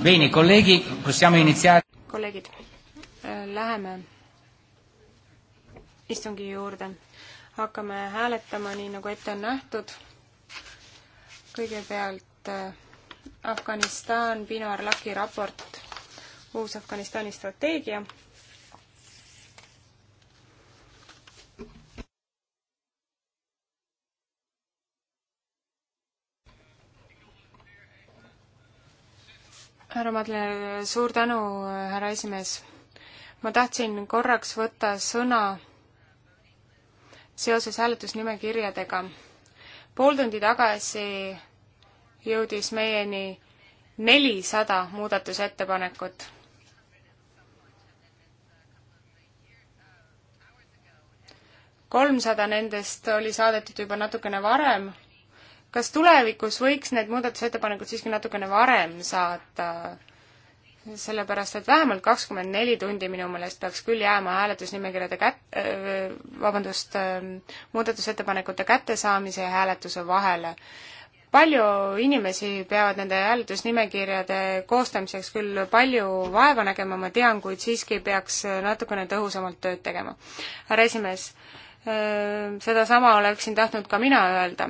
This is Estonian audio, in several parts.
Bene, kolleegi, possiamo iniziare. kolleegid, läheme istungi juurde. hakkame hääletama, nii nagu ette on nähtud. kõigepealt eh, Afganistan, Pinar Laki raport, uus Afganistani strateegia härra Madler, suur tänu, härra esimees. ma tahtsin korraks võtta sõna seoses hääletusnimekirjadega. pool tundi tagasi jõudis meieni nelisada muudatusettepanekut. kolmsada nendest oli saadetud juba natukene varem kas tulevikus võiks need muudatusettepanekud siiski natukene varem saata? sellepärast, et vähemalt kakskümmend neli tundi minu meelest peaks küll jääma hääletusnimekirjade kät- äh,, vabandust äh,, muudatusettepanekute kättesaamise ja hääletuse vahele. palju inimesi peavad nende hääletusnimekirjade koostamiseks küll palju vaeva nägema, ma tean, kuid siiski peaks natukene tõhusamalt tööd tegema. härra esimees äh,, sedasama oleksin tahtnud ka mina öelda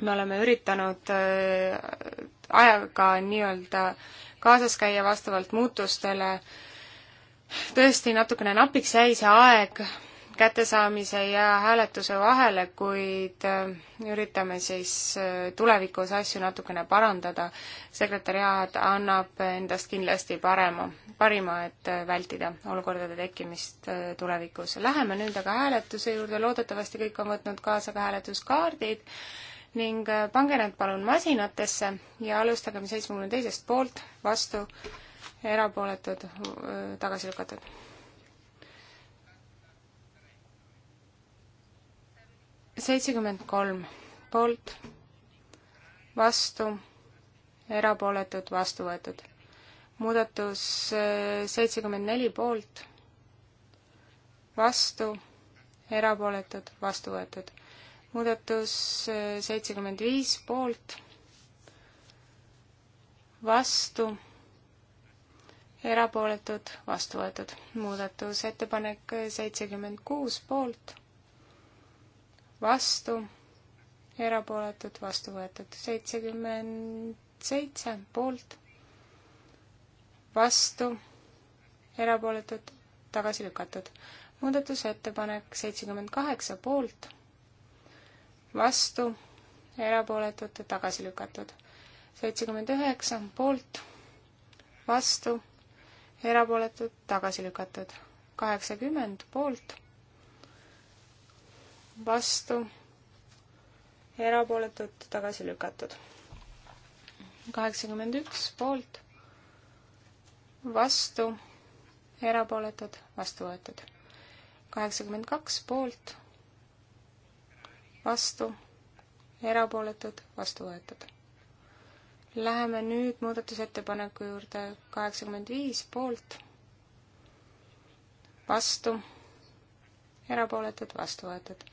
me oleme üritanud äh, ajaga nii-öelda kaasas käia vastavalt muutustele. tõesti, natukene napiks jäi see aeg kättesaamise ja hääletuse vahele, kuid äh, üritame siis äh, tulevikus asju natukene parandada. sekretäriaat annab endast kindlasti parema, parima, et vältida olukordade tekkimist tulevikus. Läheme nüüd aga hääletuse juurde, loodetavasti kõik on võtnud kaasa ka hääletuskaardid ning äh, pange need palun masinatesse ja alustagem seitsmekümne teisest poolt, vastu, erapooletud, äh, tagasi lükatud. seitsekümmend kolm poolt, vastu, erapooletud, vastu võetud. muudatus äh, seitsekümmend neli poolt, vastu, erapooletud, vastu võetud muudatus äh, seitsekümmend viis poolt, vastu, erapooletud, vastu võetud. muudatusettepanek äh, seitsekümmend kuus poolt, vastu, erapooletud, vastu võetud. seitsekümmend seitse poolt, vastu, erapooletud, tagasi lükatud. muudatusettepanek seitsekümmend kaheksa poolt vastu, erapooletud, tagasi lükatud. seitsekümmend üheksa poolt, vastu, erapooletud, tagasi lükatud. kaheksakümmend poolt, vastu, erapooletud, tagasi lükatud. kaheksakümmend üks poolt, vastu, erapooletud, vastu võetud. kaheksakümmend kaks poolt vastu, erapooletud, vastu võetud. Läheme nüüd muudatusettepaneku juurde kaheksakümmend viis poolt, vastu, erapooletud, vastu võetud.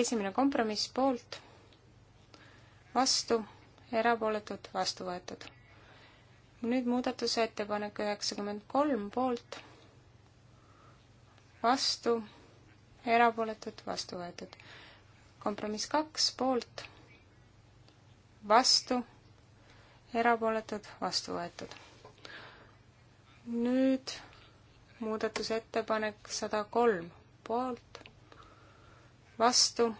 esimene kompromiss poolt, vastu, erapooletud, vastu võetud nüüd muudatusettepanek üheksakümmend kolm poolt, vastu, erapooletud, vastu võetud kompromiss kaks poolt, vastu, erapooletud, vastu võetud. nüüd muudatusettepanek sada kolm poolt, vastu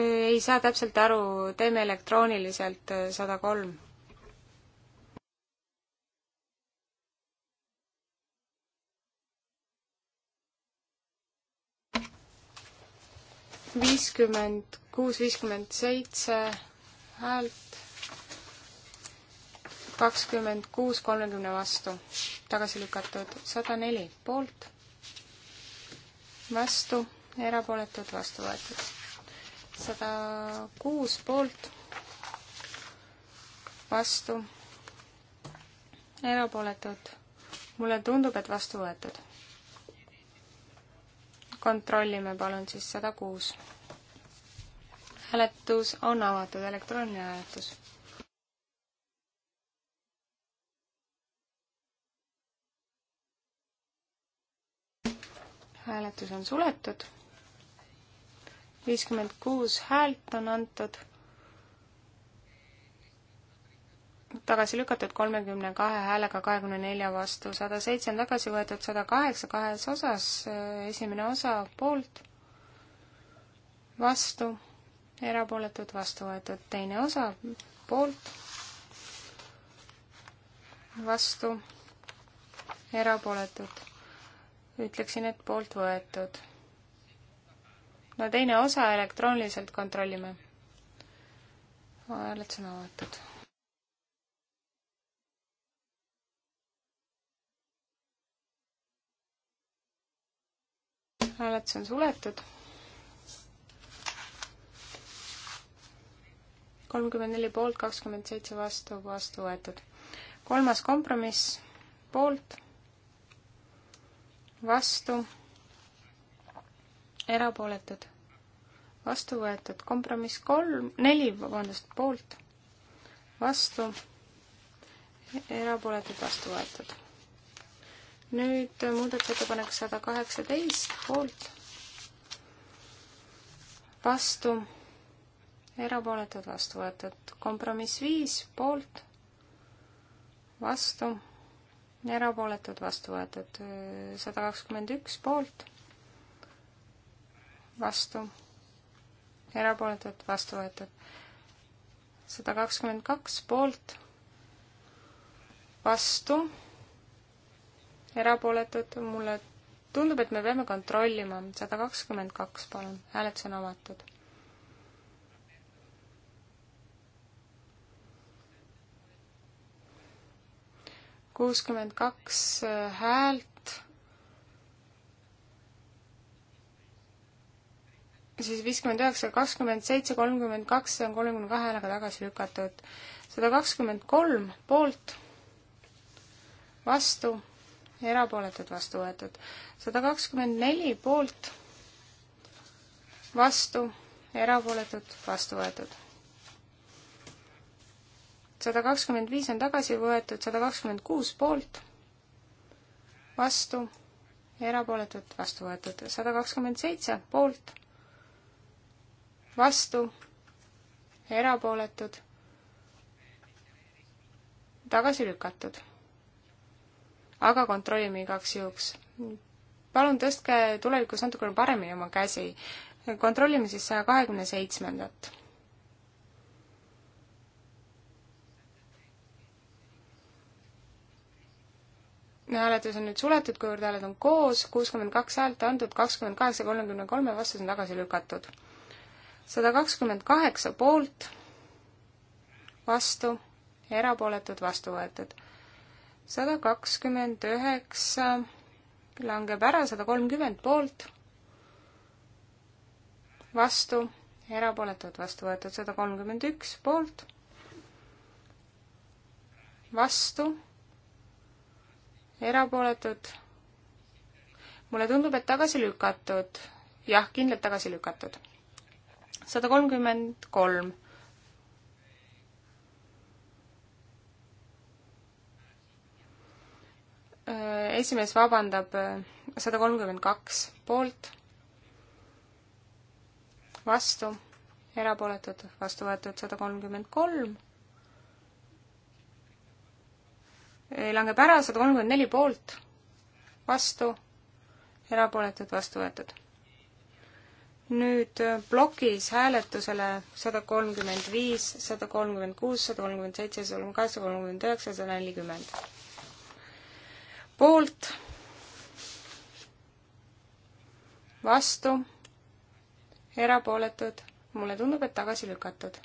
ei saa täpselt aru, teeme elektrooniliselt eh, sada kolm. viiskümmend kuus, viiskümmend seitse häält, kakskümmend kuus kolmekümne vastu, tagasi lükatud sada neli poolt, vastu, erapooletud, vastu võetud. sada kuus poolt, vastu, erapooletud, mulle tundub, et vastu võetud kontrollime palun siis sada kuus hääletus on avatud, elektrooniline hääletus. hääletus on suletud. viiskümmend kuus häält on antud. tagasi lükatud kolmekümne kahe häälega kahekümne nelja vastu, sada seitse on tagasi võetud, sada kaheksa kahes osas, esimene osa poolt, vastu erapooletud, vastu võetud. teine osa poolt, vastu, erapooletud. ütleksin, et poolt võetud. no teine osa elektrooniliselt kontrollime. hääled on avatud hääletus on suletud kolmkümmend neli poolt, kakskümmend seitse vastu, vastu võetud. kolmas kompromiss poolt, vastu, erapooletud, vastu võetud. kompromiss kolm, neli, vabandust, poolt, vastu, erapooletud, vastu võetud. nüüd muudatusettepanek sada kaheksateist poolt, vastu erapooletud, vastu võetud. kompromiss viis, poolt, vastu, erapooletud, vastu võetud. sada kakskümmend üks, poolt, vastu, erapooletud, vastu võetud. sada kakskümmend kaks, poolt, vastu, erapooletud, mulle tundub, et me peame kontrollima. sada kakskümmend kaks, palun, hääletus on avatud kuuskümmend kaks äh, häält, siis viiskümmend üheksa, kakskümmend seitse, kolmkümmend kaks, see on kolmekümne kahe häälega tagasi lükatud. sada kakskümmend kolm poolt, vastu, erapooletud vastu võetud. sada kakskümmend neli poolt, vastu, erapooletud vastu võetud sada kakskümmend viis on tagasi võetud, sada kakskümmend kuus poolt, vastu, erapooletud, vastu võetud, sada kakskümmend seitse poolt, vastu, erapooletud, tagasi lükatud. aga kontrollime igaks juhuks. palun tõstke tulevikus natukene paremini oma käsi. kontrollime siis saja kahekümne seitsmendat hääletus on nüüd suletud, kuivõrd hääled on koos, kuuskümmend kaks häält antud, kakskümmend kaheksa, kolmekümne kolme vastus on tagasi lükatud. sada kakskümmend kaheksa poolt, vastu, erapooletud, vastu võetud. sada kakskümmend üheksa langeb ära, sada kolmkümmend poolt, vastu, erapooletud, vastu võetud, sada kolmkümmend üks poolt, vastu erapooletud. mulle tundub, et tagasi lükatud. jah, kindlalt tagasi lükatud. sada kolmkümmend kolm. Äh, esimees vabandab äh, sada kolmkümmend kaks poolt, vastu, erapooletud, vastu võetud sada kolmkümmend kolm langeb ära, sada kolmkümmend neli poolt, vastu, erapooletud, vastu võetud. nüüd äh, plokis hääletusele sada kolmkümmend viis, sada kolmkümmend kuus, sada kolmkümmend seitse, sada kolmkümmend kaheksa, kolmkümmend üheksa, sada nelikümmend. poolt, vastu, erapooletud, mulle tundub, et tagasi lükatud.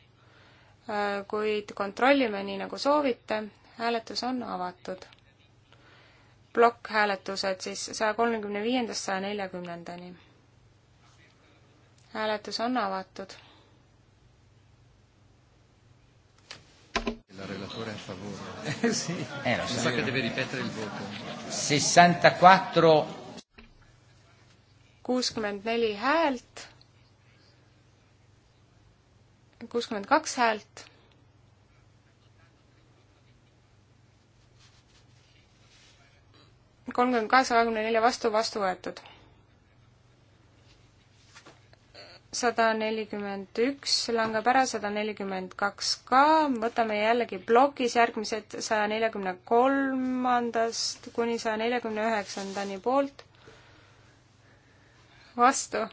Äh, kuid kontrollime nii, nagu soovite hääletus on avatud. plokkhääletused siis saja kolmekümne viiendast saja neljakümnendani. hääletus on avatud. La relatore è a favore. Eh, sì. Eh, lo so. so che deve ripetere il voto. 64 kuuskümmend neli häält, kuuskümmend kaks häält kolmkümmend kaheksa, kahekümne nelja vastu, vastu võetud. sada nelikümmend üks langeb ära, sada nelikümmend kaks ka, võtame jällegi plokis järgmised saja neljakümne kolmandast kuni saja neljakümne üheksandani poolt, vastu,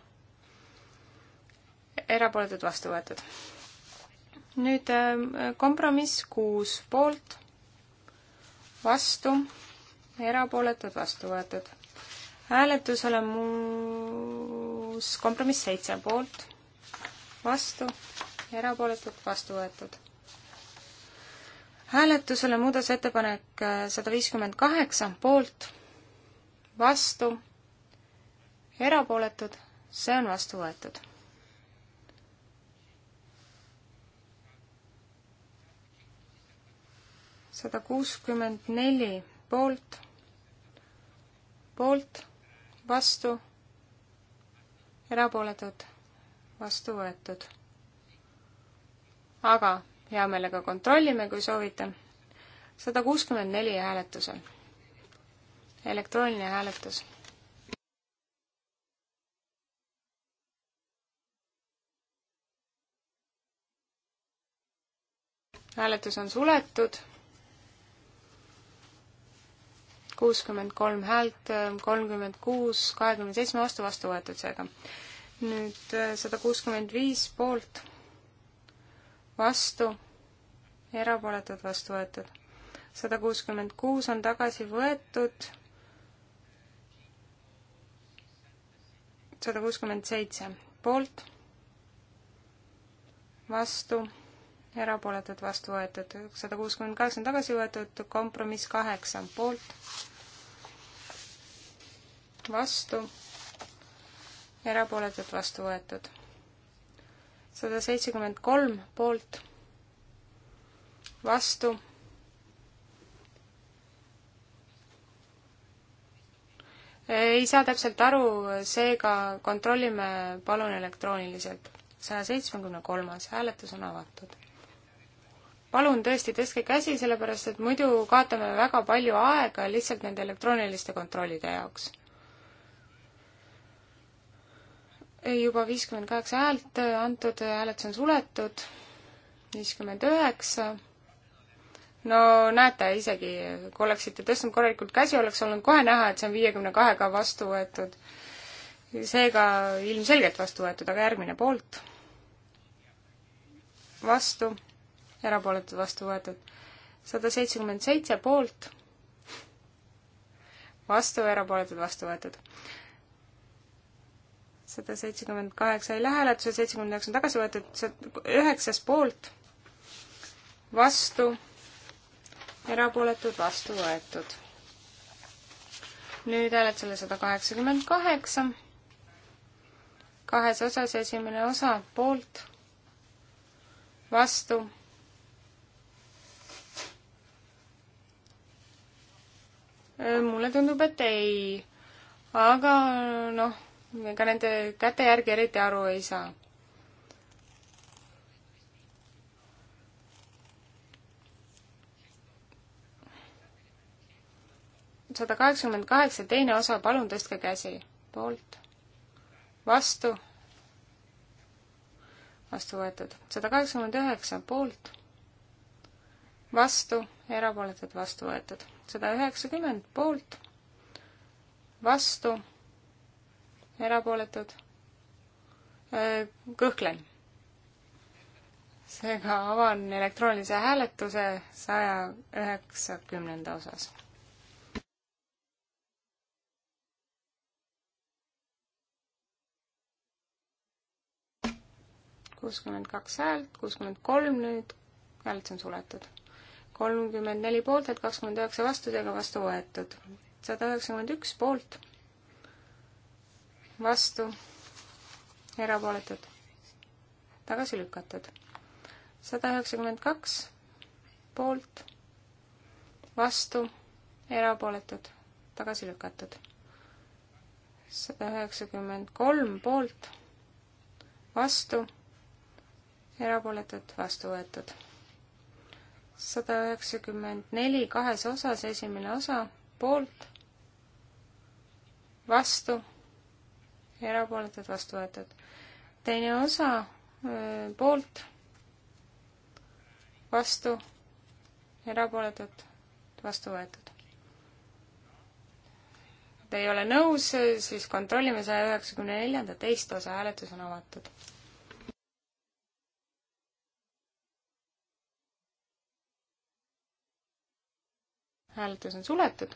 erapooletud vastu võetud. nüüd äh, kompromiss kuus poolt, vastu erapooletud, vastu võetud. hääletusele muus kompromiss seitse poolt, vastu, erapooletud, vastu võetud. hääletusele muudatusettepanek äh, sada viiskümmend kaheksa poolt, vastu, erapooletud, see on vastu võetud sada kuuskümmend neli poolt, poolt, vastu, erapooletud, vastu võetud. aga hea meelega kontrollime, kui soovite. sada kuuskümmend neli hääletusel. elektrooniline hääletus hääletus on suletud kuuskümmend kolm häält, kolmkümmend kuus, kahekümne seitsme vastu, vastu võetud seega. nüüd äh, sada kuuskümmend viis poolt, vastu, erapooletud, vastu võetud. sada kuuskümmend kuus on tagasi võetud, sada kuuskümmend seitse poolt, vastu erapooletud, vastu võetud sada kuuskümmend kaheksa on tagasi võetud, kompromiss kaheksa poolt, vastu, erapooletud, vastu võetud. sada seitsekümmend kolm poolt, vastu, ei saa täpselt aru, seega kontrollime palun elektrooniliselt. saja seitsmekümne kolmas hääletus on avatud palun tõesti tõstke käsi, sellepärast et muidu kaotame väga palju aega lihtsalt nende elektrooniliste kontrollide jaoks. juba viiskümmend kaheksa häält antud, hääletus on suletud, viiskümmend üheksa. no näete isegi, kui oleksite tõstnud korralikult käsi, oleks olnud kohe näha, et see on viiekümne kahega vastu võetud. seega ilmselgelt vastu võetud, aga järgmine poolt. vastu erapooletud vastu võetud. sada seitsekümmend seitse poolt, vastu, erapooletud vastu võetud. sada seitsekümmend kaheksa ei lähe hääletusele, seitsekümmend üheksa on tagasi võetud, üheksas poolt, vastu, erapooletud vastu võetud nüüd hääletusele sada kaheksakümmend kaheksa. kahes osas esimene osa poolt, vastu, Äh, mulle tundub, et ei. aga noh, ega nende käte järgi eriti aru ei saa. sada kaheksakümmend kaheksa, teine osa, palun tõstke käsi. poolt, vastu, vastu võetud. sada kaheksakümmend üheksa, poolt, vastu, erapooletud, vastu võetud sada üheksakümmend poolt, vastu, erapooletud, äh, kõhklen. seega avan elektroonilise hääletuse saja üheksakümnenda osas. kuuskümmend kaks häält, kuuskümmend kolm nüüd, hääletus on suletud kolmkümmend neli poolt, et kakskümmend üheksa vastudega vastu võetud. sada üheksakümmend üks poolt, vastu, erapooletud, tagasi lükatud. sada üheksakümmend kaks poolt, vastu, erapooletud, tagasi lükatud. sada üheksakümmend kolm poolt, vastu, erapooletud, vastu võetud sada üheksakümmend neli kahes osas, esimene osa poolt, vastu, erapooletud, vastu võetud. teine osa poolt, vastu, erapooletud, vastu võetud. Te ei ole nõus, siis kontrollime saja üheksakümne neljanda teist osa, hääletus on avatud hääletus on suletud.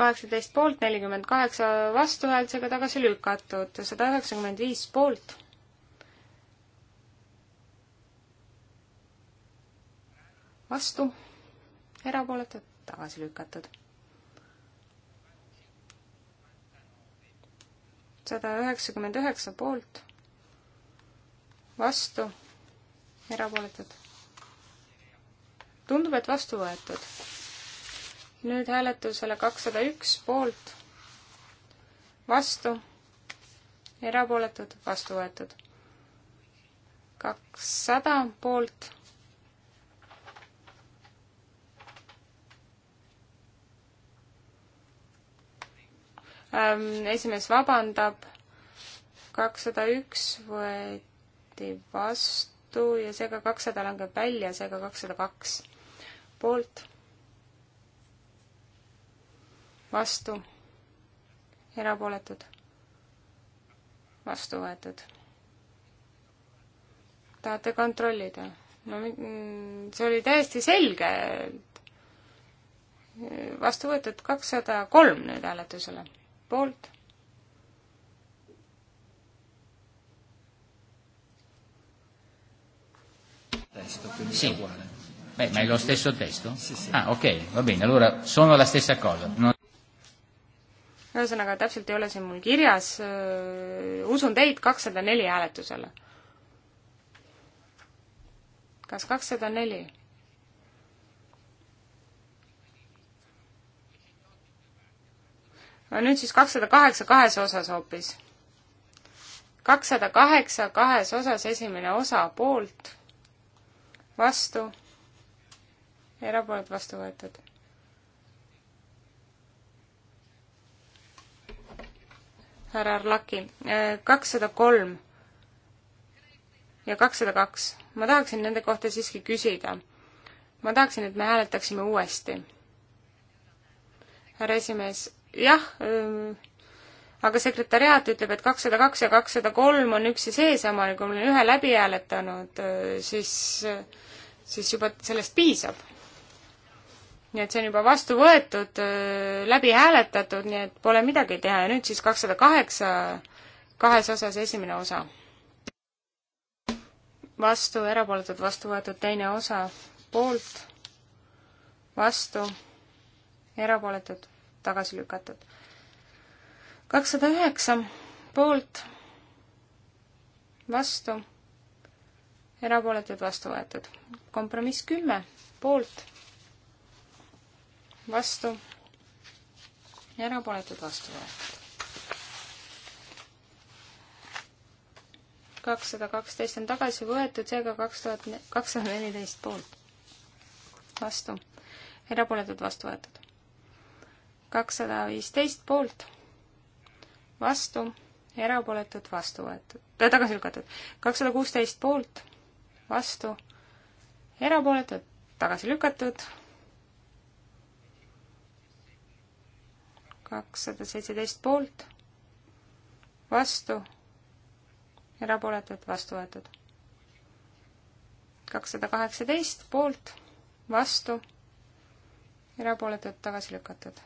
kaheksateist poolt, nelikümmend kaheksa vastuhäälsega tagasi lükatud, sada üheksakümmend viis poolt. vastu, erapooletud, tagasi lükatud. sada üheksakümmend üheksa poolt, vastu erapooletud. tundub, et vastu võetud. nüüd hääletusele kakssada üks poolt, vastu, erapooletud, vastu võetud. kakssada poolt ähm, esimees vabandab, kakssada üks võeti vastu võetu ja seega kakssada langeb välja, seega kakssada kaks poolt, vastu, erapooletud, vastu võetud. tahate kontrollida? no mm, see oli täiesti selge. vastu võetud kakssada kolm nüüd hääletusele, poolt testo, quindi sì. è uguale. Beh, ma è lo stesso testo? Sì, sì. Ah, ok, va bene, allora sono la stessa cosa. Non... ühesõnaga, täpselt ei ole see mul kirjas, äh, usun teid kakssada neli hääletusele. kas kakssada neli? no nüüd siis kakssada kaheksa kahes osas hoopis. kakssada kaheksa kahes osas esimene osa poolt vastu, erapooletud vastu võetud. härra Arlaki, kakssada kolm ja kakssada kaks. ma tahaksin nende kohta siiski küsida. ma tahaksin, et me hääletaksime uuesti. härra esimees, jah öö, aga sekretäriaat ütleb, et kakssada kaks ja kakssada kolm on üks ja seesama ja kui ma olen ühe läbi hääletanud, siis, siis juba sellest piisab. nii et see on juba vastu võetud, läbi hääletatud, nii et pole midagi teha ja nüüd siis kakssada kaheksa kahes osas esimene osa. vastu, erapooletud, vastu võetud teine osa, poolt, vastu, erapooletud, tagasi lükatud kakssada üheksa poolt, vastu, erapooletud, vastu võetud. kompromiss kümme poolt, vastu, erapooletud, vastu võetud. kakssada kaksteist on tagasi võetud, seega kaks tuhat, kakssada neliteist poolt, vastu, erapooletud, vastu võetud. kakssada viisteist poolt vastu, erapooletud, vastu võetud, äh, tagasi lükatud. kakssada kuusteist poolt, vastu, erapooletud, tagasi lükatud. kakssada seitseteist poolt, vastu, erapooletud, vastu võetud. kakssada kaheksateist poolt, vastu, erapooletud, tagasi lükatud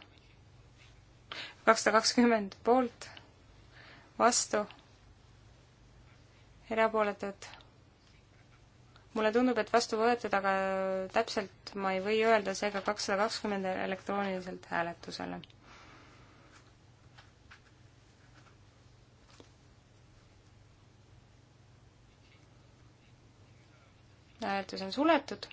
kakssada kakskümmend poolt, vastu, erapooletud. mulle tundub, et vastu võetud, aga täpselt ma ei või öelda, seega kakssada kakskümmend elektrooniliselt hääletusele hääletus on suletud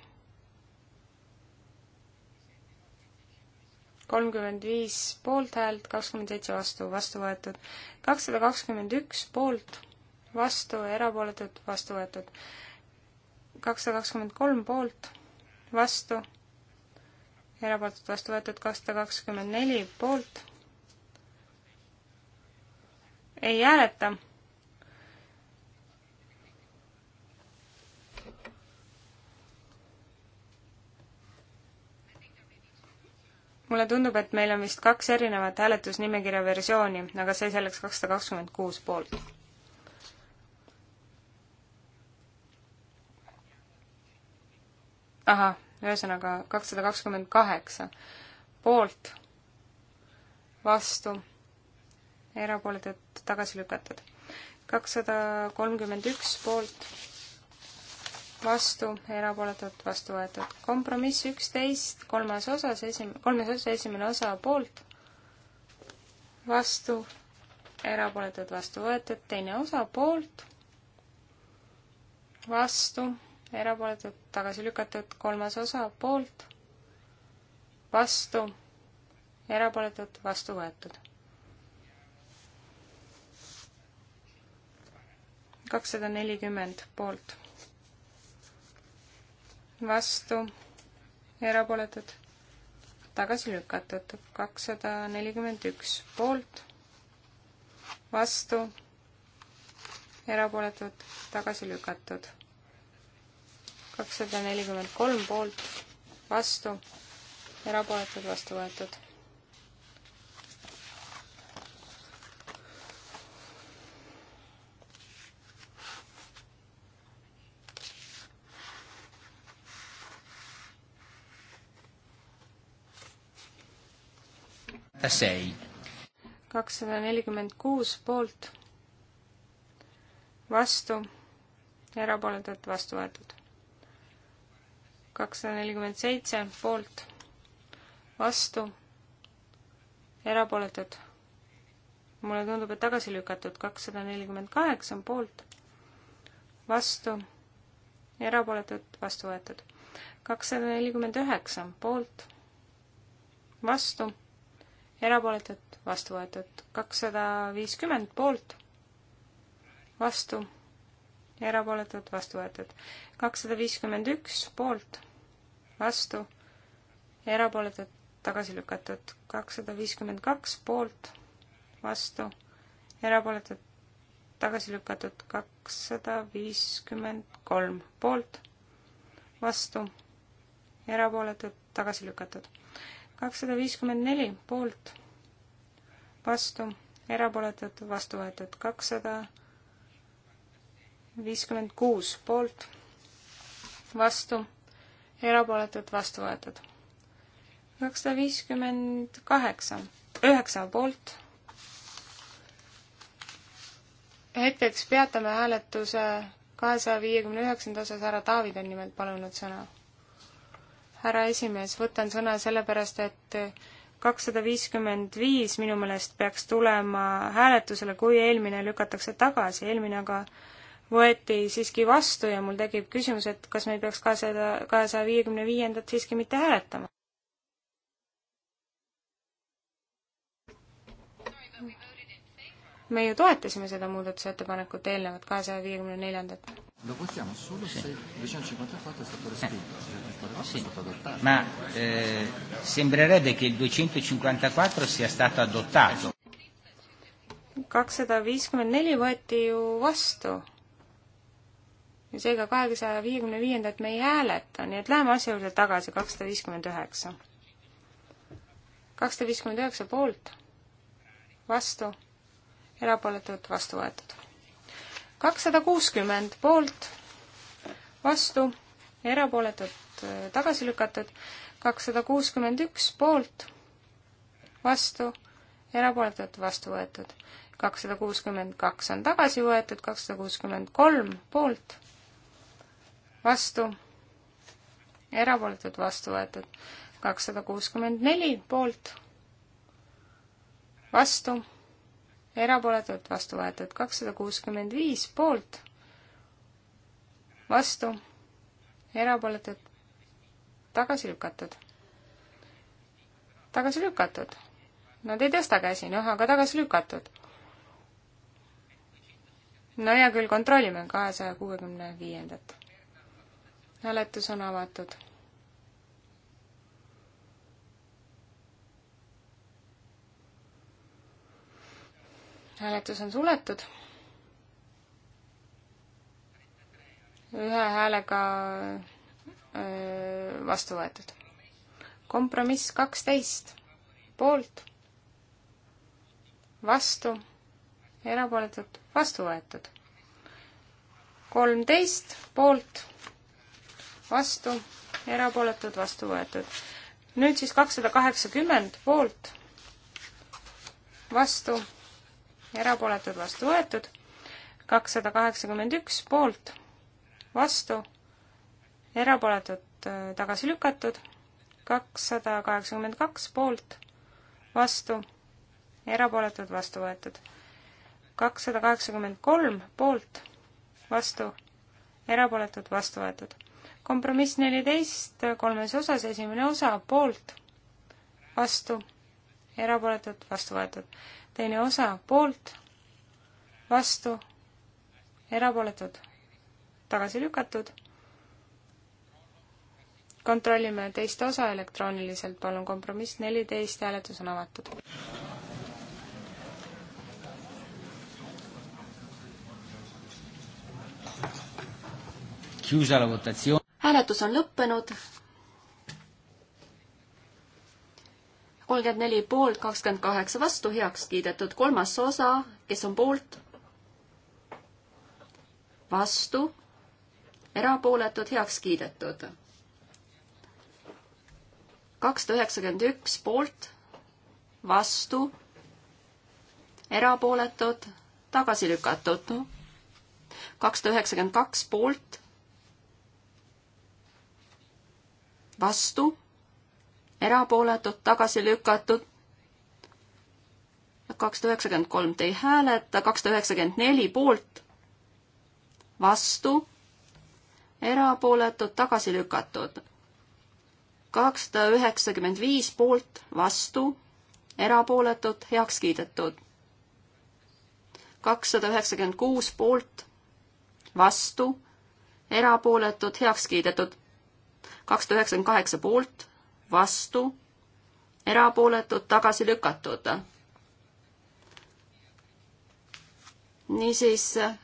kolmkümmend viis poolthäält, kakskümmend seitse vastu, vastu võetud. kakssada kakskümmend üks poolt, vastu, erapooletud, vastu võetud. kakssada kakskümmend kolm poolt, vastu, erapooletud, vastu võetud, kakssada kakskümmend neli poolt, ei hääleta mulle tundub, et meil on vist kaks erinevat hääletusnimekirja versiooni, aga see selleks kakssada kakskümmend kuus poolt. ahah, ühesõnaga kakssada kakskümmend kaheksa poolt, vastu, erapooletud, tagasi lükatud. kakssada kolmkümmend üks poolt vastu, erapooletud, vastu võetud. kompromiss üksteist, kolmas osas, esim-, kolmes osas esimene osa poolt, vastu, erapooletud, vastu võetud, teine osa poolt, vastu, erapooletud, tagasi lükatud, kolmas osa poolt, vastu, erapooletud, vastu võetud. kakssada nelikümmend poolt vastu, erapooletud, tagasi lükatud. kakssada nelikümmend üks poolt, vastu, erapooletud, tagasi lükatud. kakssada nelikümmend kolm poolt, vastu, erapooletud, vastu võetud sei. kakssada nelikümmend kuus poolt, vastu, erapooletult vastu võetud. kakssada nelikümmend seitse poolt, vastu, erapooletud. mulle tundub, et tagasi lükatud kakssada nelikümmend kaheksa on poolt, vastu, erapooletult vastu võetud. kakssada nelikümmend üheksa on poolt, vastu erapooletud, vastu võetud. kakssada viiskümmend poolt, vastu, erapooletud, vastu võetud. kakssada viiskümmend üks poolt, vastu, erapooletud, tagasi lükatud. kakssada viiskümmend kaks poolt, vastu, erapooletud, tagasi lükatud. kakssada viiskümmend kolm poolt, vastu, erapooletud, tagasi lükatud kakssada viiskümmend neli poolt, vastu, erapooletud, vastu võetud kakssada viiskümmend kuus poolt, vastu, erapooletud, vastu võetud. kakssada viiskümmend kaheksa, üheksa poolt. hetkeks peatame hääletuse kahesaja viiekümne üheksanda osas, härra Taavid on nimelt palunud sõna härra esimees, võtan sõna sellepärast, et kakssada viiskümmend viis minu meelest peaks tulema hääletusele, kui eelmine lükatakse tagasi, eelmine aga võeti siiski vastu ja mul tekib küsimus, et kas me ei peaks ka seda kahesaja viiekümne viiendat siiski mitte hääletama? me ju toetasime seda muudatusettepanekut eelnevat kahesaja viiekümne neljandat. Lo votiamo solo sì. se 254 è stato eh. respinto, eh. sì. è stato adottato. Ma eh, sembrerebbe che il 254 sia stato adottato. kakssada viiskümmend neli võeti ju vastu. ja seega kaheksasaja viiekümne viiendat me ei hääleta, nii et läheme asja juurde tagasi, kakssada viiskümmend üheksa. kakssada viiskümmend üheksa poolt, vastu, erapooletult vastu võetud kakssada kuuskümmend poolt, vastu, erapooletud, tagasi lükatud, kakssada kuuskümmend üks poolt, vastu, erapooletud, vastu võetud. kakssada kuuskümmend kaks on tagasi võetud, kakssada kuuskümmend kolm poolt, vastu, erapooletud, vastu võetud. kakssada kuuskümmend neli poolt, vastu erapooletult vastu võetud kakssada kuuskümmend viis poolt, vastu, erapooletult tagasi lükatud. tagasi lükatud. Nad ei tõsta käsi, noh, aga tagasi lükatud. no hea küll, kontrollime kahesaja kuuekümne viiendat. hääletus on avatud hääletus on suletud. ühe häälega öö, äh, vastu võetud. kompromiss kaksteist, poolt, vastu, erapooletult vastu võetud. kolmteist, poolt, vastu, erapooletult vastu võetud. nüüd siis kakssada kaheksakümmend poolt, vastu erapooletud, vastu võetud. kakssada kaheksakümmend üks poolt, vastu, erapooletud, tagasi lükatud. kakssada kaheksakümmend kaks poolt, vastu, erapooletud, vastu võetud. kakssada kaheksakümmend kolm poolt, vastu, erapooletud, vastu võetud. kompromiss neliteist, kolmes osas, esimene osa poolt, vastu, erapooletud, vastu võetud teine osa poolt, vastu, erapooletud, tagasi lükatud. kontrollime teist osa elektrooniliselt, palun, kompromiss neliteist, hääletus on avatud. hääletus on lõppenud kolmkümmend neli poolt, kakskümmend kaheksa vastu, heaks kiidetud. kolmas osa, kes on poolt? vastu, erapooletud, heaks kiidetud. kakssada üheksakümmend üks poolt, vastu, erapooletud, tagasi lükatud. kakssada üheksakümmend kaks poolt, vastu erapooletud, tagasi lükatud. kakssada üheksakümmend kolm ei hääleta, kakssada üheksakümmend neli poolt, vastu, erapooletud, tagasi lükatud. kakssada üheksakümmend viis poolt, vastu, erapooletud, heaks kiidetud. kakssada üheksakümmend kuus poolt, vastu, erapooletud, heaks kiidetud. kakssada üheksakümmend kaheksa poolt, vastu, erapooletud, tagasi lükatud. niisiis äh,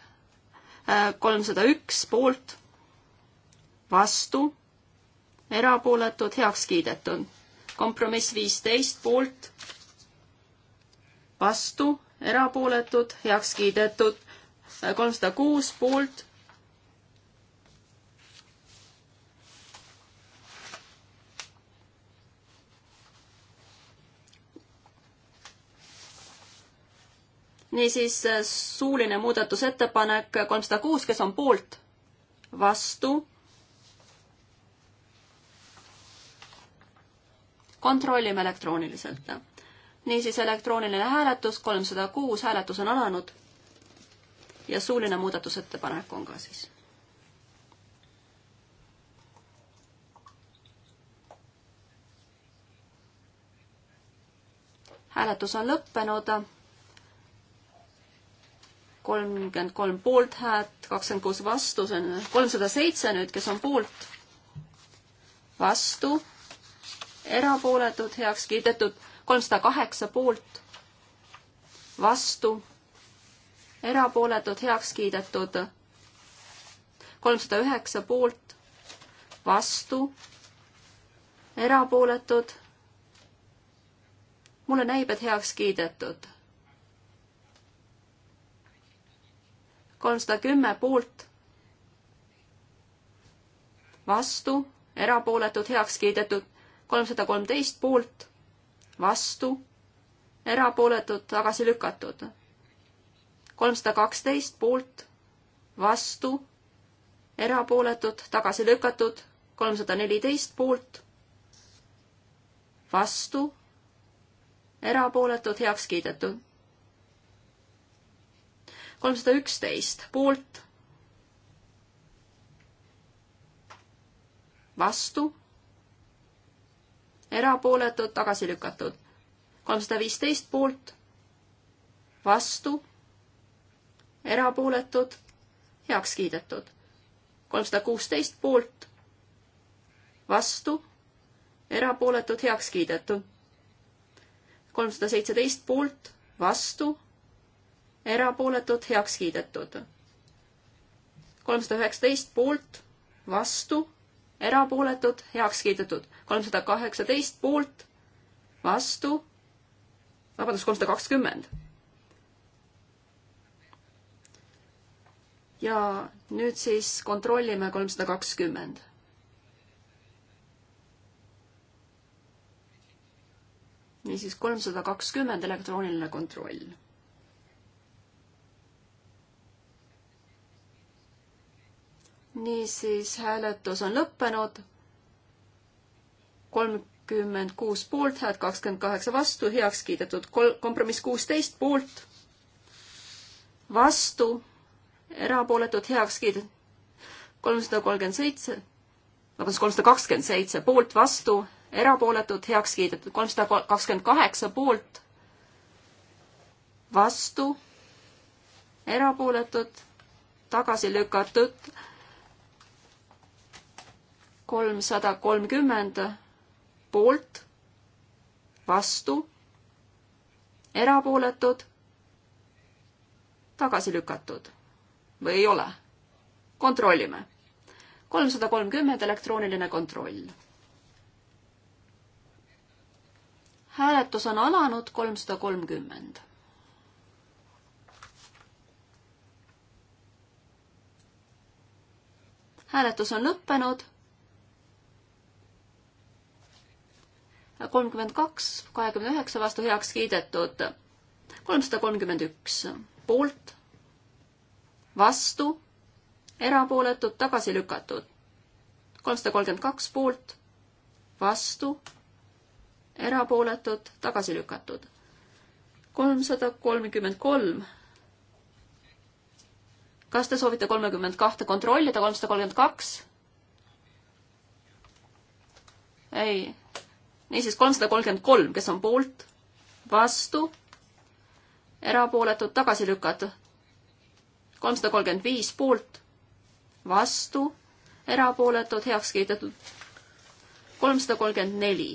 kolmsada üks poolt, vastu, erapooletud, heaks kiidetud. kompromiss viisteist poolt, vastu, erapooletud, heaks kiidetud. Äh, kolmsada kuus poolt, niisiis äh, suuline muudatusettepanek kolmsada kuus, kes on poolt, vastu. kontrollime elektrooniliselt. niisiis elektrooniline hääletus kolmsada kuus, hääletus on alanud ja suuline muudatusettepanek on ka siis. hääletus on lõppenud kolmkümmend kolm poolthäält, kakskümmend kuus vastu, see on kolmsada seitse nüüd, kes on poolt, vastu, erapooletud, heaks kiidetud, kolmsada kaheksa poolt, vastu, erapooletud, heaks kiidetud, kolmsada üheksa poolt, vastu, erapooletud. mulle näib, et heaks kiidetud kolmsada kümme poolt, vastu, erapooletud, heaks kiidetud, kolmsada kolmteist poolt, vastu, erapooletud, tagasi lükatud. kolmsada kaksteist poolt, vastu, erapooletud, tagasi lükatud, kolmsada neliteist poolt, vastu, erapooletud, heaks kiidetud kolmsada üksteist poolt, vastu, erapooletud, tagasi lükatud. kolmsada viisteist poolt, vastu, erapooletud, heaks kiidetud. kolmsada kuusteist poolt, vastu, erapooletud, heaks kiidetud. kolmsada seitseteist poolt, vastu erapooletud, heaks kiidetud. kolmsada üheksateist poolt, vastu, erapooletud, heaks kiidetud. kolmsada kaheksateist poolt, vastu, vabandust, kolmsada kakskümmend. ja nüüd siis kontrollime kolmsada kakskümmend. niisiis kolmsada kakskümmend elektrooniline kontroll niisiis, hääletus on lõppenud. kolmkümmend kuus poolthäält, kakskümmend kaheksa vastu, heaks kiidetud kol-, kompromiss kuusteist poolt, vastu, erapooletud, heaks kiidetud kolmsada kolmkümmend seitse, vabandust, kolmsada kakskümmend seitse poolt, vastu, erapooletud, heaks kiidetud, kolmsada kakskümmend kaheksa poolt, vastu, erapooletud, tagasi lükatud kolmsada kolmkümmend poolt, vastu, erapooletud, tagasi lükatud või ei ole. kontrollime. kolmsada kolmkümmend elektrooniline kontroll. hääletus on alanud kolmsada kolmkümmend. hääletus on lõppenud kolmkümmend kaks, kahekümne üheksa vastu heaks kiidetud. kolmsada kolmkümmend üks poolt, vastu, erapooletud, tagasi lükatud. kolmsada kolmkümmend kaks poolt, vastu, erapooletud, tagasi lükatud. kolmsada kolmkümmend kolm kas te soovite kolmekümmend kahte kontrollida, kolmsada kolmkümmend kaks? ei, niisiis kolmsada kolmkümmend kolm, kes on poolt, vastu, erapooletud, tagasi lükatud. kolmsada kolmkümmend viis poolt, vastu, erapooletud, heaks kiidetud. kolmsada kolmkümmend neli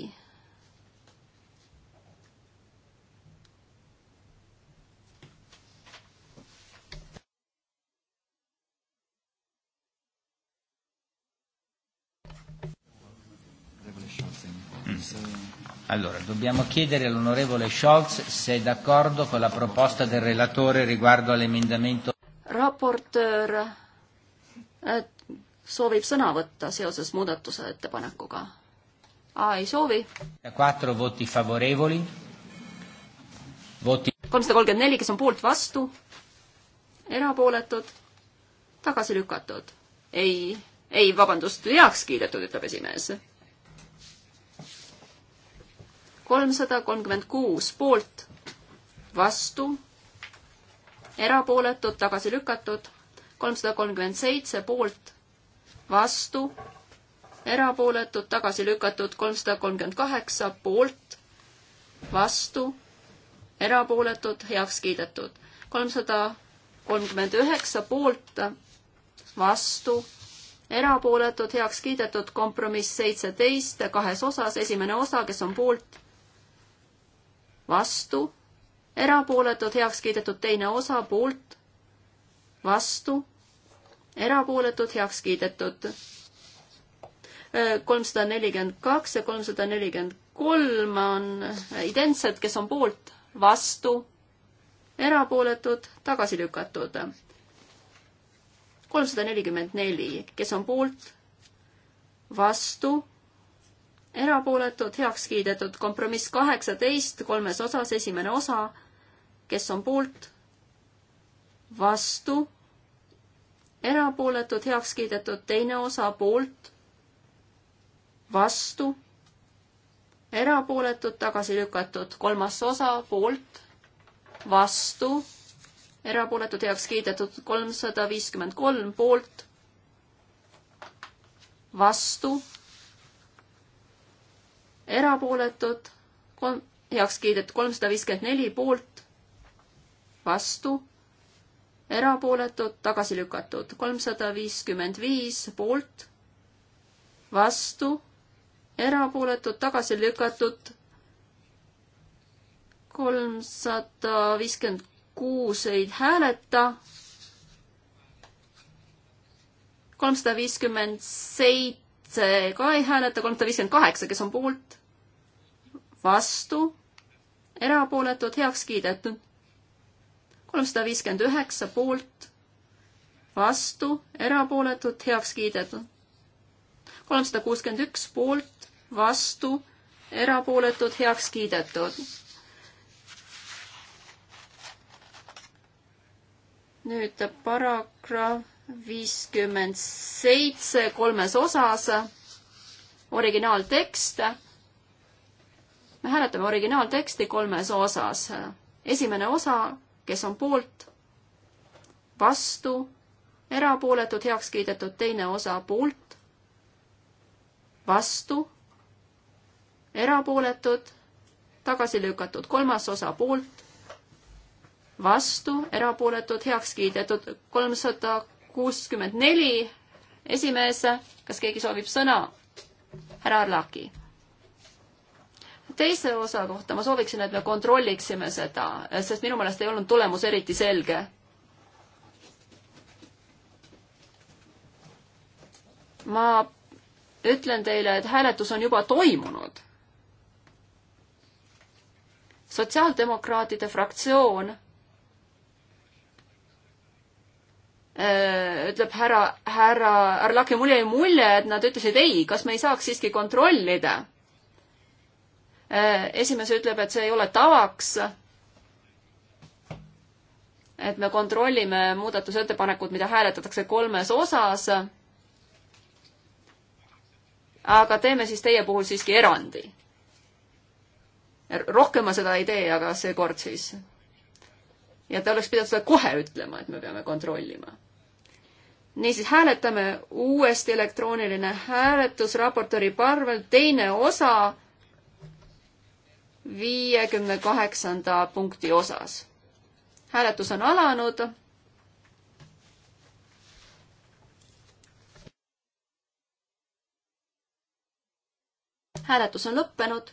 Allora, dobbiamo chiedere all'onorevole Scholz se è d'accordo con la proposta del relatore riguardo all'emendamento. raportöör äh, soovib sõna võtta seoses muudatuse ettepanekuga. aa, ei soovi. kolmsada kolmkümmend neli, kes on poolt, vastu, erapooletud, tagasi lükatud. ei, ei, vabandust, heaks kiidetud, ütleb esimees kolmsada kolmkümmend kuus poolt, vastu, erapooletud, tagasi lükatud, kolmsada kolmkümmend seitse poolt, vastu, erapooletud, tagasi lükatud, kolmsada kolmkümmend kaheksa poolt, vastu, erapooletud, heaks kiidetud, kolmsada kolmkümmend üheksa poolt, vastu, erapooletud, heaks kiidetud, kompromiss seitseteist, kahes osas, esimene osa, kes on poolt vastu, erapooletud, heaks kiidetud teine osa poolt, vastu, erapooletud, heaks kiidetud. kolmsada nelikümmend kaks ja kolmsada nelikümmend kolm on identsed, kes on poolt, vastu, erapooletud, tagasi lükatud. kolmsada nelikümmend neli, kes on poolt, vastu erapooletud, heaks kiidetud, kompromiss kaheksateist, kolmes osas, esimene osa, kes on poolt, vastu, erapooletud, heaks kiidetud, teine osa poolt, vastu, erapooletud, tagasi lükatud, kolmas osa poolt, vastu, erapooletud, heaks kiidetud, kolmsada viiskümmend kolm poolt, vastu erapooletud, kolm, heaks kiidetud kolmsada viiskümmend neli poolt, vastu, erapooletud, tagasi lükatud, kolmsada viiskümmend viis poolt, vastu, erapooletud, tagasi lükatud, kolmsada viiskümmend kuus ei hääleta, kolmsada viiskümmend seit-, see ka ei hääleta, kolmsada viiskümmend kaheksa, kes on poolt, vastu, erapooletud, heaks kiidetud. kolmsada viiskümmend üheksa poolt, vastu, erapooletud, heaks kiidetud. kolmsada kuuskümmend üks poolt, vastu, erapooletud, heaks kiidetud. nüüd paragrahv viiskümmend seitse kolmes osas, originaaltekst. me hääletame originaalteksti kolmes osas. esimene osa, kes on poolt, vastu, erapooletud, heaks kiidetud, teine osa poolt, vastu, erapooletud, tagasi lükatud, kolmas osa poolt, vastu, erapooletud, heaks kiidetud, kolmsada kuuskümmend neli, esimees, kas keegi soovib sõna? härra Arlaki. teise osa kohta ma sooviksin, et me kontrolliksime seda, sest minu meelest ei olnud tulemus eriti selge. ma ütlen teile, et hääletus on juba toimunud. sotsiaaldemokraatide fraktsioon Äh, ütleb härra, härra Arlaki, mul jäi mulje, et nad ütlesid ei, kas me ei saaks siiski kontrollida? Äh, esimees ütleb, et see ei ole tavaks. et me kontrollime muudatusettepanekud, mida hääletatakse kolmes osas. aga teeme siis teie puhul siiski erandi. rohkem ma seda ei tee, aga seekord siis ja ta oleks pidanud seda kohe ütlema, et me peame kontrollima niisiis hääletame uuesti elektrooniline hääletus raportööri parvel, teine osa viiekümne kaheksanda punkti osas. hääletus on alanud. hääletus on lõppenud.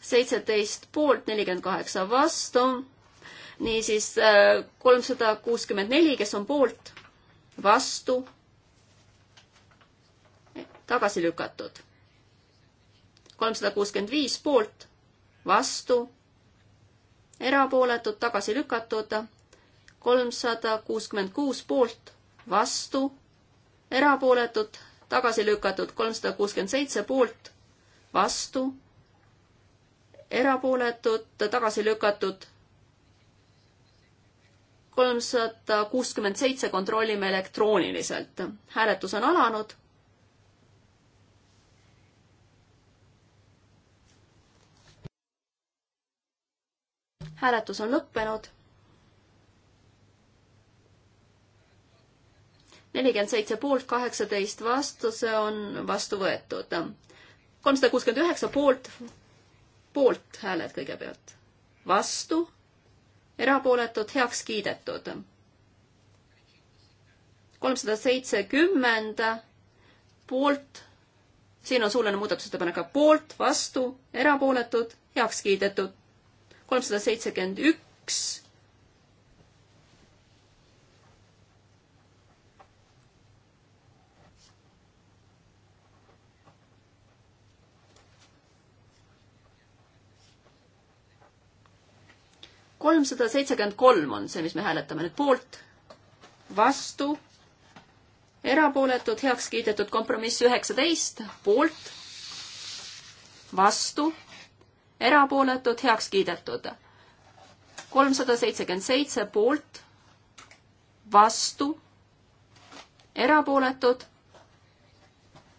seitseteist poolt, nelikümmend kaheksa vastu niisiis äh, kolmsada kuuskümmend neli, kes on poolt, vastu, tagasi lükatud. kolmsada kuuskümmend viis poolt, vastu, erapooletud, tagasi lükatud, kolmsada kuuskümmend kuus poolt, vastu, erapooletud, tagasi lükatud, kolmsada kuuskümmend seitse poolt, vastu, erapooletud, tagasi lükatud kolmsada kuuskümmend seitse kontrollime elektrooniliselt. hääletus on alanud. hääletus on lõppenud. nelikümmend seitse poolt, kaheksateist vastu, see on vastu võetud. kolmsada kuuskümmend üheksa poolt, poolt hääled kõigepealt, vastu erapooletud, heaks kiidetud. kolmsada seitsekümmend poolt, siin on suuline muudatusettepanek ka poolt, vastu, erapooletud, heaks kiidetud. kolmsada seitsekümmend üks kolmsada seitsekümmend kolm on see, mis me hääletame nüüd poolt, vastu, erapooletud, heaks kiidetud kompromiss üheksateist, poolt, vastu, erapooletud, heaks kiidetud. kolmsada seitsekümmend seitse poolt, vastu, erapooletud,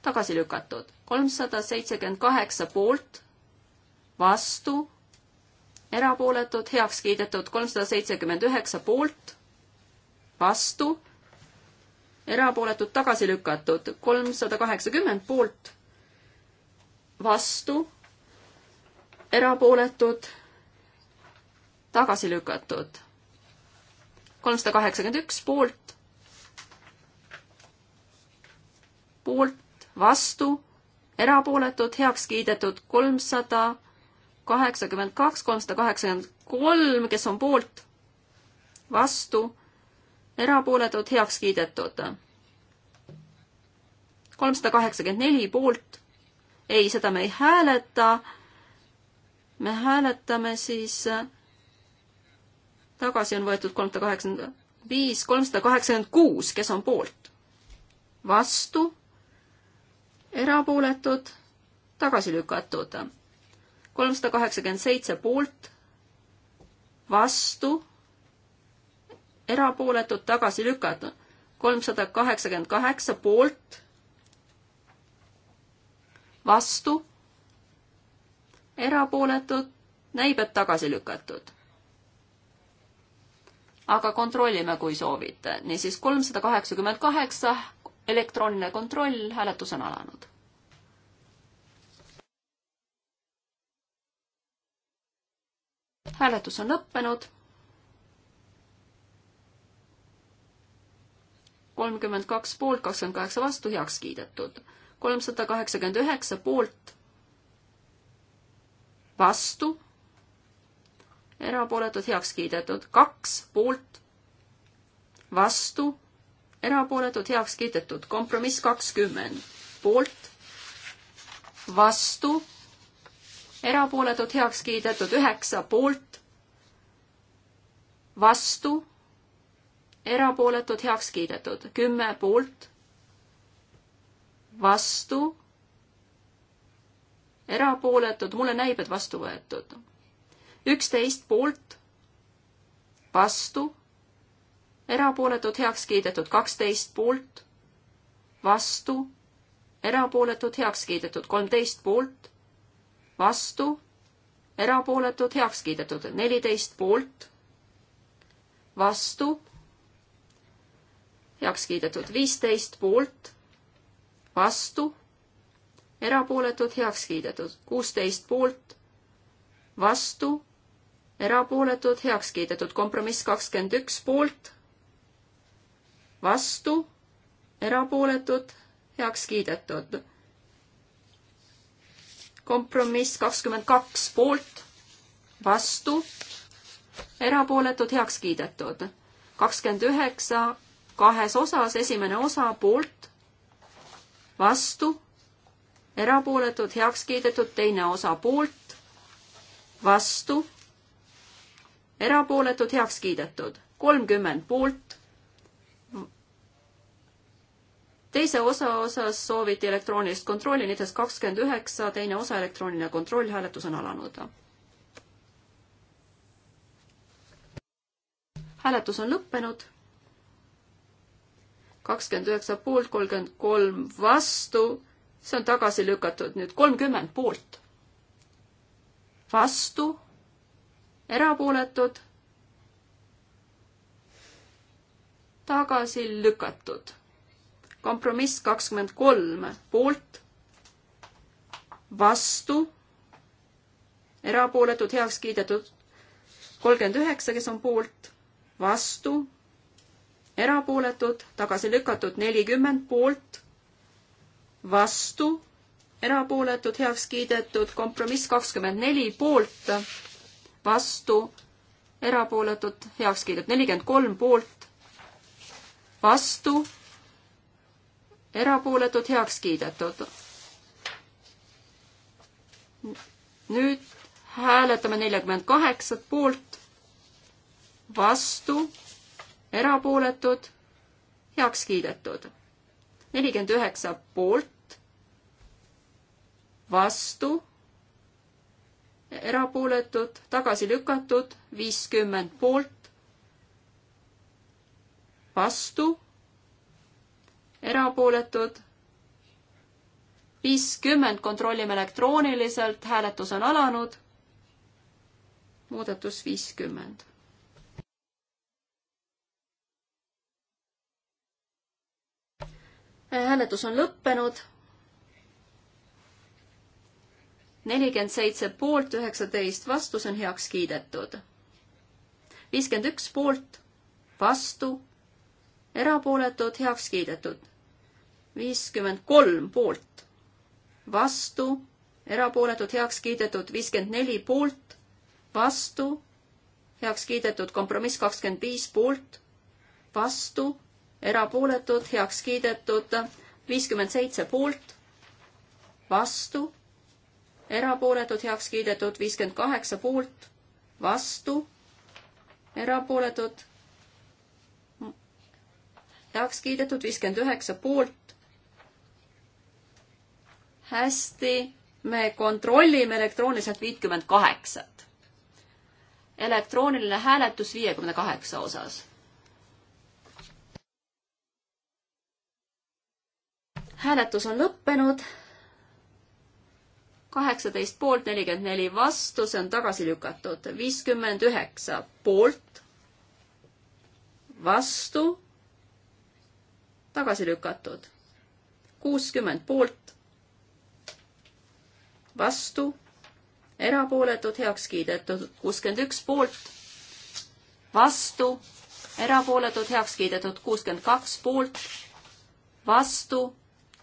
tagasi lükatud. kolmsada seitsekümmend kaheksa poolt, vastu erapooletud, heaks kiidetud kolmsada seitsekümmend üheksa poolt, vastu, erapooletud, tagasi lükatud kolmsada kaheksakümmend poolt, vastu, erapooletud, tagasi lükatud kolmsada kaheksakümmend üks poolt, poolt, vastu, erapooletud, heaks kiidetud kolmsada kaheksakümmend kaks, kolmsada kaheksakümmend kolm, kes on poolt, vastu, erapooletud, heaks kiidetud. kolmsada kaheksakümmend neli poolt, ei, seda me ei hääleta. me hääletame siis, tagasi on võetud kolmsada kaheksakümmend viis, kolmsada kaheksakümmend kuus, kes on poolt, vastu, erapooletud, tagasi lükatud kolmsada kaheksakümmend seitse poolt, vastu, erapooletud, tagasi lükatud. kolmsada kaheksakümmend kaheksa poolt, vastu, erapooletud, näib, et tagasi lükatud. aga kontrollime, kui soovite. niisiis kolmsada kaheksakümmend kaheksa, elektrooniline kontroll, hääletus on alanud hääletus on lõppenud. kolmkümmend kaks poolt, kakskümmend kaheksa vastu, heaks kiidetud. kolmsada kaheksakümmend üheksa poolt, vastu, erapooletud, heaks kiidetud. kaks poolt, vastu, erapooletud, heaks kiidetud. kompromiss kakskümmend, poolt, vastu erapooletud heaks kiidetud üheksa poolt, vastu, erapooletud heaks kiidetud kümme poolt, vastu, erapooletud, mulle näib, et vastu võetud. üksteist poolt, vastu, erapooletud heaks kiidetud kaksteist poolt, vastu, erapooletud heaks kiidetud kolmteist poolt vastu, erapooletud, heaks kiidetud, neliteist poolt, vastu, heaks kiidetud, viisteist poolt, vastu, erapooletud, heaks kiidetud, kuusteist poolt, vastu, erapooletud, heaks kiidetud, kompromiss kakskümmend üks poolt, vastu, erapooletud, heaks kiidetud kompromiss kakskümmend kaks poolt, vastu, erapooletud, heaks kiidetud. kakskümmend üheksa kahes osas, esimene osa poolt, vastu, erapooletud, heaks kiidetud, teine osa poolt, vastu, erapooletud, heaks kiidetud. kolmkümmend poolt, teise osa osas sooviti elektroonilist kontrolli, nii et kakskümmend üheksa, teine osa elektrooniline kontroll, hääletus on alanud. hääletus on lõppenud. kakskümmend üheksa poolt, kolmkümmend kolm vastu, see on tagasi lükatud nüüd kolmkümmend poolt. vastu, erapooletud, tagasi lükatud kompromiss kakskümmend kolm poolt, vastu, erapooletud, heaks kiidetud kolmkümmend üheksa, kes on poolt, vastu, erapooletud, tagasi lükatud nelikümmend poolt, vastu, erapooletud, heaks kiidetud, kompromiss kakskümmend neli poolt, vastu, erapooletud, heaks kiidetud, nelikümmend kolm poolt, vastu, erapooletud, heaks kiidetud. nüüd hääletame neljakümmend kaheksat poolt, vastu, erapooletud, heaks kiidetud. nelikümmend üheksa poolt, vastu, erapooletud, tagasi lükatud, viiskümmend poolt, vastu erapooletud. viiskümmend kontrollime elektrooniliselt, hääletus on alanud. muudatus viiskümmend. hääletus on lõppenud. nelikümmend seitse poolt, üheksateist vastu, see on heaks kiidetud. viiskümmend üks poolt, vastu, erapooletud, heaks kiidetud viiskümmend kolm poolt, vastu, erapooletud, heaks kiidetud, viiskümmend neli poolt, vastu, heaks kiidetud, kompromiss kakskümmend viis poolt, vastu, erapooletud, heaks kiidetud, viiskümmend seitse poolt, vastu, erapooletud, heaks kiidetud, viiskümmend kaheksa poolt, vastu, erapooletud, heaks kiidetud, viiskümmend üheksa poolt, hästi, me kontrollime elektrooniliselt viitkümmend kaheksat. elektrooniline hääletus viiekümne kaheksa osas. hääletus on lõppenud. kaheksateist poolt, nelikümmend neli vastu, see on tagasi lükatud. viiskümmend üheksa poolt, vastu, tagasi lükatud. kuuskümmend poolt vastu, erapooletud, heaks kiidetud, kuuskümmend üks poolt, vastu, erapooletud, heaks kiidetud, kuuskümmend kaks poolt, vastu,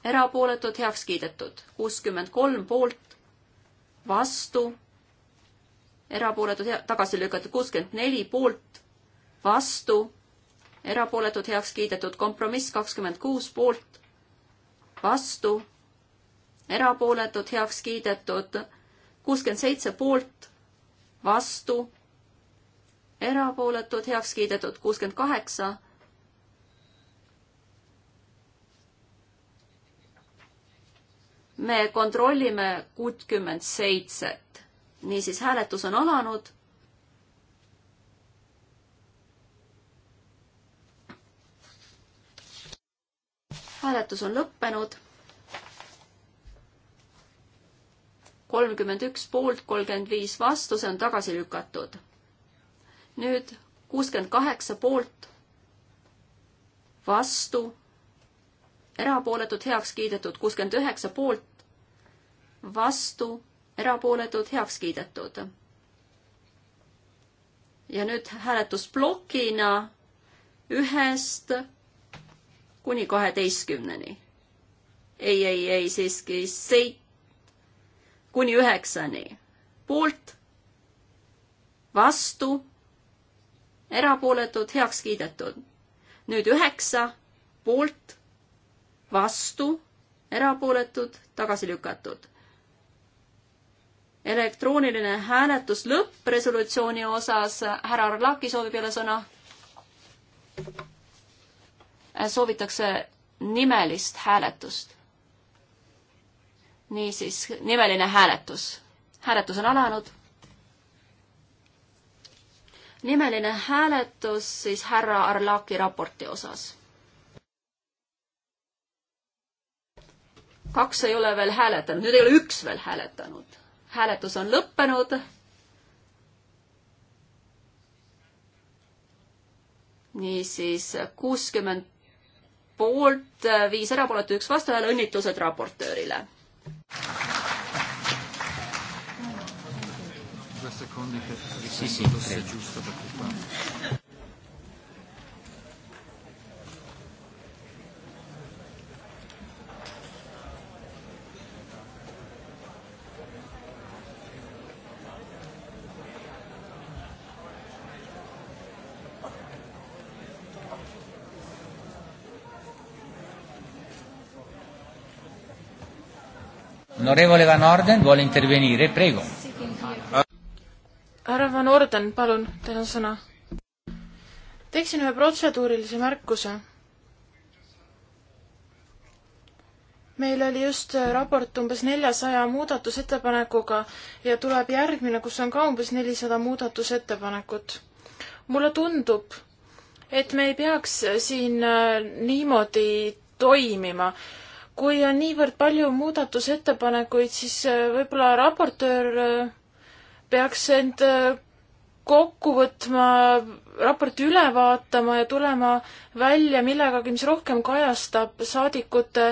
erapooletud, heaks kiidetud, kuuskümmend kolm poolt, vastu, erapooletud, tagasi lükatud, kuuskümmend neli poolt, vastu, erapooletud, heaks kiidetud, kompromiss kakskümmend kuus poolt, vastu erapooletud, heaks kiidetud, kuuskümmend seitse poolt, vastu, erapooletud, heaks kiidetud, kuuskümmend kaheksa, me kontrollime kuutkümmend seitset. niisiis, hääletus on alanud hääletus on lõppenud. kolmkümmend üks poolt, kolmkümmend viis vastu, see on tagasi lükatud. nüüd kuuskümmend kaheksa poolt, vastu, erapooletud, heaks kiidetud, kuuskümmend üheksa poolt, vastu, erapooletud, heaks kiidetud. ja nüüd hääletus plokina ühest kuni kaheteistkümneni. ei, ei, ei siiski seit-, kuni üheksani. poolt, vastu, erapooletud, heaks kiidetud. nüüd üheksa, poolt, vastu, erapooletud, tagasi lükatud. elektrooniline hääletus lõppresolutsiooni osas, härra Arlaki soovib jälle sõna. soovitakse nimelist hääletust niisiis, nimeline hääletus. hääletus on alanud. nimeline hääletus siis härra Arlaki raporti osas. kaks ei ole veel hääletanud, nüüd ei ole üks veel hääletanud. hääletus on lõppenud. niisiis kuuskümmend poolt, viis erapooletu, üks vastuhääl, õnnitlused raportöörile Due secondi per sì, sì, giusto per Onorevole Van Orden vuole intervenire, prego. härra Van Orden, palun, teil on sõna. teeksin ühe protseduurilise märkuse. meil oli just äh, raport umbes neljasaja muudatusettepanekuga ja tuleb järgmine, kus on ka umbes nelisada muudatusettepanekut. mulle tundub, et me ei peaks äh, siin äh, niimoodi toimima kui on niivõrd palju muudatusettepanekuid, siis äh, võib-olla raportöör äh, peaks end äh, kokku võtma, raporti üle vaatama ja tulema välja millegagi, mis rohkem kajastab saadikute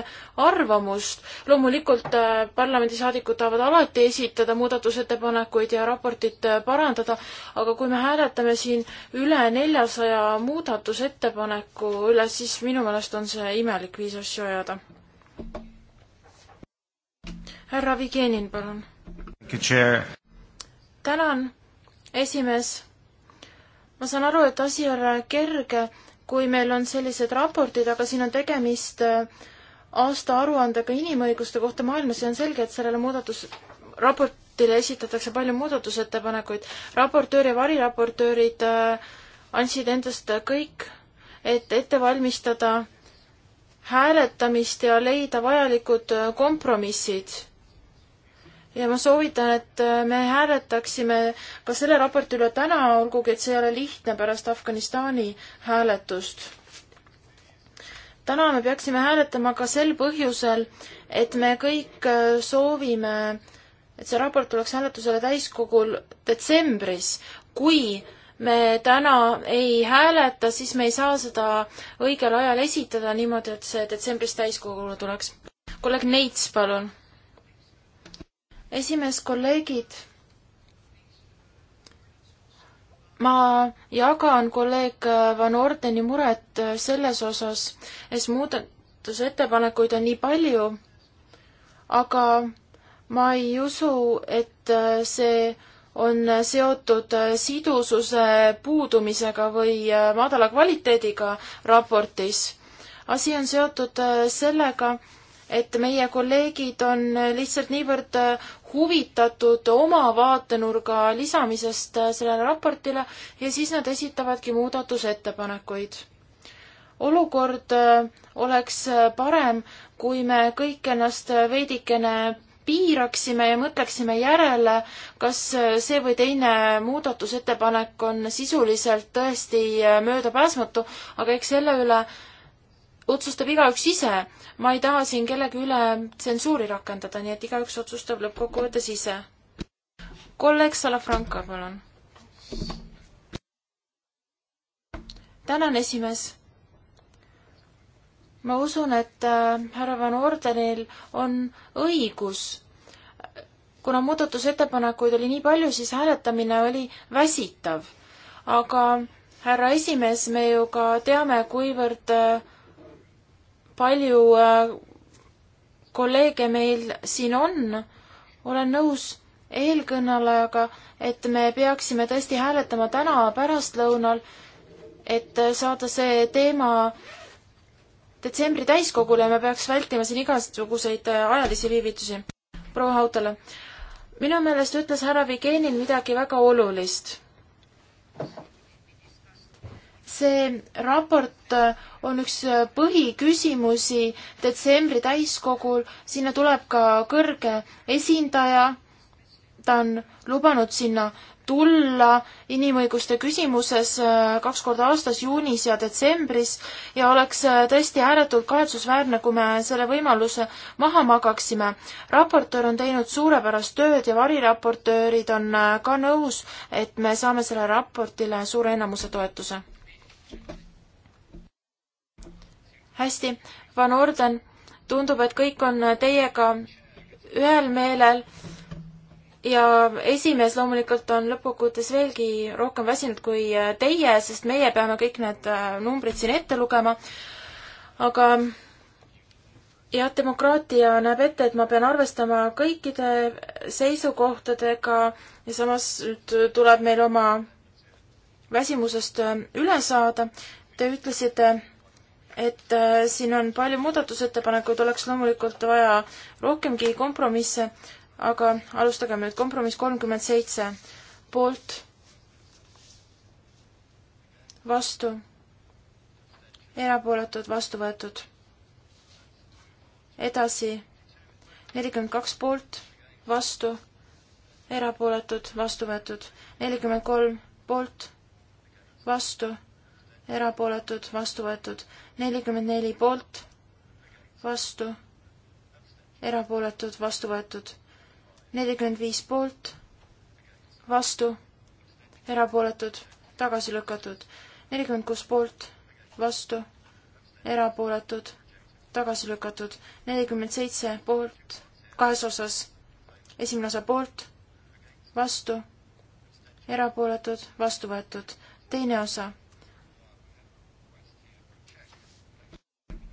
arvamust. loomulikult parlamendisaadikud tahavad alati esitada muudatusettepanekuid ja raportit parandada, aga kui me hääletame siin üle neljasaja muudatusettepaneku üle, siis minu meelest on see imelik viis asju ajada härra Vigenin, palun. tänan, esimees. ma saan aru, et asi ei ole kerge, kui meil on sellised raportid, aga siin on tegemist äh, aastaaruandega inimõiguste kohta maailmas ja on selge, et sellele muudatus, raportile esitatakse palju muudatusettepanekuid. raportöör ja variraportöörid äh, andsid endast kõik, et ette valmistada hääletamist ja leida vajalikud äh, kompromissid. ja ma soovitan, et äh, me hääletaksime ka selle raporti üle täna, olgugi et see ei ole lihtne pärast Afganistani hääletust. täna me peaksime hääletama ka sel põhjusel, et me kõik äh, soovime, et see raport tuleks hääletusele täiskogul detsembris, kui me täna ei hääleta, siis me ei saa seda õigel ajal esitada niimoodi, et see detsembris täiskogule tuleks. kolleeg Neits, palun. esimees, kolleegid. ma jagan kolleeg Van Ordeni muret selles osas, et muudatusettepanekuid on nii palju, aga ma ei usu, et see on seotud sidususe puudumisega või äh, madala kvaliteediga raportis. asi on seotud äh, sellega, et meie kolleegid on äh, lihtsalt niivõrd huvitatud oma vaatenurga lisamisest sellele raportile ja siis nad esitavadki muudatusettepanekuid. olukord oleks parem, kui me kõik ennast veidikene piiraksime ja mõtleksime järele, kas see või teine muudatusettepanek on sisuliselt tõesti möödapääsmatu, aga eks selle üle otsustab igaüks ise. ma ei taha siin kellegi üle tsensuuri rakendada, nii et igaüks otsustab lõppkokkuvõttes ise. kolleeg Salafranca, palun. tänan, esimees ma usun, et äh, härra Van Ordenil on õigus. kuna muudatusettepanekuid oli nii palju, siis hääletamine oli väsitav. aga härra esimees, me ju ka teame, kuivõrd äh, palju äh, kolleege meil siin on. olen nõus eelkõnelejaga, et me peaksime tõesti hääletama täna pärastlõunal, et saada see teema detsembri täiskogule me peaks vältima siin igasuguseid äh, ajalisi viivitusi. proua Hautala, minu meelest ütles härra Vigenin midagi väga olulist. see raport äh, on üks äh, põhiküsimusi detsembri täiskogul, sinna tuleb ka kõrge esindaja, ta on lubanud sinna tulla inimõiguste küsimuses äh, kaks korda aastas, juunis ja detsembris ja oleks äh, tõesti ääretult kahetsusväärne, kui me selle võimaluse maha magaksime. raportöör on teinud suurepärast tööd ja variraportöörid on äh, ka nõus, et me saame sellele raportile suure enamuse toetuse. hästi, Van Orden, tundub, et kõik on teiega ühel meelel ja esimees loomulikult on lõppkokkuvõttes veelgi rohkem väsinud kui äh, teie, sest meie peame kõik need äh, numbrid siin ette lugema, aga jah, demokraatia näeb ette, et ma pean arvestama kõikide seisukohtadega ja samas nüüd tuleb meil oma väsimusest äh, üle saada. Te ütlesite, et siin on palju muudatusettepanekuid, oleks loomulikult vaja rohkemgi kompromisse aga alustagem nüüd kompromiss kolmkümmend seitse poolt, vastu, erapooletud, vastu võetud. edasi nelikümmend kaks poolt, vastu, erapooletud, vastu võetud, nelikümmend kolm poolt, vastu, erapooletud, vastu võetud, nelikümmend neli poolt, vastu, erapooletud, vastu võetud nelikümmend viis poolt, vastu, erapooletud, tagasi lükatud. nelikümmend kuus poolt, vastu, erapooletud, tagasi lükatud. nelikümmend seitse poolt, kahes osas, esimene osa poolt, vastu, erapooletud, vastu võetud. teine osa.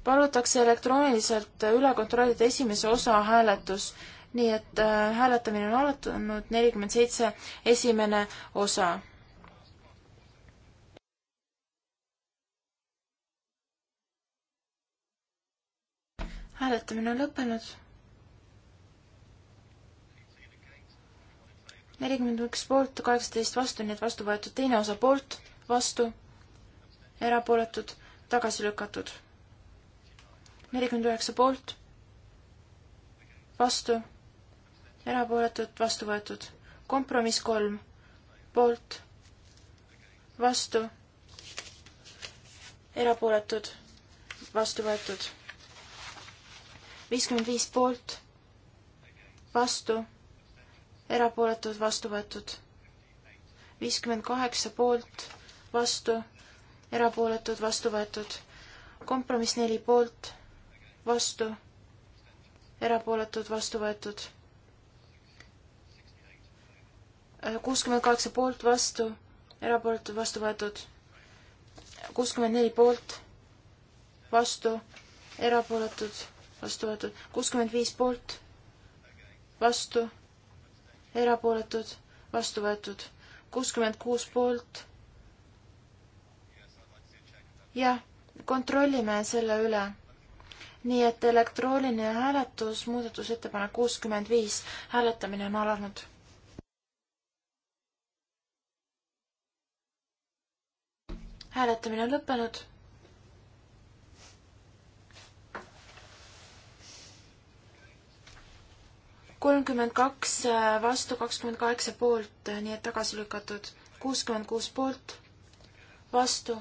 palutakse elektrooniliselt üle kontrollida esimese osa hääletus nii et äh, hääletamine on alatunud, nelikümmend seitse, esimene osa hääletamine on lõppenud. nelikümmend üks poolt, kaheksateist vastu, nii et vastu võetud teine osa poolt, vastu, erapooletud, tagasi lükatud. nelikümmend üheksa poolt, vastu, erapooletud, vastu võetud. kompromiss kolm, poolt, vastu, erapooletud, vastu võetud. viiskümmend viis poolt, vastu, erapooletud, vastu võetud. viiskümmend kaheksa poolt, vastu, erapooletud, vastu võetud. kompromiss neli poolt, vastu, erapooletud, vastu võetud kuuskümmend kaheksa poolt vastu, erapooletud vastu võetud kuuskümmend neli poolt vastu, erapooletud vastu võetud kuuskümmend viis poolt vastu, erapooletud vastu võetud kuuskümmend kuus poolt. jah, kontrollime selle üle nii et elektrooniline hääletus, muudatusettepanek kuuskümmend viis, hääletamine on alanud hääletamine on lõppenud. kolmkümmend kaks äh, vastu, kakskümmend kaheksa poolt, äh, nii et tagasi lükatud. kuuskümmend kuus poolt, vastu,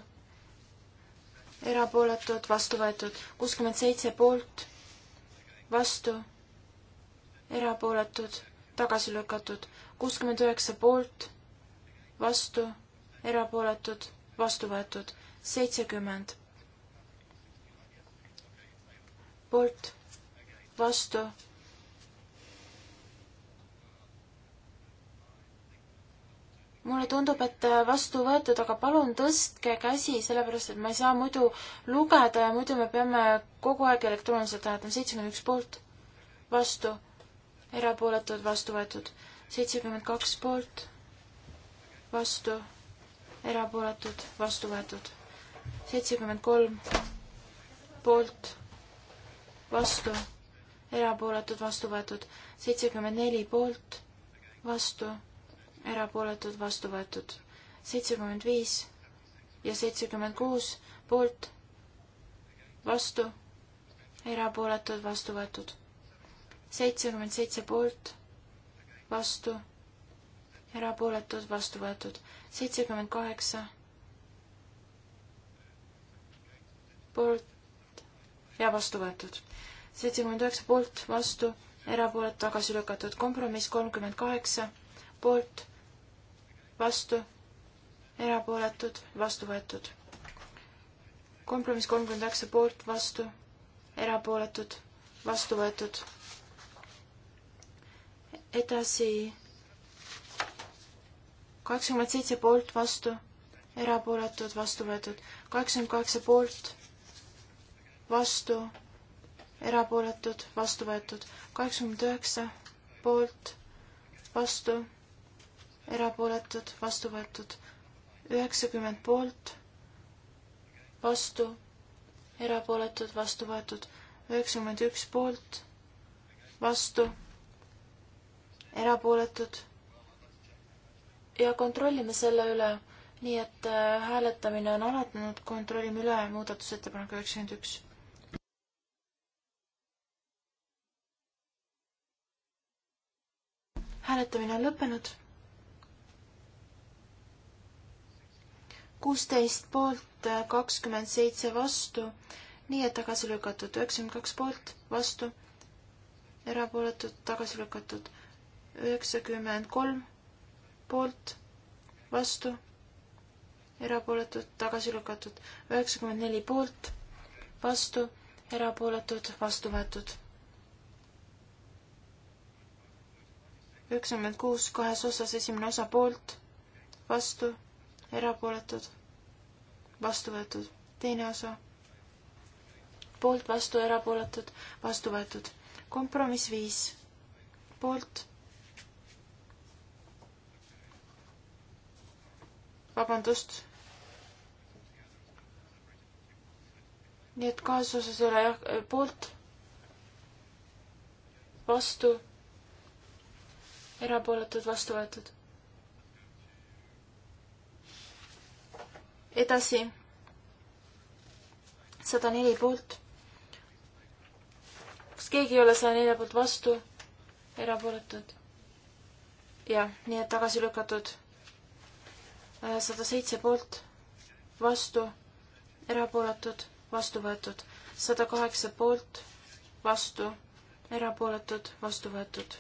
erapooletud, vastu võetud. kuuskümmend seitse poolt, vastu, erapooletud, tagasi lükatud. kuuskümmend üheksa poolt, vastu, erapooletud vastu võetud seitsekümmend. poolt, vastu. mulle tundub, et vastu võetud, aga palun tõstke käsi, sellepärast et ma ei saa muidu lugeda ja muidu me peame kogu aeg elektrooniliselt hääletama. seitsekümmend üks poolt, vastu, erapooletud, vastu võetud. seitsekümmend kaks poolt, vastu erapooletud, vastu võetud. seitsekümmend kolm poolt, vastu, erapooletud, vastu võetud. seitsekümmend neli poolt, vastu, erapooletud, vastu võetud. seitsekümmend viis ja seitsekümmend kuus poolt, vastu, erapooletud, vastu võetud. seitsekümmend seitse poolt, vastu, erapooletud, vastu võetud seitsekümmend kaheksa poolt ja vastu võetud. seitsekümmend üheksa poolt, vastu, erapooletu, tagasi lükatud. kompromiss kolmkümmend kaheksa poolt, vastu, erapooletud, vastu võetud. kompromiss kolmkümmend üheksa poolt, vastu, erapooletud, vastu võetud. edasi kaheksakümmend seitse poolt, vastu, erapooletud, vastu võetud. kaheksakümmend kaheksa poolt, vastu, erapooletud, vastu võetud. kaheksakümmend üheksa poolt, vastu, erapooletud, vastu võetud. üheksakümmend poolt, vastu, erapooletud, vastu võetud. üheksakümmend üks poolt, vastu, erapooletud ja kontrollime selle üle, nii et äh, hääletamine on alatunud, kontrollime üle muudatusettepaneku üheksakümmend üks. hääletamine on lõppenud. kuusteist poolt, äh, kakskümmend seitse vastu, nii et tagasi lükatud, üheksakümmend kaks poolt, vastu, erapooletud, tagasi lükatud, üheksakümmend kolm poolt, vastu, erapooletud, tagasi lükatud, üheksakümmend neli poolt, vastu, erapooletud, vastu võetud. üheksakümmend kuus kahes osas, esimene osa poolt, vastu, erapooletud, vastu võetud, teine osa, poolt, vastu, erapooletud, vastu võetud, kompromiss viis, poolt vabandust. nii et kahes osas ei ole jah, äh, poolt, vastu, erapooletud, vastu võetud. edasi, sada neli poolt. kas keegi ei ole saja nelja poolt vastu, erapooletud? jah, nii et tagasi lükatud sada seitse poolt, vastu, erapooletud, vastu võetud, sada kaheksa poolt, vastu, erapooletud, vastu võetud.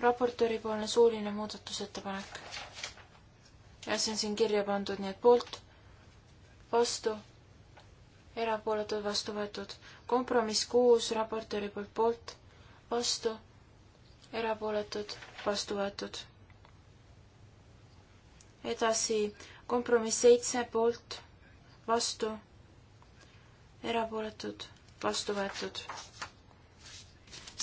raportööripoolne suuline muudatusettepanek. ja see on siin kirja pandud, nii et poolt, vastu, erapooletud, vastu võetud, kompromiss kuus raportööri poolt poolt, vastu, erapooletud, vastu võetud edasi kompromiss seitse poolt, vastu, erapooletud, vastu võetud.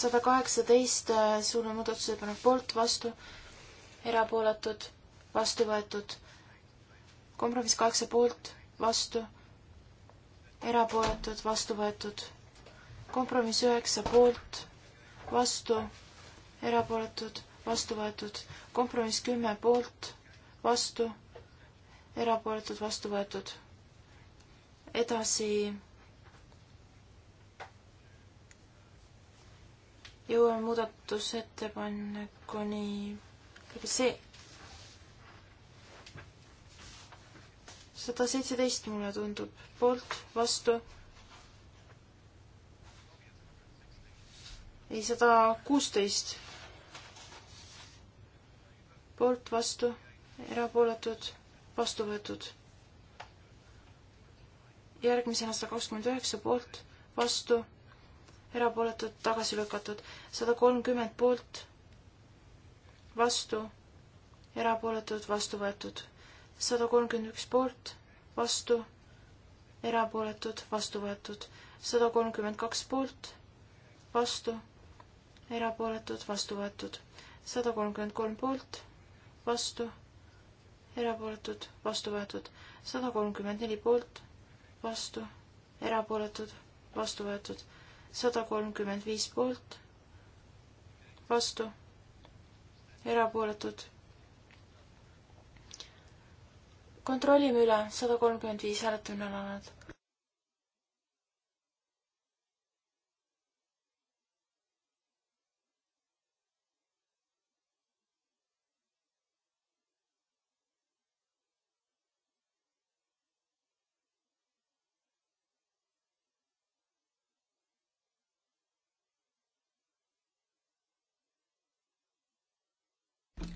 sada kaheksateist äh, suure muudatusettepanek poolt, vastu, erapooletud, vastu võetud. kompromiss kaheksa poolt, vastu, erapooletud, vastu võetud. kompromiss üheksa poolt, vastu, erapooletud, vastu võetud. kompromiss kümme poolt vastu, erapooletud, vastu võetud. edasi jõuame muudatusettepanekuni see sada seitseteist mulle tundub, poolt, vastu. ei, sada kuusteist. poolt, vastu erapooletud, vastu võetud. järgmisena sada kakskümmend üheksa poolt, vastu, erapooletud, tagasi lükatud, sada kolmkümmend poolt, vastu, erapooletud, vastu võetud, sada kolmkümmend üks poolt, vastu, erapooletud, vastu võetud, sada kolmkümmend kaks poolt, vastu, erapooletud, vastu võetud, sada kolmkümmend kolm poolt, vastu erapooletud, vastu võetud. sada kolmkümmend neli poolt, vastu, erapooletud, vastu võetud. sada kolmkümmend viis poolt, vastu, erapooletud. kontrollime üle, sada kolmkümmend viis hääletamine on alanud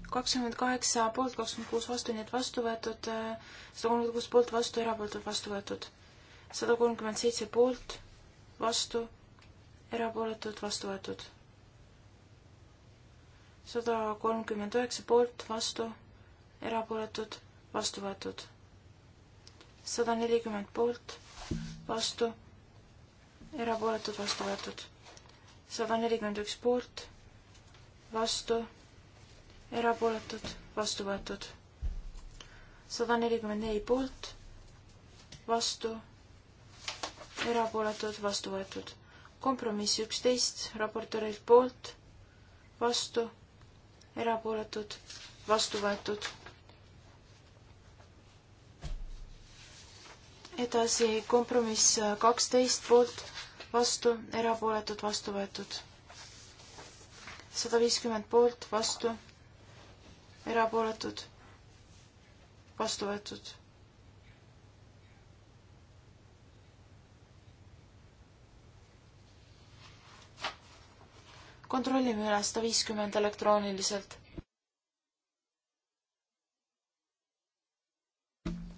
kakskümmend kaheksa poolt, kakskümmend kuus vastu, nii et vastu võetud, äh, sada kolmkümmend kuus poolt vastu, erapooletud vastu võetud. sada kolmkümmend seitse poolt, vastu, erapooletult vastu võetud. sada kolmkümmend üheksa poolt, vastu, erapooletud, vastu võetud. sada nelikümmend poolt, vastu, erapooletud, vastu võetud. sada nelikümmend üks poolt, vastu erapooletud, vastu võetud. sada nelikümmend neli poolt, vastu, erapooletud, vastu võetud. kompromiss üksteist, raportöörilt poolt, vastu, erapooletud, vastu võetud. edasi kompromiss kaksteist poolt, vastu, erapooletud, vastu võetud. sada viiskümmend poolt, vastu erapooletud, vastu võetud. kontrollime üle sada viiskümmend elektrooniliselt.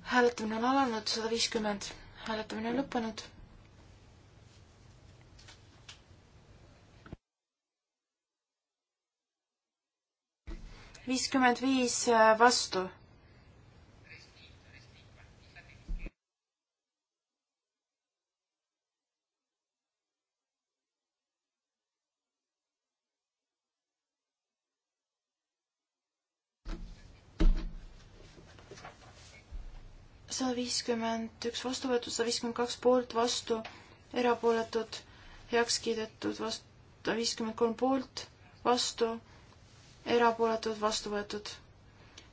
hääletamine on alanud, sada viiskümmend, hääletamine on lõppenud viiskümmend viis äh, vastu. sada viiskümmend üks vastu võetud, sada viiskümmend kaks poolt vastu, erapooletud, heaks kiidetud, vastu viiskümmend kolm poolt, vastu erapooletud, vastu võetud.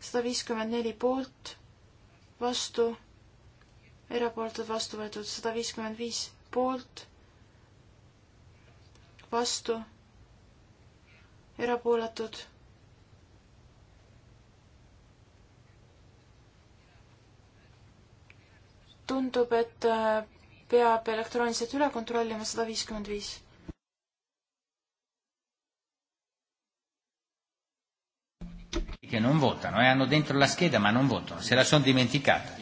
sada viiskümmend neli poolt, vastu, erapooletud, vastu võetud, sada viiskümmend viis poolt, vastu, erapooletud. tundub, et äh, peab elektrooniliselt üle kontrollima sada viiskümmend viis che non votano e hanno dentro la scheda ma non votano, se la sono dimenticata.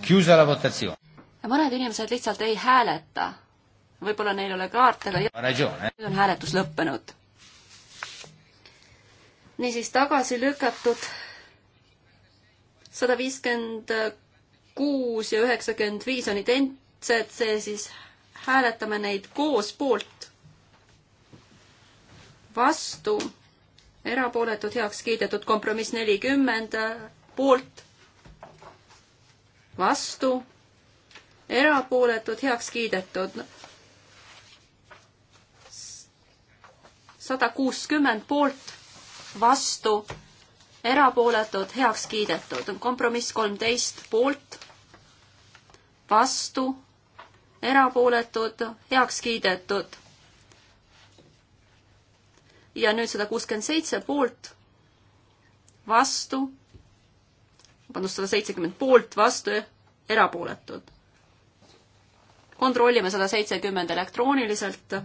Chiusa la votazione. mõned inimesed lihtsalt ei hääleta. võib-olla neil ei ole kaarte, aga eh. nüüd on hääletus lõppenud. niisiis tagasi lükatud sada viiskümmend kuus ja üheksakümmend viis on identsed, see siis hääletame neid koos poolt vastu erapooletud heaks kiidetud kompromiss nelikümmend poolt, vastu, erapooletud heaks kiidetud sada kuuskümmend poolt, vastu, erapooletud heaks kiidetud, kompromiss kolmteist poolt, vastu, erapooletud heaks kiidetud ja nüüd sada kuuskümmend seitse poolt, vastu, vabandust, sada seitsekümmend poolt, vastu, erapooletud. kontrollime sada seitsekümmend elektrooniliselt.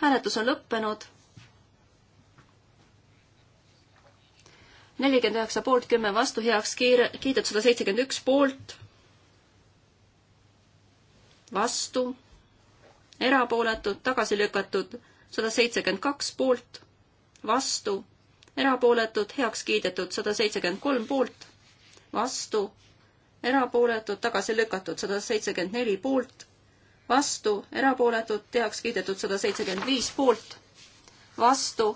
hääletus on lõppenud nelikümmend üheksa poolt, kümme vastu, heaks kiire, kiidetud sada seitsekümmend üks poolt, vastu, erapooletud, tagasi lükatud sada seitsekümmend kaks poolt, vastu, erapooletud, heaks kiidetud sada seitsekümmend kolm poolt, vastu, erapooletud, tagasi lükatud sada seitsekümmend neli poolt, vastu, erapooletud, heaks kiidetud sada seitsekümmend viis poolt, vastu,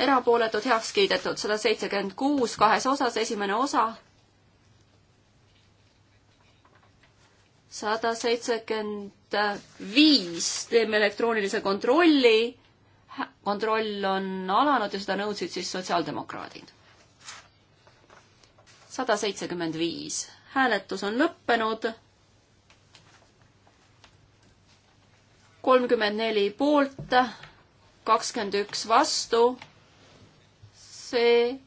erapooletud heaks kiidetud sada seitsekümmend kuus kahes osas, esimene osa. sada seitsekümmend viis, teeme elektroonilise kontrolli. kontroll on alanud ja seda nõudsid siis sotsiaaldemokraadid. sada seitsekümmend viis, hääletus on lõppenud kolmkümmend neli poolt, kakskümmend üks vastu, see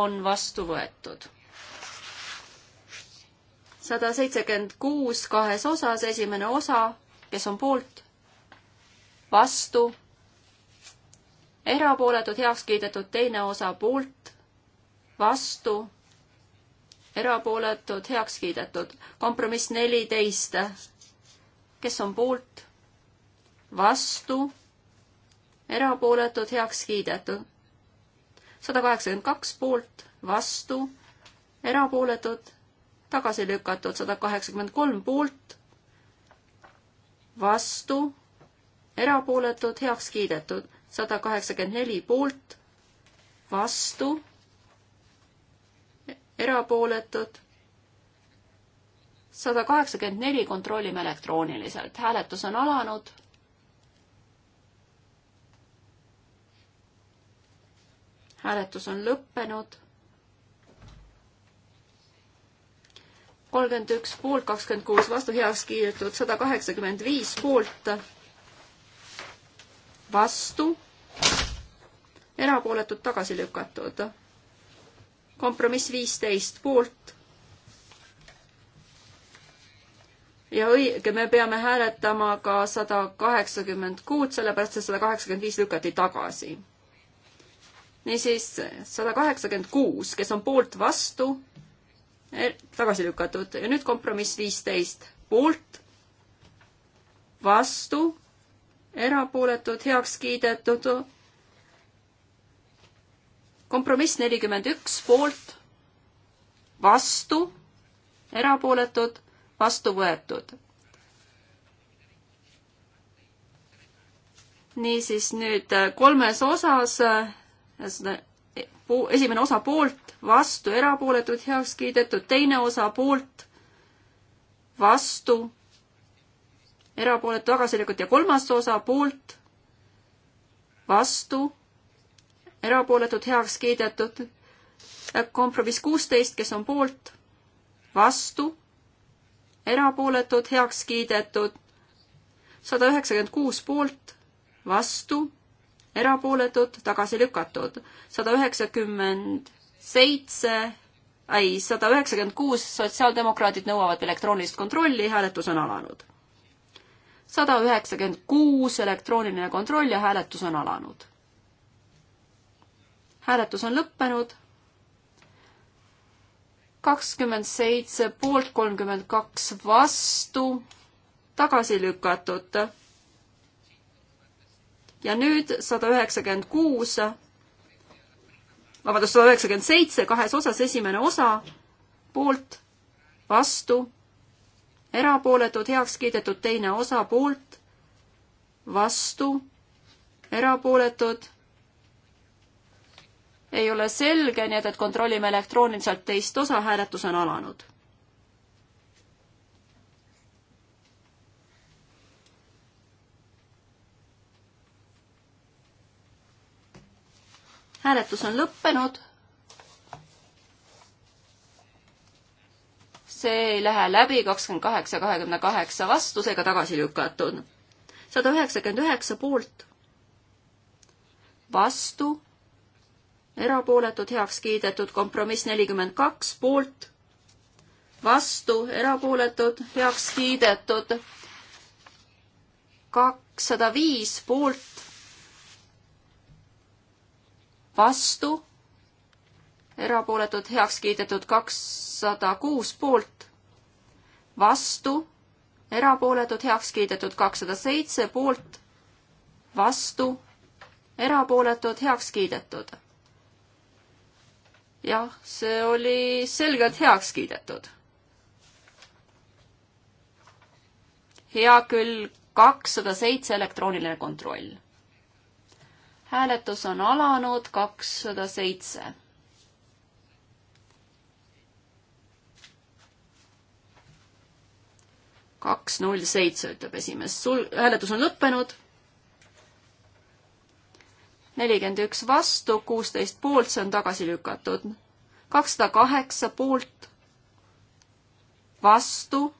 on vastu võetud. sada seitsekümmend kuus kahes osas, esimene osa, kes on poolt, vastu, erapooletud heaks kiidetud, teine osa poolt, vastu, erapooletud heaks kiidetud, kompromiss neliteist, kes on poolt, vastu, erapooletud heaks kiidetud sada kaheksakümmend kaks poolt, vastu, erapooletud, tagasi lükatud, sada kaheksakümmend kolm poolt, vastu, erapooletud, heaks kiidetud, sada kaheksakümmend neli poolt, vastu, erapooletud, sada kaheksakümmend neli kontrollime elektrooniliselt, hääletus on alanud hääletus on lõppenud. kolmkümmend üks poolt, kakskümmend kuus vastu, heaks kiidetud sada kaheksakümmend viis poolt, vastu, erapooletud tagasi lükatud. kompromiss viisteist poolt ja õige, me peame hääletama ka sada kaheksakümmend kuut, sellepärast et sada kaheksakümmend viis lükati tagasi niisiis sada kaheksakümmend kuus, kes on poolt, vastu, er-, tagasi lükatud ja nüüd kompromiss viisteist, poolt, vastu, erapooletud, heaks kiidetud. kompromiss nelikümmend üks, poolt, vastu, erapooletud, vastu võetud niisiis nüüd kolmes osas seda e, esimene osa poolt, vastu, erapooletud, heaks kiidetud, teine osa poolt, vastu, erapooletu, tagasi lükatud ja kolmas osa poolt, vastu, erapooletud, heaks kiidetud, kompromiss kuusteist, kes on poolt, vastu, erapooletud, heaks kiidetud, sada üheksakümmend kuus poolt, vastu erapooletud, tagasi lükatud. sada üheksakümmend seitse, ei, sada üheksakümmend kuus sotsiaaldemokraadid nõuavad elektroonilist kontrolli, hääletus on alanud. sada üheksakümmend kuus elektrooniline kontroll ja hääletus on alanud. hääletus on lõppenud kakskümmend seitse poolt, kolmkümmend kaks vastu, tagasi lükatud ja nüüd sada üheksakümmend kuus, vabandust, sada üheksakümmend seitse kahes osas, esimene osa poolt, vastu, erapooletud, heaks kiidetud, teine osa poolt, vastu, erapooletud, ei ole selge, nii et, et kontrollime elektrooniliselt teist osa, hääletus on alanud hääletus on lõppenud. see ei lähe läbi, kakskümmend kaheksa, kahekümne kaheksa vastu, seega tagasi lükatud. sada üheksakümmend üheksa poolt, vastu, erapooletud, heaks kiidetud, kompromiss nelikümmend kaks poolt, vastu, erapooletud, heaks kiidetud, kakssada viis poolt, vastu, erapooletud heaks kiidetud kakssada kuus poolt, vastu, erapooletud heaks kiidetud kakssada seitse poolt, vastu, erapooletud heaks kiidetud. jah, see oli selgelt heaks kiidetud. hea küll, kakssada seitse elektrooniline kontroll hääletus on alanud kakssada seitse. kaks null seitse, ütleb esimees. sul-, hääletus on lõppenud. nelikümmend üks vastu, kuusteist poolt, see on tagasi lükatud. kakssada kaheksa poolt, vastu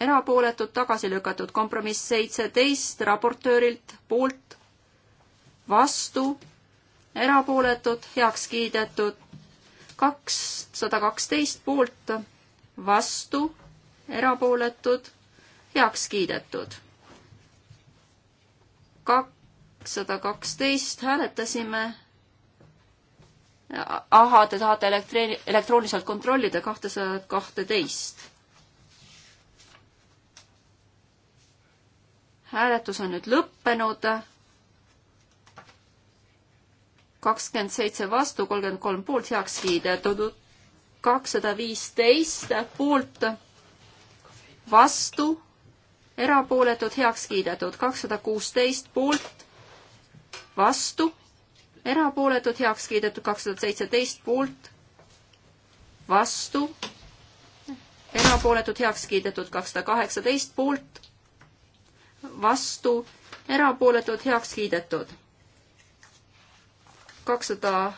erapooletud tagasi lükatud kompromiss seitseteist raportöörilt poolt, vastu, erapooletud, heaks kiidetud, kakssada kaksteist poolt, vastu, erapooletud, heaks kiidetud. kakssada kaksteist hääletasime. ahhaa, te tahate elektri-, elektrooniliselt kontrollida kahtesadat kahteteist hääletus on nüüd lõppenud kakskümmend seitse vastu, kolmkümmend kolm poolt heaks kiidetud, kakssada viisteist poolt vastu, erapooletud heaks kiidetud, kakssada kuusteist poolt vastu, erapooletud heaks kiidetud, kakssada seitseteist poolt vastu, erapooletud heaks kiidetud, kakssada kaheksateist poolt vastu, erapooletud heaks kiidetud kakssada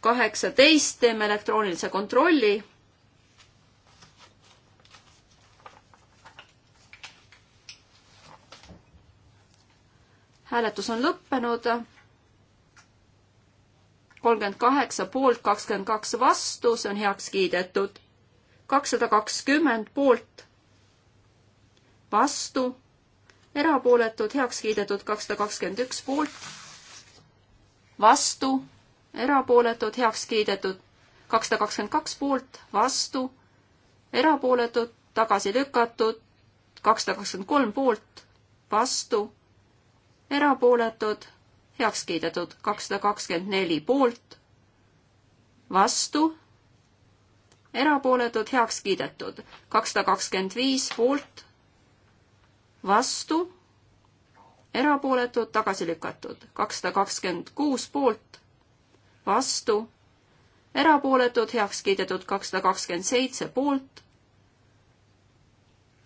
kaheksateist teeme elektroonilise kontrolli. hääletus on lõppenud. kolmkümmend kaheksa poolt, kakskümmend kaks vastu, see on heaks kiidetud. kakssada kakskümmend poolt, vastu erapooletud, heaks kiidetud kakssada kakskümmend üks poolt, vastu, erapooletud, heaks kiidetud kakssada kakskümmend kaks poolt, vastu, erapooletud, tagasi lükatud, kakssada kakskümmend kolm poolt, vastu, erapooletud, heaks kiidetud kakssada kakskümmend neli poolt, vastu, erapooletud, heaks kiidetud kakssada kakskümmend viis poolt vastu, erapooletud, tagasi lükatud. kakssada kakskümmend kuus poolt, vastu, erapooletud, heaks kiidetud kakssada kakskümmend seitse poolt,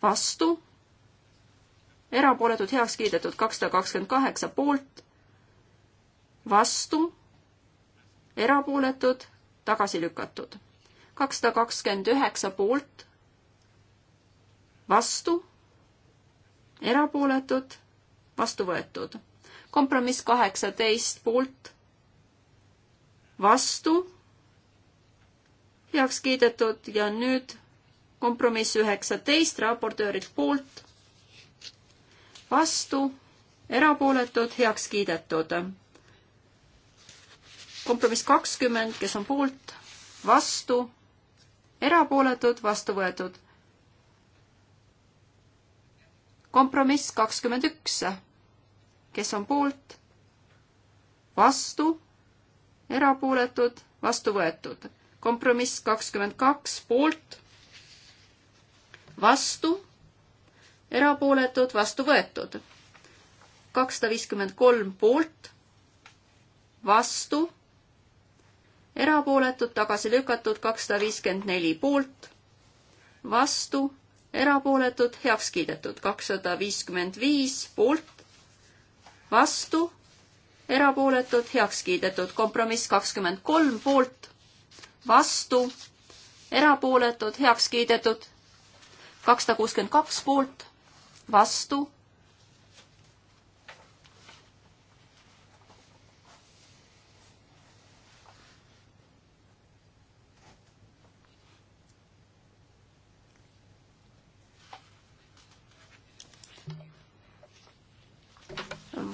vastu, erapooletud, heaks kiidetud kakssada kakskümmend kaheksa poolt, vastu, erapooletud, tagasi lükatud. kakssada kakskümmend üheksa poolt, vastu erapooletud, vastu võetud. kompromiss kaheksateist poolt, vastu, heaks kiidetud ja nüüd kompromiss üheksateist raportöörilt poolt, vastu, erapooletud, heaks kiidetud. kompromiss kakskümmend, kes on poolt, vastu, erapooletud, vastu võetud kompromiss kakskümmend üks, kes on poolt, vastu, erapooletud, vastu võetud. kompromiss kakskümmend kaks, poolt, vastu, erapooletud, vastu võetud. kakssada viiskümmend kolm poolt, vastu, erapooletud, tagasi lükatud, kakssada viiskümmend neli poolt, vastu erapooletud, heaks kiidetud. kakssada viiskümmend viis poolt, vastu, erapooletud, heaks kiidetud. kompromiss kakskümmend kolm poolt, vastu, erapooletud, heaks kiidetud. kakssada kuuskümmend kaks poolt, vastu,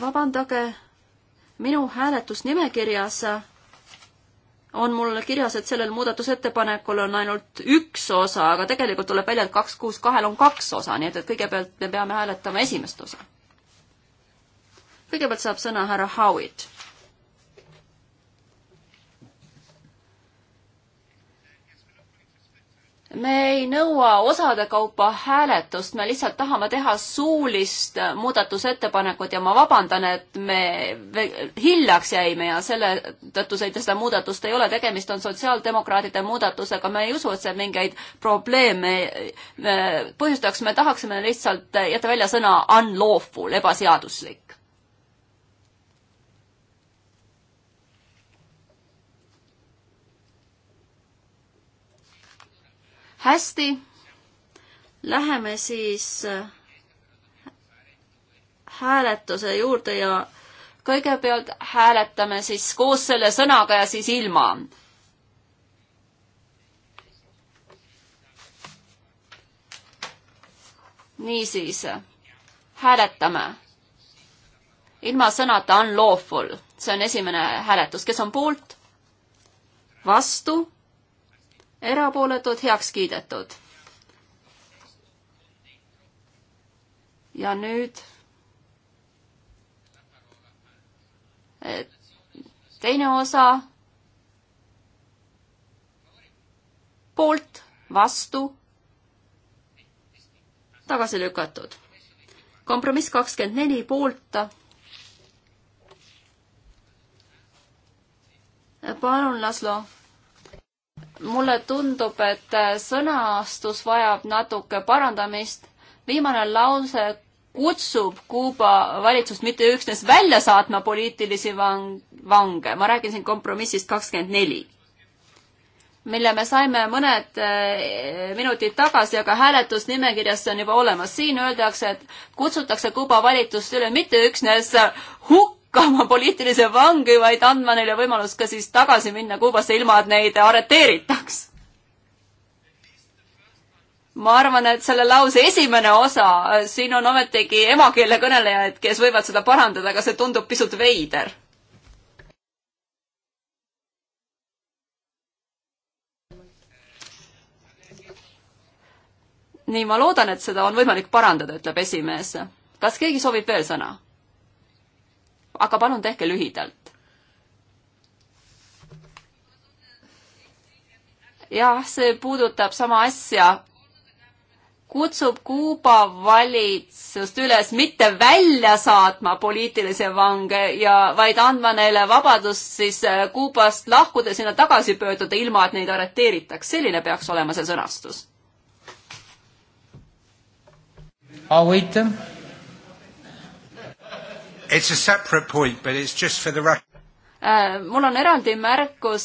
vabandage, minu hääletusnimekirjas on mul kirjas, et sellel muudatusettepanekul on ainult üks osa, aga tegelikult tuleb välja, et kaks kuus kahel on kaks osa, nii et, et kõigepealt me peame hääletama esimest osa. kõigepealt saab sõna härra Howitt me ei nõua osade kaupa hääletust, me lihtsalt tahame teha suulist muudatusettepanekut ja ma vabandan, et me hiljaks jäime ja selle tõttu seda muudatust ei ole, tegemist on sotsiaaldemokraatide muudatusega, me ei usu, et see mingeid probleeme põhjustaks, me tahaksime lihtsalt jätta välja sõna unlawful, ebaseaduslik. hästi, läheme siis äh, hääletuse juurde ja kõigepealt hääletame siis koos selle sõnaga ja siis ilma. niisiis, hääletame. ilma sõnata unlawful, see on esimene hääletus, kes on poolt? vastu erapooletud, heaks kiidetud. ja nüüd eh, teine osa poolt, vastu, tagasi lükatud. kompromiss kakskümmend neli poolt. Eh, palun, Laslo mulle tundub, et äh, sõnastus vajab natuke parandamist. viimane lause kutsub Kuuba valitsust mitte üksnes välja saatma poliitilisi vang-, vange, ma räägin siin kompromissist kakskümmend neli, mille me saime mõned äh, minutid tagasi, aga hääletusnimekirjas see on juba olemas. siin öeldakse, et kutsutakse Kuuba valitsust üle mitte üksnes hukka, hakkama poliitilise vangi, vaid andma neile võimalus ka siis tagasi minna Kuubasse, ilma et neid arreteeritaks. ma arvan, et selle lause esimene osa, siin on ometigi emakeele kõnelejaid, kes võivad seda parandada, aga see tundub pisut veider. nii, ma loodan, et seda on võimalik parandada, ütleb esimees. kas keegi soovib veel sõna? aga palun tehke lühidalt. jah, see puudutab sama asja. kutsub Kuuba valitsust üles mitte välja saatma poliitilisi vange ja vaid andma neile vabadust siis äh, Kuubast lahkuda, sinna tagasi pöörduda, ilma et neid arreteeritaks. selline peaks olema see sõnastus. I'll wait them. It's a separate point, but it's just for the record. Äh, mul on eraldi märkus,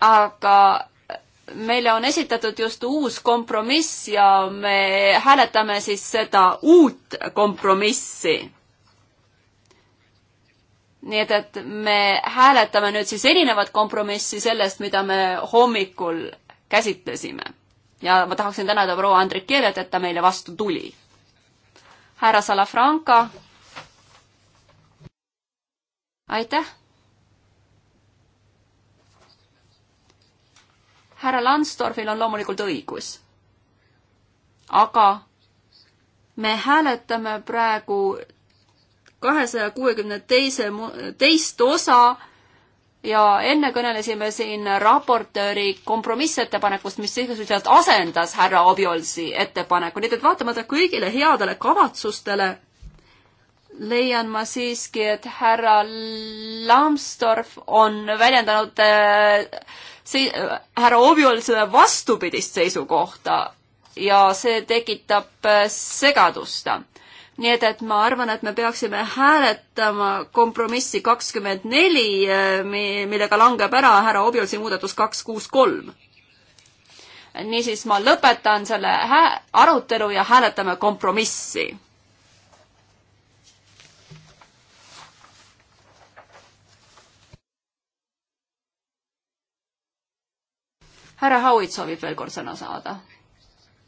aga meile on esitatud just uus kompromiss ja me hääletame siis seda uut kompromissi. nii et, et me hääletame nüüd siis erinevat kompromissi sellest, mida me hommikul käsitlesime. ja ma tahaksin tänada proua Andrik Keelet, et ta meile vastu tuli. härra Salafranca aitäh! härra Landstorfil on loomulikult õigus. aga me hääletame praegu kahesaja kuuekümne teise, teist osa ja enne kõnelesime siin raportööri kompromissettepanekust, mis sisuliselt asendas härra Obiolsi ettepaneku, nii et vaatamata kõigile headele kavatsustele leian ma siiski, et härra Lambsdorff on väljendanud äh, see, härra Oviol seda vastupidist seisukohta ja see tekitab äh, segadust. nii et, et ma arvan, et me peaksime hääletama kompromissi kakskümmend neli, äh, millega langeb ära härra Oviolsi muudatus kaks kuus kolm. niisiis ma lõpetan selle arutelu ja hääletame kompromissi härra Howitt soovib veel kord sõna saada.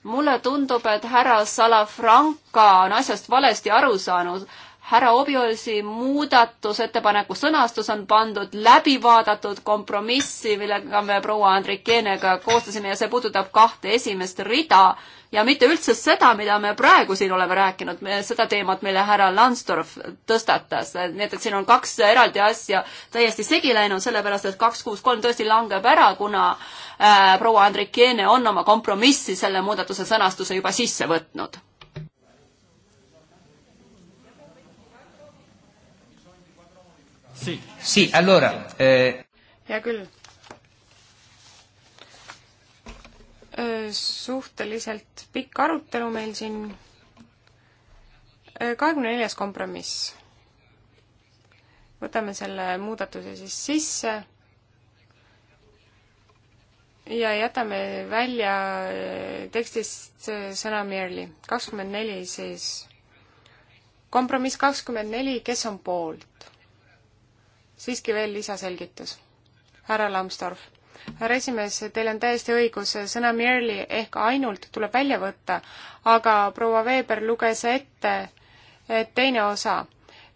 mulle tundub, et härra Salafranca on asjast valesti aru saanud. härra Obiolsi muudatusettepaneku sõnastus on pandud läbi vaadatud kompromissi, millega me proua Andrikeenega koostasime ja see puudutab kahte esimest rida ja mitte üldse seda, mida me praegu siin oleme rääkinud, seda teemat, mille härra Lansdorf tõstatas, nii et, et siin on kaks eraldi asja täiesti segi läinud, sellepärast et kaks, kuus, kolm tõesti langeb ära, kuna äh, proua Andrikiene on oma kompromissi selle muudatuse sõnastuse juba sisse võtnud Sì, allora. Eh... Hea küll. suhteliselt pikk arutelu meil siin. kahekümne neljas kompromiss. võtame selle muudatuse siis sisse ja jätame välja tekstist sõna merely. kakskümmend neli siis. kompromiss kakskümmend neli, kes on poolt? siiski veel lisaselgitus. härra Lambsdorff härra esimees, teil on täiesti õigus, sõna merely ehk ainult tuleb välja võtta, aga proua Veber luges ette et teine osa.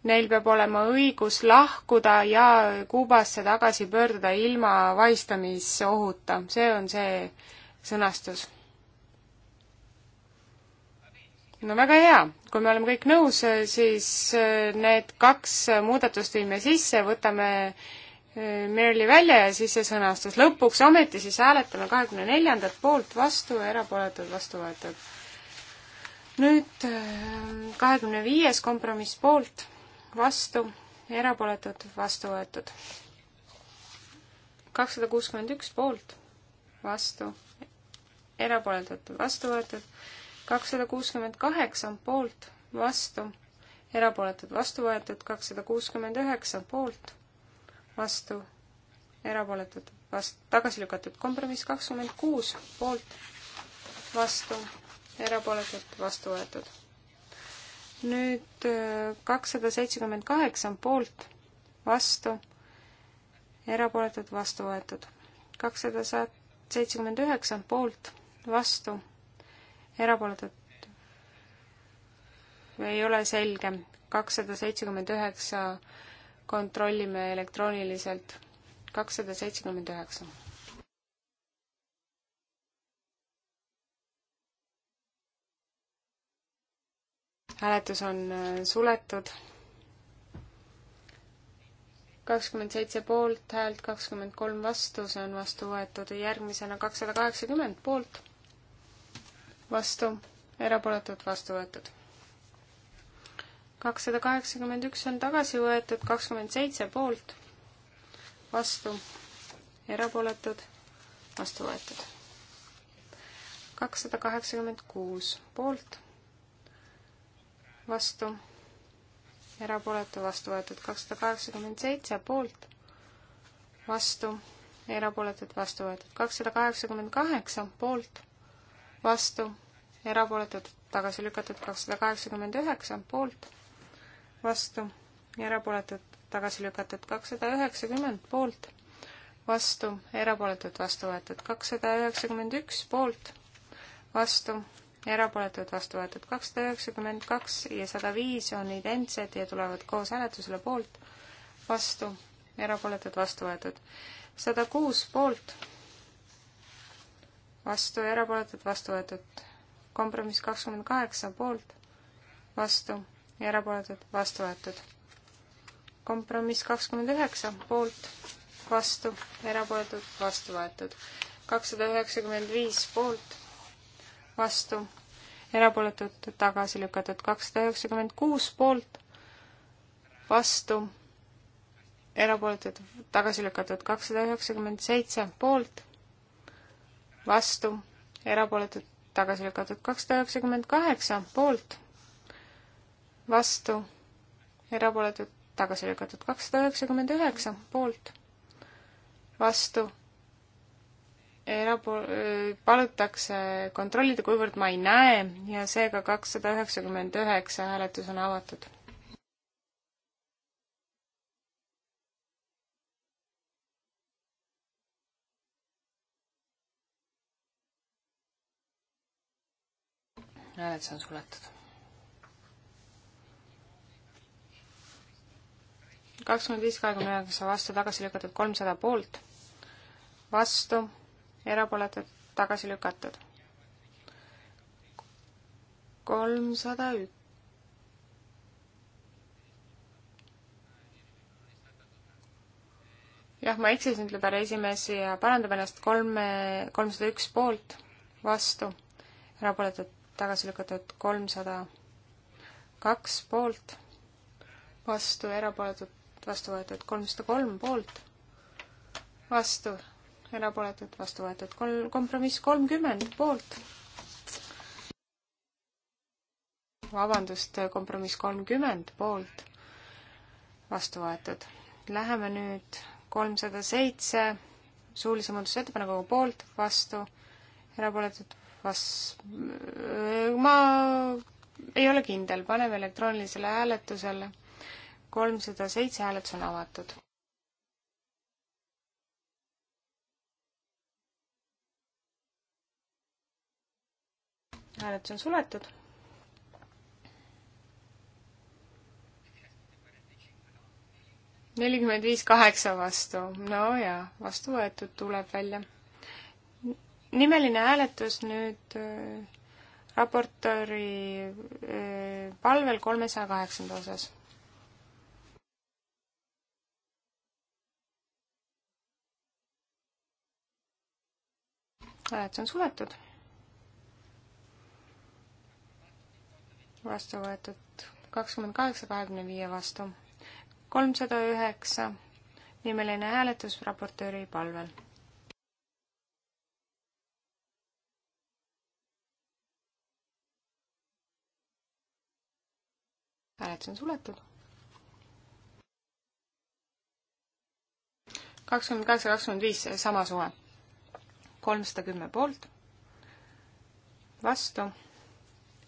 Neil peab olema õigus lahkuda ja Kuubasse tagasi pöörduda ilma vaistamisohuta, see on see sõnastus no väga hea, kui me oleme kõik nõus, siis need kaks muudatust viime sisse, võtame Merli välja ja siis see sõnastus. lõpuks ometi siis hääletame kahekümne neljandat poolt vastu ja erapooletud vastu võetud. nüüd äh, kahekümne viies kompromiss poolt, vastu, erapooletud, vastu võetud. kakssada kuuskümmend üks poolt, vastu, erapooletud, vastu võetud. kakssada kuuskümmend kaheksa poolt, vastu, erapooletud, vastu võetud. kakssada kuuskümmend üheksa poolt vastu, erapooletud, vast-, tagasi lükatud. kompromiss kakskümmend kuus, poolt, vastu, erapooletud, vastu võetud. nüüd äh, kakssada seitsekümmend kaheksa on poolt, vastu, erapooletud, vastu võetud. kakssada seitsekümmend üheksa on poolt, vastu, erapooletud, ei ole selge. kakssada seitsekümmend üheksa kontrollime elektrooniliselt kakssada seitsekümmend üheksa. hääletus on äh, suletud. kakskümmend seitse poolt häält, kakskümmend kolm vastu, see on vastu võetud. järgmisena kakssada kaheksakümmend poolt, vastu, erapooletud, vastu võetud kakssada kaheksakümmend üks on tagasi võetud, kakskümmend seitse poolt, vastu, erapooletud, vastu võetud. kakssada kaheksakümmend kuus poolt, vastu, erapooletu, vastu võetud, kakssada kaheksakümmend seitse poolt, vastu, erapooletud, vastu võetud, kakssada kaheksakümmend kaheksa poolt, vastu, erapooletud, tagasi lükatud, kakssada kaheksakümmend üheksa poolt vastu, erapooletud, tagasi lükatud kakssada üheksakümmend poolt, vastu, erapooletud, vastu võetud kakssada üheksakümmend üks poolt, vastu, erapooletud, vastu võetud kakssada üheksakümmend kaks ja sada viis on identsed ja tulevad koos hääletusele poolt, vastu, erapooletud, vastu võetud sada kuus poolt, vastu, erapooletud, vastu võetud kompromiss kakskümmend kaheksa poolt, vastu ja erapooletud, vastu võetud. kompromiss kakskümmend üheksa, poolt, vastu, erapooletud, vastu võetud. kakssada üheksakümmend viis poolt, vastu, erapooletud, tagasi lükatud. kakssada üheksakümmend kuus poolt, vastu, erapooletud, tagasi lükatud. kakssada üheksakümmend seitse poolt, vastu, erapooletud, tagasi lükatud. kakssada üheksakümmend kaheksa poolt vastu, erapooletud, tagasi lükatud. kakssada üheksakümmend üheksa poolt, vastu, erapo-, äh, palutakse kontrollida, kuivõrd ma ei näe ja seega kakssada üheksakümmend üheksa hääletus on avatud hääled on suletud. kakskümmend viis, kahekümne üheksa vastu, tagasi lükatud kolmsada poolt, vastu, erapooletud, tagasi lükatud. kolmsada ük-. jah, ma eksisin, ütleb härra esimees ja parandab ennast kolme, kolmsada üks poolt, vastu, erapooletud, tagasi lükatud kolmsada kaks poolt, vastu, erapooletud, erapooletud, vastu võetud kolmsada kolm poolt, vastu, erapooletud, vastu võetud kolm, kompromiss kolmkümmend poolt. vabandust, kompromiss kolmkümmend poolt, vastu võetud. Läheme nüüd kolmsada seitse suulise muudatusettepanekuga poolt, vastu, erapooletud, vas-, ma ei ole kindel, paneme elektroonilisele hääletusele kolmsada seitse hääletus on avatud. hääletus on suletud. nelikümmend viis kaheksa vastu, no jaa, vastu võetud tuleb välja. nimeline hääletus nüüd äh, raportööri äh, palvel kolmesaja kaheksanda osas hääletus äh, on suletud. vastu võetud kakskümmend kaheksa, kahekümne viie vastu. kolmsada üheksa nimeline hääletus raportööri palvel. hääletus on suletud kakskümmend kaheksa, kakskümmend viis, sama suve kolmsada kümme poolt, vastu,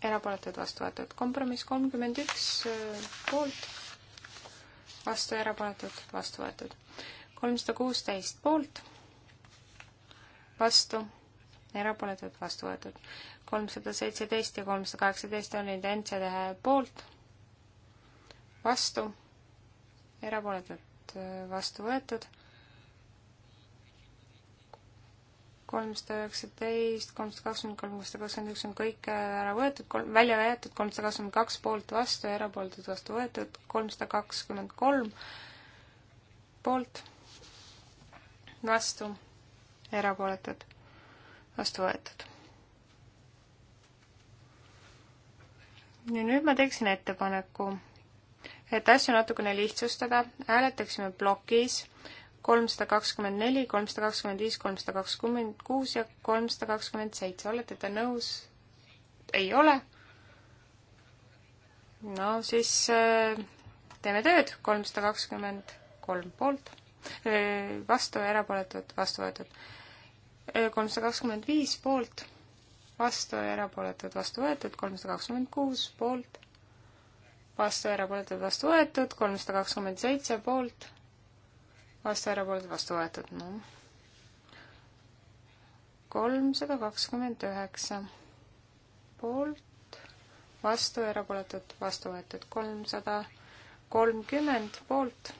erapooletud, vastu võetud. kompromiss kolmkümmend üks äh, poolt, vastu, erapooletud, vastu võetud. kolmsada kuusteist poolt, vastu, erapooletud, vastu võetud. kolmsada seitseteist ja kolmsada kaheksateist on identsed äh, poolt, vastu, erapooletud, äh, vastu võetud kolmsada üheksateist, kolmsada kakskümmend, kolmsada kakskümmend üks on kõik äh, ära võetud, kolm, välja jäetud, kolmsada kakskümmend kaks poolt vastu ja erapooletud vastu võetud, kolmsada kakskümmend kolm poolt vastu, erapooletud vastu võetud. ja nüüd ma teeksin ettepaneku, et asju natukene lihtsustada, hääletaksime plokis kolmsada kakskümmend neli, kolmsada kakskümmend viis, kolmsada kakskümmend kuus ja kolmsada kakskümmend seitse. olete te nõus? ei ole? no siis äh, teeme tööd, kolmsada kakskümmend kolm poolt, äh, vastu ja erapooletud, vastu võetud. Äh, kolmsada kakskümmend viis poolt, vastu ja erapooletud, vastu võetud, kolmsada kakskümmend kuus poolt, vastu ja erapooletud, vastu võetud, kolmsada kakskümmend seitse poolt vastu erapooletud, vastu võetud, noh. kolmsada kakskümmend üheksa poolt, vastu erapooletud, vastu võetud, kolmsada kolmkümmend poolt,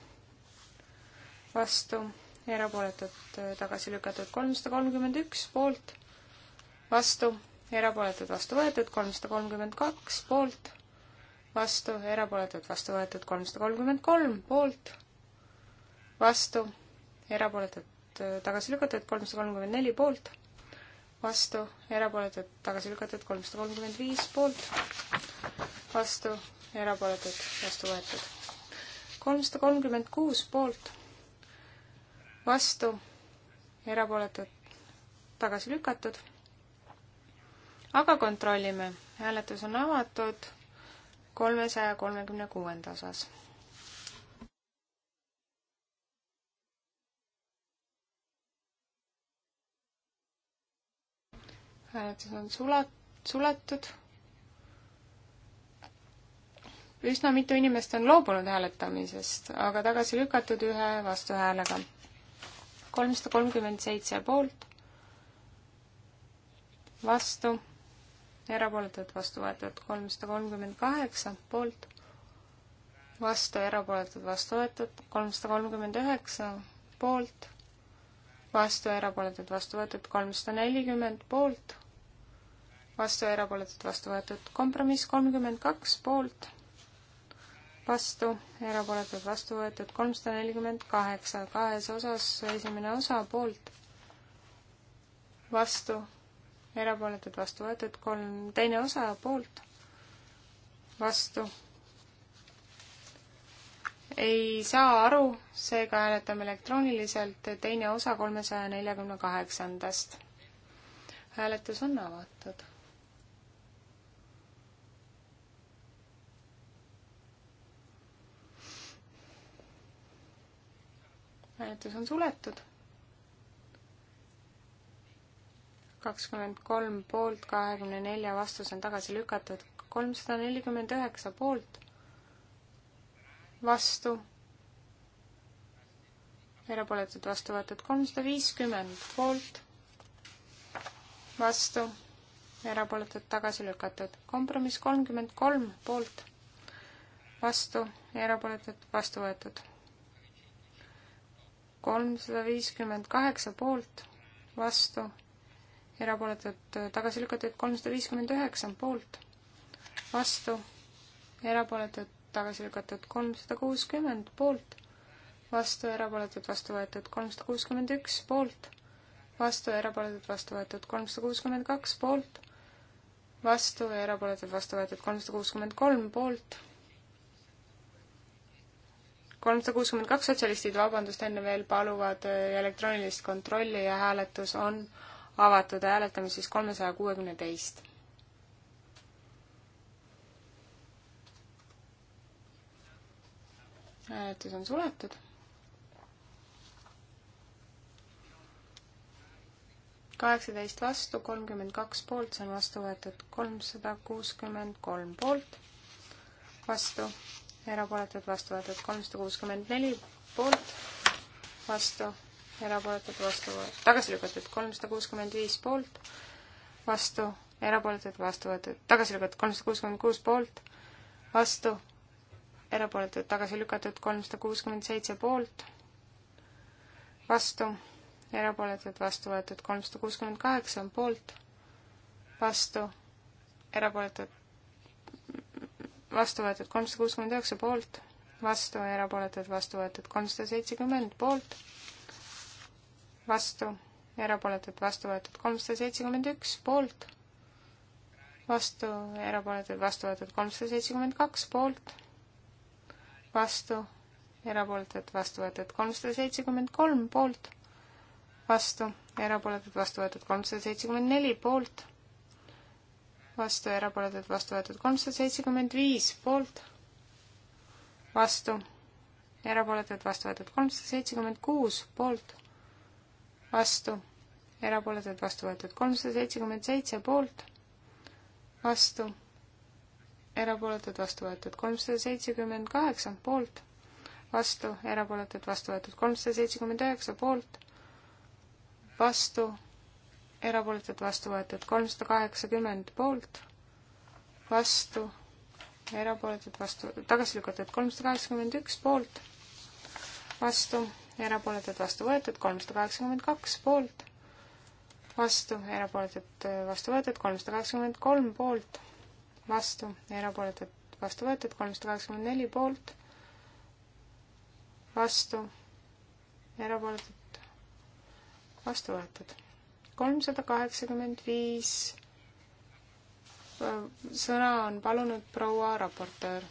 vastu erapooletud, tagasi lükatud, kolmsada kolmkümmend üks poolt, vastu erapooletud, vastu võetud, kolmsada kolmkümmend kaks poolt, vastu erapooletud, vastu võetud, kolmsada kolmkümmend kolm poolt vastu, erapooletud äh, tagasi lükatud, kolmsada kolmkümmend neli poolt, vastu, erapooletud tagasi lükatud, kolmsada kolmkümmend viis poolt, vastu, erapooletud, vastu võetud. kolmsada kolmkümmend kuus poolt, vastu, erapooletud, tagasi lükatud, aga kontrollime, hääletus on avatud kolmesaja kolmekümne kuuenda osas hääletus on sula-, suletud. üsna mitu inimest on loobunud hääletamisest, aga tagasi lükatud ühe vastuhäälega. kolmsada kolmkümmend seitse poolt, vastu, erapooletud vastu võetud kolmsada kolmkümmend kaheksa poolt, vastu, erapooletud vastu võetud kolmsada kolmkümmend üheksa poolt vastu, erapooletud vastu võetud kolmsada nelikümmend poolt, vastu, erapooletud, vastu võetud. kompromiss kolmkümmend kaks poolt, vastu, erapooletud, vastu võetud. kolmsada nelikümmend kaheksa, kahes osas esimene osa poolt, vastu, erapooletud, vastu võetud. kolm, teine osa poolt, vastu. ei saa aru, seega hääletame elektrooniliselt teine osa kolmesaja neljakümne kaheksandast hääletus on avatud. hääletus on suletud. kakskümmend kolm poolt, kahekümne nelja vastu, see on tagasi lükatud. kolmsada nelikümmend üheksa poolt, vastu, erapooletud vastu võetud. kolmsada viiskümmend poolt, vastu, erapooletud tagasi lükatud. kompromiss kolmkümmend kolm poolt, vastu, erapooletud vastu võetud kolmsada viiskümmend kaheksa poolt, vastu, erapooletud tagasi lükatud kolmsada viiskümmend üheksa poolt, vastu, erapooletud tagasi lükatud kolmsada kuuskümmend poolt, vastu, erapooletud vastu võetud kolmsada kuuskümmend üks poolt, vastu, erapooletud vastu võetud kolmsada kuuskümmend kaks poolt, vastu ja erapooletud vastu võetud kolmsada kuuskümmend kolm poolt kolmsada kuuskümmend kaks sotsialistid, vabandust, enne veel paluvad äh, elektroonilist kontrolli ja hääletus on avatud ja hääletame siis kolmesaja kuuekümne teist. hääletus on suletud. kaheksateist vastu, kolmkümmend kaks poolt, see on vastu võetud kolmsada kuuskümmend kolm poolt, vastu erapooletud, vastu võetud kolmsada kuuskümmend neli poolt, vastu, erapooletud, vastu, tagasi lükatud kolmsada kuuskümmend viis poolt, vastu, erapooletud, vastu võetud, tagasi lükatud kolmsada kuuskümmend kuus poolt, vastu, erapooletud, tagasi lükatud kolmsada kuuskümmend seitse poolt, vastu, erapooletud, vastu võetud kolmsada kuuskümmend kaheksa poolt, vastu, erapooletud, vastu võetud kolmsada kuuskümmend üheksa poolt, vastu ja erapooletud vastu võetud kolmsada seitsekümmend poolt, vastu ja erapooletud vastu võetud kolmsada seitsekümmend üks poolt, vastu ja erapooletud vastu võetud kolmsada seitsekümmend kaks poolt, vastu ja erapooletud vastu võetud kolmsada seitsekümmend kolm poolt, vastu ja erapooletud vastu võetud kolmsada seitsekümmend neli poolt vastu ja erapooletud vastu võetud kolmsada seitsekümmend viis poolt, vastu, erapooletud vastu võetud kolmsada seitsekümmend kuus poolt, vastu, erapooletud vastu võetud kolmsada seitsekümmend seitse poolt, vastu, erapooletud vastu võetud kolmsada seitsekümmend kaheksa poolt, vastu, erapooletud vastu võetud kolmsada seitsekümmend üheksa poolt, vastu erapooletud, vastu võetud. kolmsada kaheksakümmend poolt, vastu, erapooletud, vastu, tagasi lükatud. kolmsada kaheksakümmend üks poolt, vastu, erapooletud, vastu võetud. kolmsada kaheksakümmend kaks poolt, vastu, erapooletud, vastu võetud. kolmsada kaheksakümmend kolm poolt, vastu, erapooletud, vastu võetud. kolmsada kaheksakümmend neli poolt, vastu erapooletult vastu võetud kolmsada kaheksakümmend viis sõna on palunud proua raportöör,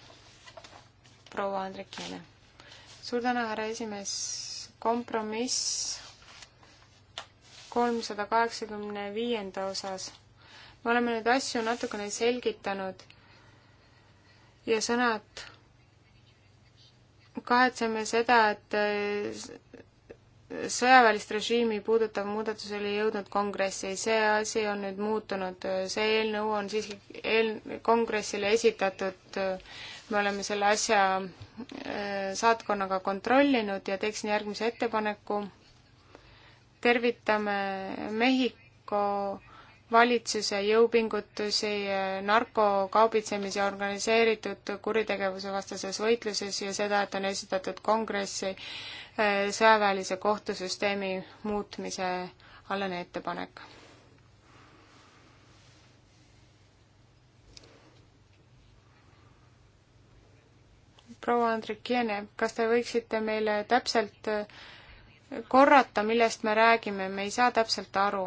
proua Andrek Jene. suur tänu, härra esimees, kompromiss kolmsada kaheksakümne viienda osas. me oleme neid asju natukene selgitanud ja sõnad, kahetseme seda, et sõjaväelist režiimi puudutav muudatus oli jõudnud kongressi, see asi on nüüd muutunud, see eelnõu on siiski eel-, kongressile esitatud, me oleme selle asja äh, saatkonnaga kontrollinud ja teeksin järgmise ettepaneku, tervitame Mehhiko valitsuse jõupingutusi eh, narkokaubitsemise ja organiseeritud kuritegevuse vastases võitluses ja seda, et on esitatud kongressi eh, sõjaväelise kohtusüsteemi muutmise alane ettepanek. proua Andrikiene, kas te võiksite meile täpselt eh, korrata, millest me räägime, me ei saa täpselt aru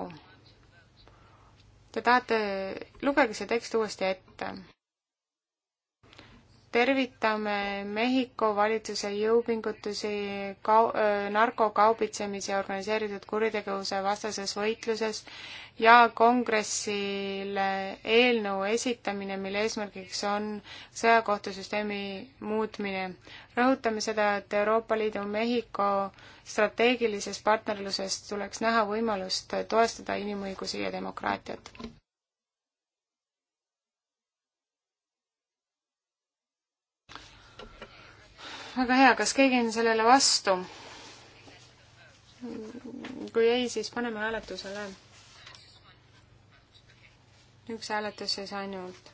Te tahate, lugege see tekst uuesti ette tervitame Mehhiko valitsuse jõupingutusi kau-, narkokaubitsemise ja organiseeritud kuritegevuse vastases võitluses ja kongressile eelnõu esitamine, mille eesmärgiks on sõjakohtusüsteemi muutmine. rõhutame seda, et Euroopa Liidu Mehhiko strateegilises partnerluses tuleks näha võimalust toestada inimõigusi ja demokraatiat. väga hea, kas keegi on sellele vastu? kui ei, siis paneme hääletusele. üks hääletus siis ainult.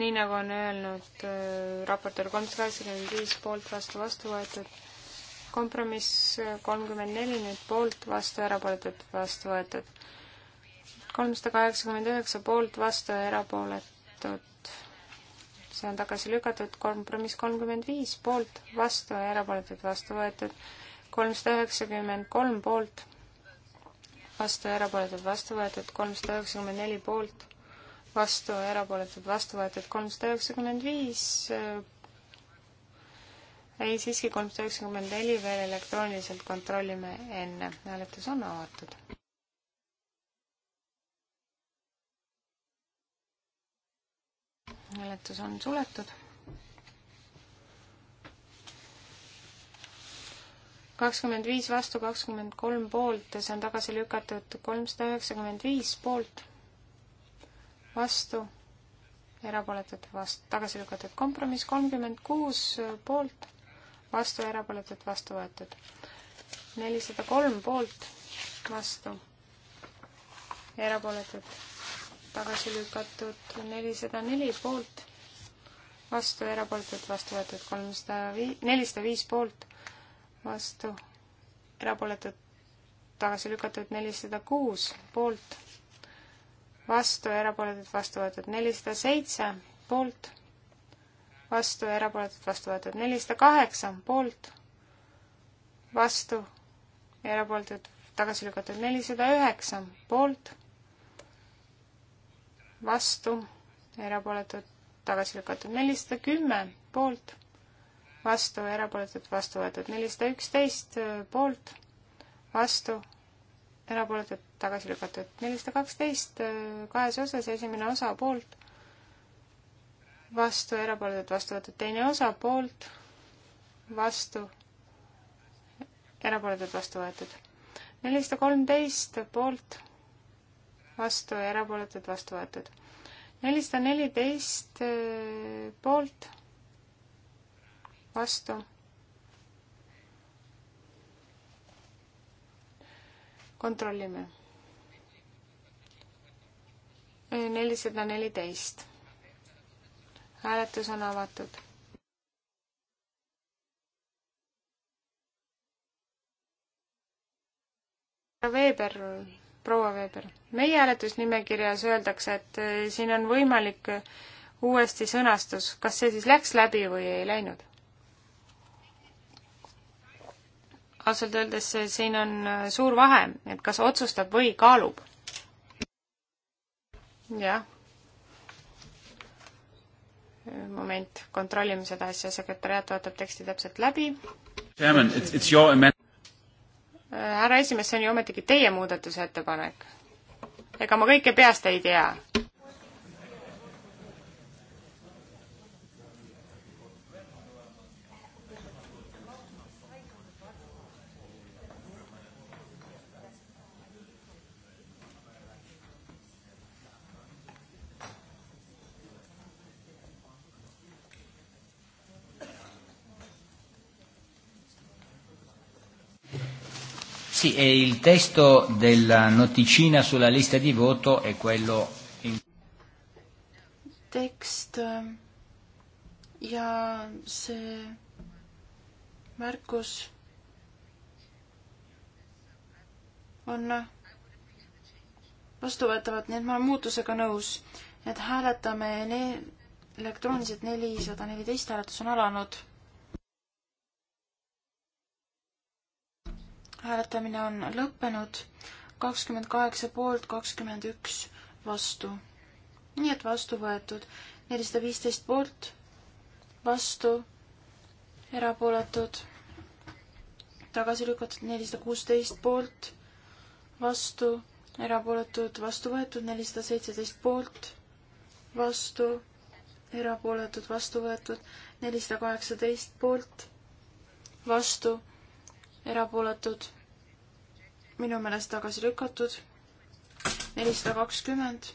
nii nagu on öelnud äh, raportöör kolmsada kaheksakümmend viis poolt vastu vastu võetud, kompromiss kolmkümmend neli nüüd poolt vastu erapooletud vastu võetud. kolmsada kaheksakümmend üheksa poolt vastu ja erapooletud see on tagasi lükatud, kompromiss kolmkümmend viis poolt, vastu ja erapooletud vastu võetud, kolmsada üheksakümmend kolm poolt, vastu ja erapooletud vastu võetud, kolmsada üheksakümmend neli poolt, vastu ja erapooletud vastu võetud, kolmsada üheksakümmend viis, äh, ei siiski, kolmsada üheksakümmend neli veel elektrooniliselt kontrollime enne, hääletus on avatud. hääletus on suletud. kakskümmend viis vastu, kakskümmend kolm poolt, see on tagasi lükatud kolmsada üheksakümmend viis poolt, vastu, erapooletud vastu, tagasi lükatud kompromiss kolmkümmend kuus poolt, vastu, erapooletud vastu võetud. nelisada kolm poolt, vastu, erapooletud tagasi lükatud nelisada neli poolt, vastu erapooletud, vastu võetud kolmsada vii-, nelisada viis poolt, vastu erapooletud, tagasi lükatud nelisada kuus poolt, vastu erapooletud, vastu võetud nelisada seitse poolt, vastu erapooletud, vastu võetud nelisada kaheksa poolt, vastu erapooletud, tagasi lükatud nelisada üheksa poolt vastu, erapooletud, tagasi lükatud nelisada kümme poolt, vastu, erapooletud, vastu võetud nelisada üksteist poolt, vastu, erapooletud, tagasi lükatud nelisada kaksteist kahes osas, esimene osa poolt, vastu, erapooletud, vastu võetud teine osa poolt, vastu, erapooletud, vastu võetud nelisada kolmteist poolt vastu ja erapooletud vastu võetud. nelisada neliteist eh, poolt, vastu. kontrollime. nelisada neliteist. hääletus on avatud härra Weber proua Weber. meie hääletusnimekirjas öeldakse, et äh, siin on võimalik äh, uuesti sõnastus, kas see siis läks läbi või ei läinud? ausalt öeldes äh, siin on suur vahe, et kas otsustab või kaalub. jah. moment, kontrollime seda asja, sekretäriat vaatab teksti täpselt läbi. Chairman, it's, it's your amendment härra esimees, see on ju ometigi teie muudatusettepanek. ega ma kõike peast ei tea. Sì, e il testo della noticina sulla lista di voto è quello... In... Tekst eh, ja see märkus on vastuvõetavad, nii et ma olen muutusega nõus, et hääletame ne-, elektrooniliselt nelisada neliteist hääletus on alanud hääletamine on lõppenud, kakskümmend kaheksa poolt, kakskümmend üks vastu. nii et vastu võetud, nelisada viisteist poolt, vastu, erapooletud, tagasi lükatud nelisada kuusteist poolt, vastu, erapooletud, vastu võetud nelisada seitseteist poolt, vastu, erapooletud, vastu võetud nelisada kaheksateist poolt, vastu erapooletud, minu meelest tagasi lükatud, nelisada kakskümmend.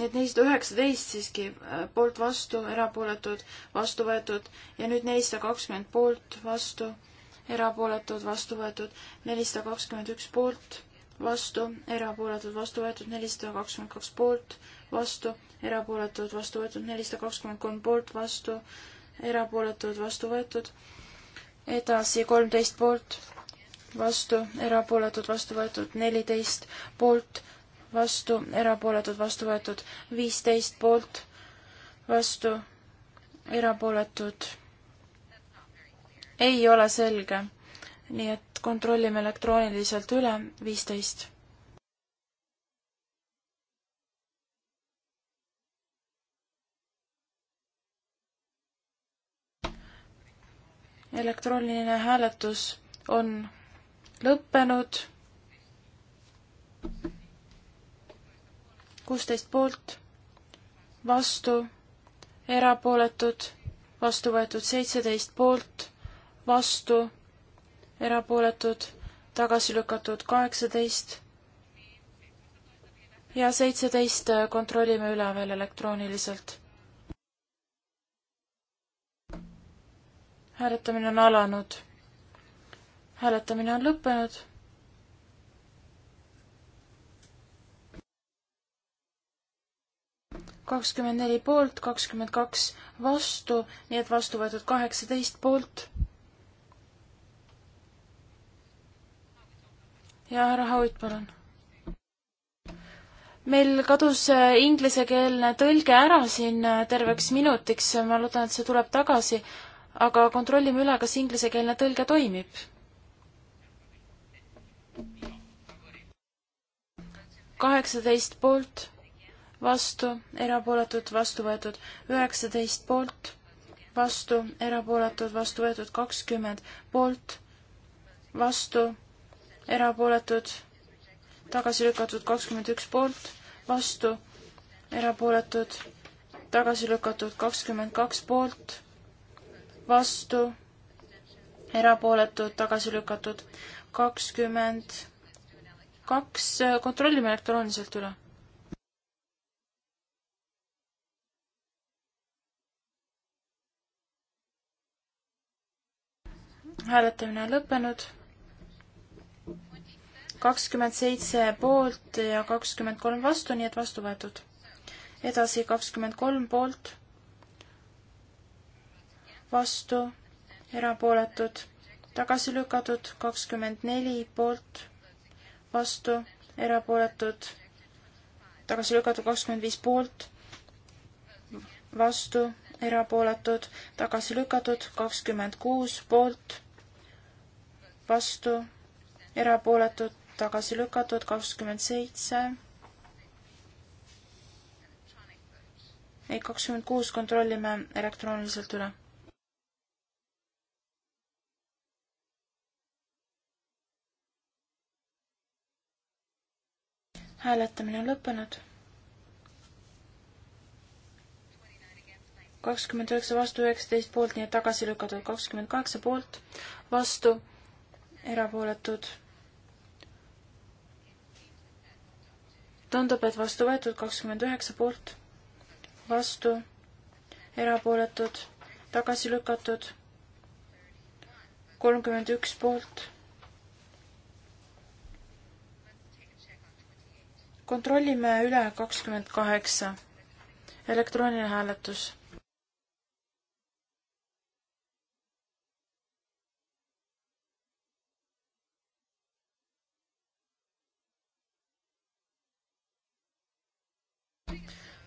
nii et nelisada üheksateist siiski äh, poolt vastu, erapooletud, vastu võetud ja nüüd nelisada kakskümmend poolt vastu, erapooletud, vastu võetud, nelisada kakskümmend üks poolt vastu, erapooletud, vastu võetud nelisada kakskümmend kaks poolt, vastu, erapooletud, vastu võetud nelisada kakskümmend kolm poolt, vastu, erapooletud, vastu võetud. edasi kolmteist poolt, vastu, erapooletud, vastu võetud, neliteist poolt, vastu, erapooletud, vastu võetud, viisteist poolt, vastu, erapooletud. ei ole selge, nii et kontrollime elektrooniliselt üle, viisteist elektrooniline hääletus on lõppenud. kuusteist poolt, vastu, erapooletud, vastu võetud seitseteist poolt, vastu, erapooletud, tagasi lükatud kaheksateist ja seitseteist kontrollime üle veel elektrooniliselt hääletamine on alanud. hääletamine on lõppenud. kakskümmend neli poolt, kakskümmend kaks vastu, nii et vastu võetud kaheksateist poolt. ja härra Haavit, palun meil kadus äh, inglisekeelne tõlge ära siin äh, terveks minutiks, ma loodan, et see tuleb tagasi, aga kontrollime üle, kas inglisekeelne tõlge toimib. kaheksateist poolt, vastu, erapooletud, vastu võetud, üheksateist poolt, vastu, erapooletud, vastu võetud, kakskümmend poolt, vastu, erapooletud, tagasi lükatud, kakskümmend üks poolt, vastu, erapooletud, tagasi lükatud, kakskümmend kaks poolt vastu, erapooletud, tagasi lükatud. kakskümmend kaks, kontrollime elektrooniliselt üle. hääletamine on lõppenud. kakskümmend seitse poolt ja kakskümmend kolm vastu, nii et vastu võetud. edasi kakskümmend kolm poolt vastu, erapooletud, tagasi lükatud, kakskümmend neli poolt, vastu, erapooletud, tagasi lükatud, kakskümmend viis poolt, vastu, erapooletud, tagasi lükatud, kakskümmend kuus poolt, vastu, erapooletud, tagasi lükatud, kakskümmend seitse, ei, kakskümmend kuus kontrollime elektrooniliselt üle hääletamine on lõppenud. kakskümmend üheksa vastu, üheksateist poolt, nii et tagasi lükatud kakskümmend kaheksa poolt, vastu, erapooletud. tundub, et vastu võetud kakskümmend üheksa poolt, vastu, erapooletud, tagasi lükatud, kolmkümmend üks poolt kontrollime üle kakskümmend kaheksa. elektrooniline hääletus.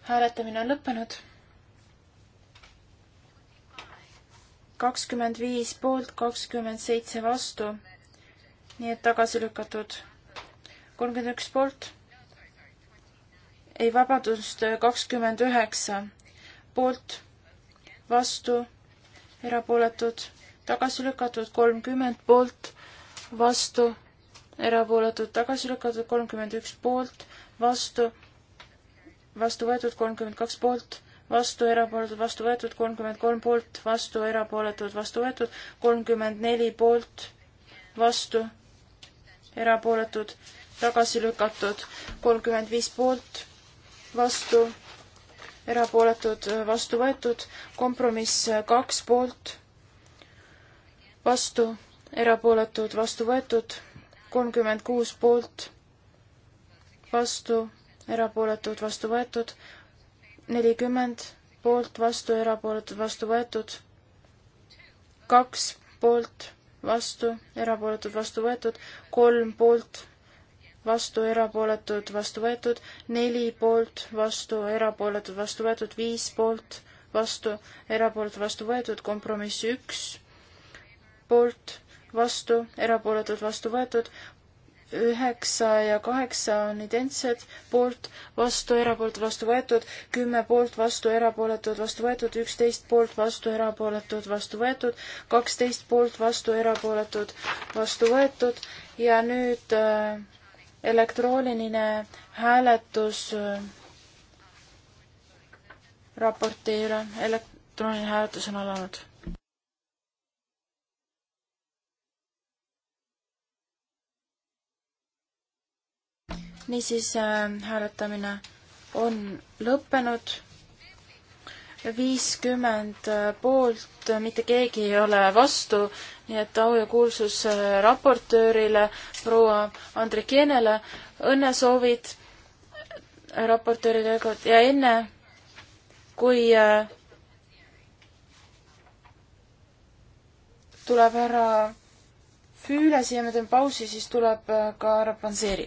hääletamine on lõppenud. kakskümmend viis poolt, kakskümmend seitse vastu. nii et tagasi lükatud. kolmkümmend üks poolt ei, vabandust, kakskümmend üheksa poolt, vastu, erapooletud, tagasi lükatud, kolmkümmend poolt, vastu, erapooletud, tagasi lükatud, kolmkümmend üks poolt, vastu, vastu võetud, kolmkümmend kaks poolt vastu, erapooletud, vastu võetud, kolmkümmend kolm poolt, vastu, erapooletud, vastu võetud, kolmkümmend neli poolt, vastu, erapooletud, tagasi lükatud, kolmkümmend viis poolt, vastu, erapooletud, vastu võetud, kompromiss kaks poolt, vastu, erapooletud, vastu võetud, kolmkümmend kuus poolt, vastu, erapooletud, vastu võetud, nelikümmend poolt, vastu, erapooletud, vastu võetud, kaks poolt, vastu, erapooletud, vastu võetud, kolm poolt, vastu, erapooletud, vastu võetud, neli poolt, vastu, erapooletud, vastu võetud, viis poolt, vastu, erapooletud, vastu võetud, kompromiss üks, poolt, vastu, erapooletud, vastu võetud, üheksa ja kaheksa on identsed, poolt, vastu, erapooletud, vastu võetud, kümme poolt, vastu, erapooletud, vastu võetud, üksteist poolt, vastu, erapooletud, vastu võetud, kaksteist poolt, vastu, erapooletud, vastu võetud ja nüüd äh, elektrooniline hääletus äh, raporti üle, elektrooniline hääletus on alanud. niisiis äh, hääletamine on lõppenud viiskümmend poolt, mitte keegi ei ole vastu, nii et au ja kuulsus äh, raportöörile, proua Andrikienele, õnnesoovid äh, raportöörile ja enne, kui äh, tuleb härra Füüle siia, me teeme pausi, siis tuleb ka härra Panseri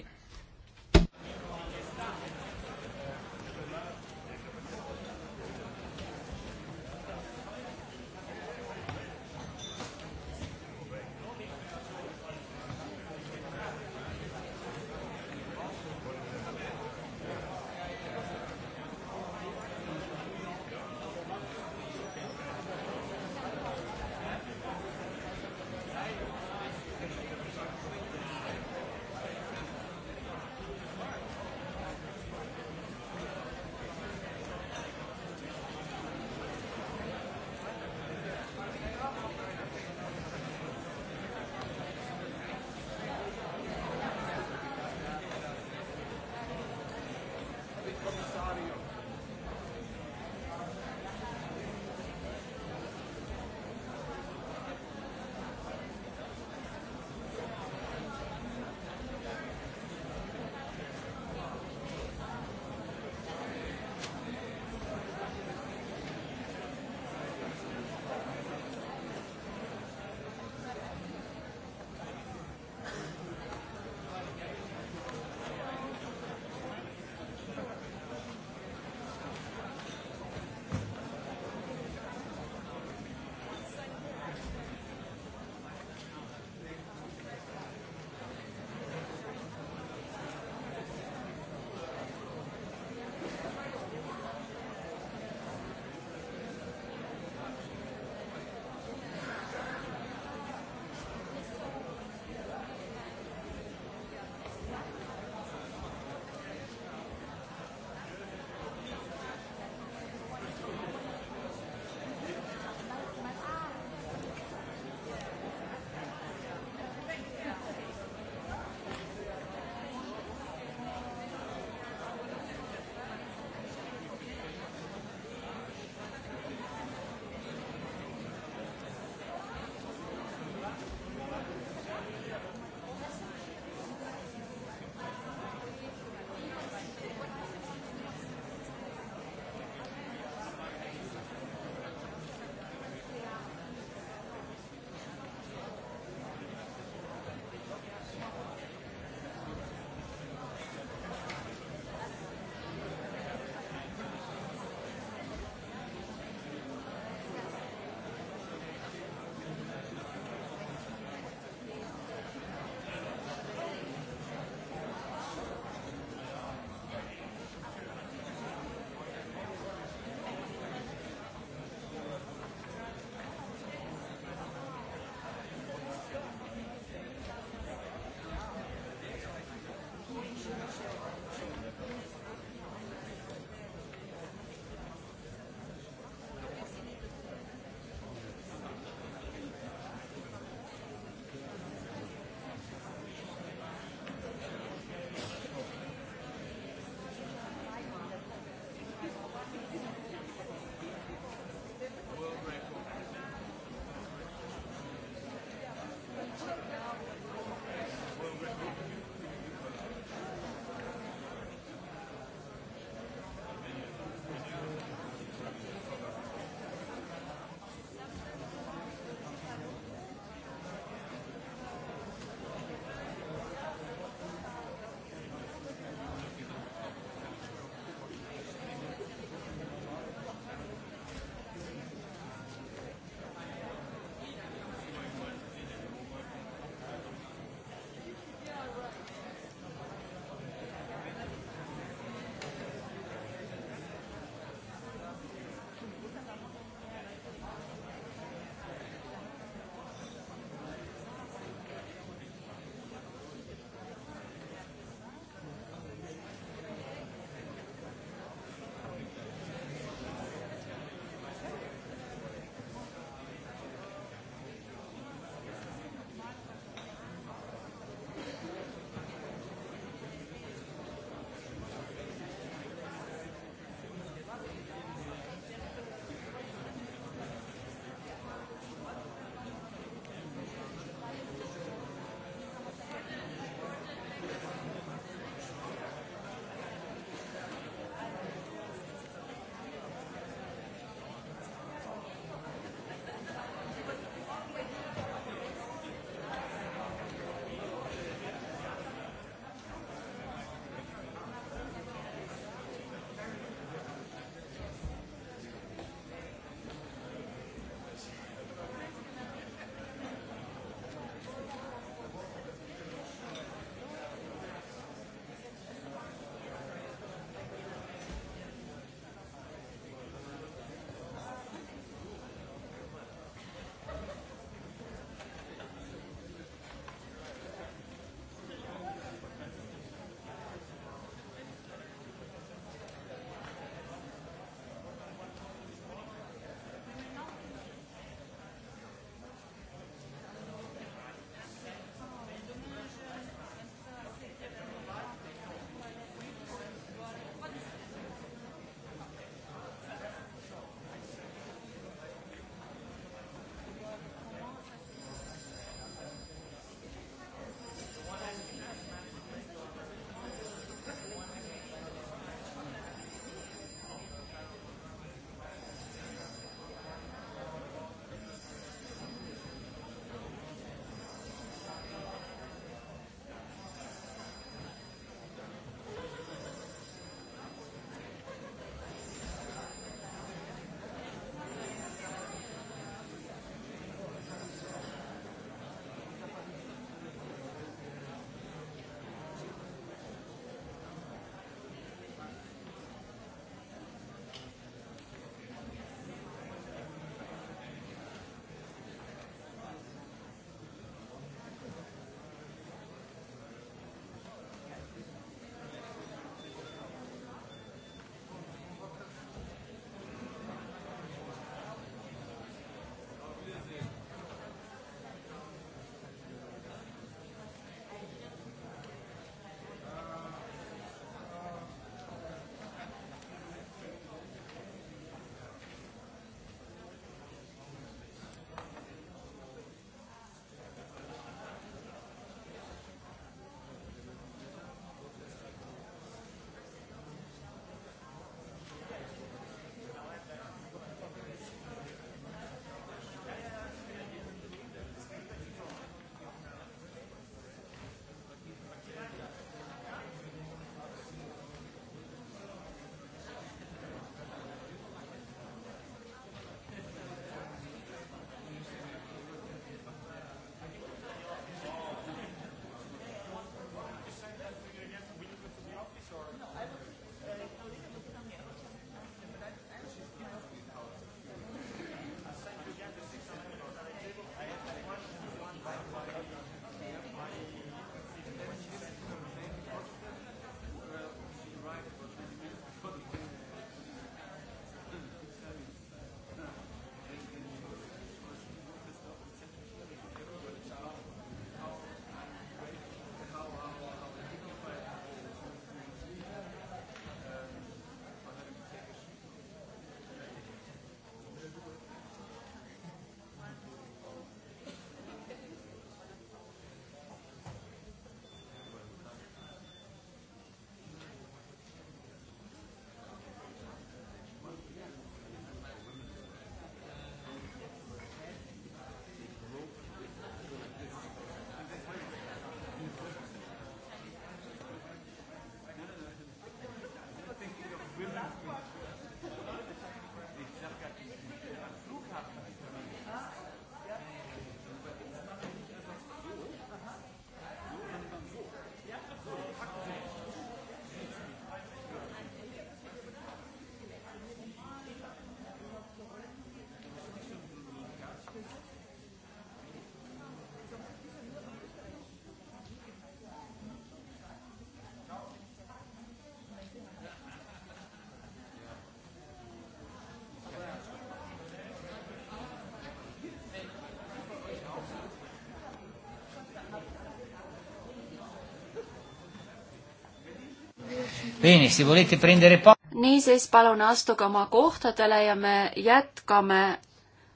niisiis, palun astuge oma kohtadele ja me jätkame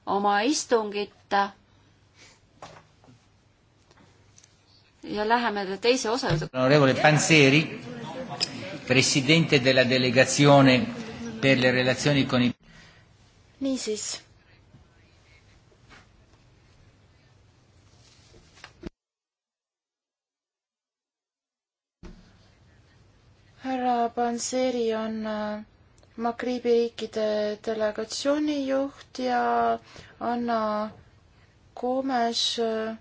oma istungit. ja läheme teise osa juurde. Onorevole Panseri, presidente della delegatsioone per le relazioni con niisiis Panseri on äh, Magribi riikide delegatsiooni juht ja Anna Komes äh,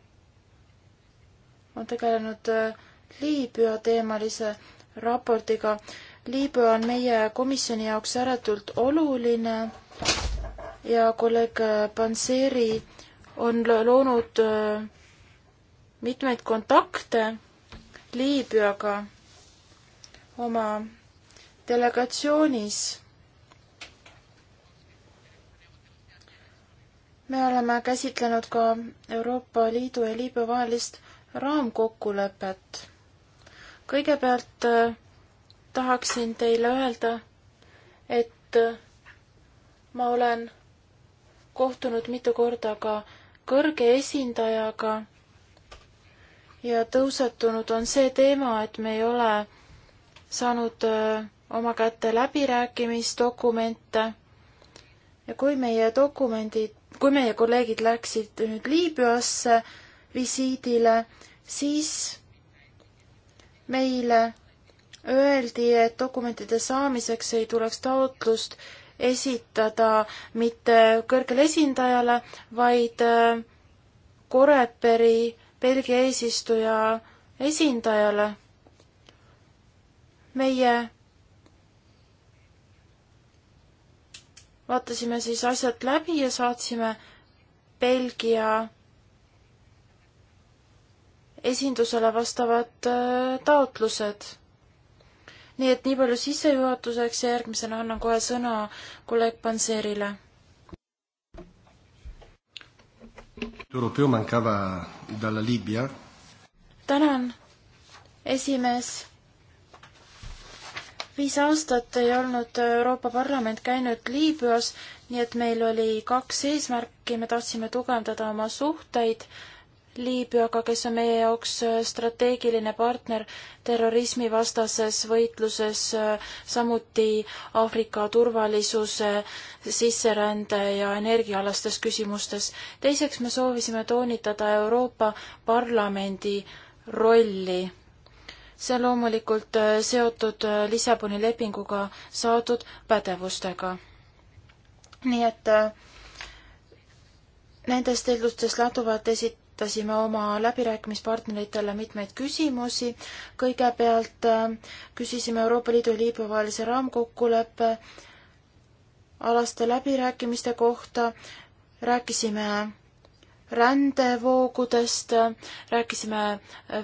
on tegelenud äh, Liibüa teemalise raportiga. Liibüa on meie komisjoni jaoks ääretult oluline ja kolleeg Panseri on loonud mitmeid kontakte Liibüaga oma delegatsioonis me oleme käsitlenud ka Euroopa Liidu ja Liibüa vahelist raamkokkulepet. kõigepealt äh, tahaksin teile öelda, et äh, ma olen kohtunud mitu korda ka kõrge esindajaga ja tõusetunud on see teema, et me ei ole saanud äh, oma kätte läbirääkimisdokumente ja kui meie dokumendid, kui meie kolleegid läksid nüüd Liibüasse visiidile, siis meile öeldi, et dokumentide saamiseks ei tuleks taotlust esitada mitte kõrgele esindajale, vaid Coreperi äh, Belgia eesistuja esindajale. meie vaatasime siis asjad läbi ja saatsime Belgia esindusele vastavad äh, taotlused. nii et nii palju sissejuhatuseks ja järgmisena annan kohe sõna kolleeg Panserile. tänan, esimees viis aastat ei olnud Euroopa Parlament käinud Liibüas, nii et meil oli kaks eesmärki, me tahtsime tugevdada oma suhteid Liibüaga, kes on meie jaoks strateegiline partner terrorismivastases võitluses, samuti Aafrika turvalisuse, sisserände ja energiaalastes küsimustes. teiseks me soovisime toonitada Euroopa Parlamendi rolli see on loomulikult äh, seotud äh, Lissaboni lepinguga saadud pädevustega. nii et äh, nendest eeldustest laduvalt esitasime oma läbirääkimispartneritele mitmeid küsimusi. kõigepealt küsisime Euroopa Liidu ja Liibüa vahelise raamkokkuleppe alaste läbirääkimiste kohta, rääkisime rändevoogudest, rääkisime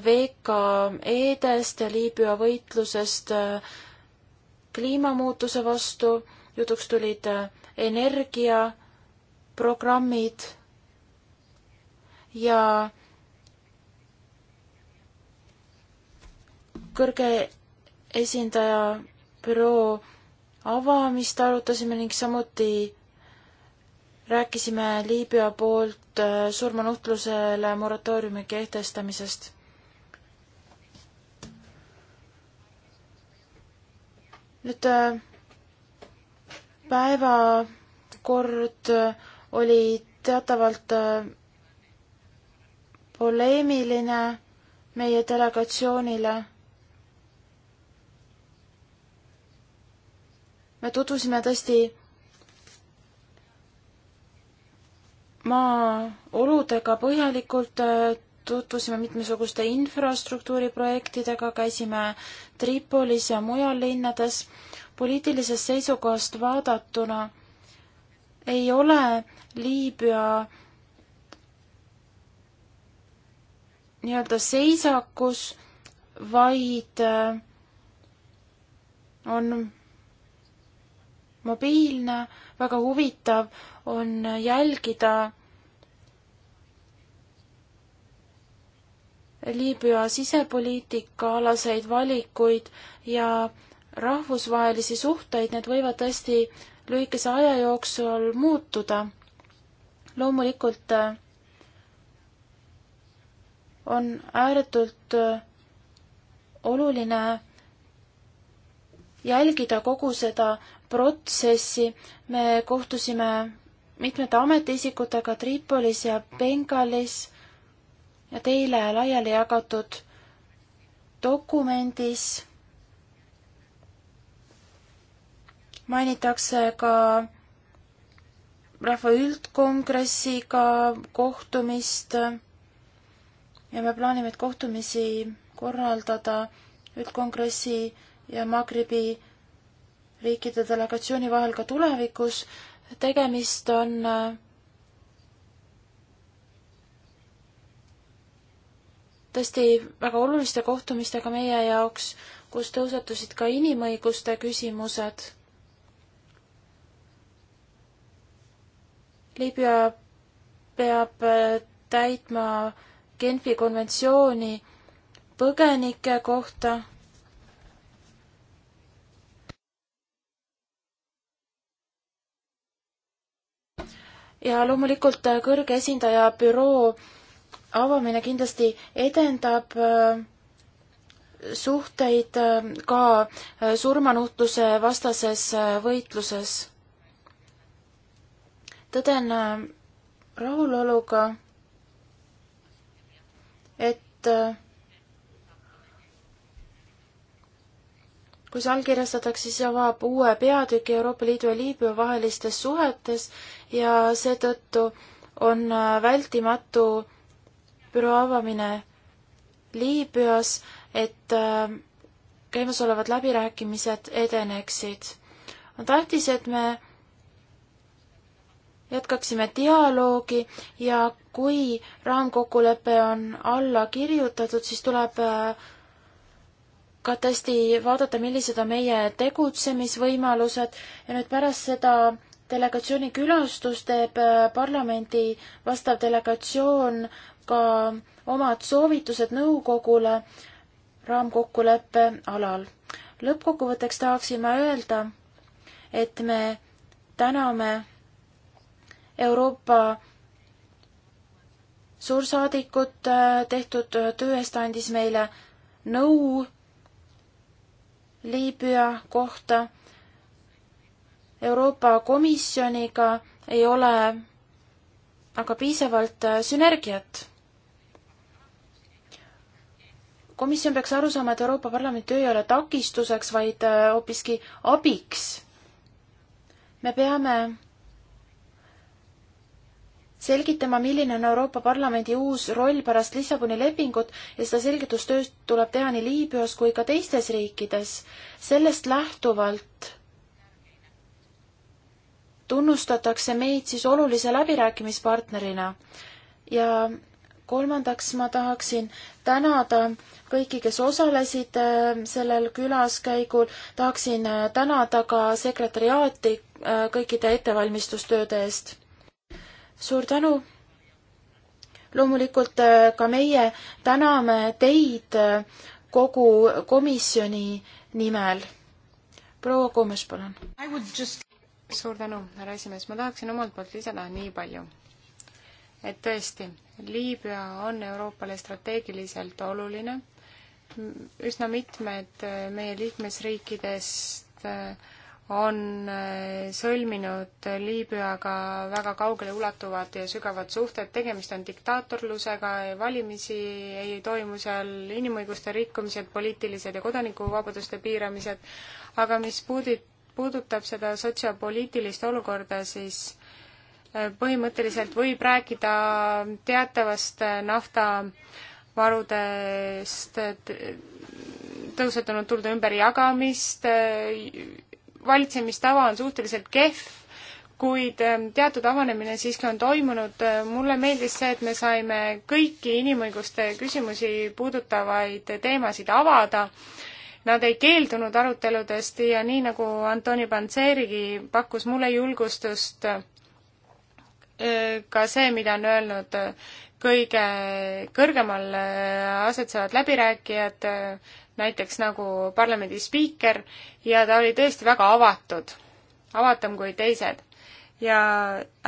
VKE-dest ja Liibüa võitlusest äh, kliimamuutuse vastu, jutuks tulid äh, energiaprogrammid ja kõrge esindaja büroo avamist arutasime ning samuti rääkisime Liibüa poolt äh, surmanuhtlusele moratooriumi kehtestamisest. nüüd äh, päevakord äh, oli teatavalt poleemiline meie delegatsioonile. me tutvusime tõesti maaoludega põhjalikult äh, tutvusime mitmesuguste infrastruktuuriprojektidega, käisime Tripolis ja mujal linnades. poliitilisest seisukohast vaadatuna ei ole Liibüa nii-öelda seisakus, vaid äh, on mobiilne väga huvitav on jälgida Liibüa sisepoliitika alaseid valikuid ja rahvusvahelisi suhteid, need võivad tõesti lühikese aja jooksul muutuda. loomulikult äh, on ääretult äh, oluline jälgida kogu seda protsessi me kohtusime mitmete ametiisikutega Tripolis ja Bengalis ja teile laiali jagatud dokumendis mainitakse ka rahva üldkongressiga kohtumist ja me plaanime kohtumisi korraldada üldkongressi ja Magribi riikide delegatsiooni vahel ka tulevikus. tegemist on äh, tõesti väga oluliste kohtumistega meie jaoks, kus tõusetusid ka inimõiguste küsimused. Liibüa peab äh, täitma Genfi konventsiooni põgenike kohta ja loomulikult äh, kõrge esindaja büroo avamine kindlasti edendab äh, suhteid äh, ka surmanuhtluse vastases võitluses. tõden rahuloluga, et kus allkirjastatakse siis avab uue peatüki Euroopa Liidu ja Liibüa vahelistes suhetes ja seetõttu on äh, vältimatu büroo avamine Liibüas, et äh, käimasolevad läbirääkimised edeneksid. on tähtis, et me jätkaksime dialoogi ja kui raamkokkulepe on alla kirjutatud, siis tuleb äh, ka tõesti vaadata, millised on meie tegutsemisvõimalused ja nüüd pärast seda delegatsiooni külastus teeb äh, parlamendi vastav delegatsioon ka omad soovitused nõukogule raamkokkuleppe alal. lõppkokkuvõtteks tahaksin ma öelda, et me täname Euroopa suursaadikut äh, tehtud äh, töö eest andis meile nõu Liibüa kohta Euroopa Komisjoniga ei ole aga piisavalt äh, sünergiat. komisjon peaks aru saama, et Euroopa Parlamendi töö ei ole takistuseks, vaid äh, hoopiski abiks. me peame selgitama, milline on Euroopa Parlamendi uus roll pärast Lissaboni lepingut ja seda selgitustööd tuleb teha nii Liibüas kui ka teistes riikides. sellest lähtuvalt tunnustatakse meid siis olulise läbirääkimispartnerina. ja kolmandaks ma tahaksin tänada kõiki, kes osalesid äh, sellel külaskäigul, tahaksin äh, tänada ka sekretäriaati äh, kõikide ettevalmistustööde eest. suur tänu! loomulikult ka meie täname teid kogu komisjoni nimel. proua Koomes, palun! Just suur tänu, härra esimees, ma tahaksin omalt poolt lisada nii palju, et tõesti, Liibüa on Euroopale strateegiliselt oluline, üsna mitmed meie liikmesriikidest on sõlminud Liibüaga väga kaugele ulatuvad ja sügavad suhted, tegemist on diktaatorlusega, valimisi ei toimu seal, inimõiguste rikkumised, poliitilised ja kodanikuvabaduste piiramised, aga mis puudit-, puudutab seda sotsiopoliitilist olukorda, siis äh, põhimõtteliselt võib rääkida teatavast äh, naftavarudest äh, tõusetunud tulude ümberjagamist, valitsemistava on suhteliselt kehv, kuid teatud avanemine siiski on toimunud. mulle meeldis see, et me saime kõiki inimõiguste küsimusi puudutavaid teemasid avada Nad ei keeldunud aruteludest ja nii nagu Antoni Panserigi pakkus mulle julgustust ka see, mida on öelnud kõige kõrgemal asetsevad läbirääkijad, näiteks nagu parlamendi spiiker ja ta oli tõesti väga avatud, avatum kui teised. ja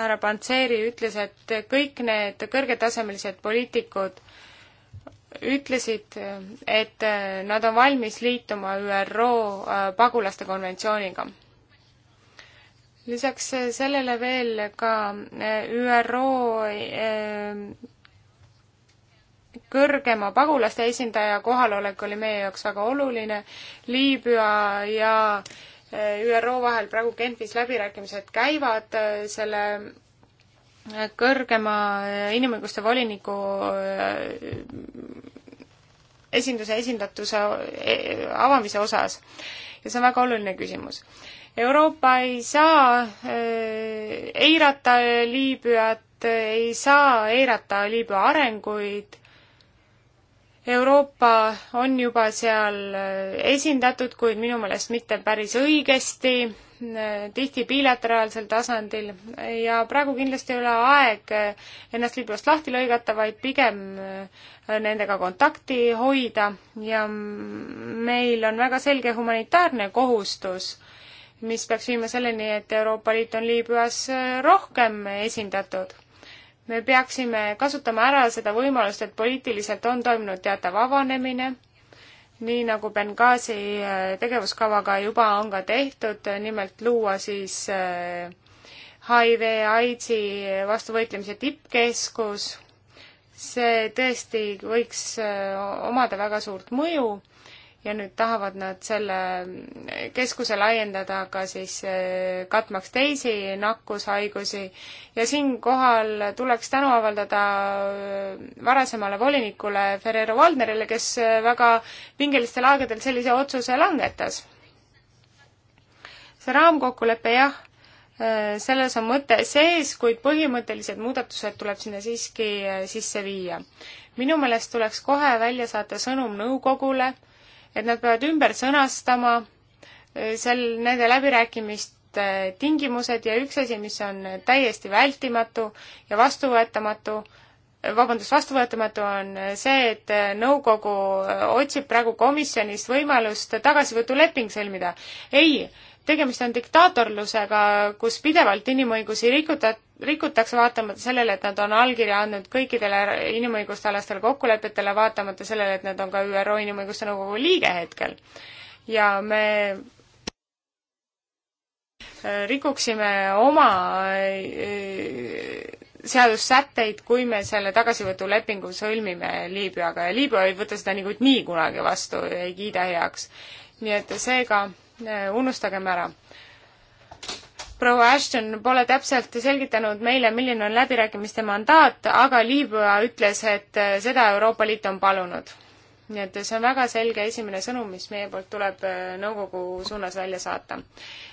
härra Pantseri ütles, et kõik need kõrgetasemelised poliitikud ütlesid, et äh, nad on valmis liituma ÜRO äh, pagulaste konventsiooniga. lisaks äh, sellele veel ka ÜRO kõrgema pagulaste esindaja kohalolek oli meie jaoks väga oluline, Liibüa ja ÜRO vahel praegu Genfis läbirääkimised käivad selle kõrgema äh, inimõiguste voliniku äh, esinduse esindatuse äh, avamise osas ja see on väga oluline küsimus. Euroopa ei saa eirata Liibüat, ei saa eirata Liibüa arenguid Euroopa on juba seal äh, esindatud, kuid minu meelest mitte päris õigesti, äh, tihti bilateraalsel tasandil ja praegu kindlasti ei ole aeg äh, ennast Liibüast lahti lõigata, vaid pigem nendega kontakti hoida ja meil on väga selge humanitaarne kohustus, mis peaks viima selleni, et Euroopa Liit on Liibüas rohkem esindatud me peaksime kasutama ära seda võimalust, et poliitiliselt on toimunud teatav avanemine, nii nagu Benghazi äh, tegevuskavaga juba on ka tehtud, nimelt luua siis äh, HIV, AIDSi vastu võitlemise tippkeskus, see tõesti võiks äh, omada väga suurt mõju ja nüüd tahavad nad selle keskuse laiendada ka siis eh, katmaks teisi nakkushaigusi ja siinkohal tuleks tänu avaldada eh, varasemale volinikule Ferrero Valnerile, kes eh, väga pingelistel aegadel sellise otsuse langetas. see raamkokkulepe jah, selles on mõte sees, kuid põhimõttelised muudatused tuleb sinna siiski sisse viia. minu meelest tuleks kohe välja saata sõnum nõukogule, et nad peavad ümber sõnastama eh, sel, nende läbirääkimiste tingimused ja üks asi, mis on täiesti vältimatu ja vastuvõetamatu, eh, vabandust, vastuvõetamatu on see, et nõukogu eh, otsib praegu komisjonist võimalust tagasivõtuleping sõlmida. ei, tegemist on diktaatorlusega, kus pidevalt inimõigusi rikutat-, rikutakse vaatamata sellele, et nad on allkirja andnud kõikidele inimõiguste alastele kokkulepetele, vaatamata sellele, et nad on ka ÜRO Inimõiguste Nõukogu liige hetkel. ja me äh, rikuksime oma äh, seadussätteid, kui me selle tagasivõtulepingu sõlmime Liibüaga ja Liibüa ei võta seda niikuinii kunagi vastu, ei kiida heaks. nii et seega äh, unustagem ära proua Ashton pole täpselt selgitanud meile, milline on läbirääkimiste mandaat, aga Liibüa ütles, et äh, seda Euroopa Liit on palunud. nii et see on väga selge esimene sõnum, mis meie poolt tuleb äh, nõukogu suunas välja saata.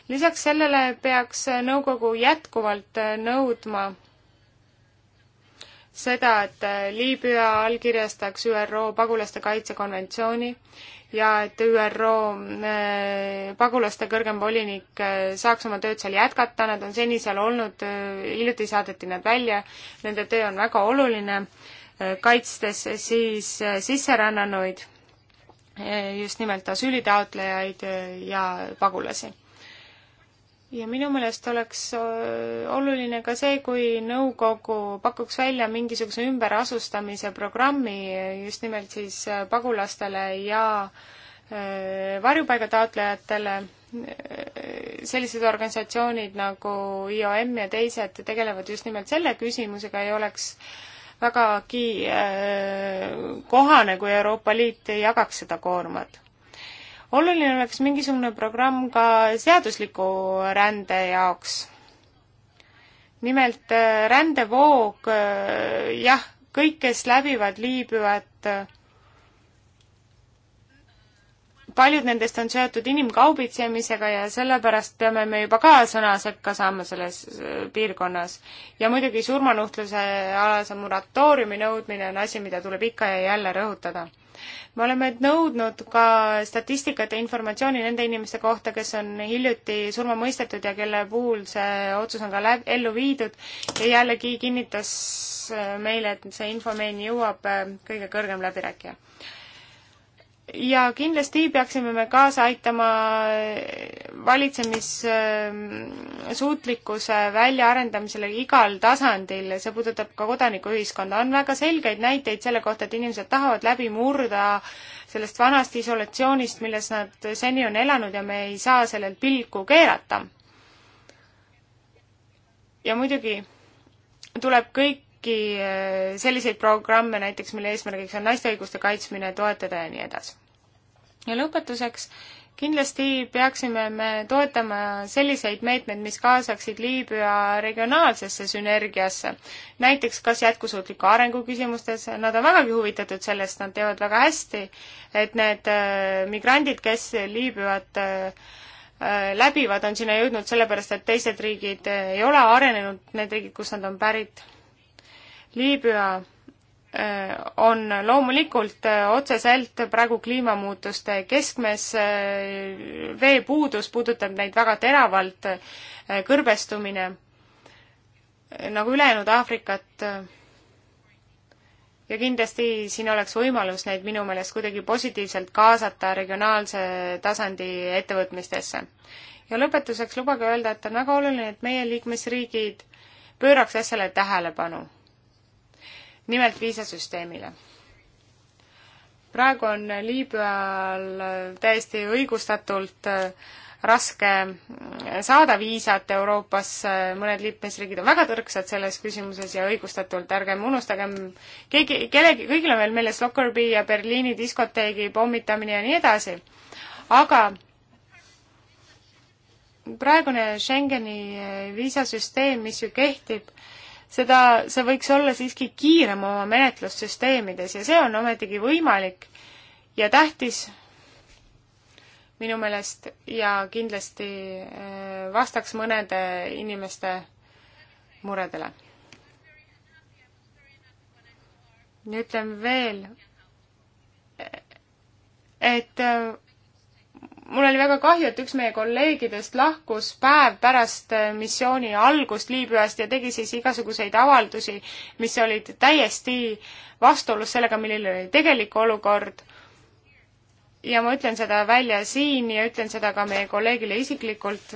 lisaks sellele peaks äh, nõukogu jätkuvalt nõudma seda, et Liibüa allkirjastaks ÜRO pagulaste kaitsekonventsiooni ja et ÜRO äh, pagulaste kõrgem volinik äh, saaks oma tööd seal jätkata, nad on seni seal olnud, äh, hiljuti saadeti nad välja, nende töö on väga oluline, kaitstes siis sisserännanuid, just nimelt asüülitaotlejaid ja pagulasi ja minu meelest oleks äh, oluline ka see, kui nõukogu pakuks välja mingisuguse ümberasustamise programmi just nimelt siis äh, pagulastele ja äh, varjupaigataotlejatele. sellised organisatsioonid nagu IOM ja teised tegelevad just nimelt selle küsimusega ja oleks vägagi kohane, kui Euroopa Liit jagaks seda koormat oluline oleks mingisugune programm ka seadusliku rände jaoks. nimelt äh, rändevoog, äh, jah, kõik, kes läbivad Liibüat, äh, paljud nendest on seotud inimkaubitsemisega ja sellepärast peame me juba ka sõna sekka saama selles piirkonnas. ja muidugi surmanuhtluse alase moratooriumi nõudmine on asi, mida tuleb ikka ja jälle rõhutada me oleme nõudnud ka statistikat ja informatsiooni nende inimeste kohta, kes on hiljuti surma mõistetud ja kelle puhul see otsus on ka läb-, ellu viidud ja jällegi kinnitas meile, et see info meieni jõuab äh, kõige kõrgem läbirääkija ja kindlasti peaksime me kaasa aitama valitsemissuutlikkuse väljaarendamisele igal tasandil, see puudutab ka kodanikuühiskonda. on väga selgeid näiteid selle kohta, et inimesed tahavad läbi murda sellest vanast isolatsioonist, milles nad seni on elanud ja me ei saa sellel pilku keerata. ja muidugi tuleb kõik kõiki eh, selliseid programme näiteks, mille eesmärgiks on naiste õiguste kaitsmine, toetada ja nii edasi ja lõpetuseks, kindlasti peaksime me toetama selliseid meetmeid, mis kaasaksid Liibüa regionaalsesse sünergiasse. näiteks kas jätkusuutliku arengu küsimustes, nad on vägagi huvitatud sellest, nad teavad väga hästi, et need äh, migrandid, kes Liibüat äh, äh, läbivad, on sinna jõudnud sellepärast, et teised riigid ei ole arenenud, need riigid, kust nad on pärit. Liibüa Äh, on loomulikult äh, otseselt praegu kliimamuutuste keskmes. Äh, veepuudus puudutab neid väga teravalt, kõrbestumine nagu ülejäänud Aafrikat. ja kindlasti siin oleks võimalus neid minu meelest kuidagi positiivselt kaasata regionaalse tasandi ettevõtmistesse. ja lõpetuseks lubage öelda, et on väga oluline, et meie liikmesriigid pööraks asjale tähelepanu nimelt viisasüsteemile. praegu on Liibüal täiesti õigustatult äh, raske äh, saada viisat Euroopasse, mõned liikmesriigid on väga tõrksad selles küsimuses ja õigustatult, ärgem unustagem, keegi, kellegi, kõigil on veel meeles Lockerbie ja Berliini diskoteegi pommitamine ja nii edasi. aga praegune Schengeni äh, viisasüsteem, mis ju kehtib, seda, see võiks olla siiski kiirem oma menetlussüsteemides ja see on ometigi võimalik ja tähtis minu meelest ja kindlasti eh, vastaks mõnede inimeste muredele. ütlen veel, eh, et eh, mul oli väga kahju, et üks meie kolleegidest lahkus päev pärast äh, missiooni algust Liibüast ja tegi siis igasuguseid avaldusi, mis olid täiesti vastuolus sellega, milline oli tegelik olukord. ja ma ütlen seda välja siin ja ütlen seda ka meie kolleegile isiklikult.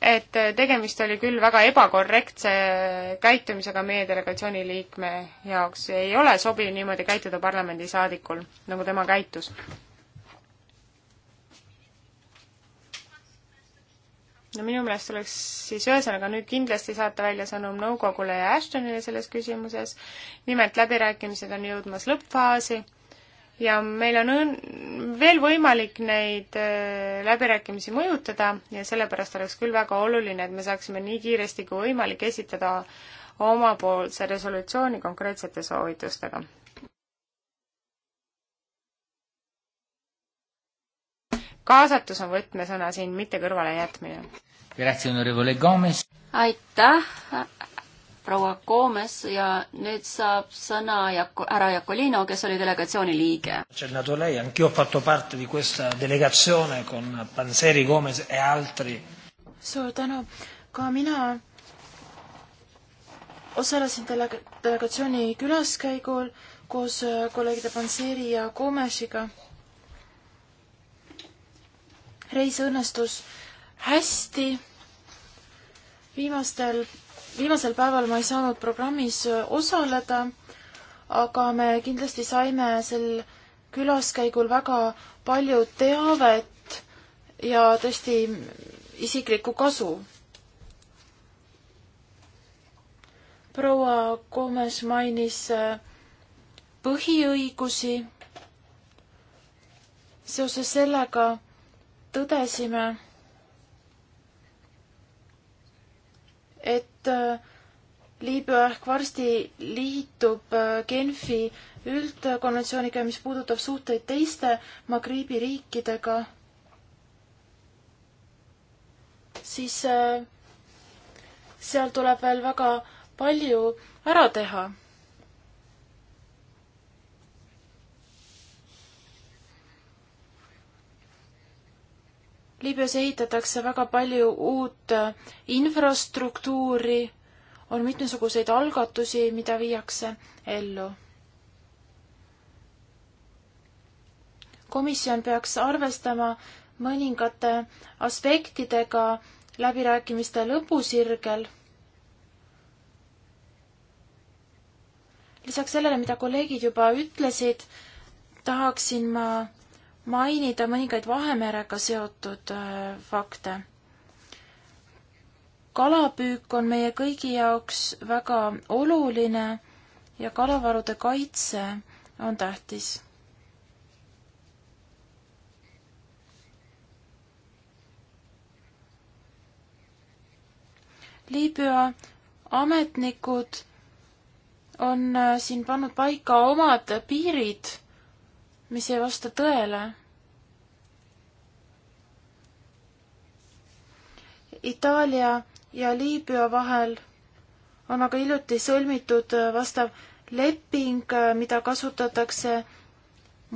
et äh, tegemist oli küll väga ebakorrektse käitumisega meie delegatsiooni liikme jaoks. ei ole sobiv niimoodi käituda parlamendisaadikul, nagu tema käitus no minu meelest tuleks siis ühesõnaga nüüd kindlasti saata välja sõnum nõukogule ja Ashtonile selles küsimuses. nimelt läbirääkimised on jõudmas lõppfaasi ja meil on õn-, veel võimalik neid äh, läbirääkimisi mõjutada ja sellepärast oleks küll väga oluline, et me saaksime nii kiiresti kui võimalik esitada omapoolse resolutsiooni konkreetsete soovitustega. kaasatus on võtmesõna siin, mitte kõrvalejätmine. aitäh, proua Gomes ja nüüd saab sõna Jaku-, härra Jakolino, kes oli delegatsiooni liige. E suur tänu, ka mina osalesin delega-, delegatsiooni külaskäigul koos kolleegide Panseri ja Gomesiga reis õnnestus hästi. viimastel, viimasel päeval ma ei saanud programmis osaleda, aga me kindlasti saime sel külaskäigul väga palju teavet ja tõesti isiklikku kasu. proua Gomes mainis äh, põhiõigusi. seoses sellega tõdesime, et äh, Liibüa ehk varsti liitub äh, Genfi üldkonventsiooniga, mis puudutab suhteid teiste Magribi riikidega, siis äh, seal tuleb veel väga palju ära teha Liibüas ehitatakse väga palju uut äh, infrastruktuuri, on mitmesuguseid algatusi, mida viiakse ellu. komisjon peaks arvestama mõningate aspektidega läbirääkimiste lõpusirgel. lisaks sellele, mida kolleegid juba ütlesid, tahaksin ma mainida mõningaid Vahemerega seotud äh, fakte. kalapüük on meie kõigi jaoks väga oluline ja kalavarude kaitse on tähtis. Liibüa ametnikud on äh, siin pannud paika omad piirid mis ei vasta tõele. Itaalia ja Liibüa vahel on aga hiljuti sõlmitud äh, vastav leping, äh, mida kasutatakse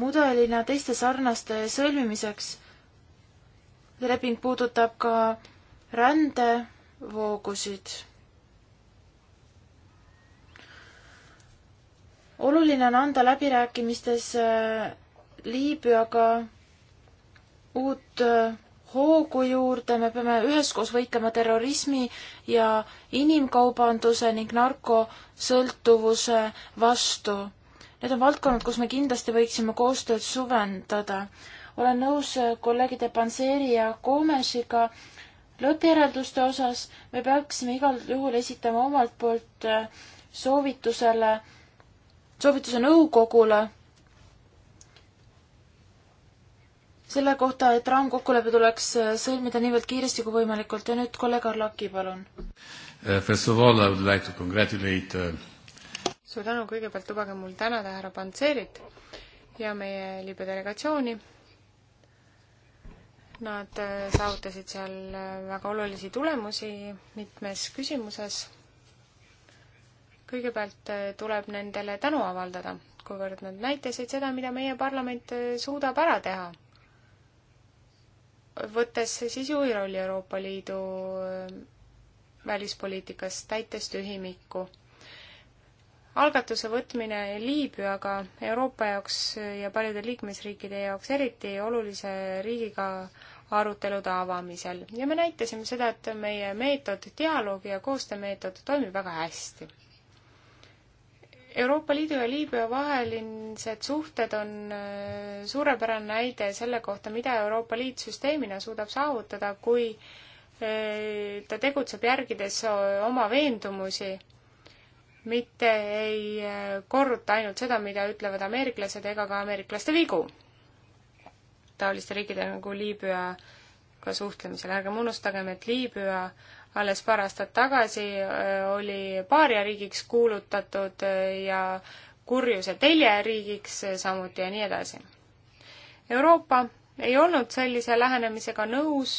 mudelina teiste sarnaste sõlmimiseks. leping puudutab ka rändevoogusid. oluline on anda läbirääkimistes äh, Liibüaga uut äh, hoogu juurde, me peame üheskoos võitlema terrorismi ja inimkaubanduse ning narkosõltuvuse vastu. Need on valdkonnad, kus me kindlasti võiksime koostööd suvendada. olen nõus äh, kolleegide Panseri ja Koomesiga lõppjärelduste osas, me peaksime igal juhul esitama omalt poolt äh, soovitusele, soovituse nõukogule selle kohta, et raamkokkulepe tuleks äh, sõlmida niivõrd kiiresti kui võimalikult ja nüüd kolleeg Arlaki, palun. Uh, first of all I would like to congratulate uh, suur tänu, kõigepealt lubage mul tänada härra Pantserit ja meie libe delegatsiooni. Nad äh, saavutasid seal äh, väga olulisi tulemusi mitmes küsimuses. kõigepealt tuleb nendele tänu avaldada kuivõrd nad näitasid seda, mida meie parlament suudab ära teha võttes siis juhi rolli Euroopa Liidu äh, välispoliitikas, täites tühimikku. algatuse võtmine Liibüaga Euroopa jaoks ja paljude liikmesriikide jaoks eriti olulise riigiga arutelude avamisel ja me näitasime seda, et meie meetod, dialoogi ja koostöömeetod toimib väga hästi Euroopa Liidu ja Liibüa vahelised suhted on äh, suurepärane näide selle kohta, mida Euroopa Liit süsteemina suudab saavutada, kui äh, ta tegutseb järgides äh, oma veendumusi, mitte ei korruta ainult seda, mida ütlevad ameeriklased ega ka ameeriklaste vigu taoliste riikide nagu Liibüaga suhtlemisel. ärgem unustagem, et Liibüa alles paar aastat tagasi äh, oli paariariigiks kuulutatud äh, ja kurjuse teljeriigiks äh, samuti ja nii edasi. Euroopa ei olnud sellise lähenemisega nõus.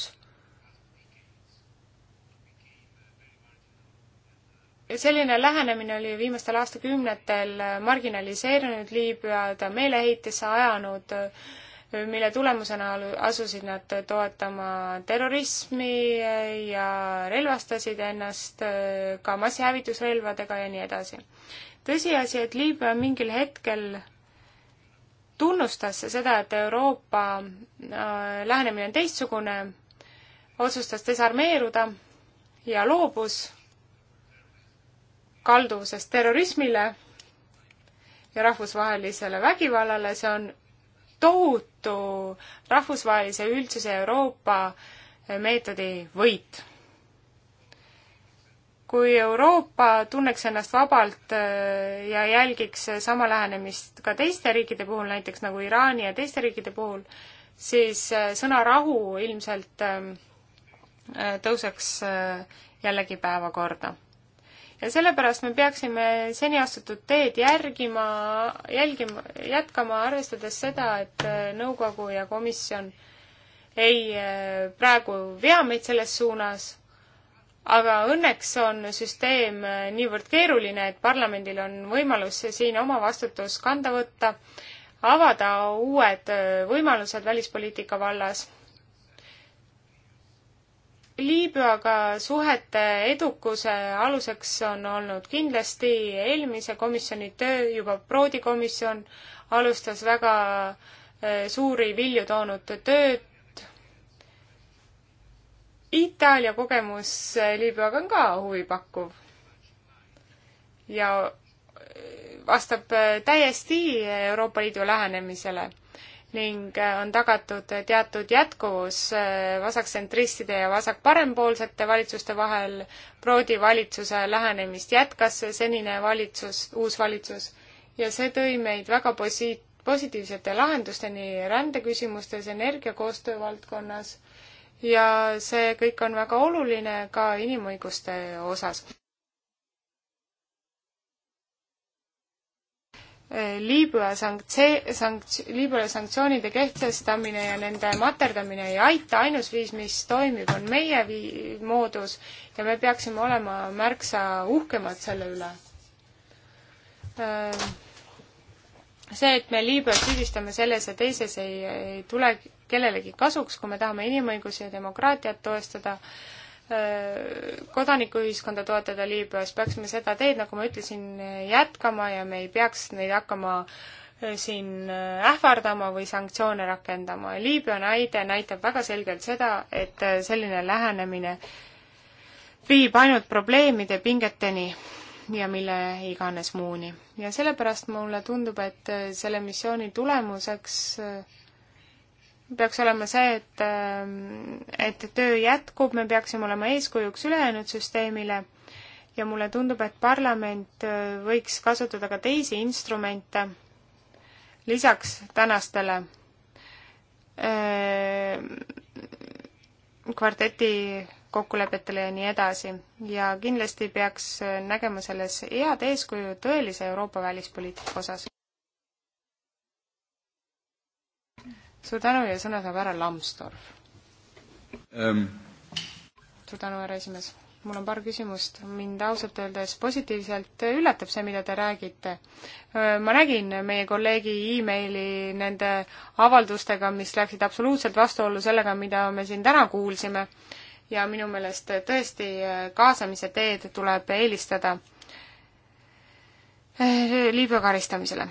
selline lähenemine oli viimastel aastakümnetel marginaliseerinud Liibüa, ta meeleheitesse ajanud äh, mille tulemusena asusid nad toetama terrorismi ja relvastasid ennast ka massihävitusrelvadega ja nii edasi. tõsiasi, et Liibüa mingil hetkel tunnustas seda, et Euroopa äh, lähenemine on teistsugune, otsustas desarmeeruda ja loobus kalduvusest terrorismile ja rahvusvahelisele vägivallale, see on tohutu rahvusvahelise üldsuse Euroopa meetodi võit. kui Euroopa tunneks ennast vabalt äh, ja jälgiks sama lähenemist ka teiste riikide puhul, näiteks nagu Iraani ja teiste riikide puhul, siis äh, sõna rahu ilmselt ähm, äh, tõuseks jällegi päevakorda ja sellepärast me peaksime seni astutud teed järgima, jälgima, jätkama, arvestades seda, et äh, nõukogu ja komisjon ei äh, praegu vea meid selles suunas, aga õnneks on süsteem äh, niivõrd keeruline, et parlamendil on võimalus siin oma vastutus kanda võtta, avada uued võimalused välispoliitika vallas Liibüaga suhete edukuse aluseks on olnud kindlasti eelmise komisjoni töö, juba Prodi komisjon alustas väga eh, suuri vilju toonud tööd. Itaalia kogemus eh, Liibüaga on ka huvipakkuv ja eh, vastab täiesti Euroopa Liidu lähenemisele ning äh, on tagatud teatud jätkuvus äh, vasaktsentristide ja vasak-parempoolsete valitsuste vahel. Prodi valitsuse lähenemist jätkas senine valitsus, uus valitsus ja see tõi meid väga posi-, positiivsete lahendusteni rändeküsimustes, energiakoostöö valdkonnas ja see kõik on väga oluline ka inimõiguste osas. Liibüa sanktse-, sankts-, Liibüale sanktsioonide kehtestamine ja nende materdamine ei aita, ainus viis, mis toimib, on meie vii-, moodus ja me peaksime olema märksa uhkemad selle üle. Äh, see, et me Liibüat süüdistame selles ja teises, ei, ei tule kellelegi kasuks, kui me tahame inimõigusi ja demokraatiat toestada, Äh, kodanikuühiskonda toetada Liibüas, peaksime seda teed, nagu ma ütlesin, jätkama ja me ei peaks neid hakkama äh, siin äh, ähvardama või sanktsioone rakendama. Liibüa näide näitab väga selgelt seda, et selline lähenemine viib ainult probleemide pingeteni ja mille iganes muuni. ja sellepärast mulle tundub, et selle missiooni tulemuseks peaks olema see, et, ähm, et töö jätkub, me peaksime olema eeskujuks ülejäänud süsteemile ja mulle tundub, et parlament äh, võiks kasutada ka teisi instrumente lisaks tänastele äh, kvarteti kokkulepetele ja nii edasi. ja kindlasti peaks äh, nägema selles head eeskuju tõelise Euroopa välispoliitika osas. suur tänu ja sõna saab härra Lambsdorff um.. suur tänu, härra esimees. mul on paar küsimust. mind ausalt öeldes positiivselt üllatab see, mida te räägite. Äh, ma nägin meie kolleegi emaili nende avaldustega, mis läksid absoluutselt vastuollu sellega, mida me siin täna kuulsime. ja minu meelest tõesti äh, kaasamise teed tuleb eelistada äh, Liibüa karistamisele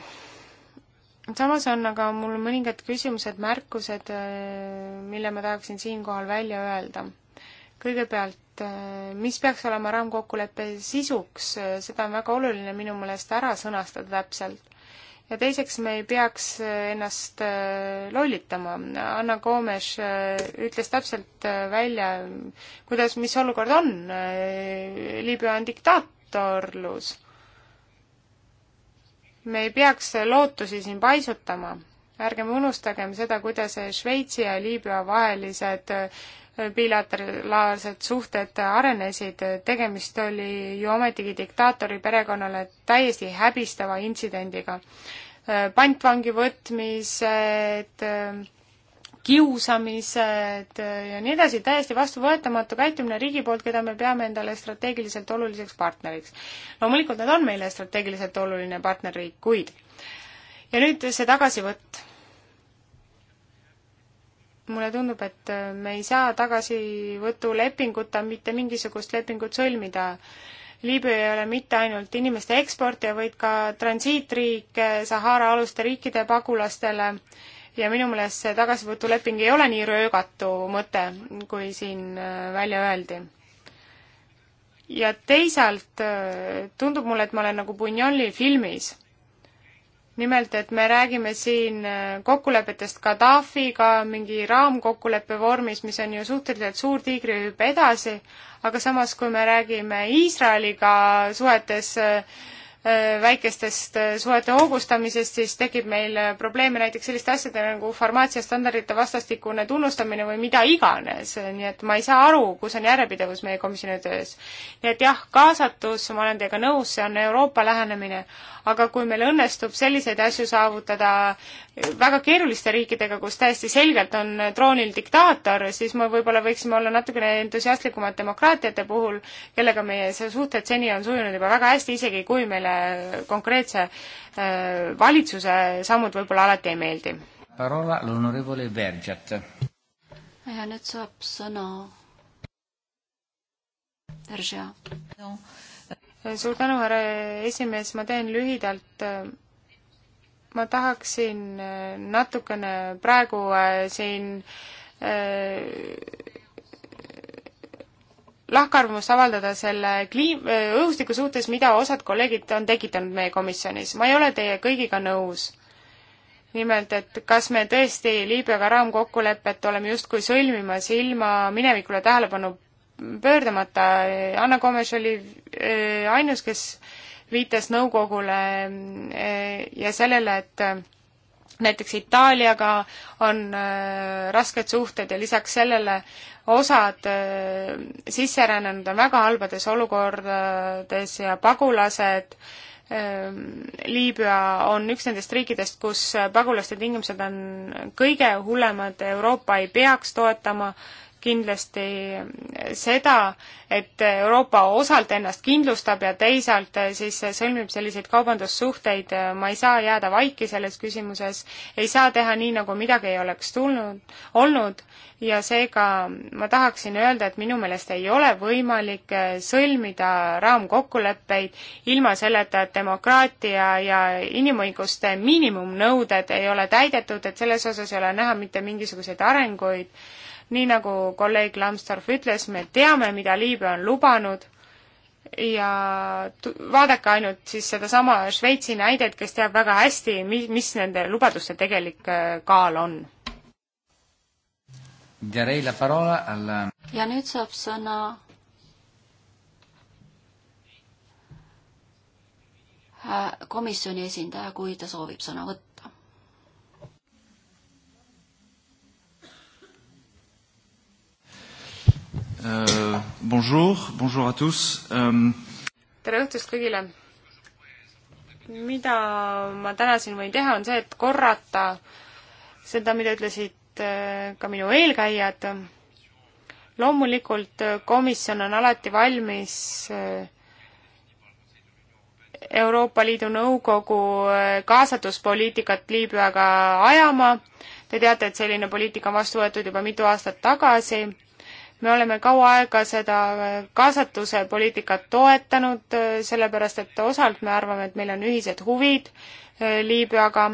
samas on aga mul mõningad küsimused, märkused, äh, mille ma tahaksin siinkohal välja öelda. kõigepealt, äh, mis peaks olema raamkokkuleppe sisuks, äh, seda on väga oluline minu meelest ära sõnastada täpselt. ja teiseks, me ei peaks ennast lollitama. Anna Koomes ütles täpselt välja, kuidas, mis olukord on. Liibüa on diktaatorlus me ei peaks lootusi siin paisutama. ärgem unustagem seda, kuidas Šveitsi ja Liibüa vahelised äh, bilateraalsed suhted arenesid, tegemist oli ju ometigi diktaatori perekonnale täiesti häbistava intsidendiga. Äh, pantvangi võtmised, äh, kiusamised äh, ja nii edasi, täiesti vastuvõetamatu käitumine riigi poolt, keda me peame endale strateegiliselt oluliseks partneriks. loomulikult nad on meile strateegiliselt oluline partnerriik, kuid ja nüüd see tagasivõtt. mulle tundub, et äh, me ei saa tagasivõtulepinguta mitte mingisugust lepingut sõlmida. Liibüa ei ole mitte ainult inimeste eksportija, vaid ka transiitriik Sahara aluste riikide pagulastele äh, ja minu meelest see tagasivõtuleping ei ole nii röögatu mõte, kui siin äh, välja öeldi. ja teisalt äh, tundub mulle, et ma olen nagu Buñueli filmis nimelt, et me räägime siin äh, kokkulepetest Gaddafiga mingi raamkokkuleppe vormis, mis on ju suhteliselt suur tiigrihüpe edasi, aga samas, kui me räägime Iisraeliga suhetes Äh, väikestest äh, suhete hoogustamisest, siis tekib meil äh, probleeme näiteks selliste asjadega nagu farmaatsiastandardite vastastikune tunnustamine või mida iganes, nii et ma ei saa aru, kus on järjepidevus meie komisjoni töös. nii et jah, kaasatus, ma olen teiega nõus, see on Euroopa lähenemine, aga kui meil õnnestub selliseid asju saavutada väga keeruliste riikidega, kus täiesti selgelt on troonil diktaator, siis me võib-olla võiksime olla natukene entusiastlikumad demokraatiate puhul, kellega meie suhted seni on sujunud juba väga hästi, isegi kui meile konkreetse äh, valitsuse sammud võib-olla alati ei meeldi. Parola l'onorevole Vergiat. ja nüüd saab sõna Veržia no suur tänu, härra esimees, ma teen lühidalt. ma tahaksin äh, natukene praegu äh, siin äh, lahkarvamust avaldada selle kliim-, õhustiku suhtes, mida osad kolleegid on tekitanud meie komisjonis. ma ei ole teie kõigiga nõus. nimelt, et kas me tõesti Liibüaga raamkokkulepet oleme justkui sõlmimas ilma minevikule tähelepanu pöördumata. Anna Komes oli eh, ainus, kes viitas nõukogule eh, ja sellele, et eh, näiteks Itaaliaga on rasked suhted ja lisaks sellele osad sisserännanud on väga halbades olukordades ja pagulased Liibüa on üks nendest riikidest, kus pagulaste tingimused on kõige hullemad, Euroopa ei peaks toetama äh, kindlasti seda, et Euroopa osalt ennast kindlustab ja teisalt eh, siis sõlmib selliseid kaubandussuhteid, ma ei saa jääda vaiki selles küsimuses, ei saa teha nii, nagu midagi ei oleks tulnud, olnud ja seega ma tahaksin öelda, et minu meelest ei ole võimalik eh, sõlmida raamkokkuleppeid ilma selleta, et demokraatia ja inimõiguste miinimumnõuded ei ole täidetud, et selles osas ei ole näha mitte mingisuguseid arenguid nii nagu kolleeg Lambsdorff ütles, me teame, mida Liibüa on lubanud ja vaadake ainult siis sedasama Šveitsi näidet, kes teab väga hästi, mi-, mis nende lubaduste tegelik äh, kaal on. ja nüüd saab sõna äh, komisjoni esindaja, kui ta soovib sõna võtta. Uh, bonjour, bonjour à tous um.... tere õhtust kõigile. mida ma täna siin võin teha, on see, et korrata seda, mida ütlesid äh, ka minu eelkäijad. loomulikult äh, komisjon on alati valmis äh, Euroopa Liidu Nõukogu kaasatuspoliitikat Liibüaga ajama. Te teate, et selline poliitika on vastu võetud juba mitu aastat tagasi me oleme kaua aega seda kaasatuse poliitikat toetanud, äh, sellepärast et osalt me arvame, et meil on ühised huvid äh, Liibüaga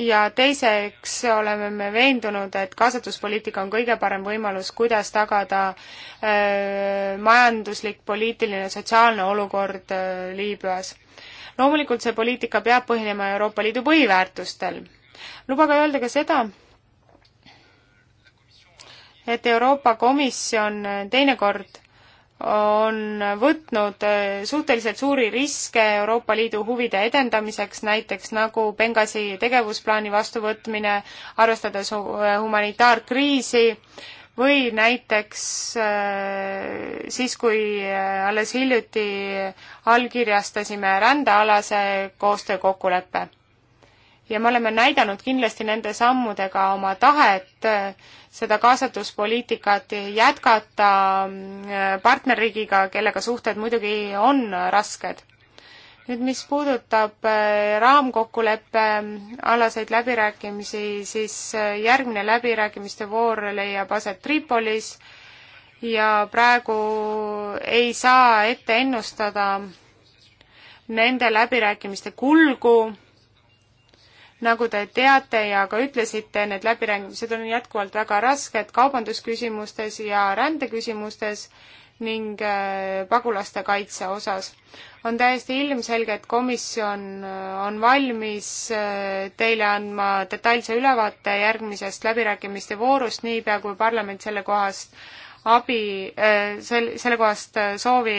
ja teiseks oleme me veendunud, et kaasatuspoliitika on kõige parem võimalus, kuidas tagada öö, äh, majanduslik, poliitiline, sotsiaalne olukord öö, Liibüas. loomulikult see poliitika peab põhinema Euroopa Liidu põhiväärtustel. lubage öelda ka seda, et Euroopa Komisjon teinekord on võtnud eh, suhteliselt suuri riske Euroopa Liidu huvide edendamiseks, näiteks nagu Benghazi tegevusplaani vastuvõtmine, arvestades humanitaarkriisi, või näiteks eh, siis, kui eh, alles hiljuti allkirjastasime rändealase koostöökokkuleppe ja me oleme näidanud kindlasti nende sammudega oma tahet äh, seda kaasatuspoliitikat jätkata äh, partnerriigiga, kellega suhted muidugi on rasked. nüüd, mis puudutab äh, raamkokkuleppe alaseid läbirääkimisi, siis järgmine läbirääkimiste voor leiab aset Tripolis ja praegu ei saa ette ennustada nende läbirääkimiste kulgu nagu te teate ja ka ütlesite, need läbirääkimised on jätkuvalt väga rasked kaubandusküsimustes ja rändeküsimustes ning äh, pagulaste kaitse osas. on täiesti ilmselge, et komisjon äh, on valmis äh, teile andma detailse ülevaate järgmisest läbirääkimiste voorust, niipea kui parlament sellekohast abi, sel-, sellekohast soovi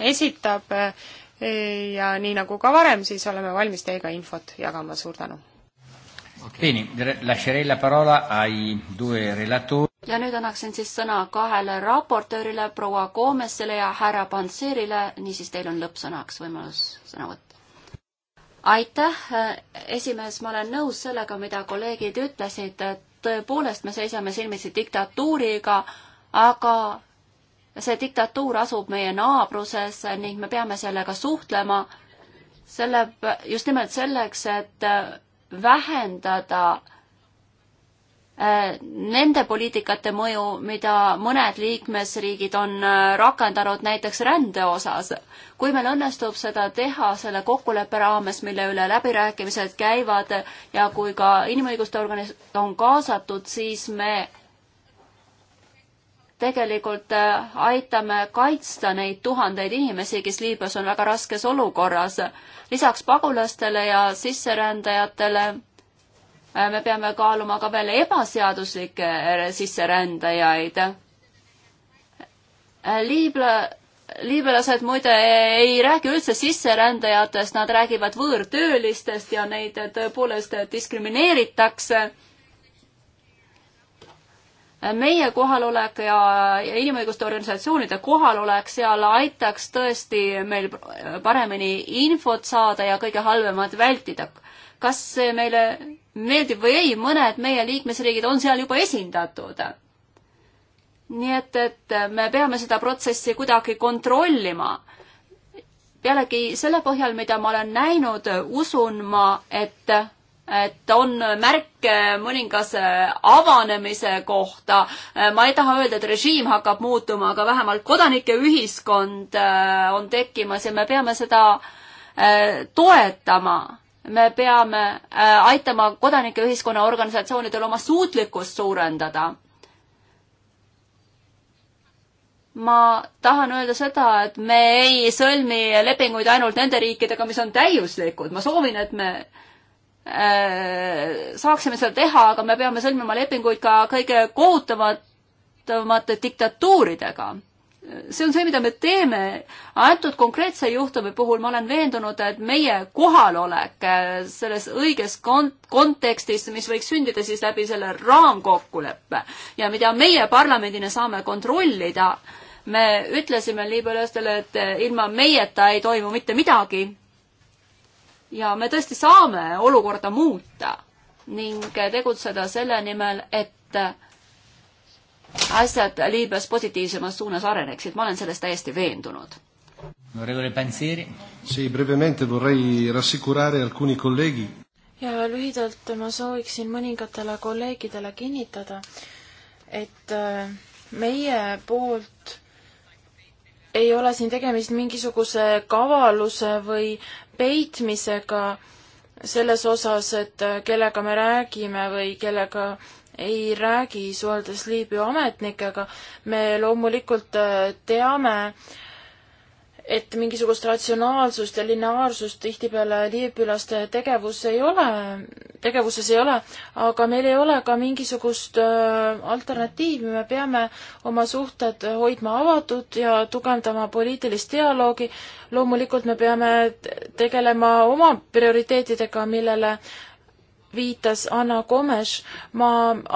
esitab ja nii nagu ka varem, siis oleme valmis teiega infot jagama, suur tänu okay.. ja nüüd annaksin siis sõna kahele raportöörile, proua Koomesele ja härra Panserile, niisiis teil on lõppsõnaks võimalus sõna võtta aitäh, esimees, ma olen nõus sellega, mida kolleegid ütlesid, et tõepoolest me seisame silmitsi diktatuuriga, aga see diktatuur asub meie naabruses ning me peame sellega suhtlema, selle, just nimelt selleks, et äh, vähendada äh, nende poliitikate mõju, mida mõned liikmesriigid on äh, rakendanud näiteks rände osas. kui meil õnnestub seda teha selle kokkuleppe raames, mille üle läbirääkimised käivad ja kui ka inimõiguste organis-, on kaasatud, siis me tegelikult äh, aitame kaitsta neid tuhandeid inimesi, kes Liibüas on väga raskes olukorras. lisaks pagulastele ja sisserändajatele äh, me peame kaaluma ka veel ebaseaduslikke äh, sisserändajaid. Liibla, liibelased muide ei räägi üldse sisserändajatest, nad räägivad võõrtöölistest ja neid tõepoolest diskrimineeritakse meie kohalolek ja, ja inimõiguste organisatsioonide kohalolek seal aitaks tõesti meil paremini infot saada ja kõige halvemat vältida. kas see meile meeldib või ei, mõned meie liikmesriigid on seal juba esindatud. nii et, et me peame seda protsessi kuidagi kontrollima. pealegi selle põhjal, mida ma olen näinud, usun ma, et et on märke mõningase äh, avanemise kohta. Äh, ma ei taha öelda, et režiim hakkab muutuma, aga vähemalt kodanike ühiskond äh, on tekkimas ja me peame seda toetama. me peame aitama kodanike ühiskonna organisatsioonidel oma suutlikkust suurendada. ma tahan öelda seda, et me ei sõlmi lepinguid ainult nende riikidega, mis on täiuslikud. ma soovin, et me äh, Äh, saaksime seda teha, aga me peame sõlmima lepinguid ka kõige kohutavamate diktatuuridega. see on see, mida me teeme. antud konkreetse juhtumi puhul ma olen veendunud, et meie kohalolek äh, selles õiges kont-, kontekstis, mis võiks sündida siis läbi selle raamkokkuleppe ja mida meie parlamendina saame kontrollida, me ütlesime liibüalastele, et äh, ilma meieta ei toimu mitte midagi ja me tõesti saame olukorda muuta ning tegutseda selle nimel, et asjad Liibüas positiivsemas suunas areneksid, ma olen selles täiesti veendunud. ja lühidalt ma sooviksin mõningatele kolleegidele kinnitada, et äh, meie poolt ei ole siin tegemist mingisuguse kavaluse või peitmisega selles osas, et äh, kellega me räägime või kellega ei räägi suheldes Liibüa ametnikega. me loomulikult äh, teame, et mingisugust ratsionaalsust ja lineaarsust tihtipeale liivülaste tegevus ei ole, tegevuses ei ole, aga meil ei ole ka mingisugust äh, alternatiivi, me peame oma suhted hoidma avatud ja tugevdama poliitilist dialoogi. loomulikult me peame tegelema oma prioriteetidega, millele viitas Anna Komes, ma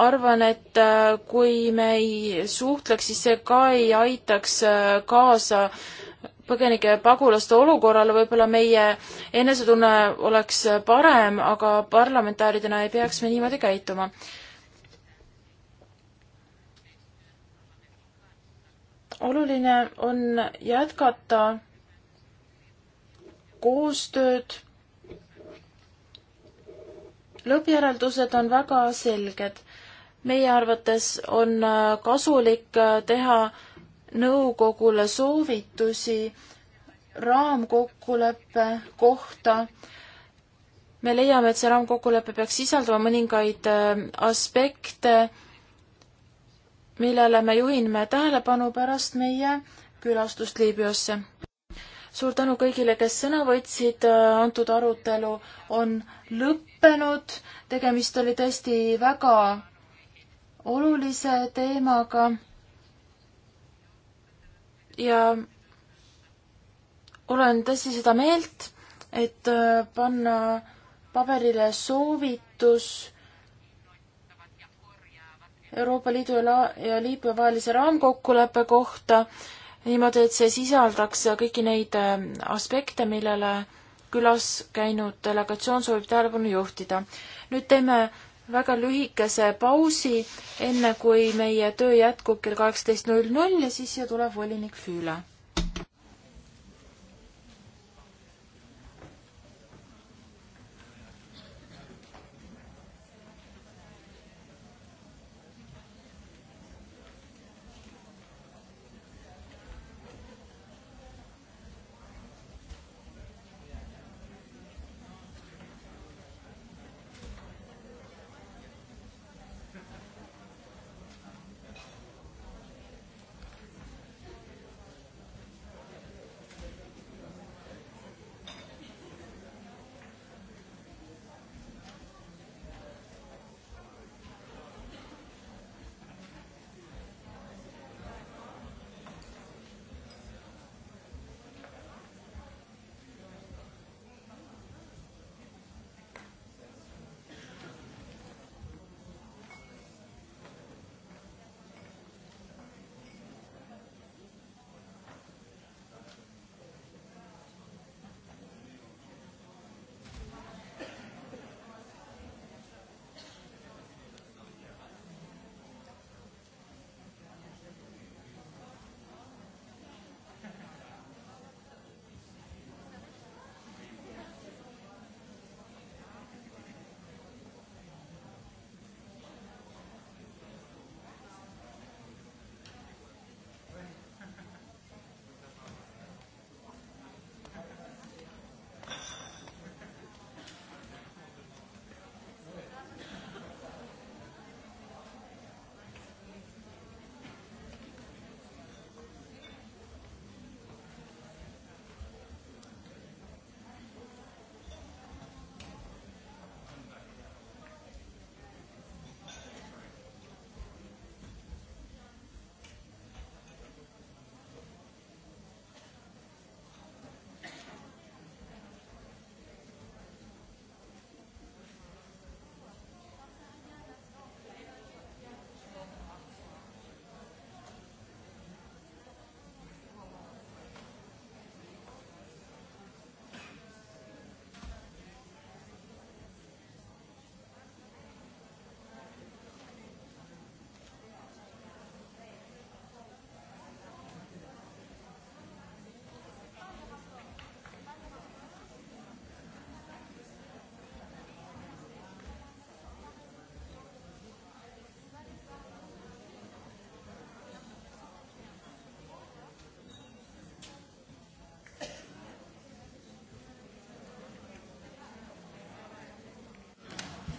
arvan, et äh, kui me ei suhtleks, siis see ka ei aitaks äh, kaasa äh, põgenike ja pagulaste olukorrale, võib-olla meie enesetunne oleks parem, aga parlamentääridena ei peaks me niimoodi käituma. oluline on jätkata koostööd. lõppjäreldused on väga selged. meie arvates on kasulik teha nõukogule soovitusi raamkokkuleppe kohta. me leiame, et see raamkokkulepe peaks sisaldama mõningaid äh, aspekte, millele me juhime tähelepanu pärast meie külastust Liibüasse. suur tänu kõigile, kes sõna võtsid, äh, antud arutelu on lõppenud, tegemist oli tõesti väga olulise teemaga ja olen tõesti seda meelt, et äh, panna paberile soovitus Euroopa Liidu ja Liibüa vahelise raamkokkuleppe kohta, niimoodi, et see sisaldaks kõiki neid äh, aspekte, millele külas käinud delegatsioon soovib tähelepanu juhtida. nüüd teeme väga lühikese pausi, enne kui meie töö jätkub kell kaheksateist null null ja siis siia tuleb volinik Füüle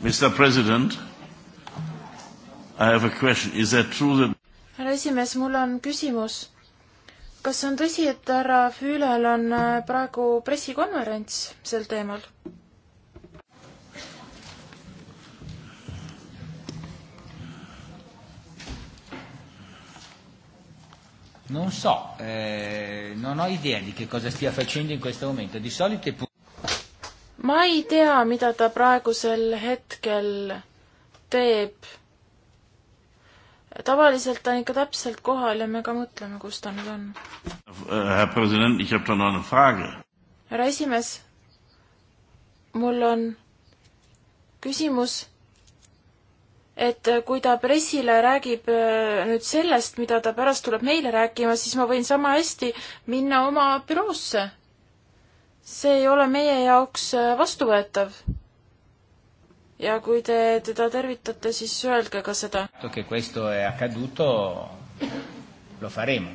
Mr President, I have a question, is that true that härra esimees, mul on küsimus. kas on tõsi, et härra Füülel on äh, praegu pressikonverents sel teemal? Non so, eh, non ho idea di che cosa stia facendo in questo momento. Di solito è... ma ei tea, mida ta praegusel hetkel hetkel teeb. tavaliselt ta on ikka täpselt kohal ja me ka mõtleme, kus ta nüüd on. härra esimees, mul on küsimus, et kui ta pressile räägib äh, nüüd sellest, mida ta pärast tuleb meile rääkima, siis ma võin sama hästi minna oma büroosse. see ei ole meie jaoks äh, vastuvõetav ja kui te teda tervitate, siis öelge ka seda.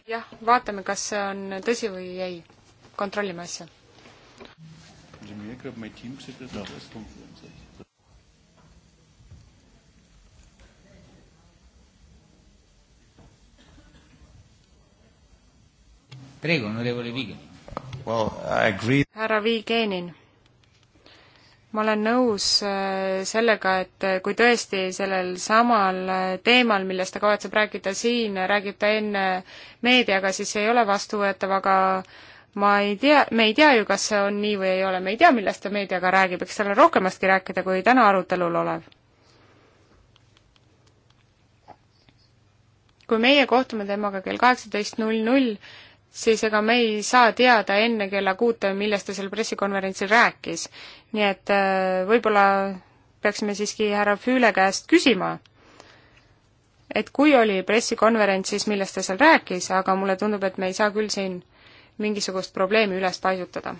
jah, vaatame, kas see on tõsi või ei. kontrollime asja. Jimmy, I grab my team set it up as conference. Prego, onorevole Vigenin. Well, I agree. härra Vigenin ma olen nõus äh, sellega, et äh, kui tõesti sellel samal äh, teemal, millest ta kavatseb rääkida siin, räägib ta enne meediaga, siis ei ole vastuvõetav, aga ma ei tea, me ei tea ju, kas see on nii või ei ole, me ei tea, millest ta meediaga räägib, eks tal on rohkemastki rääkida kui täna arutelul olev. kui meie kohtume temaga kell kaheksateist null null, siis ega me ei saa teada enne kella kuute, millest ta seal pressikonverentsil rääkis. nii et äh, võib-olla peaksime siiski härra Füüle käest küsima, et kui oli pressikonverents, siis millest ta seal rääkis, aga mulle tundub, et me ei saa küll siin mingisugust probleemi üles paisutada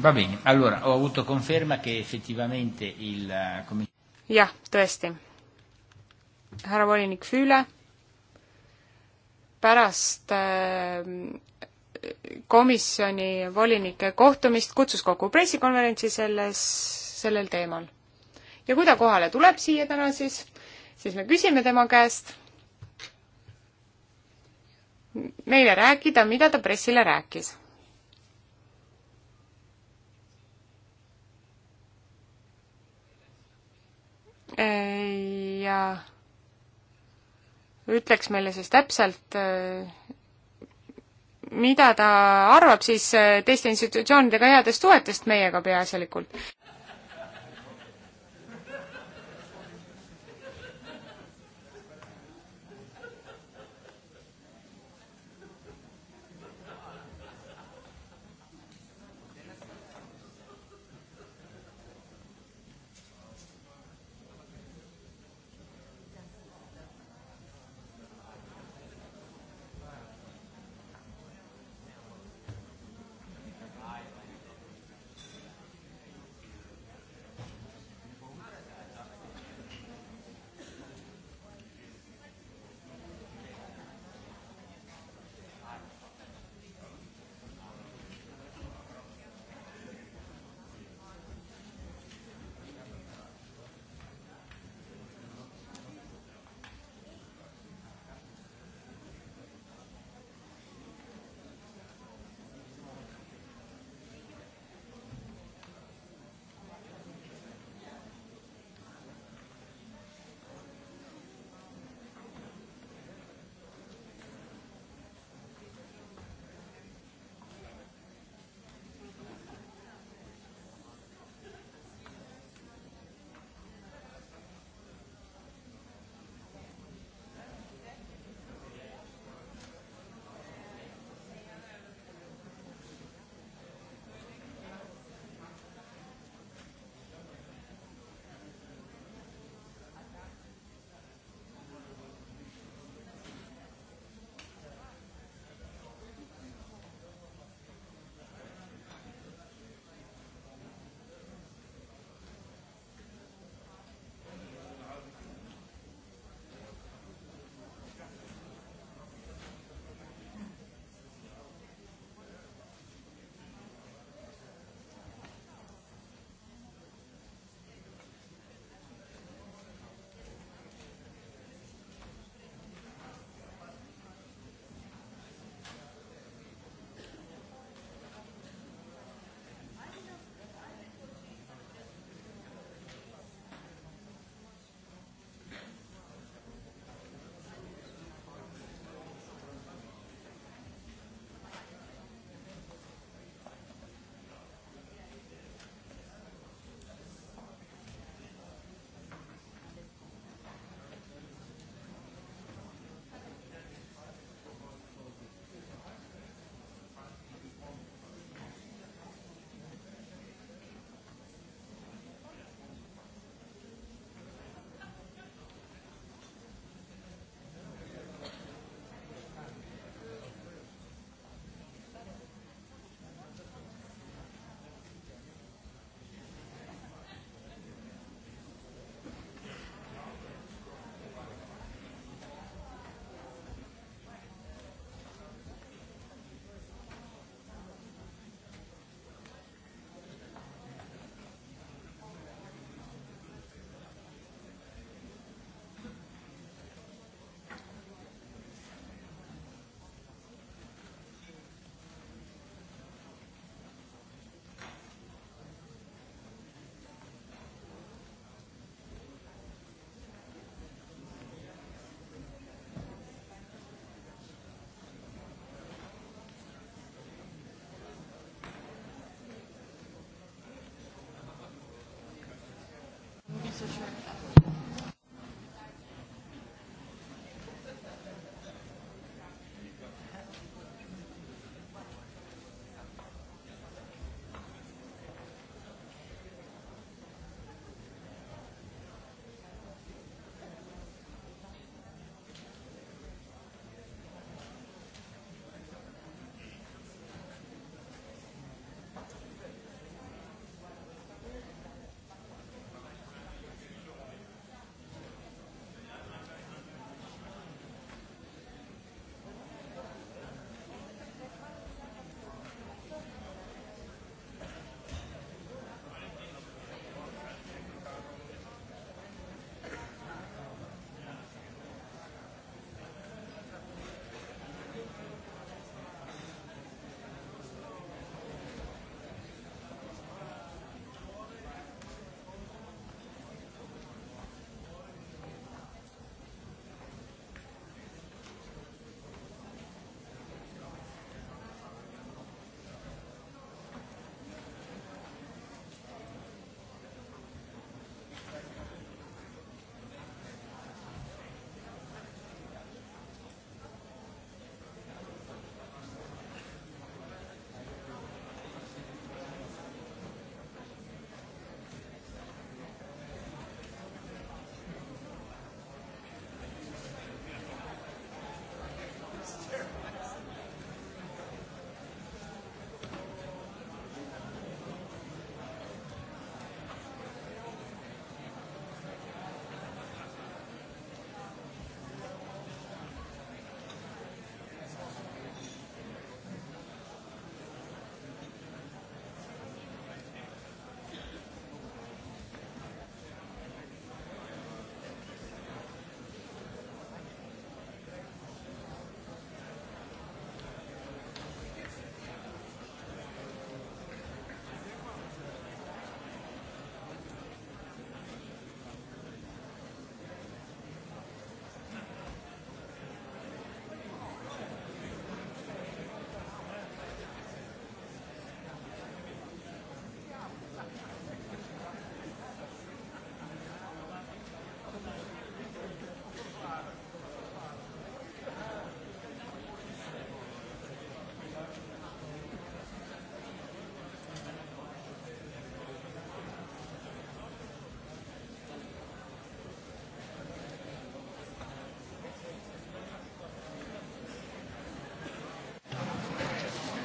Va bene, allora ho avuto conferma che effettivamente il eh, jah, tõesti. härra volinik Füüle, pärast äh, komisjoni volinike kohtumist kutsus kokku pressikonverentsi selles, sellel teemal. ja kui ta kohale tuleb siia täna, siis, siis me küsime tema käest meile rääkida, mida ta pressile rääkis ja ütleks meile siis täpselt, äh, mida ta arvab siis äh, teiste institutsioonidega headest suhetest meiega peaasjalikult.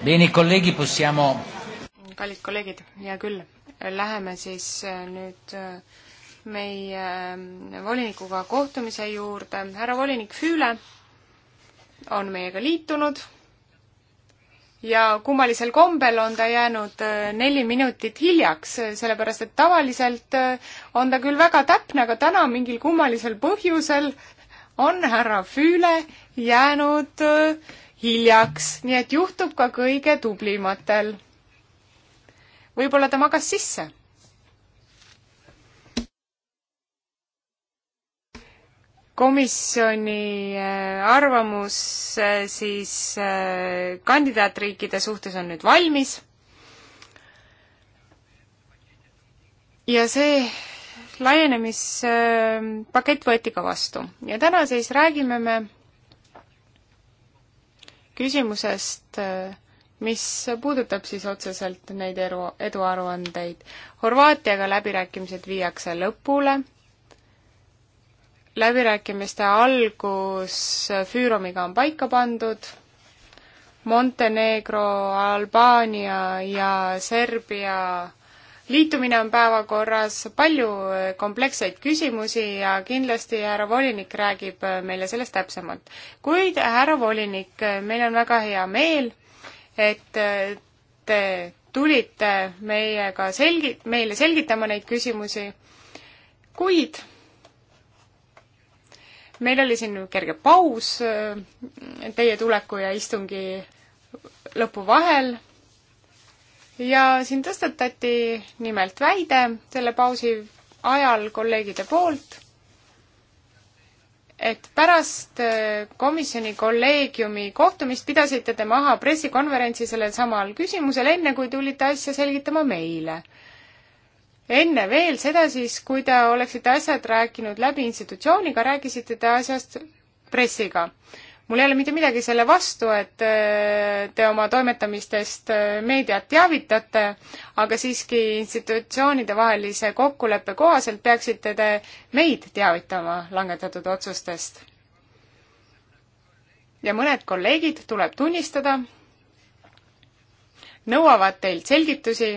Bene, kolleegi, possiamo... kallid kolleegid, hea küll, läheme siis äh, nüüd äh, meie ähm, volinikuga kohtumise juurde. härra volinik Füüle on meiega liitunud ja kummalisel kombel on ta jäänud äh, neli minutit hiljaks, sellepärast et tavaliselt on ta küll väga täpne, aga täna mingil kummalisel põhjusel on härra Füüle jäänud äh, hiljaks, nii et juhtub ka kõige tublimatel. võib-olla ta magas sisse. komisjoni äh, arvamus äh, siis äh, kandidaatriikide suhtes on nüüd valmis. ja see laienemispakett võeti ka vastu ja täna siis räägime me küsimusest, mis puudutab siis otseselt neid eru, eduaruandeid. Horvaatiaga läbirääkimised viiakse lõpule, läbirääkimiste algus Füüromiga on paika pandud Montenegro, Albaania ja Serbia liitumine on päevakorras, palju eh, kompleksseid küsimusi ja kindlasti härra volinik räägib eh, meile sellest täpsemalt. kuid härra volinik, eh, meil on väga hea meel, et te tulite meiega selgi-, meile selgitama neid küsimusi, kuid meil oli siin kerge paus teie tuleku ja istungi lõpu vahel ja siin tõstatati nimelt väide selle pausi ajal kolleegide poolt, et pärast äh, komisjoni kolleegiumi kohtumist pidasite te maha pressikonverentsi sellel samal küsimusel, enne kui tulite asja selgitama meile. enne veel seda siis, kui te oleksite asjad rääkinud läbi institutsiooniga, rääkisite te asjast pressiga mul ei ole mitte midagi selle vastu, et äh, te oma toimetamistest äh, meediat teavitate, aga siiski institutsioonide vahelise kokkuleppe kohaselt peaksite te meid teavitama langetatud otsustest. ja mõned kolleegid, tuleb tunnistada, nõuavad teilt selgitusi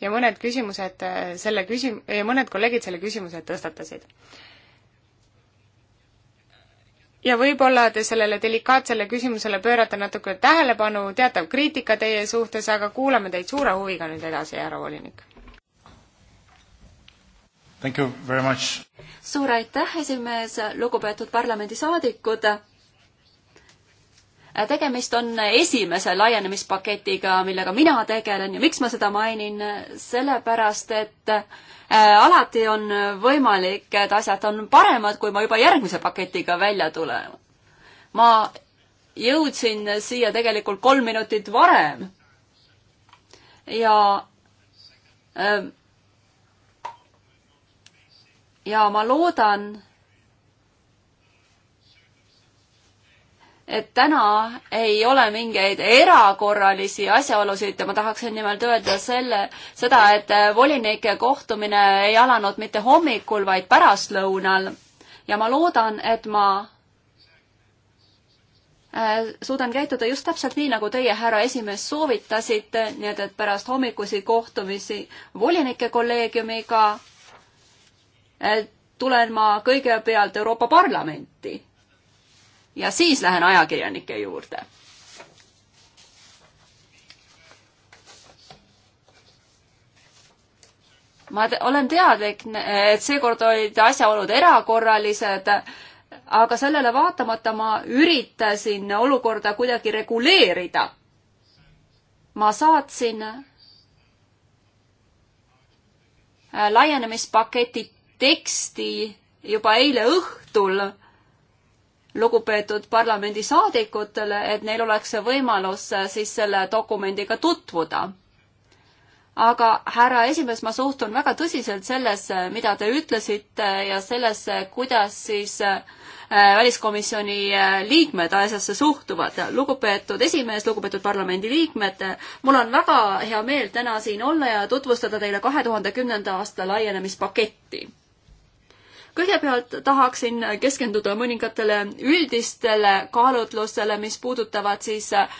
ja mõned küsimused äh, selle küsim-, ja mõned kolleegid selle küsimuse tõstatasid ja võib-olla te sellele delikaatsele küsimusele pöörate natuke tähelepanu, teatav kriitika teie suhtes, aga kuulame teid suure huviga nüüd edasi, härra volinik. suur aitäh, esimees, lugupeetud parlamendisaadikud Äh, tegemist on esimese laienemispaketiga, millega mina tegelen ja miks ma seda mainin, sellepärast et äh, alati on võimalik, et asjad on paremad, kui ma juba järgmise paketiga välja tulen. ma jõudsin siia tegelikult kolm minutit varem ja äh, ja ma loodan, et täna ei ole mingeid erakorralisi asjaolusid ja ma tahaksin nimelt öelda selle, seda, et volinike kohtumine ei alanud mitte hommikul, vaid pärastlõunal. ja ma loodan, et ma äh, suudan käituda just täpselt nii, nagu teie, härra esimees, soovitasite, nii et, et pärast hommikusi kohtumisi volinike kolleegiumiga äh, tulen ma kõigepealt Euroopa Parlamenti ja siis lähen ajakirjanike juurde. ma te olen teadlik, et seekord olid asjaolud erakorralised, aga sellele vaatamata ma üritasin olukorda kuidagi reguleerida. ma saatsin äh, laienemispaketi teksti juba eile õhtul lugupeetud parlamendisaadikutele, et neil oleks võimalus äh, siis selle dokumendiga tutvuda. aga härra esimees, ma suhtun väga tõsiselt sellesse, mida te ütlesite ja sellesse, kuidas siis äh, väliskomisjoni äh, liikmed asjasse suhtuvad. lugupeetud esimees, lugupeetud parlamendiliikmed, mul on väga hea meel täna siin olla ja tutvustada teile kahe tuhande kümnenda aasta laienemispaketti kõigepealt tahaksin keskenduda mõningatele üldistele kaalutlustele, mis puudutavad siis äh,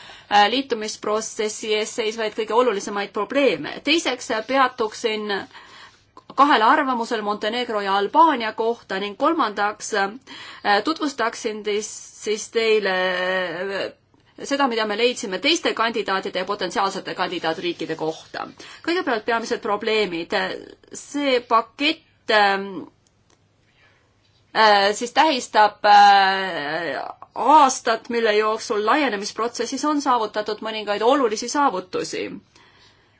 liitumisprotsessi ees seisvaid kõige olulisemaid probleeme. teiseks peatuksin kahel arvamusel Montenegro ja Albaania kohta ning kolmandaks äh, tutvustaksin siis, siis teile äh, seda, mida me leidsime teiste kandidaatide ja potentsiaalsete kandidaatriikide kohta. kõigepealt peamised probleemid. see pakett Äh, siis tähistab äh, aastat, mille jooksul laienemisprotsessis on saavutatud mõningaid olulisi saavutusi.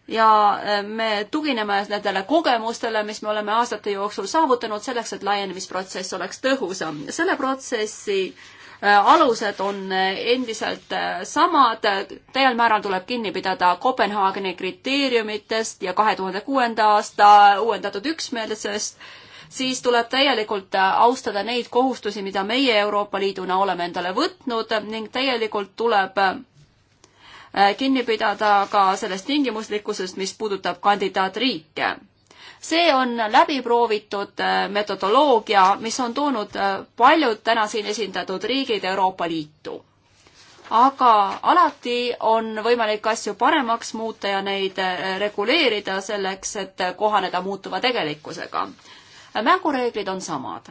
ja äh, me tugineme nendele kogemustele, mis me oleme aastate jooksul saavutanud selleks, et laienemisprotsess oleks tõhusam. selle protsessi alused on endiselt samad, täiel määral tuleb kinni pidada Kopenhaageni kriteeriumitest ja kahe tuhande kuuenda aasta uuendatud üksmeelsusest siis tuleb täielikult austada neid kohustusi, mida meie Euroopa Liiduna oleme endale võtnud ning täielikult tuleb äh, kinni pidada ka sellest tingimuslikkusest, mis puudutab kandidaatriike. see on läbiproovitud äh, metodoloogia, mis on toonud äh, paljud täna siin esindatud riigid Euroopa Liitu. aga alati on võimalik asju paremaks muuta ja neid reguleerida selleks, et kohaneda muutuva tegelikkusega mängureeglid on samad.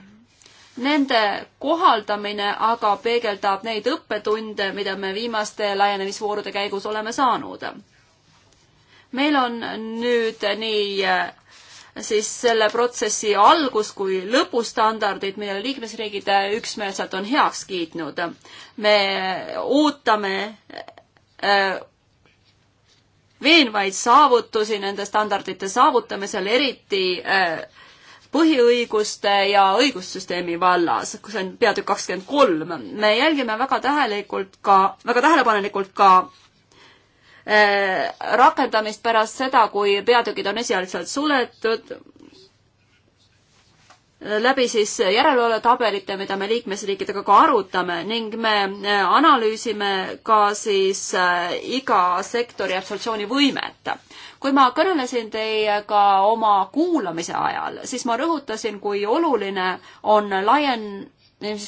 Nende kohaldamine aga peegeldab neid õppetunde, mida me viimaste laienemisvoorude käigus oleme saanud. meil on nüüd nii eh, siis selle protsessi algus kui lõpustandardid, mille liikmesriigid üksmeelselt on heaks kiitnud. me ootame eh, veenvaid saavutusi nende standardite saavutamisel, eriti eh, põhiõiguste ja õigussüsteemi vallas, kus on peatükk kakskümmend kolm, me jälgime väga tähelekult ka, väga tähelepanelikult ka äh, rakendamist pärast seda, kui peatükid on esialgselt suletud läbi siis järelevalvetabelite, mida me liikmesriikidega ka arutame ning me äh, analüüsime ka siis äh, iga sektori absorptsioonivõimet. kui ma kõnelesin teiega oma kuulamise ajal, siis ma rõhutasin, kui oluline on laien-,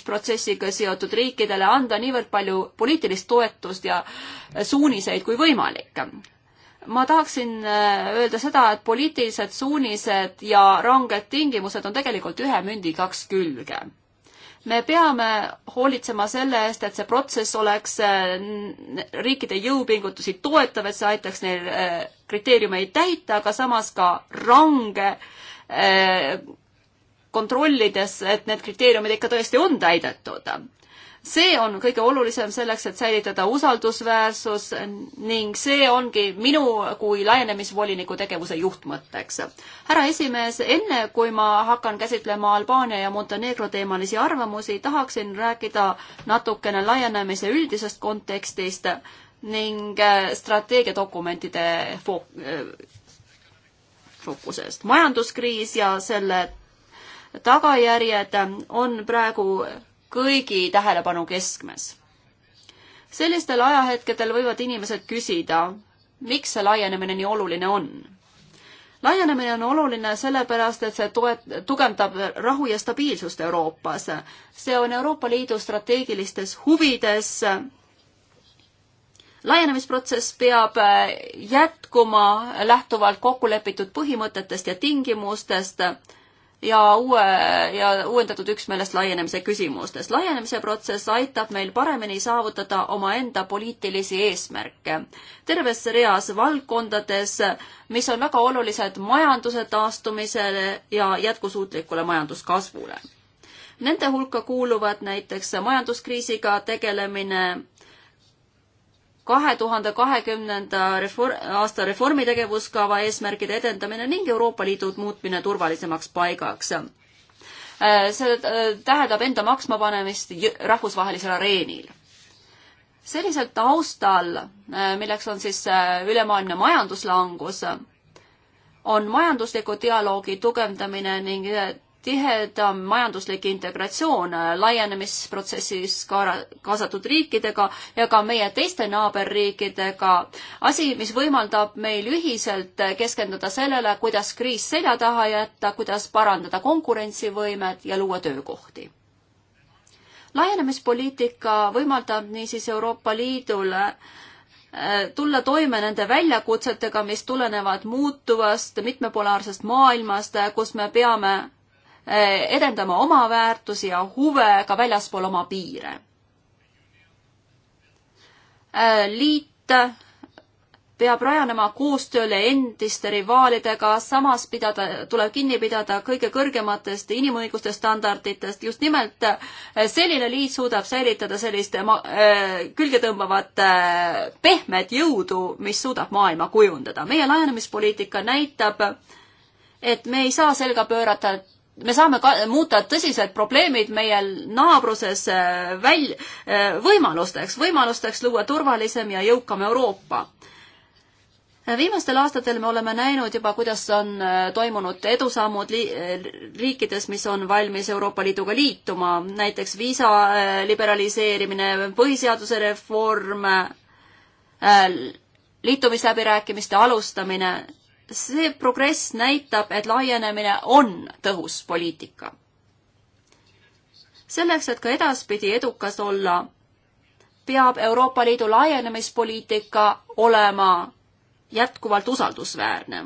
protsessiga seotud riikidele anda niivõrd palju poliitilist toetust ja äh, suuniseid kui võimalik ma tahaksin äh, öelda seda, et poliitilised suunised ja ranged tingimused on tegelikult ühe mündi kaks külge. me peame hoolitsema selle eest, et see protsess oleks äh, riikide jõupingutusi toetav, et see aitaks neil äh, kriteeriumeid täita, aga samas ka range kontrollides, et need kriteeriumid ikka tõesti on täidetud see on kõige olulisem selleks, et säilitada usaldusväärsus ning see ongi minu kui laienemisvoliniku tegevuse juhtmõtteks. härra esimees, enne kui ma hakkan käsitlema Albaania ja Montenegro teemalisi arvamusi, tahaksin rääkida natukene laienemise üldisest kontekstist ning äh, strateegiadokumentide fook-, äh, fookusest. majanduskriis ja selle tagajärjed on praegu kõigi tähelepanu keskmes. sellistel ajahetkedel võivad inimesed küsida, miks see laienemine nii oluline on. laienemine on oluline sellepärast, et see toet-, tugevdab rahu ja stabiilsust Euroopas. see on Euroopa Liidu strateegilistes huvides laienemisprotsess peab jätkuma lähtuvalt kokkulepitud põhimõtetest ja tingimustest ja uue ja uuendatud üksmeelest laienemise küsimustes. laienemise protsess aitab meil paremini saavutada omaenda poliitilisi eesmärke terves reas valdkondades, mis on väga olulised majanduse taastumisele ja jätkusuutlikule majanduskasvule. Nende hulka kuuluvad näiteks majanduskriisiga tegelemine, kahe tuhande kahekümnenda reform, aasta reformitegevuskava eesmärgide edendamine ning Euroopa Liidu muutmine turvalisemaks paigaks. Äh, see äh, tähendab enda maksmapanemist rahvusvahelisel areenil sellisel taustal, äh, milleks on siis ülemaailmne majanduslangus, on majandusliku dialoogi tugevdamine ning tihedam majanduslik integratsioon äh, laienemisprotsessis kaasatud riikidega ja ka meie teiste naaberriikidega. asi, mis võimaldab meil ühiselt äh, keskenduda sellele, kuidas kriis selja taha jätta, kuidas parandada konkurentsivõimet ja luua töökohti laienemispoliitika võimaldab niisiis Euroopa Liidul äh, tulla toime nende väljakutsetega, mis tulenevad muutuvast mitmepolaarsest maailmast, kus me peame Eh, edendama oma väärtusi ja huve ka väljaspool oma piire. Eh, liit peab rajanema koostööle endiste rivaalidega, samas pidada, tuleb kinni pidada kõige kõrgematest inimõiguste standarditest, just nimelt eh, selline liit suudab säilitada sellist külgetõmbavat pehmet jõudu, mis suudab maailma kujundada. meie laenemispoliitika näitab, et me ei saa selga pöörata me saame ka, muuta tõsised probleemid meie naabruses äh, väl-, äh, võimalusteks, võimalusteks luua turvalisem ja jõukam Euroopa äh, viimastel aastatel me oleme näinud juba, kuidas on toimunud edusammud riikides, mis on valmis Euroopa Liiduga liituma, näiteks viisa liberaliseerimine, põhiseaduse reform, liitumisläbirääkimiste alustamine see progress näitab, et laienemine on tõhus poliitika. selleks, et ka edaspidi edukas olla, peab Euroopa Liidu laienemispoliitika olema jätkuvalt usaldusväärne.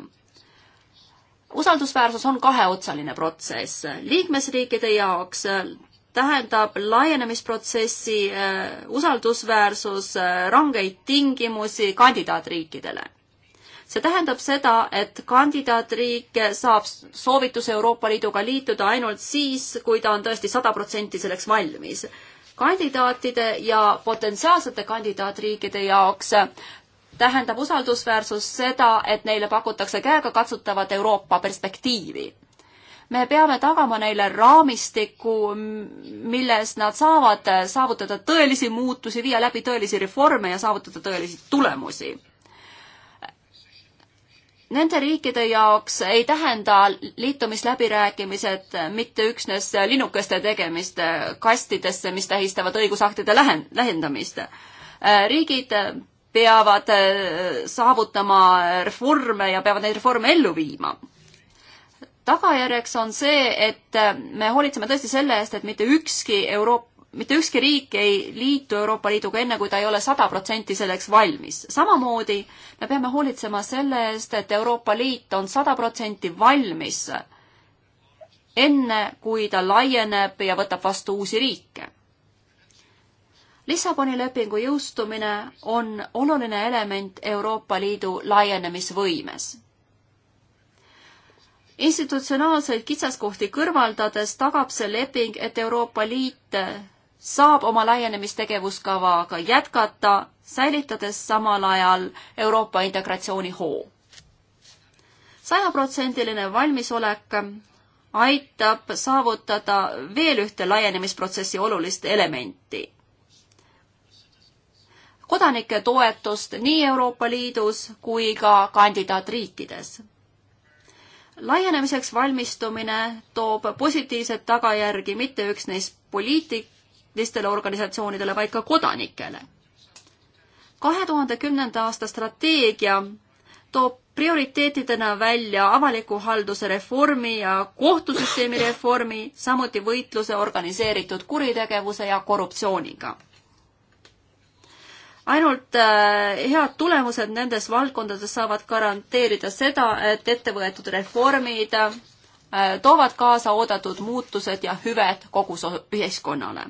usaldusväärsus on kaheotsaline protsess. liikmesriikide jaoks tähendab laienemisprotsessi eh, usaldusväärsus eh, rangeid tingimusi kandidaatriikidele see tähendab seda, et kandidaatriik saab soovituse Euroopa Liiduga liituda ainult siis, kui ta on tõesti sada protsenti selleks valmis. kandidaatide ja potentsiaalsete kandidaatriikide jaoks tähendab usaldusväärsus seda, et neile pakutakse käegakatsutavat Euroopa perspektiivi. me peame tagama neile raamistiku, milles nad saavad saavutada tõelisi muutusi, viia läbi tõelisi reforme ja saavutada tõelisi tulemusi nende riikide jaoks ei tähenda liitumisläbirääkimised mitte üksnes linnukeste tegemist kastidesse, mis tähistavad õigusaktide lähen-, lähendamist. riigid peavad saavutama reforme ja peavad neid reforme ellu viima. tagajärjeks on see, et me hoolitseme tõesti selle eest, et mitte ükski Euroopa mitte ükski riik ei liitu Euroopa Liiduga enne, kui ta ei ole sada protsenti selleks valmis. samamoodi me peame hoolitsema selle eest, et Euroopa Liit on sada protsenti valmis enne, kui ta laieneb ja võtab vastu uusi riike. Lissaboni lepingu jõustumine on oluline element Euroopa Liidu laienemisvõimes institutsionaalseid kitsaskohti kõrvaldades tagab see leping, et Euroopa Liit saab oma laienemistegevuskavaga jätkata, säilitades samal ajal Euroopa integratsiooni hoo. sajaprotsendiline valmisolek aitab saavutada veel ühte laienemisprotsessi olulist elementi. kodanike toetust nii Euroopa Liidus kui ka kandidaatriikides laienemiseks valmistumine toob positiivset tagajärgi mitte üksnes poliitik-, teistele organisatsioonidele, vaid ka kodanikele. kahe tuhande kümnenda aasta strateegia toob prioriteetidena välja avaliku halduse reformi ja kohtusüsteemi reformi, samuti võitluse organiseeritud kuritegevuse ja korruptsiooniga. ainult äh, head tulemused nendes valdkondades saavad garanteerida seda, et ettevõetud reformid äh, toovad kaasa oodatud muutused ja hüved kogu ühiskonnale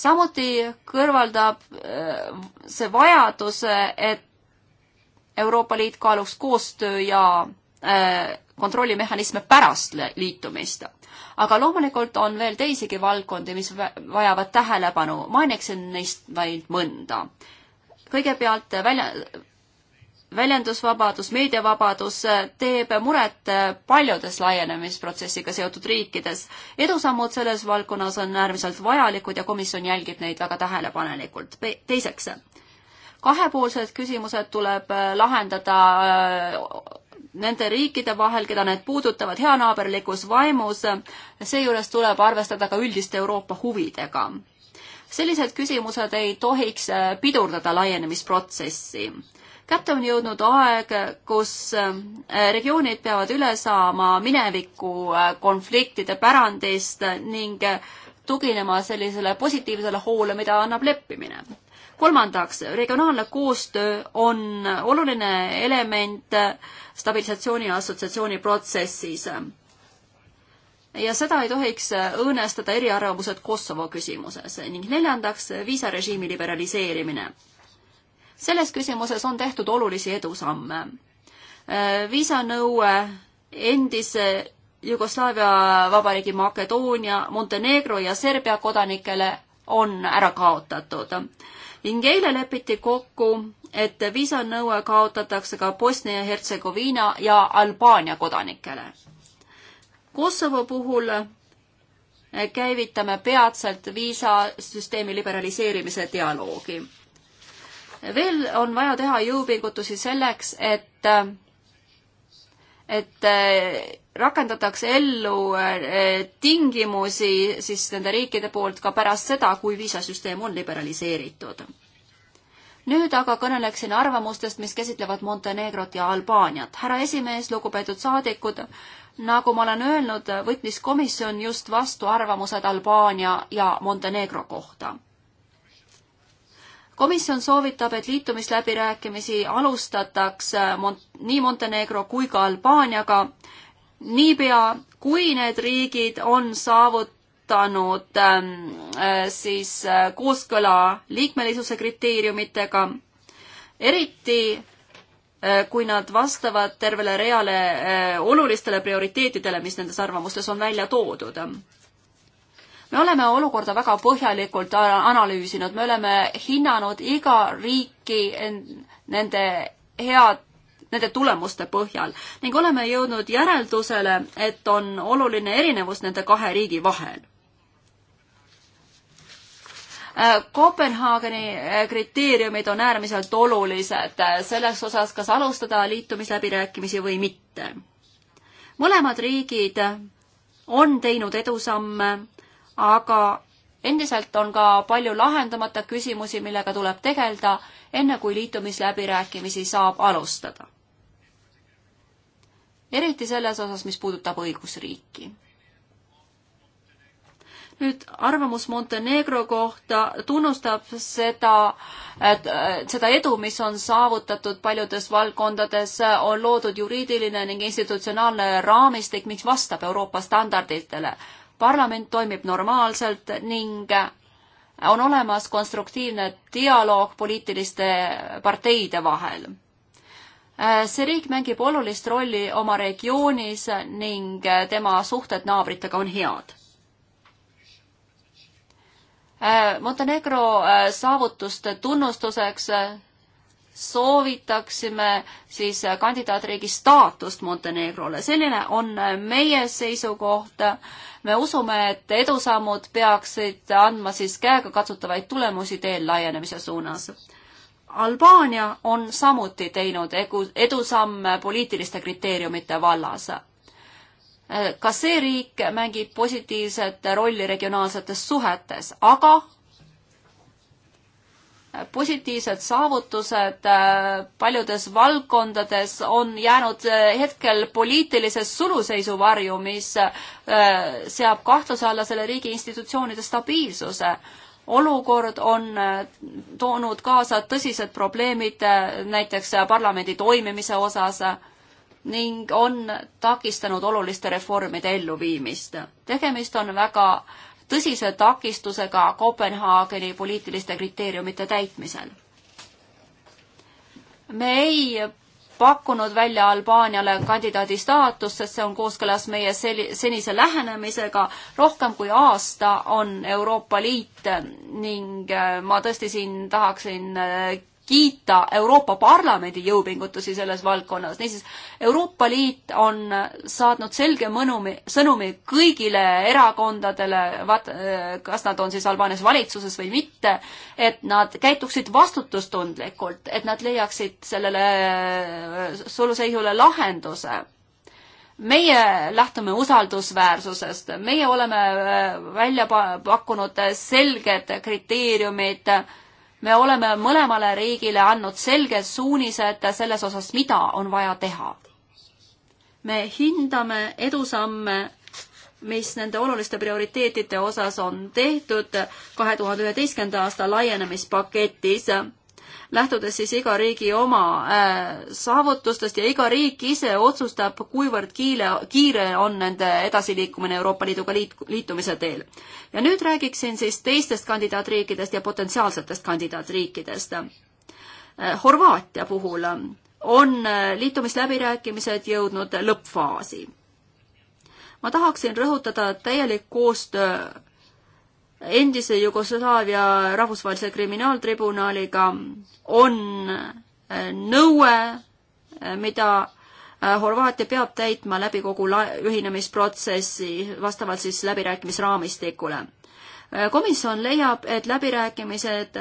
samuti kõrvaldab äh, see vajaduse, et Euroopa Liit kaaluks koostöö ja äh, kontrollimehhanisme pärast liitumist. aga loomulikult on veel teisigi valdkondi, mis vajavad tähelepanu, mainiksin neist vaid mõnda. kõigepealt välja, väljendusvabadus, meediavabadus äh, teeb muret äh, paljudes laienemisprotsessiga seotud riikides. edusammud selles valdkonnas on äärmiselt vajalikud ja komisjon jälgib neid väga tähelepanelikult. teiseks, kahepoolsed küsimused tuleb äh, lahendada nende riikide vahel, keda need puudutavad heanaaberlikus vaimus, seejuures tuleb arvestada ka üldiste Euroopa huvidega. sellised küsimused ei tohiks pidurdada laienemisprotsessi kätte on jõudnud aeg, kus ähm, regioonid peavad üle saama mineviku äh, konfliktide pärandist ning äh, tuginema sellisele positiivsele hoole, mida annab leppimine. kolmandaks, regionaalne koostöö on oluline element äh, stabilisatsiooni ja assotsiatsiooni protsessis. ja seda ei tohiks õõnestada eriarvamused Kosovo küsimuses ning neljandaks, viisarežiimi liberaliseerimine selles küsimuses on tehtud olulisi edusamme. Äh, viisanõue endise Jugoslaavia Vabariigi Makedoonia, Montenegro ja Serbia kodanikele on ära kaotatud. ning eile lepiti kokku, et viisanõue kaotatakse ka Bosnia ja Hertsegoviina ja Albaania kodanikele. Kosovo puhul äh, käivitame peatselt viisasüsteemi liberaliseerimise dialoogi veel on vaja teha jõupingutusi selleks, et, et äh, rakendatakse ellu äh, tingimusi siis nende riikide poolt ka pärast seda, kui viisasüsteem on liberaliseeritud. nüüd aga kõneleksin arvamustest, mis käsitlevad Montenegrot ja Albaaniat. härra esimees, lugupeetud saadikud, nagu ma olen öelnud, võttis komisjon just vastu arvamused Albaania ja Montenegro kohta komisjon soovitab, et liitumisläbirääkimisi alustataks äh, Mont nii Montenegro kui ka Albaaniaga niipea, kui need riigid on saavutanud ähm, äh, siis äh, kooskõla liikmelisuse kriteeriumitega, eriti äh, kui nad vastavad tervele reale äh, olulistele prioriteetidele, mis nendes arvamustes on välja toodud me oleme olukorda väga põhjalikult äh, analüüsinud, me oleme hinnanud iga riiki nende head, nende tulemuste põhjal ning oleme jõudnud järeldusele, et on oluline erinevus nende kahe riigi vahel. Äh, Kopenhaageni äh, kriteeriumid on äärmiselt olulised selles osas, kas alustada liitumisläbirääkimisi või mitte. mõlemad riigid on teinud edusamme aga endiselt on ka palju lahendamata küsimusi, millega tuleb tegeleda, enne kui liitumisläbirääkimisi saab alustada. eriti selles osas, mis puudutab õigusriiki. nüüd arvamus Montenegro kohta tunnustab seda, seda edu, mis on saavutatud paljudes valdkondades, on loodud juriidiline ning institutsionaalne raamistik, mis vastab Euroopa standarditele parlament toimib normaalselt ning on olemas konstruktiivne dialoog poliitiliste parteide vahel. see riik mängib olulist rolli oma regioonis ning tema suhted naabritega on head. Montenegro saavutuste tunnustuseks soovitaksime siis kandidaatriigi staatust Montenegrole. selline on meie seisukoht. me usume, et edusammud peaksid andma siis käegakatsutavaid tulemusi teel laienemise suunas. Albaania on samuti teinud edusamme poliitiliste kriteeriumite vallas ka see riik mängib positiivset rolli regionaalsetes suhetes, aga positiivsed saavutused äh, paljudes valdkondades on jäänud äh, hetkel poliitilise suluseisu varju, mis äh, seab kahtluse alla selle riigi institutsioonide stabiilsuse. olukord on toonud kaasa tõsised probleemid näiteks parlamendi toimimise osas ning on takistanud oluliste reformide elluviimist. tegemist on väga tõsise takistusega Kopenhaageni poliitiliste kriteeriumite täitmisel. me ei pakkunud välja Albaaniale kandidaadi staatust, sest see on kooskõlas meie senise lähenemisega. rohkem kui aasta on Euroopa Liit ning äh, ma tõesti siin tahaksin äh, kiita Euroopa Parlamendi jõupingutusi selles valdkonnas. niisiis, Euroopa Liit on saatnud selge mõnumi, sõnumi kõigile erakondadele, vaat-, kas nad on siis Albaanias valitsuses või mitte, et nad käituksid vastutustundlikult, et nad leiaksid sellele suluseisule lahenduse meie lähtume usaldusväärsusest, meie oleme äh, välja pakkunud selged kriteeriumid äh, me oleme mõlemale riigile andnud selged suunised selles osas, mida on vaja teha. me hindame edusamme, mis nende oluliste prioriteetide osas on tehtud kahe tuhande üheteistkümnenda aasta laienemispaketis lähtudes siis iga riigi oma äh, saavutustest ja iga riik ise otsustab, kuivõrd kiire, kiire on nende edasiliikumine Euroopa Liiduga liit, liitumise teel. ja nüüd räägiksin siis teistest kandidaatriikidest ja potentsiaalsetest kandidaatriikidest. Äh, Horvaatia puhul on äh, liitumisläbirääkimised jõudnud lõppfaasi ma tahaksin rõhutada, et täielik koostöö endise Jugoslaavia rahvusvahelise kriminaaltribunaliga on äh, nõue, äh, mida äh, Horvaatia peab täitma läbi kogu ühinemisprotsessi vastavalt siis läbirääkimisraamistikule. komisjon leiab, et läbirääkimised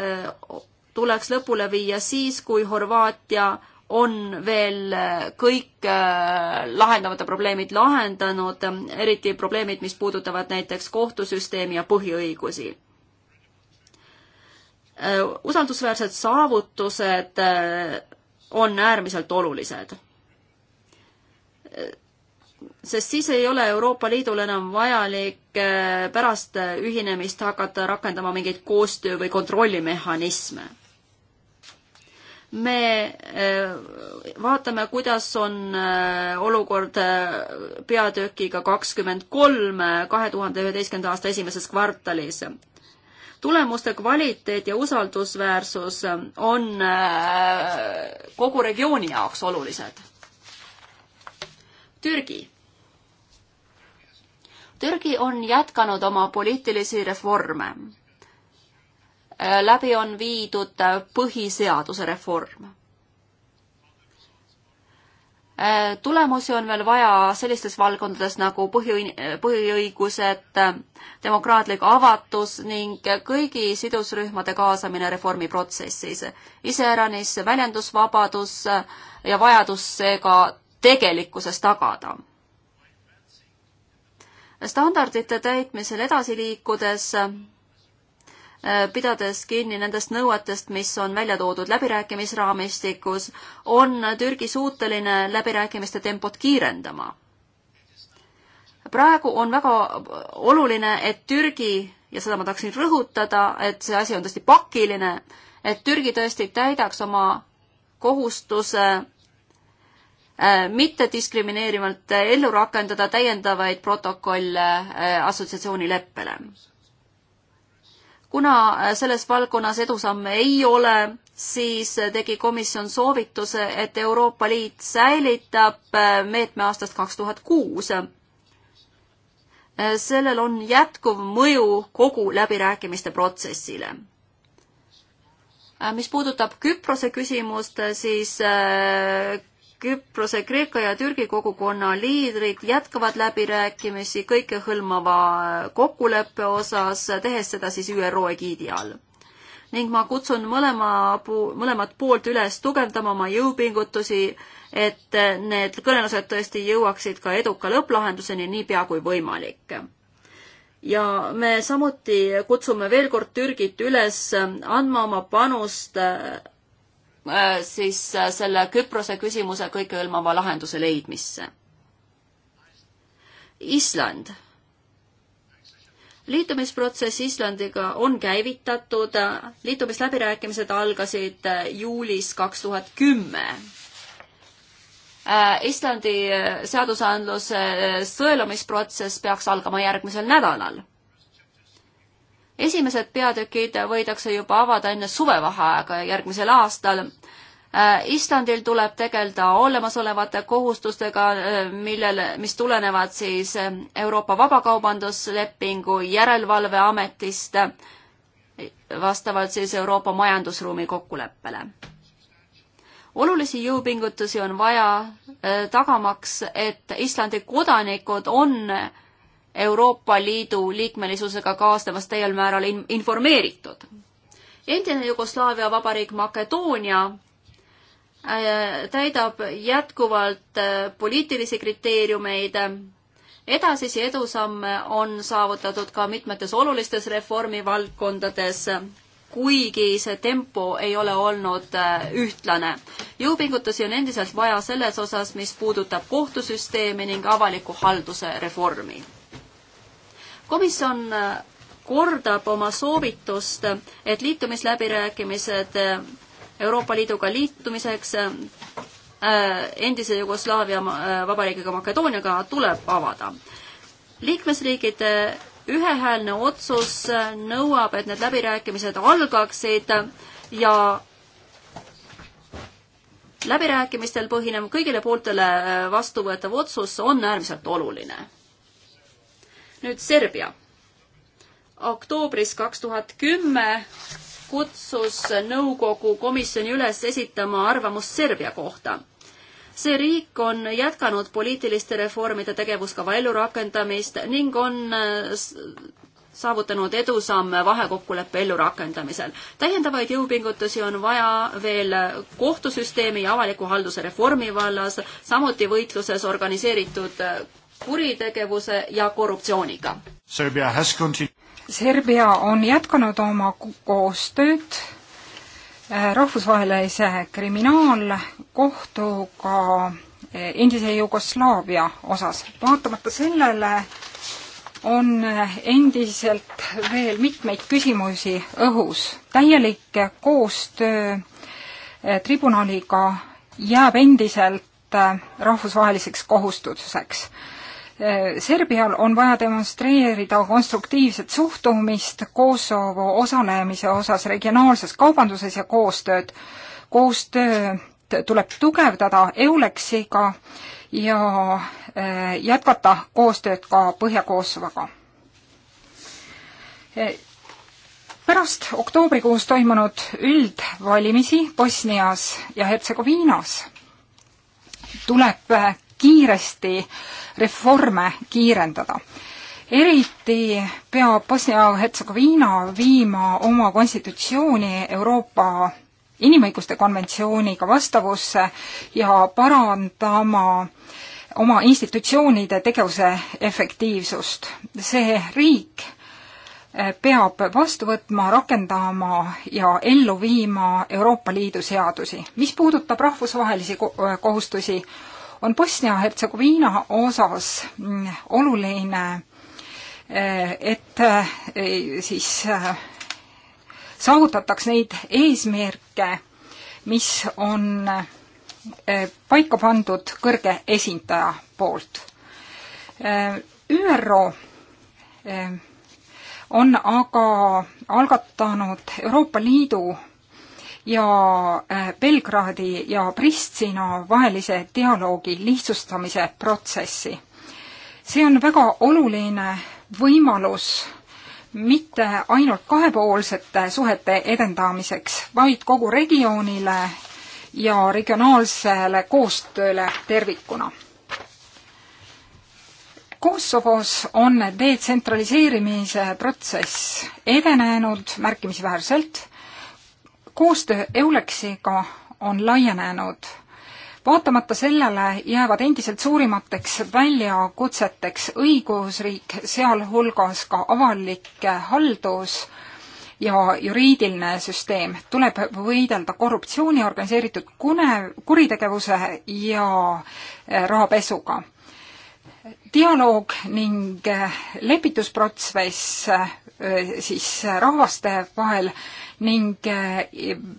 tuleks lõpule viia siis, kui Horvaatia on veel kõik äh, lahendamata probleemid lahendanud, eriti probleemid, mis puudutavad näiteks kohtusüsteemi ja põhiõigusi. Äh, usaldusväärsed saavutused äh, on äärmiselt olulised. sest siis ei ole Euroopa Liidul enam vajalik pärast ühinemist hakata rakendama mingeid koostöö- või kontrollimehhanisme me eh, vaatame, kuidas on eh, olukord eh, peatükiga kakskümmend kolm kahe tuhande üheteistkümnenda aasta esimeses kvartalis. tulemuste kvaliteet ja usaldusväärsus on kogu regiooni jaoks olulised. Türgi. Türgi on jätkanud oma poliitilisi reforme Äh, läbi on viidud äh, põhiseaduse reform. Äh, tulemusi on veel vaja sellistes valdkondades nagu põhi, põhiõigused, demokraatlik avatus ning kõigi sidusrühmade kaasamine reformiprotsessis. iseäranis väljendusvabadus ja vajadus seega tegelikkuses tagada. standardite täitmisel edasi liikudes Äh, pidades kinni nendest nõuetest, mis on välja toodud läbirääkimisraamistikus, on Türgi suuteline läbirääkimiste tempot kiirendama. praegu on väga oluline, et Türgi, ja seda ma tahaksin rõhutada, et see asi on tõesti pakiline, et Türgi tõesti täidaks oma kohustuse äh, mitte diskrimineerivalt ellu rakendada täiendavaid protokolle äh, assotsiatsioonileppele kuna äh, selles valdkonnas edusamme ei ole, siis äh, tegi komisjon soovituse, et Euroopa Liit säilitab äh, meetme aastast kaks tuhat kuus. sellel on jätkuv mõju kogu läbirääkimiste protsessile mis puudutab Küprose küsimust, siis Küprose, Kreeka ja Türgi kogukonna liidrid jätkavad läbirääkimisi kõikehõlmava kokkuleppe osas, tehes seda siis ÜRO egiidi all. ning ma kutsun mõlema, mõlemat poolt üles tugevdama oma jõupingutusi, et need kõnelused tõesti jõuaksid ka eduka lõpplahenduseni niipea kui võimalik ja me samuti kutsume veel kord Türgit üles andma oma panust Äh, siis äh, selle Küprose küsimuse kõikehõlmava lahenduse leidmisse. Island. liitumisprotsess Islandiga on käivitatud, liitumisläbirääkimised algasid äh, juulis kaks tuhat kümme. Islandi seadusandluse sõelumisprotsess peaks algama järgmisel nädalal esimesed peatükid võidakse juba avada enne suvevaheaega järgmisel aastal. Äh, Islandil tuleb tegeleda olemasolevate kohustustega, äh, millele, mis tulenevad siis äh, Euroopa Vabakaubanduslepingu Järelevalveametist vastavalt siis Euroopa majandusruumi kokkuleppele. olulisi jõupingutusi on vaja tagamaks, et Islandi kodanikud on Euroopa Liidu liikmelisusega kaasnevast täiel määral in-, informeeritud. endine Jugoslaavia vabariik Makedoonia äh, täidab jätkuvalt äh, poliitilisi kriteeriumeid. edasisi edusamme on saavutatud ka mitmetes olulistes reformivaldkondades, kuigi see tempo ei ole olnud äh, ühtlane. jõupingutusi on endiselt vaja selles osas, mis puudutab kohtusüsteemi ning avaliku halduse reformi komisjon äh, kordab oma soovitust, et liitumisläbirääkimised äh, Euroopa Liiduga liitumiseks äh, endise Jugoslaavia vabariigiga Makedooniaga tuleb avada. liikmesriigide ühehäälne otsus nõuab, et need läbirääkimised algaksid ja läbirääkimistel põhinev kõigile pooltele vastuvõetav otsus on äärmiselt oluline nüüd Serbia. oktoobris kaks tuhat kümme kutsus nõukogu komisjoni üles esitama arvamust Serbia kohta. see riik on jätkanud poliitiliste reformide tegevuskava ellurakendamist ning on äh, saavutanud edusamme vahekokkuleppe ellurakendamisel. täiendavaid jõupingutusi on vaja veel kohtusüsteemi ja avaliku halduse reformi vallas, samuti võitluses organiseeritud äh, kuritegevuse ja korruptsiooniga. Serbia on jätkanud oma koostööd äh, rahvusvahelise kriminaalkohtuga äh, endise Jugoslaavia osas. vaatamata sellele on äh, endiselt veel mitmeid küsimusi õhus. täielik koostöö tribunaliga jääb endiselt rahvusvaheliseks kohustuseks Eh, Serbial on vaja demonstreerida konstruktiivset suhtumist Kosovo osalemise osas regionaalses kaubanduses ja koostööd. koostööd tuleb tugevdada EULEX-iga ja eh, jätkata koostööd ka Põhja-Kosovoga. Eh, pärast oktoobrikuus toimunud üldvalimisi Bosnias ja Hertsegoviinas tuleb kiiresti reforme kiirendada. eriti peab Bosnia-Hertsegoviina viima oma konstitutsiooni Euroopa inimõiguste konventsiooniga vastavusse ja parandama oma institutsioonide tegevuse efektiivsust. see riik peab vastu võtma, rakendama ja ellu viima Euroopa Liidu seadusi. mis puudutab rahvusvahelisi kohustusi, on Bosnia-Hertsegoviina osas mm, oluline, eh, et eh, siis eh, saavutataks neid eesmärke, mis on paika pandud kõrge esindaja poolt. ÜRO on aga algatanud Euroopa Liidu ja äh, Belgradi ja Pristina vahelise dialoogi lihtsustamise protsessi. see on väga oluline võimalus mitte ainult kahepoolsete suhete edendamiseks, vaid kogu regioonile ja regionaalsele koostööle tervikuna. Kosovos on detsentraliseerimise protsess edenenud märkimisväärselt koostöö EULEX-iga on laienenud. vaatamata sellele jäävad endiselt suurimateks väljakutseteks õigusriik, sealhulgas ka avalik haldus ja juriidiline süsteem. tuleb võidelda korruptsiooni, organiseeritud kune, kuritegevuse ja eh, rahapesuga. dialoog ning eh, lepitusprotsess eh, siis rahvaste vahel ning eh,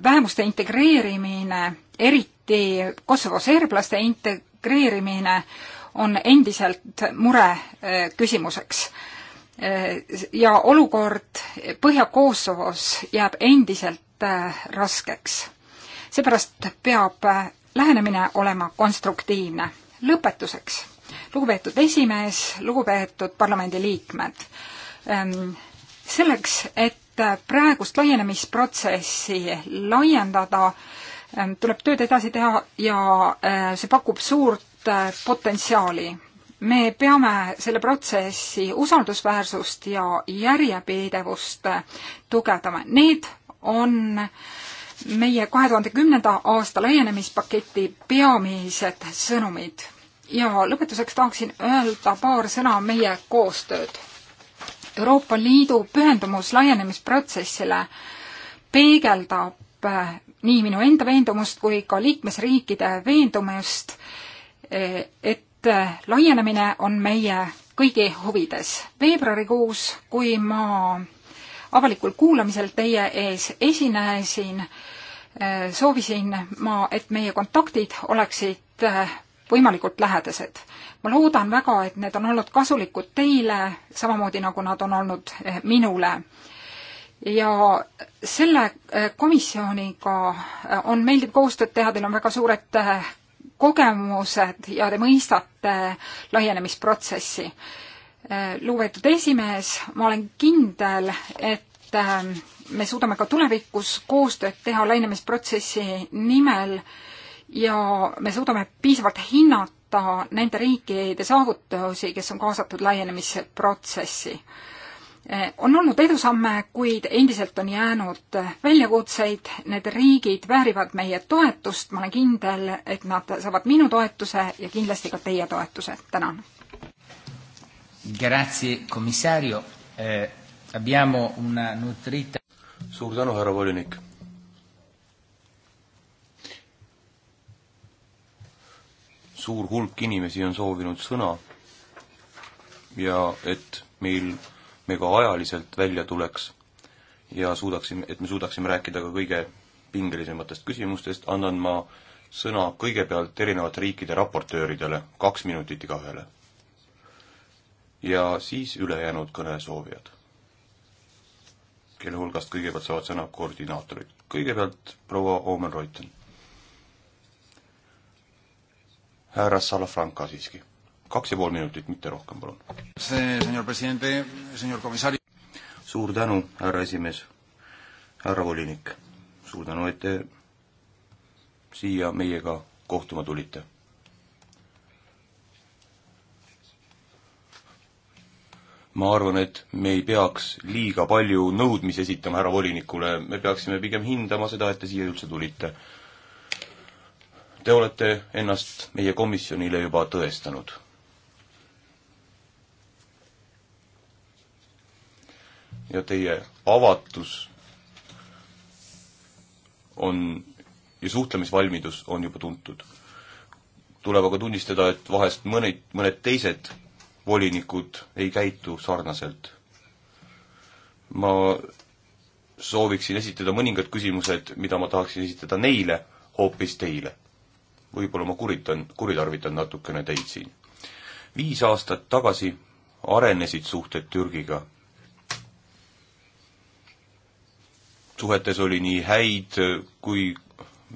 vähemuste integreerimine, eriti Kosovo serblaste integreerimine, on endiselt mure eh, küsimuseks. Eh, ja olukord Põhja-Kosovos jääb endiselt raskeks. seepärast peab lähenemine olema konstruktiivne. lõpetuseks, lugupeetud esimees, lugupeetud parlamendiliikmed, ehm, selleks, et Äh, praegust laienemisprotsessi laiendada, ähm, tuleb tööd edasi teha ja äh, see pakub suurt äh, potentsiaali. me peame selle protsessi usaldusväärsust ja järjepidevust tugevdama. Need on meie kahe tuhande kümnenda aasta laienemispaketi peamised sõnumid. ja lõpetuseks tahaksin öelda paar sõna meie koostööd Euroopa Liidu pühendumus laienemisprotsessile peegeldab eh, nii minu enda veendumust kui ka liikmesriikide veendumust, eh, et eh, laienemine on meie kõigi huvides. veebruarikuus, kui ma avalikul kuulamisel teie ees esinesin, soovisin ma, et meie kontaktid oleksid võimalikult lähedased. ma loodan väga, et need on olnud kasulikud teile, samamoodi nagu nad on olnud eh, minule. ja selle eh, komisjoniga eh, on meeldiv koostööd teha, teil on väga suured kogemused ja te mõistate laienemisprotsessi. lugupeetud esimees, ma olen kindel, et me suudame ka tulevikus koostööd teha laienemisprotsessi nimel äh, ja me suudame piisavalt hinnata nende riikide saavutusi, kes on kaasatud laienemisprotsessi. on olnud edusamme, kuid endiselt on jäänud väljakutseid, need riigid väärivad meie toetust, ma olen kindel, et nad saavad minu toetuse ja kindlasti ka teie toetuse, tänan. Grazie commissario eh,, abbiamo una nutrita suur tänu, härra volinik suur hulk inimesi on soovinud sõna ja et meil, me ka ajaliselt välja tuleks ja suudaksime, et me suudaksime rääkida ka kõige pingelisematest küsimustest, annan ma sõna kõigepealt erinevate riikide raportööridele, kaks minutit igaühele. ja siis ülejäänud kõnesoovijad, kelle hulgast kõigepealt saavad sõna koordinaatorid. kõigepealt proua Oomen Reuten. härra Salafranca siiski. kaks ja pool minutit, mitte rohkem, palun. suur tänu, härra esimees, härra volinik, suur tänu, et te siia meiega kohtuma tulite ma arvan, et me ei peaks liiga palju nõudmisi esitama härra volinikule, me peaksime pigem hindama seda, et te siia üldse tulite. Te olete ennast meie komisjonile juba tõestanud. ja teie avatus on ja suhtlemisvalmidus on juba tuntud. tuleb aga tunnistada, et vahest mõned, mõned teised volinikud ei käitu sarnaselt. ma sooviksin esitada mõningad küsimused, mida ma tahaksin esitada neile, hoopis teile võib-olla ma kuritan, kuritarvitan natukene teid siin. viis aastat tagasi arenesid suhted Türgiga. suhetes oli nii häid kui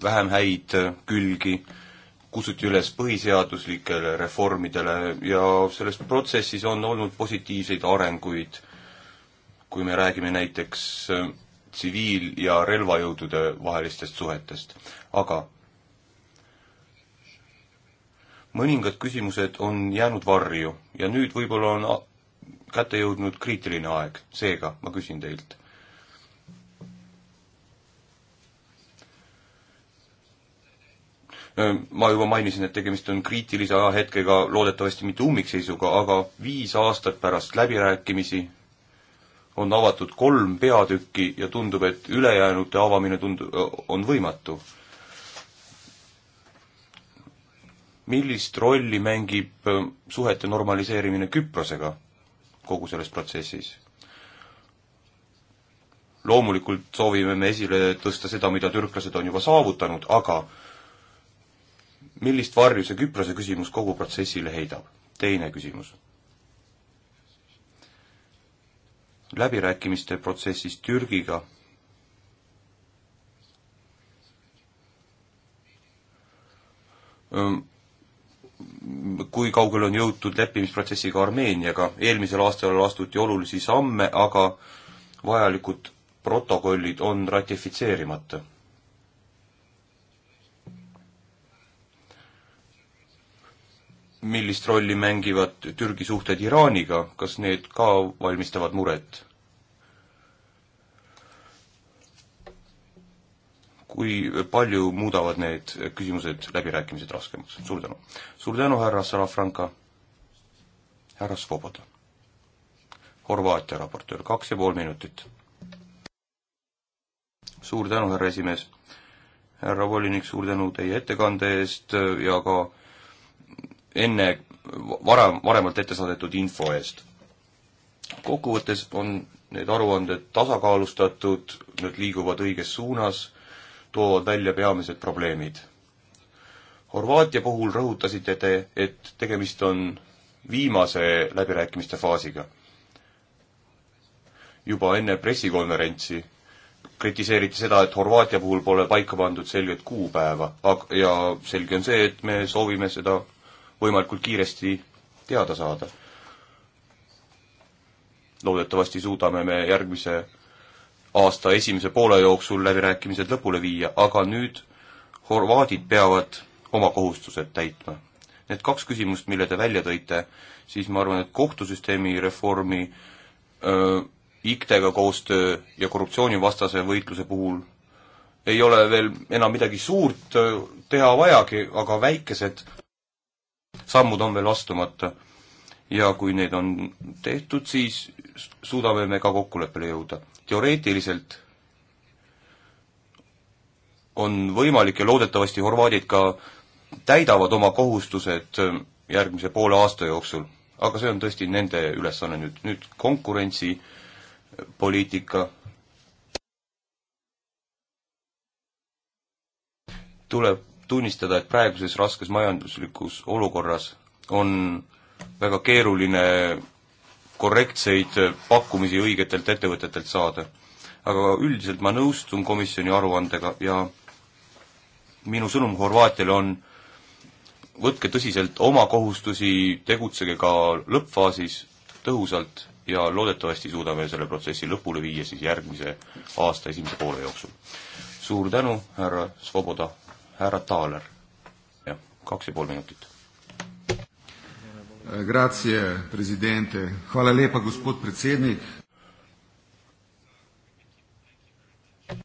vähem häid külgi, kutsuti üles põhiseaduslikele reformidele ja selles protsessis on olnud positiivseid arenguid, kui me räägime näiteks tsiviil- ja relvajõudude vahelistest suhetest. aga mõningad küsimused on jäänud varju ja nüüd võib-olla on kätte jõudnud kriitiline aeg, seega ma küsin teilt. ma juba mainisin, et tegemist on kriitilise ajahetkega, loodetavasti mitte ummikseisuga, aga viis aastat pärast läbirääkimisi on avatud kolm peatükki ja tundub, et ülejäänute avamine tund-, on võimatu millist rolli mängib ähm, suhete normaliseerimine Küprosega kogu selles protsessis? loomulikult soovime me esile tõsta seda, mida türklased on juba saavutanud, aga millist varju see Küprose küsimus kogu protsessile heidab? teine küsimus. läbirääkimiste protsessis Türgiga ähm, kui kaugele on jõutud leppimisprotsessiga Armeeniaga, eelmisel aastal astuti olulisi samme, aga vajalikud protokollid on ratifitseerimata. millist rolli mängivad Türgi suhted Iraaniga, kas need ka valmistavad muret? kui palju muudavad need küsimused läbirääkimised raskemaks. suur tänu. suur tänu, härra Salafranca, härra Svoboda. Horvaatia raportöör, kaks ja pool minutit. suur tänu, härra esimees. härra volinik, suur tänu teie ettekande eest ja ka enne varem, varemalt ette saadetud info eest. kokkuvõttes on need aruanded tasakaalustatud, nad liiguvad õiges suunas toovad välja peamised probleemid. Horvaatia puhul rõhutasite te, et tegemist on viimase läbirääkimiste faasiga. juba enne pressikonverentsi kritiseeriti seda, et Horvaatia puhul pole paika pandud selget kuupäeva, ja selge on see, et me soovime seda võimalikult kiiresti teada saada. loodetavasti suudame me järgmise aasta esimese poole jooksul läbirääkimised lõpule viia, aga nüüd horvaadid peavad oma kohustused täitma. Need kaks küsimust, mille te välja tõite, siis ma arvan, et kohtusüsteemi reformi äh, IKT-ga koostöö ja korruptsioonivastase võitluse puhul ei ole veel enam midagi suurt teha vajagi, aga väikesed sammud on veel astumata. ja kui need on tehtud, siis suudame me ka kokkuleppele jõuda teoreetiliselt on võimalik ja loodetavasti horvaadid ka täidavad oma kohustused järgmise poole aasta jooksul, aga see on tõesti nende ülesanne nüüd, nüüd konkurentsipoliitika tuleb tunnistada, et praeguses raskes majanduslikus olukorras on väga keeruline korrektseid äh, pakkumisi õigetelt ettevõtetelt saada. aga üldiselt ma nõustun komisjoni aruandega ja minu sõnum Horvaatiale on, võtke tõsiselt oma kohustusi, tegutsege ka lõppfaasis tõhusalt ja loodetavasti suudame selle protsessi lõpule viia siis järgmise aasta esimese poole jooksul. suur tänu, härra Svoboda, härra Taaler, jah, kaks ja pool minutit. Eh, grazie, prezidente. Hvala lepa, gospod predsednik.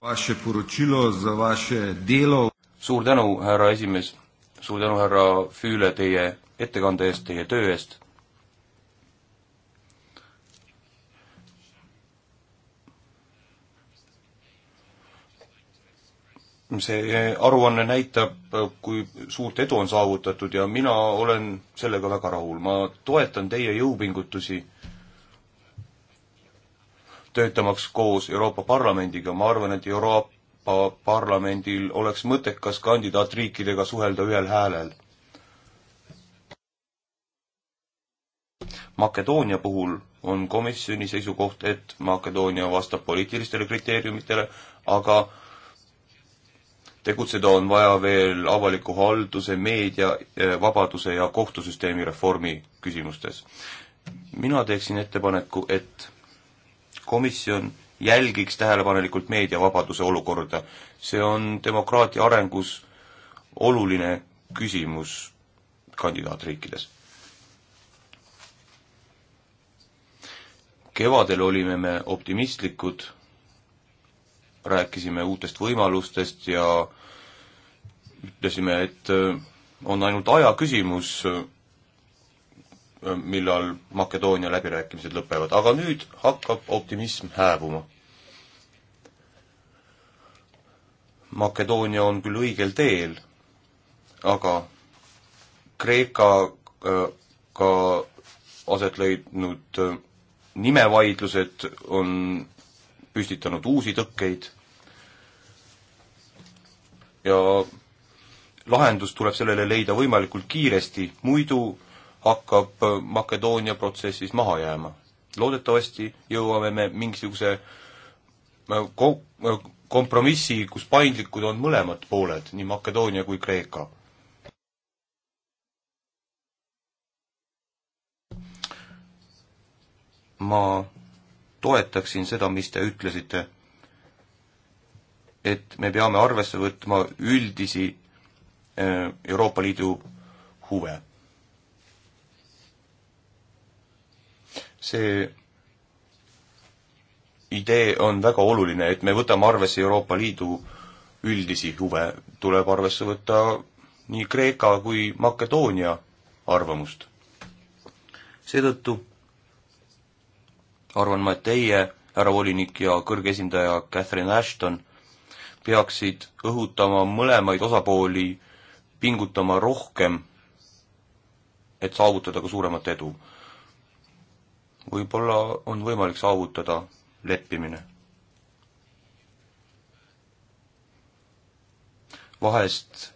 Vaše poročilo, za vaše delo. suur tänu, härra esimees, suur tänu, härra Füüle, teie ettekande eest, teie töö eest see aruanne näitab, kui suurt edu on saavutatud ja mina olen sellega väga rahul, ma toetan teie jõupingutusi töötamaks koos Euroopa Parlamendiga, ma arvan, et Euroopa Parlamendil oleks mõttekas kandidaatriikidega suhelda ühel häälel. Makedoonia puhul on komisjoni seisukoht, et Makedoonia vastab poliitilistele kriteeriumitele, aga äh, tegutseda on vaja veel avaliku halduse, meedia, eh, vabaduse ja kohtusüsteemi reformi küsimustes. mina teeksin ettepaneku, et komisjon jälgiks tähelepanelikult meediavabaduse olukorda. see on demokraatia arengus oluline küsimus kandidaatriikides. kevadel olime me optimistlikud rääkisime uutest võimalustest ja ütlesime, et äh, on ainult aja küsimus, äh, millal Makedoonia läbirääkimised lõpevad, aga nüüd hakkab optimism hääbuma. Makedoonia on küll õigel teel, aga Kreekaga äh, aset leidnud nimevaidlused on püstitanud uusi tõkkeid ja lahendus tuleb sellele leida võimalikult kiiresti, muidu hakkab äh, Makedoonia protsessis maha jääma. loodetavasti jõuame me mingisuguse äh, ko-, äh, kompromissi, kus paindlikud on mõlemad pooled, nii Makedoonia kui Kreeka. ma toetaksin seda, mis te ütlesite et me peame arvesse võtma üldisi äh, Euroopa Liidu huve. see idee on väga oluline, et me võtame arvesse Euroopa Liidu üldisi huve, tuleb arvesse võtta nii Kreeka kui Makedoonia arvamust. seetõttu arvan ma, et teie, härra volinik ja kõrge esindaja Catherine Ashton peaksid õhutama mõlemaid osapooli pingutama rohkem, et saavutada ka suuremat edu. võib-olla on võimalik saavutada leppimine. vahest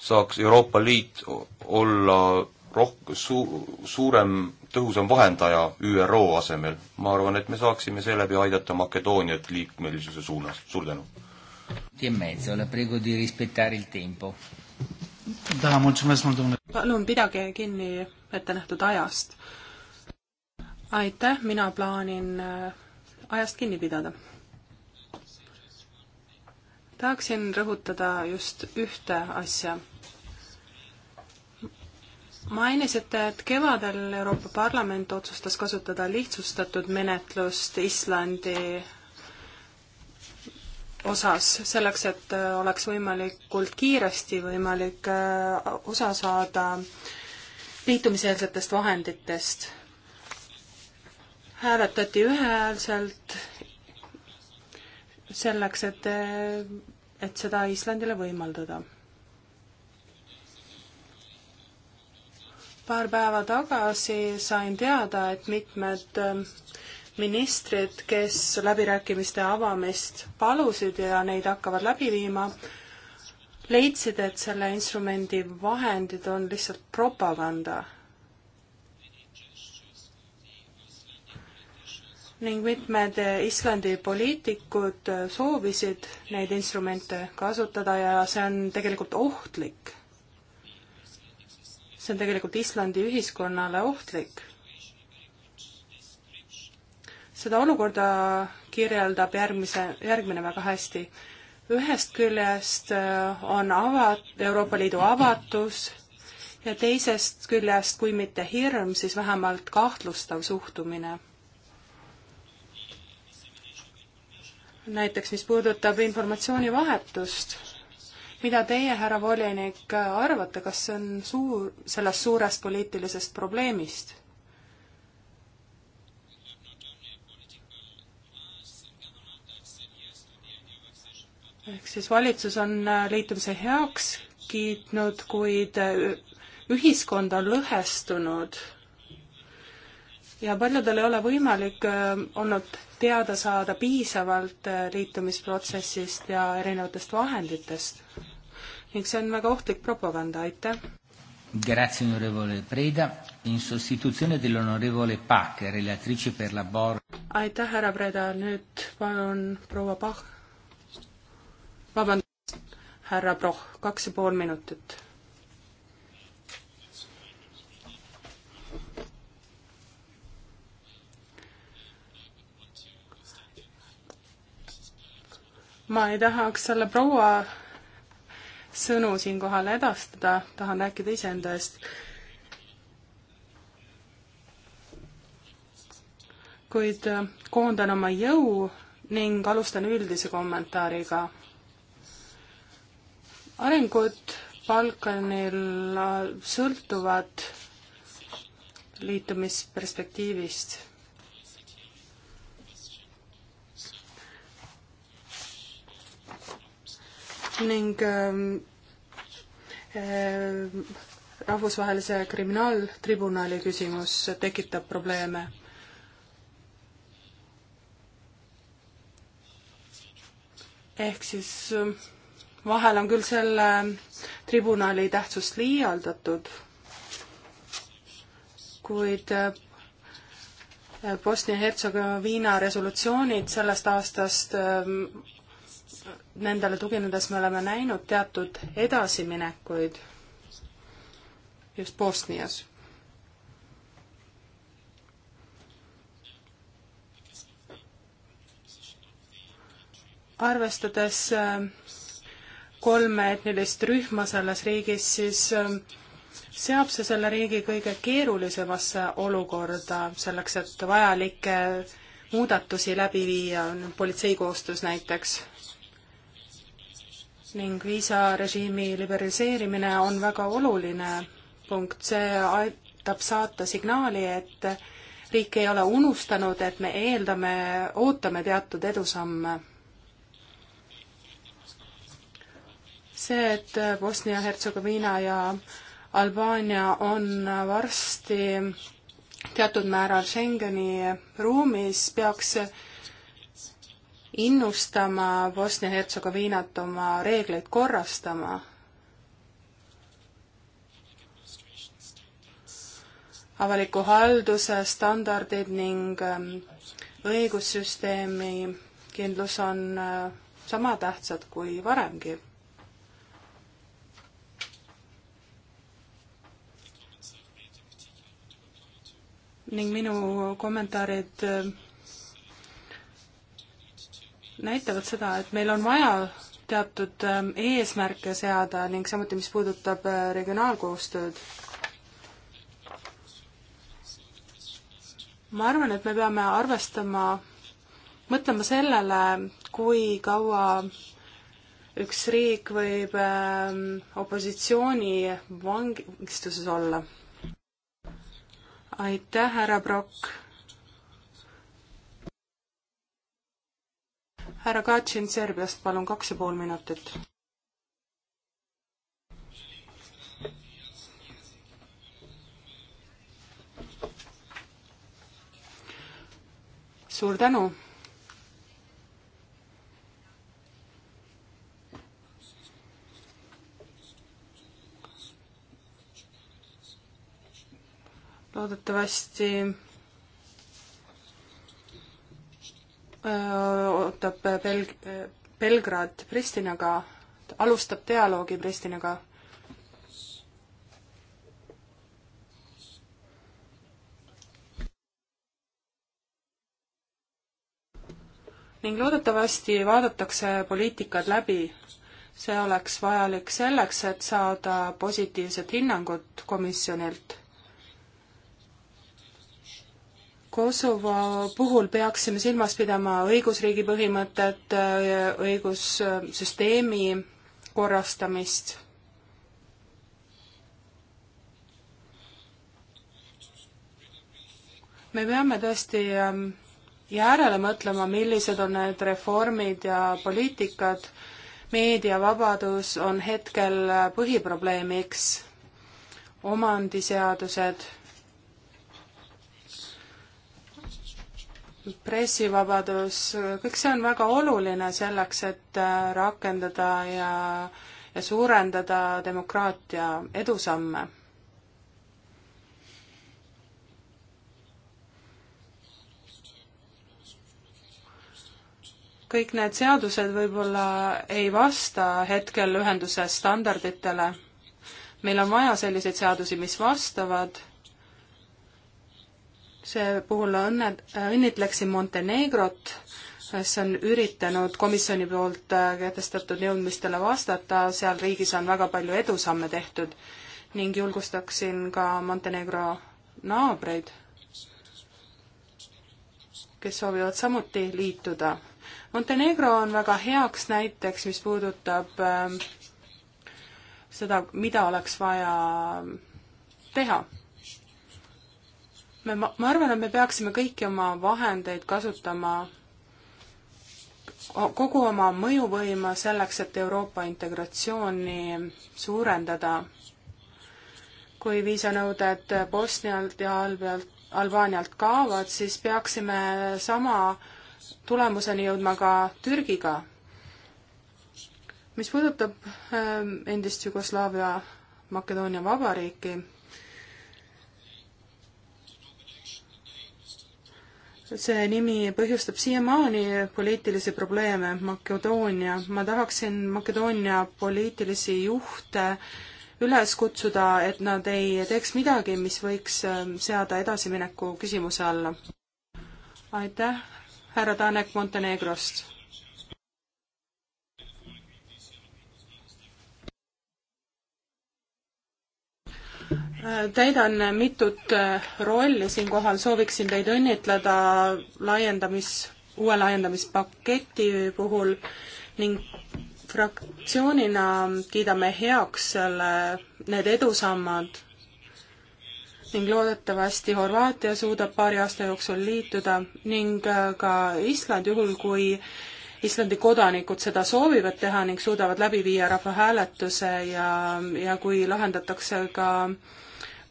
saaks Euroopa Liit olla roh-, su-, suurem tõhusam vahendaja ÜRO asemel. ma arvan, et me saaksime seeläbi aidata Makedooniat liikmelisuse suunas. suur tänu! palun pidage kinni ettenähtud ajast. aitäh, mina plaanin äh, ajast kinni pidada. tahaksin rõhutada just ühte asja mainisite, et kevadel Euroopa Parlament otsustas kasutada lihtsustatud menetlust Islandi osas, selleks et äh, oleks võimalikult kiiresti võimalik äh, osa saada liitumiseelsetest vahenditest. hääletati ühehäälselt selleks, et, äh, et seda Islandile võimaldada paar päeva tagasi sain teada, et mitmed ähm, ministrid, kes läbirääkimiste avamist palusid ja neid hakkavad läbi viima, leidsid, et selle instrumendi vahendid on lihtsalt propaganda. ning mitmed Islandi poliitikud soovisid neid instrumente kasutada ja see on tegelikult ohtlik see on tegelikult Islandi ühiskonnale ohtlik. seda olukorda kirjeldab järgmise, järgmine väga hästi. ühest küljest äh, on avat-, Euroopa Liidu avatus ja teisest küljest, kui mitte hirm, siis vähemalt kahtlustav suhtumine. näiteks mis puudutab informatsioonivahetust mida teie, härra volinik, arvate, kas see on suur, sellest suurest poliitilisest probleemist? ehk siis valitsus on äh, liitumise heaks kiitnud, kuid äh, ühiskond on lõhestunud ja paljudel ei ole võimalik äh, olnud teada saada piisavalt liitumisprotsessist ja erinevatest vahenditest ning see on väga ohtlik propaganda, aitäh. Grazie onorevole Preda, in sostituzione dell'onorevole Pach, relatrice per la Bor-. aitäh, härra Preda, nüüd palun proua Pach, vabandust, härra Proh, kaks ja pool minutit. ma ei tahaks selle proua sõnu siinkohal edastada, tahan rääkida iseenda eest. kuid äh, koondan oma jõu ning alustan üldise kommentaariga. arengud Balkanil äh, sõltuvad liitumisperspektiivist ning ähm, äh, rahvusvahelise kriminaaltribunali küsimus tekitab probleeme. ehk siis äh, vahel on küll selle tribunali tähtsust liialdatud, kuid äh, Bosnia-Hertsegoviina resolutsioonid sellest aastast ähm, nendele tuginedes me oleme näinud teatud edasiminekuid just Bosnias. arvestades äh, kolme etnilist rühma selles riigis, siis äh, seab see selle riigi kõige keerulisemasse olukorda selleks, et vajalikke muudatusi läbi viia, politsei koostöös näiteks ning viisarežiimi liberaliseerimine on väga oluline punkt, see aitab saata signaali, et riik ei ole unustanud, et me eeldame, ootame teatud edusamme. see, et Bosnia-Hertsegoviina ja Albaania on varsti teatud määral Schengeni ruumis, peaks innustama Bosnia-Hertsegoviinat oma reegleid korrastama. avaliku halduse standardid ning ähm, õigussüsteemi kindlus on äh, sama tähtsad kui varemgi ning minu kommentaarid äh, näitavad seda, et meil on vaja teatud ähm, eesmärke seada ning samuti, mis puudutab äh, regionaalkoostööd. ma arvan, et me peame arvestama, mõtlema sellele, kui kaua üks riik võib ähm, opositsiooni vangistuses olla. aitäh, härra Brock härra Katšin Serbiast, palun kaks ja pool minutit. suur tänu loodetavasti ootab äh, Belg-, äh, Belgrad Pristinaga, alustab dialoogi Pristinaga ning loodetavasti vaadatakse poliitikad läbi. see oleks vajalik selleks, et saada positiivset hinnangut komisjonilt. Kosovo puhul peaksime silmas pidama õigusriigi põhimõtet, äh, õigussüsteemi korrastamist. me peame tõesti ähm, järele mõtlema, millised on need reformid ja poliitikad. meediavabadus on hetkel äh, põhiprobleemiks, omandiseadused pressivabadus, kõik see on väga oluline selleks, et äh, rakendada ja, ja suurendada demokraatia edusamme. kõik need seadused võib-olla ei vasta hetkel ühenduse standarditele. meil on vaja selliseid seadusi, mis vastavad see puhul õnne, õnnitleksin Montenegrot, kes on üritanud komisjoni poolt äh, kehtestatud nõudmistele vastata, seal riigis on väga palju edusamme tehtud ning julgustaksin ka Montenegro naabreid, kes soovivad samuti liituda. Montenegro on väga heaks näiteks, mis puudutab äh, seda, mida oleks vaja teha me, ma arvan, et me peaksime kõiki oma vahendeid kasutama, kogu oma mõjuvõima selleks, et Euroopa integratsiooni suurendada. kui viisanõuded Bosnialt ja Albialt, Albaanialt kaovad, siis peaksime sama tulemuseni jõudma ka Türgiga. mis puudutab ähm, endist Jugoslaavia Makedoonia vabariiki, see nimi põhjustab siiamaani poliitilisi probleeme, Makedoonia. ma tahaksin Makedoonia poliitilisi juhte üles kutsuda, et nad ei teeks midagi, mis võiks ähm, seada edasimineku küsimuse alla. aitäh, härra Tanek Montenegrost! Äh, täidan mitut äh, rolli siinkohal, sooviksin teid õnnitleda laiendamis, uue laiendamispaketi puhul ning fraktsioonina kiidame heaks selle, need edusammad ning loodetavasti Horvaatia suudab paari aasta jooksul liituda ning äh, ka Island, juhul kui Islandi kodanikud seda soovivad teha ning suudavad läbi viia rahvahääletuse ja, ja kui lahendatakse ka äh,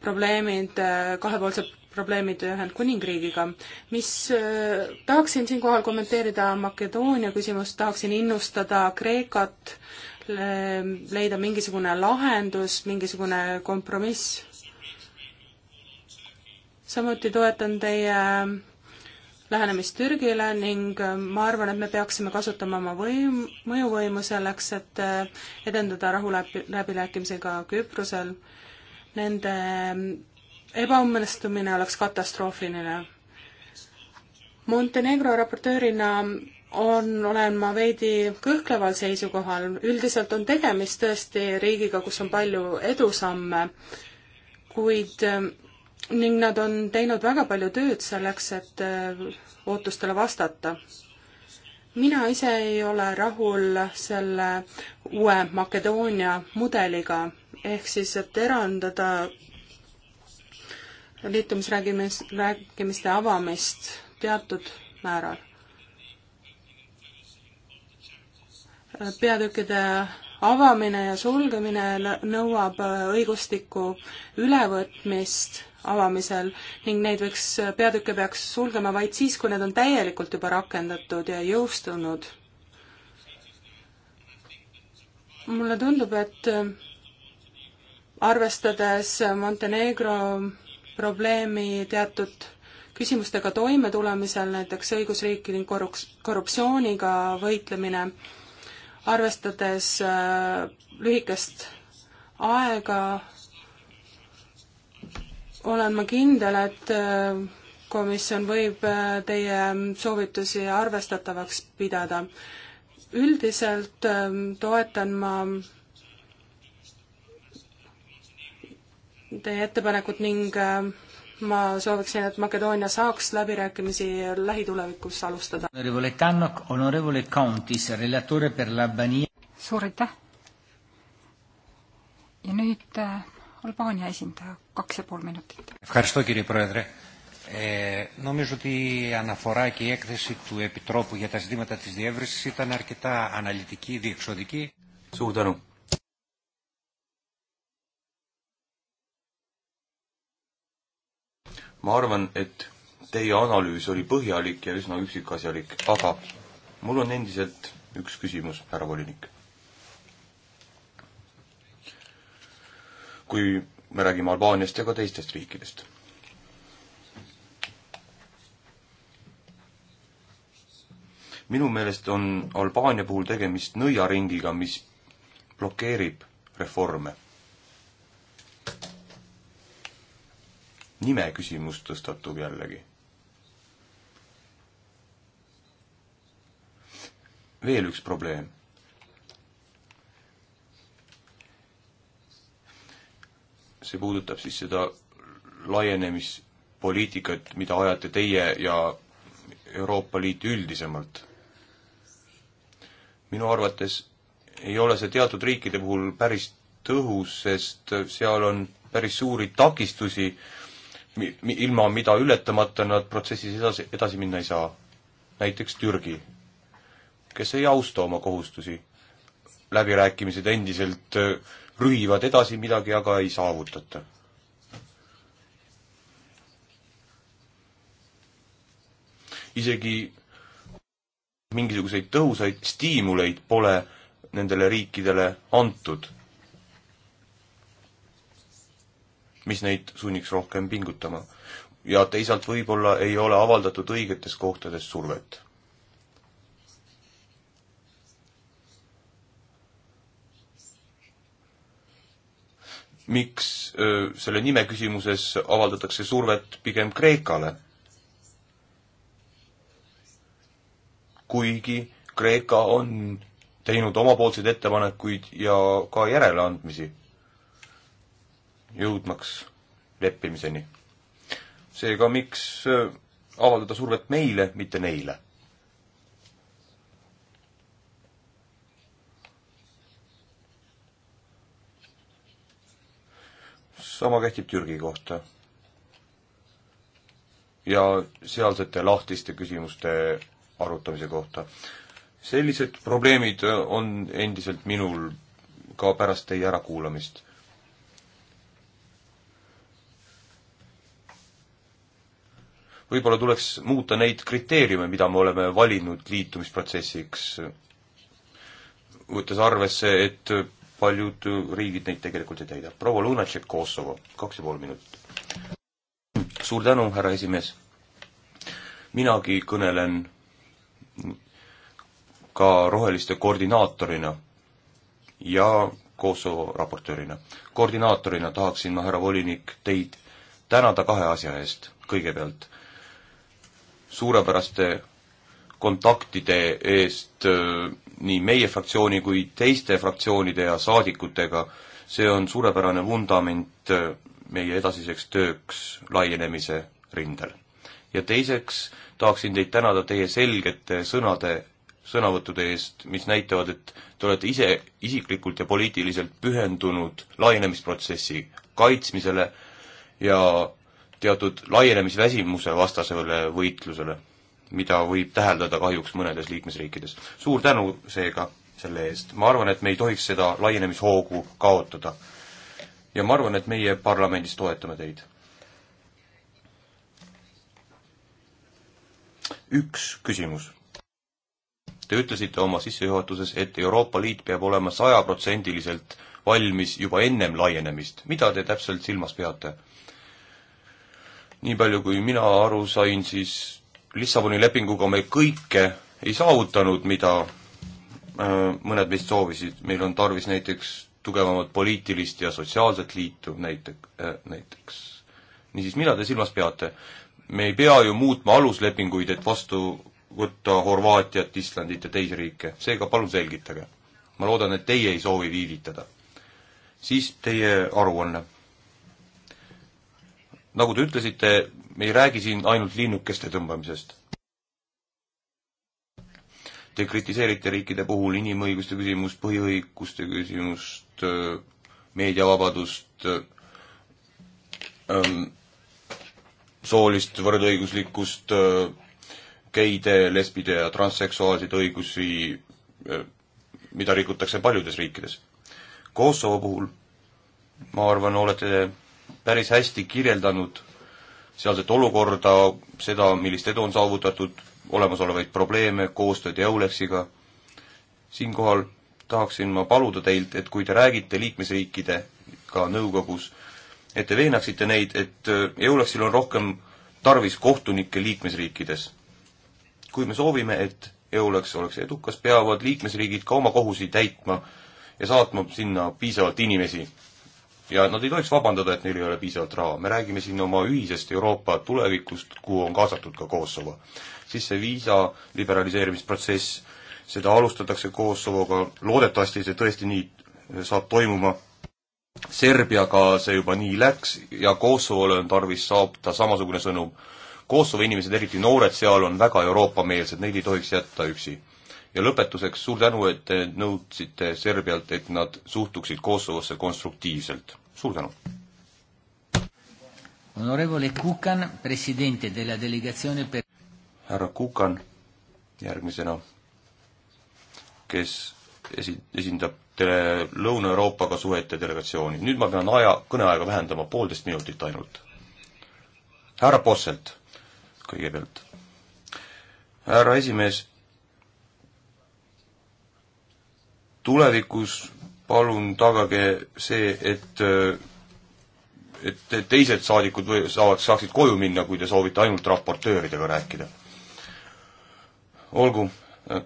probleemid, kahepoolsed probleemid Ühendkuningriigiga. mis äh,, tahaksin siinkohal kommenteerida Makedoonia küsimust, tahaksin innustada Kreekat le, leida mingisugune lahendus, mingisugune kompromiss. samuti toetan teie lähenemist Türgile ning äh, ma arvan, et me peaksime kasutama oma võim, mõjuvõimu selleks, et äh, edendada rahuläbi, läbirääkimisi ka Küprosel äh, nende ebaõnnestumine oleks katastroofiline. Montenegro raportöörina on, olen ma veidi kõhkleval seisukohal, üldiselt on tegemist tõesti riigiga, kus on palju edusamme, kuid ning nad on teinud väga palju tööd selleks, et äh, ootustele vastata. mina ise ei ole rahul selle uue Makedoonia mudeliga ehk siis, et erandada liitumisräägimis, rääkimiste avamist teatud määral. peatükkide avamine ja sulgemine nõuab õigustiku ülevõtmist avamisel ning neid võiks, peatükke peaks sulgema vaid siis, kui need on täielikult juba rakendatud ja jõustunud. mulle tundub, et arvestades Montenegro probleemi teatud küsimustega toimetulemisel, näiteks õigusriiki ning korrups-, korruptsiooniga võitlemine, arvestades äh, lühikest aega, olen ma kindel, et äh, komisjon võib äh, teie soovitusi arvestatavaks pidada. üldiselt toetan ma teie ettepanekut ning äh, ma sooviksin, et Makedoonia saaks läbirääkimisi lähitulevikus alustada. suur aitäh! ja nüüd äh, Albaania esindaja, kaks ja pool minutit. Ε, νομίζω ότι η αναφορά και η έκθεση του Επιτρόπου για τα ζητήματα της διεύρυνσης ήταν αρκετά αναλυτική, διεξοδική. Σου ma arvan, et teie analüüs oli põhjalik ja üsna üksikasjalik, aga mul on endiselt üks küsimus, härra volinik. kui me räägime Albaaniast ja ka teistest riikidest. minu meelest on Albaania puhul tegemist nõiaringiga, mis blokeerib reforme. nime küsimus tõstatub jällegi. veel üks probleem. see puudutab siis seda laienemispoliitikat, mida ajate teie ja Euroopa Liit üldisemalt. minu arvates ei ole see teatud riikide puhul päris tõhus, sest seal on päris suuri takistusi äh, ilma mida ületamata nad protsessis edasi, edasi minna ei saa. näiteks Türgi, kes ei austa oma kohustusi. läbirääkimised endiselt äh, rühivad edasi midagi, aga ei saavutata. isegi mingisuguseid tõhusaid stiimuleid pole nendele riikidele antud mis neid sunniks rohkem pingutama. ja teisalt võib-olla ei ole avaldatud õigetes kohtades survet. miks öö, selle nime küsimuses avaldatakse survet pigem Kreekale? kuigi Kreeka on teinud omapoolseid ettepanekuid ja ka järeleandmisi jõudmaks leppimiseni. seega miks äh, avaldada survet meile, mitte neile? sama kehtib Türgi kohta. ja sealsete lahtiste küsimuste arutamise kohta. sellised probleemid on endiselt minul ka pärast teie ärakuulamist võib-olla tuleks muuta neid kriteeriume, mida me oleme valinud liitumisprotsessiks, võttes arvesse, et paljud riigid neid tegelikult ei täida. proua Lunatšek, Kosovo, kaks ja pool minutit. suur tänu, härra esimees. minagi kõnelen ka roheliste koordinaatorina ja Kosovo raportöörina. koordinaatorina tahaksin ma, härra volinik, teid tänada kahe asja eest. kõigepealt suurepäraste kontaktide eest äh, nii meie fraktsiooni kui teiste fraktsioonide ja saadikutega. see on suurepärane vundament äh, meie edasiseks tööks laienemise rindel. ja teiseks tahaksin teid tänada teie selgete sõnade, sõnavõttude eest, mis näitavad, et te olete ise isiklikult ja poliitiliselt pühendunud laienemisprotsessi kaitsmisele ja teatud laienemisväsimuse vastasele võitlusele, mida võib täheldada kahjuks mõnedes liikmesriikides. suur tänu seega selle eest, ma arvan, et me ei tohiks seda laienemishoogu kaotada. ja ma arvan, et meie parlamendis toetame teid. üks küsimus. Te ütlesite oma sissejuhatuses, et Euroopa Liit peab olema sajaprotsendiliselt valmis juba ennem laienemist, mida te täpselt silmas peate? nii palju, kui mina aru sain, siis Lissaboni lepinguga me kõike ei saavutanud, mida äh, mõned meist soovisid, meil on tarvis näiteks tugevamat poliitilist ja sotsiaalset liitu näiteks, äh, näiteks. niisiis, mida te silmas peate? me ei pea ju muutma aluslepinguid, et vastu võtta Horvaatiat, Islandit ja teisi riike, seega palun selgitage. ma loodan, et teie ei soovi viivitada. siis teie aruanne nagu te ütlesite, me ei räägi siin ainult linnukeste tõmbamisest. Te kritiseerite riikide puhul inimõiguste küsimust, põhiõiguste küsimust, äh, meediavabadust, äh, ähm, soolist võrdõiguslikkust, äh, geide, lesbide ja transseksuaalseid õigusi, mida rikutakse paljudes riikides. Kosovo puhul, ma arvan, olete päris hästi kirjeldanud sealset olukorda, seda, millist edu on saavutatud, olemasolevaid probleeme, koostööd EULEX-iga. siinkohal tahaksin ma paluda teilt, et kui te räägite liikmesriikidega nõukogus, et te veenaksite neid, et äh, EULEX-il on rohkem tarvis kohtunikke liikmesriikides. kui me soovime, et EULEX oleks edukas, peavad liikmesriigid ka oma kohusi täitma ja saatma sinna piisavalt inimesi ja nad ei tohiks vabandada, et neil ei ole piisavalt raha. me räägime siin oma ühisest Euroopa tulevikust, kuhu on kaasatud ka Kosovo. siis see viisa liberaliseerimisprotsess, seda alustatakse Kosovoga, loodetavasti see tõesti nii äh, saab toimuma. Serbiaga see juba nii läks ja Kosovole on tarvis saata samasugune sõnum. Kosovo inimesed, eriti noored seal, on väga Euroopa-meelsed, neid ei tohiks jätta üksi ja lõpetuseks suur tänu, et te nõudsite Serbialt, et nad suhtuksid Kosovosse konstruktiivselt suur tänu! Honorevole Kukan, presidente della delegatsiooni per... härra Kukan järgmisena, kes esi-, esindab tele-, Lõuna-Euroopaga suhete delegatsiooni. nüüd ma pean aja, kõneaega vähendama poolteist minutit ainult. härra Posselt kõigepealt. härra esimees, tulevikus palun tagage see, et et teised saadikud või saavad, saaksid koju minna, kui te soovite ainult raportööridega rääkida. olgu,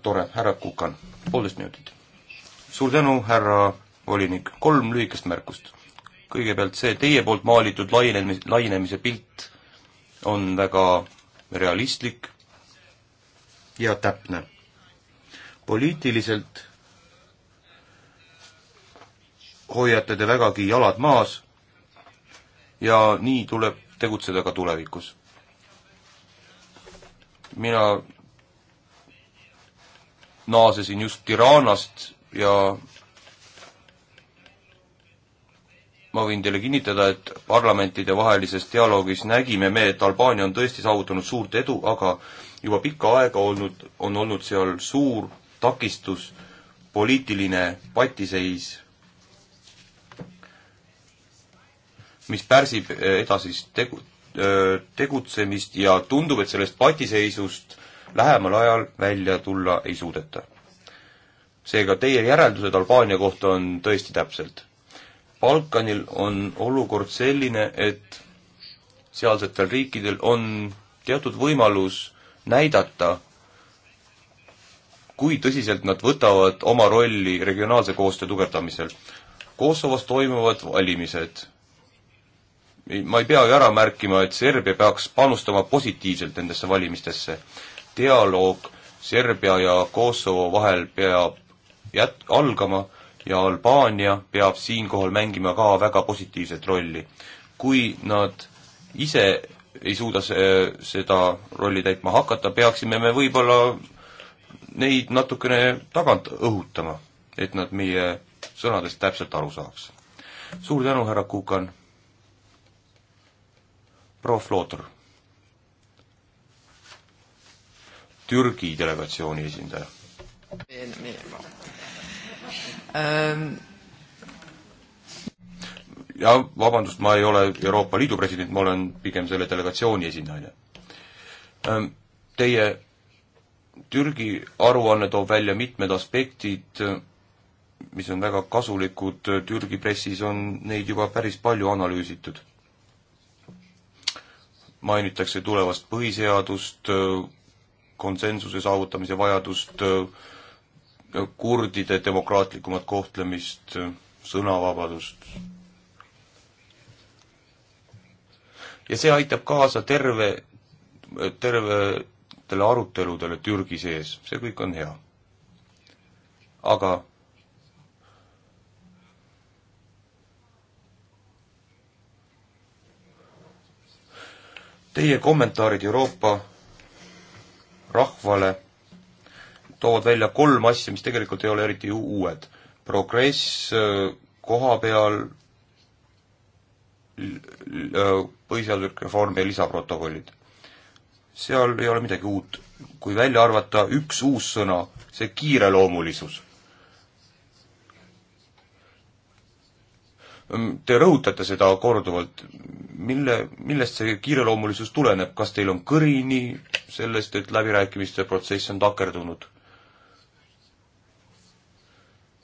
tore, härra Kukan, poolteist minutit. suur tänu, härra volinik, kolm lühikest märkust. kõigepealt see teie poolt maalitud laienemis, laienemise pilt on väga realistlik ja täpne. poliitiliselt hoiate te vägagi jalad maas ja nii tuleb tegutseda ka tulevikus. mina naasesin just Tiranast ja ma võin teile kinnitada, et parlamentidevahelises dialoogis nägime me, et Albaania on tõesti saavutanud suurt edu, aga juba pikka aega olnud, on olnud seal suur takistus, poliitiline patiseis mis pärsib eh, edasist tegu, eh, tegutsemist ja tundub, et sellest patiseisust lähemal ajal välja tulla ei suudeta. seega teie järeldused Albaania kohta on tõesti täpselt. Balkanil on olukord selline, et sealsetel riikidel on teatud võimalus näidata, kui tõsiselt nad võtavad oma rolli regionaalse koostöö tugevdamisel. Kosovos toimuvad valimised ma ei pea ju ära märkima, et Serbia peaks panustama positiivselt nendesse valimistesse. dialoog Serbia ja Kosovo vahel peab jät-, algama ja Albaania peab siinkohal mängima ka väga positiivset rolli. kui nad ise ei suuda see, seda rolli täitma hakata, peaksime me võib-olla neid natukene tagant õhutama, et nad meie sõnadest täpselt aru saaks. suur tänu, härra Kukan! proua Flootor. Türgi delegatsiooni esindaja. Ähm. ja vabandust, ma ei ole Euroopa Liidu president, ma olen pigem selle delegatsiooni esinaine. Ähm, teie Türgi aruanne toob välja mitmed aspektid, äh, mis on väga kasulikud, Türgi pressis on neid juba päris palju analüüsitud mainitakse tulevast põhiseadust, konsensuse saavutamise vajadust, kurdide demokraatlikumat kohtlemist, sõnavabadust. ja see aitab kaasa terve, tervetele aruteludele Türgi sees, see kõik on hea. aga Teie kommentaarid Euroopa rahvale toovad välja kolm asja, mis tegelikult ei ole eriti uued. progress äh, koha peal, äh, põhiseaduslik reform ja lisaprotokollid. seal ei ole midagi uut, kui välja arvata üks uus sõna, see kiireloomulisus. Ehm, te rõhutate seda korduvalt, mille, millest see kiireloomulisus tuleneb, kas teil on kõrini sellest, et läbirääkimiste protsess on takerdunud?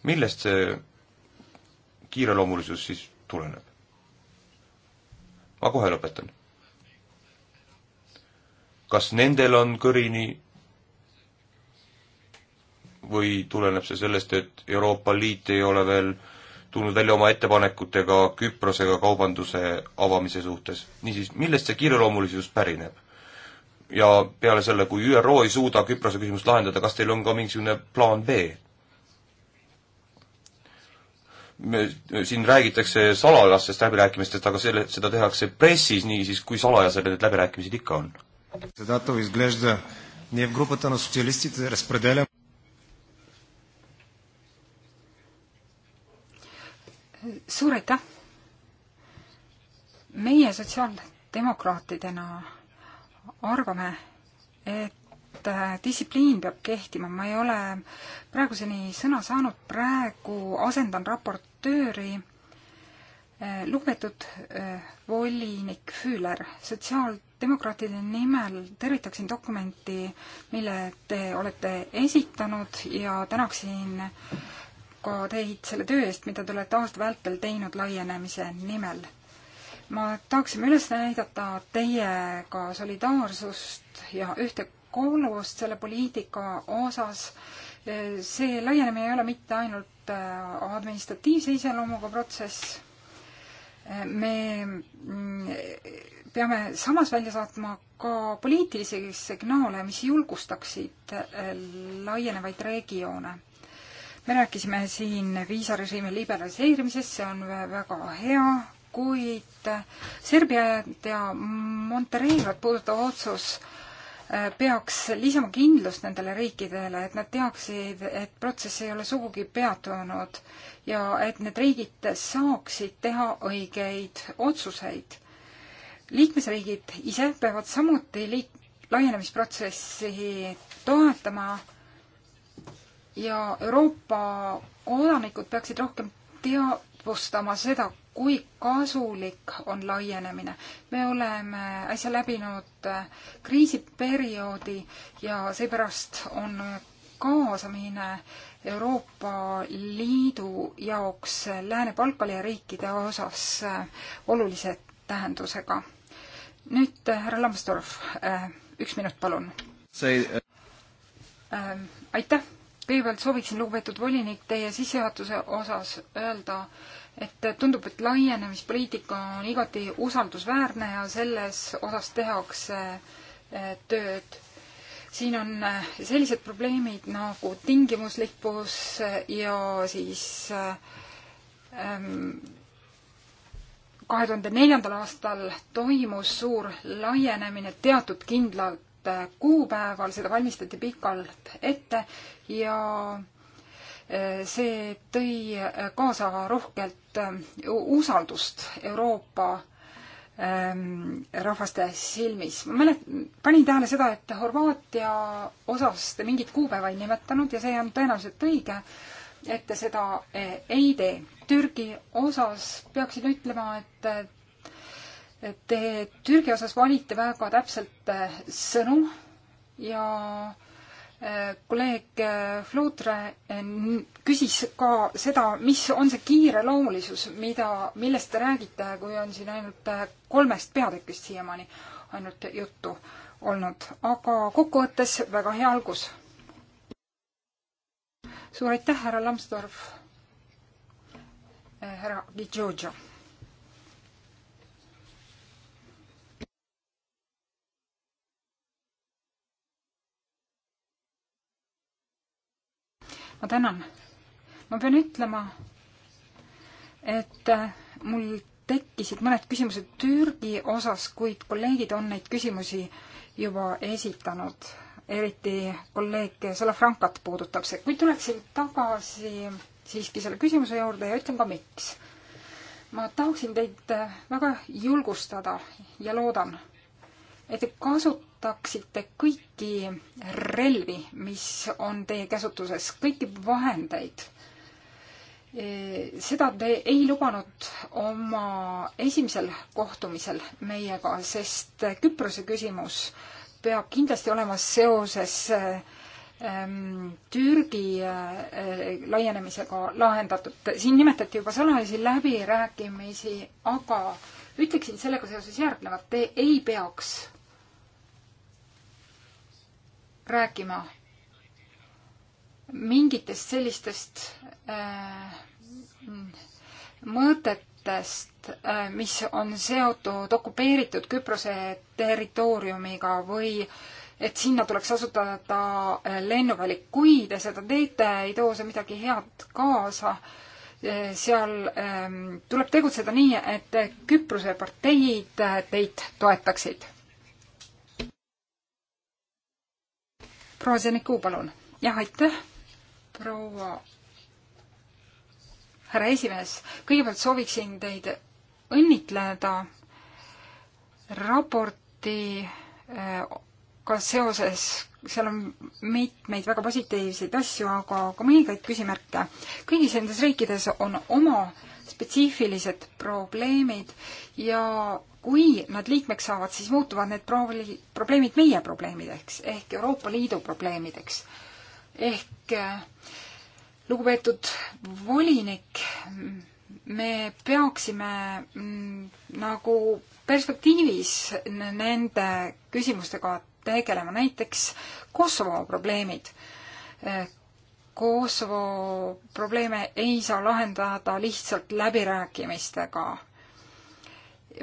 millest see kiireloomulisus siis tuleneb? ma kohe lõpetan. kas nendel on kõrini või tuleneb see sellest, et Euroopa Liit ei ole veel äh, tulnud välja oma ettepanekutega Küprosega kaubanduse avamise suhtes. niisiis, millest see kiireloomulisus pärineb? ja peale selle, kui ÜRO ei suuda Küprose küsimust lahendada, kas teil on ka mingisugune plaan B? me, siin räägitakse salajastest läbirääkimistest, aga selle, seda tehakse pressis, niisiis kui salajased need läbirääkimised ikka on? Председател, изглежда ние в групата на социалистите разпределяме suur aitäh! meie sotsiaaldemokraatidena arvame, et äh, distsipliin peab kehtima, ma ei ole praeguseni sõna saanud, praegu asendan raportööri äh, lugupeetud äh, volinik Füüler, sotsiaaldemokraatide nimel tervitaksin dokumenti, mille te olete esitanud ja tänaksin ka teid selle töö eest, mida te olete aasta vältel teinud laienemise nimel. ma tahaksime üles näidata teiega solidaarsust ja ühtekuuluvust selle poliitika osas. see laienemine ei ole mitte ainult äh, administratiivse iseloomuga protsess, me mm, peame samas välja saatma ka poliitilisi signaale, mis julgustaksid äh, laienevaid regioone me rääkisime siin viisarežiimi liberaliseerimisest, see on väga hea, kuid Serbiat ja Montenegrot puudutav otsus äh, peaks lisama kindlust nendele riikidele, et nad teaksid, et protsess ei ole sugugi peatunud ja et need riigid saaksid teha õigeid otsuseid. liikmesriigid ise peavad samuti liik-, laienemisprotsessi toetama ja Euroopa kodanikud peaksid rohkem teadvustama seda, kui kasulik on laienemine. me oleme äsja läbinud äh, kriisiperioodi ja seepärast on kaasamine Euroopa Liidu jaoks Lääne-Balkani ja riikide osas äh, olulise tähendusega. nüüd äh, härra Lambsdorff, üks minut palun. Äh, ähm, aitäh kõigepealt sooviksin, lugupeetud volinik, teie sissejuhatuse osas öelda, et tundub, et laienemispoliitika on igati usaldusväärne ja selles osas tehakse eh, tööd. siin on eh, sellised probleemid nagu tingimuslikkus ja siis ähm, kahe tuhande neljandal aastal toimus suur laienemine teatud kindlalt kuupäeval, seda valmistati pikalt ette ja eh, see tõi kaasa rohkelt eh, usaldust Euroopa ehm, rahvaste silmis. ma mälet-, panin tähele seda, et Horvaatia osas te mingit kuupäeva ei nimetanud ja see on tõenäoliselt õige, et te seda eh, ei tee. Türgi osas peaksin ütlema, et Te Türgi osas valite väga täpselt äh, sõnu ja äh, kolleeg äh, Flutre küsis ka seda, mis on see kiireloomulisus, mida, millest te räägite, kui on siin ainult kolmest peatükist siiamaani ainult juttu olnud, aga kokkuvõttes väga hea algus. suur aitäh, härra Lambsdorff, härra Gidžodžo ma tänan. ma pean ütlema, et äh, mul tekkisid mõned küsimused Türgi osas, kuid kolleegid on neid küsimusi juba esitanud, eriti kolleeg Salafrankat puudutab see, kuid tuleksin tagasi siiski selle küsimuse juurde ja ütlen ka, miks. ma tahaksin teid äh, väga julgustada ja loodan, et te kasut-, kasutaksite kõiki relvi, mis on teie käsutuses, kõiki vahendeid. E, seda te ei lubanud oma esimesel kohtumisel meiega, sest Küprose küsimus peab kindlasti olema seoses ähm, Türgi äh, laienemisega lahendatud. siin nimetati juba salajasi läbirääkimisi, aga ütleksin sellega seoses järgnevat, te ei peaks rääkima mingitest sellistest äh, mõtetest äh,, mis on seotud okupeeritud Küprose territooriumiga või et sinna tuleks asutada äh, lennuväli. kui te seda teete, ei too see midagi head kaasa äh, seal ähm, tuleb tegutseda nii, et Küprose parteid äh, teid toetaksid. proua Seniku, palun. jah, aitäh, proua härra esimees. kõigepealt sooviksin teid õnnitleda raportiga eh, seoses, seal on mitmeid väga positiivseid asju, aga ka mõningaid küsimärke. kõigis nendes riikides on oma spetsiifilised probleemid ja kui nad liikmeks saavad, siis muutuvad need proovi-, probleemid meie probleemideks ehk Euroopa Liidu probleemideks. ehk äh, lugupeetud volinik, me peaksime m, mm, nagu perspektiivis nende küsimustega tegelema, näiteks Kosovo probleemid. Äh, Kosovo probleeme ei saa lahendada lihtsalt läbirääkimistega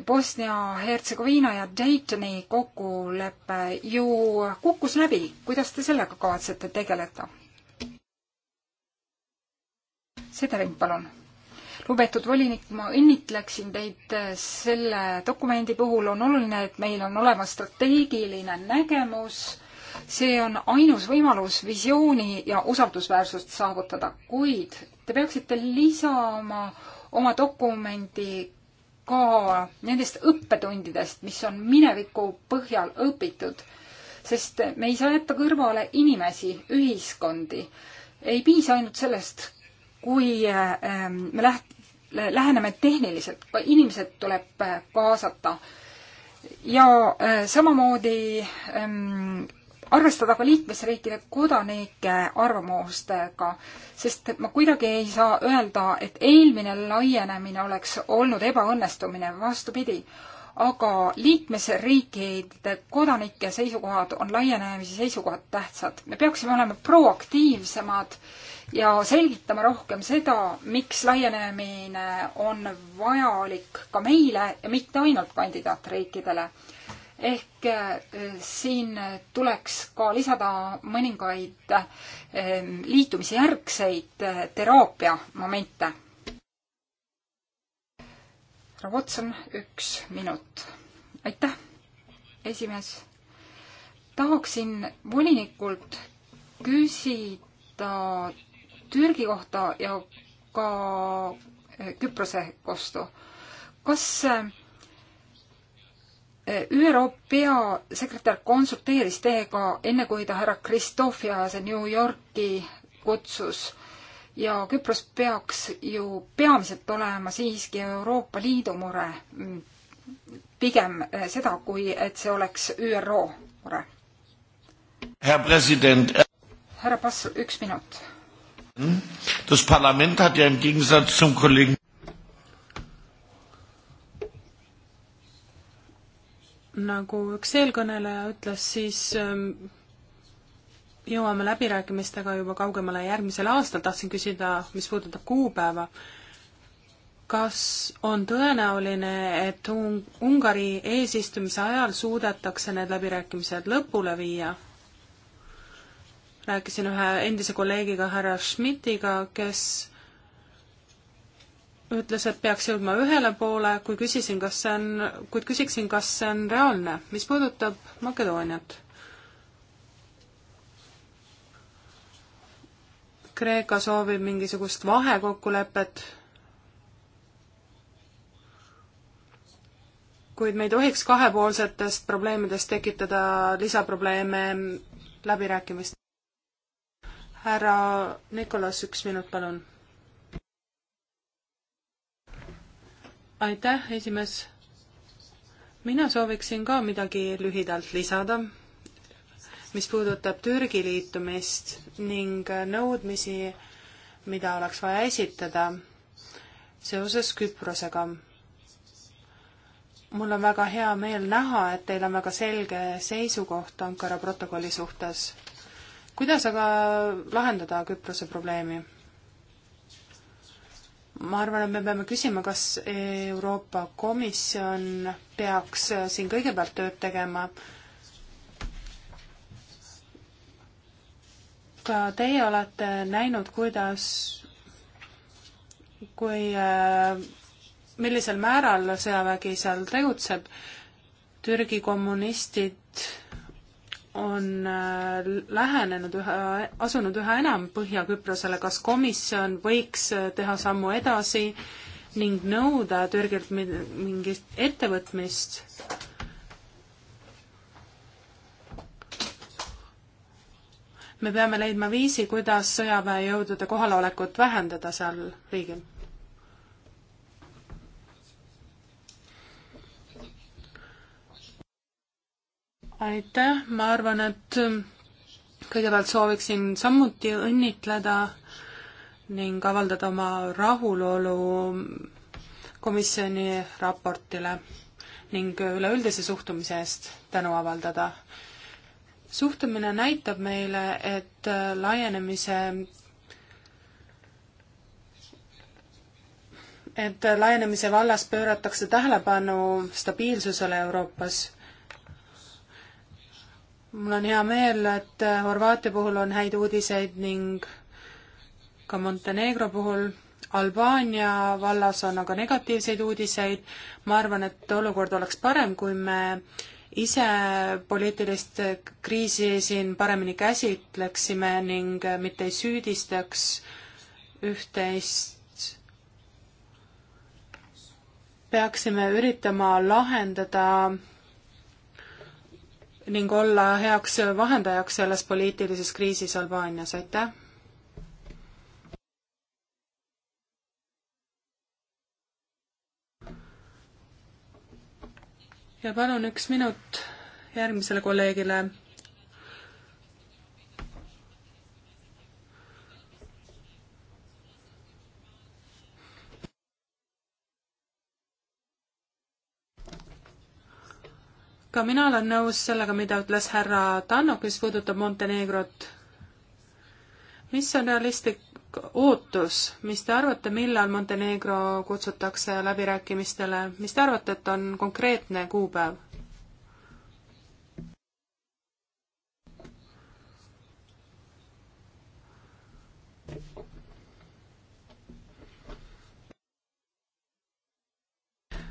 Bosnia-Hertsegoviina ja Daytoni kokkulepe ju kukkus läbi, kuidas te sellega kavatsete tegeleda? Sederink, palun. lugupeetud volinik, ma õnnitleksin teid selle dokumendi puhul, on oluline, et meil on olemas strateegiline nägemus, see on ainus võimalus visiooni ja usaldusväärsust saavutada, kuid te peaksite lisama oma dokumendi ka nendest õppetundidest, mis on mineviku põhjal õpitud. sest me ei saa jätta kõrvale inimesi, ühiskondi. ei piisa ainult sellest, kui ähm, me läht-, läheneme tehniliselt, inimesed tuleb äh, kaasata. ja äh, samamoodi ähm, arvestada ka liikmesriikide kodanike arvamustega, sest ma kuidagi ei saa öelda, et eelmine laienemine oleks olnud ebaõnnestumine, vastupidi. aga liikmesriikide kodanike seisukohad on laienemise seisukohad tähtsad. me peaksime olema proaktiivsemad ja selgitama rohkem seda, miks laienemine on vajalik ka meile ja mitte ainult kandidaatriikidele ehk eh, siin tuleks ka lisada mõningaid eh, liitumisjärgseid eh, teraapia momente. härra Watson, üks minut. aitäh, esimees. tahaksin volinikult küsida Türgi kohta ja ka Küprose kostu. kas äh, ÜRO peasekretär konsulteeris teiega enne, kui ta härra Kristofiase New Yorki kutsus ja Küpros peaks ju peamiselt olema siiski Euroopa Liidu mure, pigem äh, seda, kui et see oleks ÜRO mure. härra president. Äh, härra Pass, üks minut. Das Parlament hat ja im Gegensatz zum Kollegen nagu üks eelkõneleja ütles, siis ähm, jõuame läbirääkimistega juba kaugemale järgmisel aastal, tahtsin küsida, mis puudutab kuupäeva. kas on tõenäoline, et Ungari eesistumise ajal suudetakse need läbirääkimised lõpule viia? rääkisin ühe endise kolleegiga, härra Schmidtiga, kes ütles, et peaks jõudma ühele poole, kui küsisin, kas see on, kuid küsiksin, kas see on reaalne. mis puudutab Makedooniat, Kreeka soovib mingisugust vahekokkulepet, kuid me ei tohiks kahepoolsetest probleemidest tekitada lisaprobleeme läbirääkimist. härra Nikolas, üks minut, palun aitäh, esimees. mina sooviksin ka midagi lühidalt lisada, mis puudutab Türgi liitumist ning nõudmisi, mida oleks vaja esitada seoses Küprosega. mul on väga hea meel näha, et teil on väga selge seisukoht Ankara protokolli suhtes. kuidas aga lahendada Küprose probleemi? ma arvan, et me peame küsima, kas Euroopa Komisjon peaks äh, siin kõigepealt tööd tegema. ka teie olete näinud, kuidas, kui, äh, millisel määral sõjavägi seal tegutseb. Türgi kommunistid on äh, lähenenud üha, asunud üha enam Põhja-Küprosele, kas komisjon võiks äh, teha sammu edasi ning nõuda Türgilt mingit ettevõtmist? me peame leidma viisi, kuidas sõjaväejõudude kohalolekut vähendada seal riigil aitäh, ma arvan, et kõigepealt sooviksin samuti õnnitleda ning avaldada oma rahulolu komisjoni raportile ning üleüldise suhtumise eest tänu avaldada. suhtumine näitab meile, et laienemise et laienemise vallas pööratakse tähelepanu stabiilsusele Euroopas mul on hea meel, et äh, Horvaatia puhul on häid uudiseid ning ka Montenegro puhul. Albaania vallas on aga negatiivseid uudiseid. ma arvan, et olukord oleks parem, kui me ise poliitilist kriisi siin paremini käsitleksime ning äh, mitte ei süüdistaks üht-teist. peaksime üritama lahendada ning olla heaks vahendajaks selles poliitilises kriisis Albaanias, aitäh! ja palun üks minut järgmisele kolleegile ka mina olen nõus sellega, mida ütles härra Tannok, mis puudutab Montenegrot. mis on realistlik ootus, mis te arvate, millal Montenegro kutsutakse läbirääkimistele, mis te arvate, et on konkreetne kuupäev?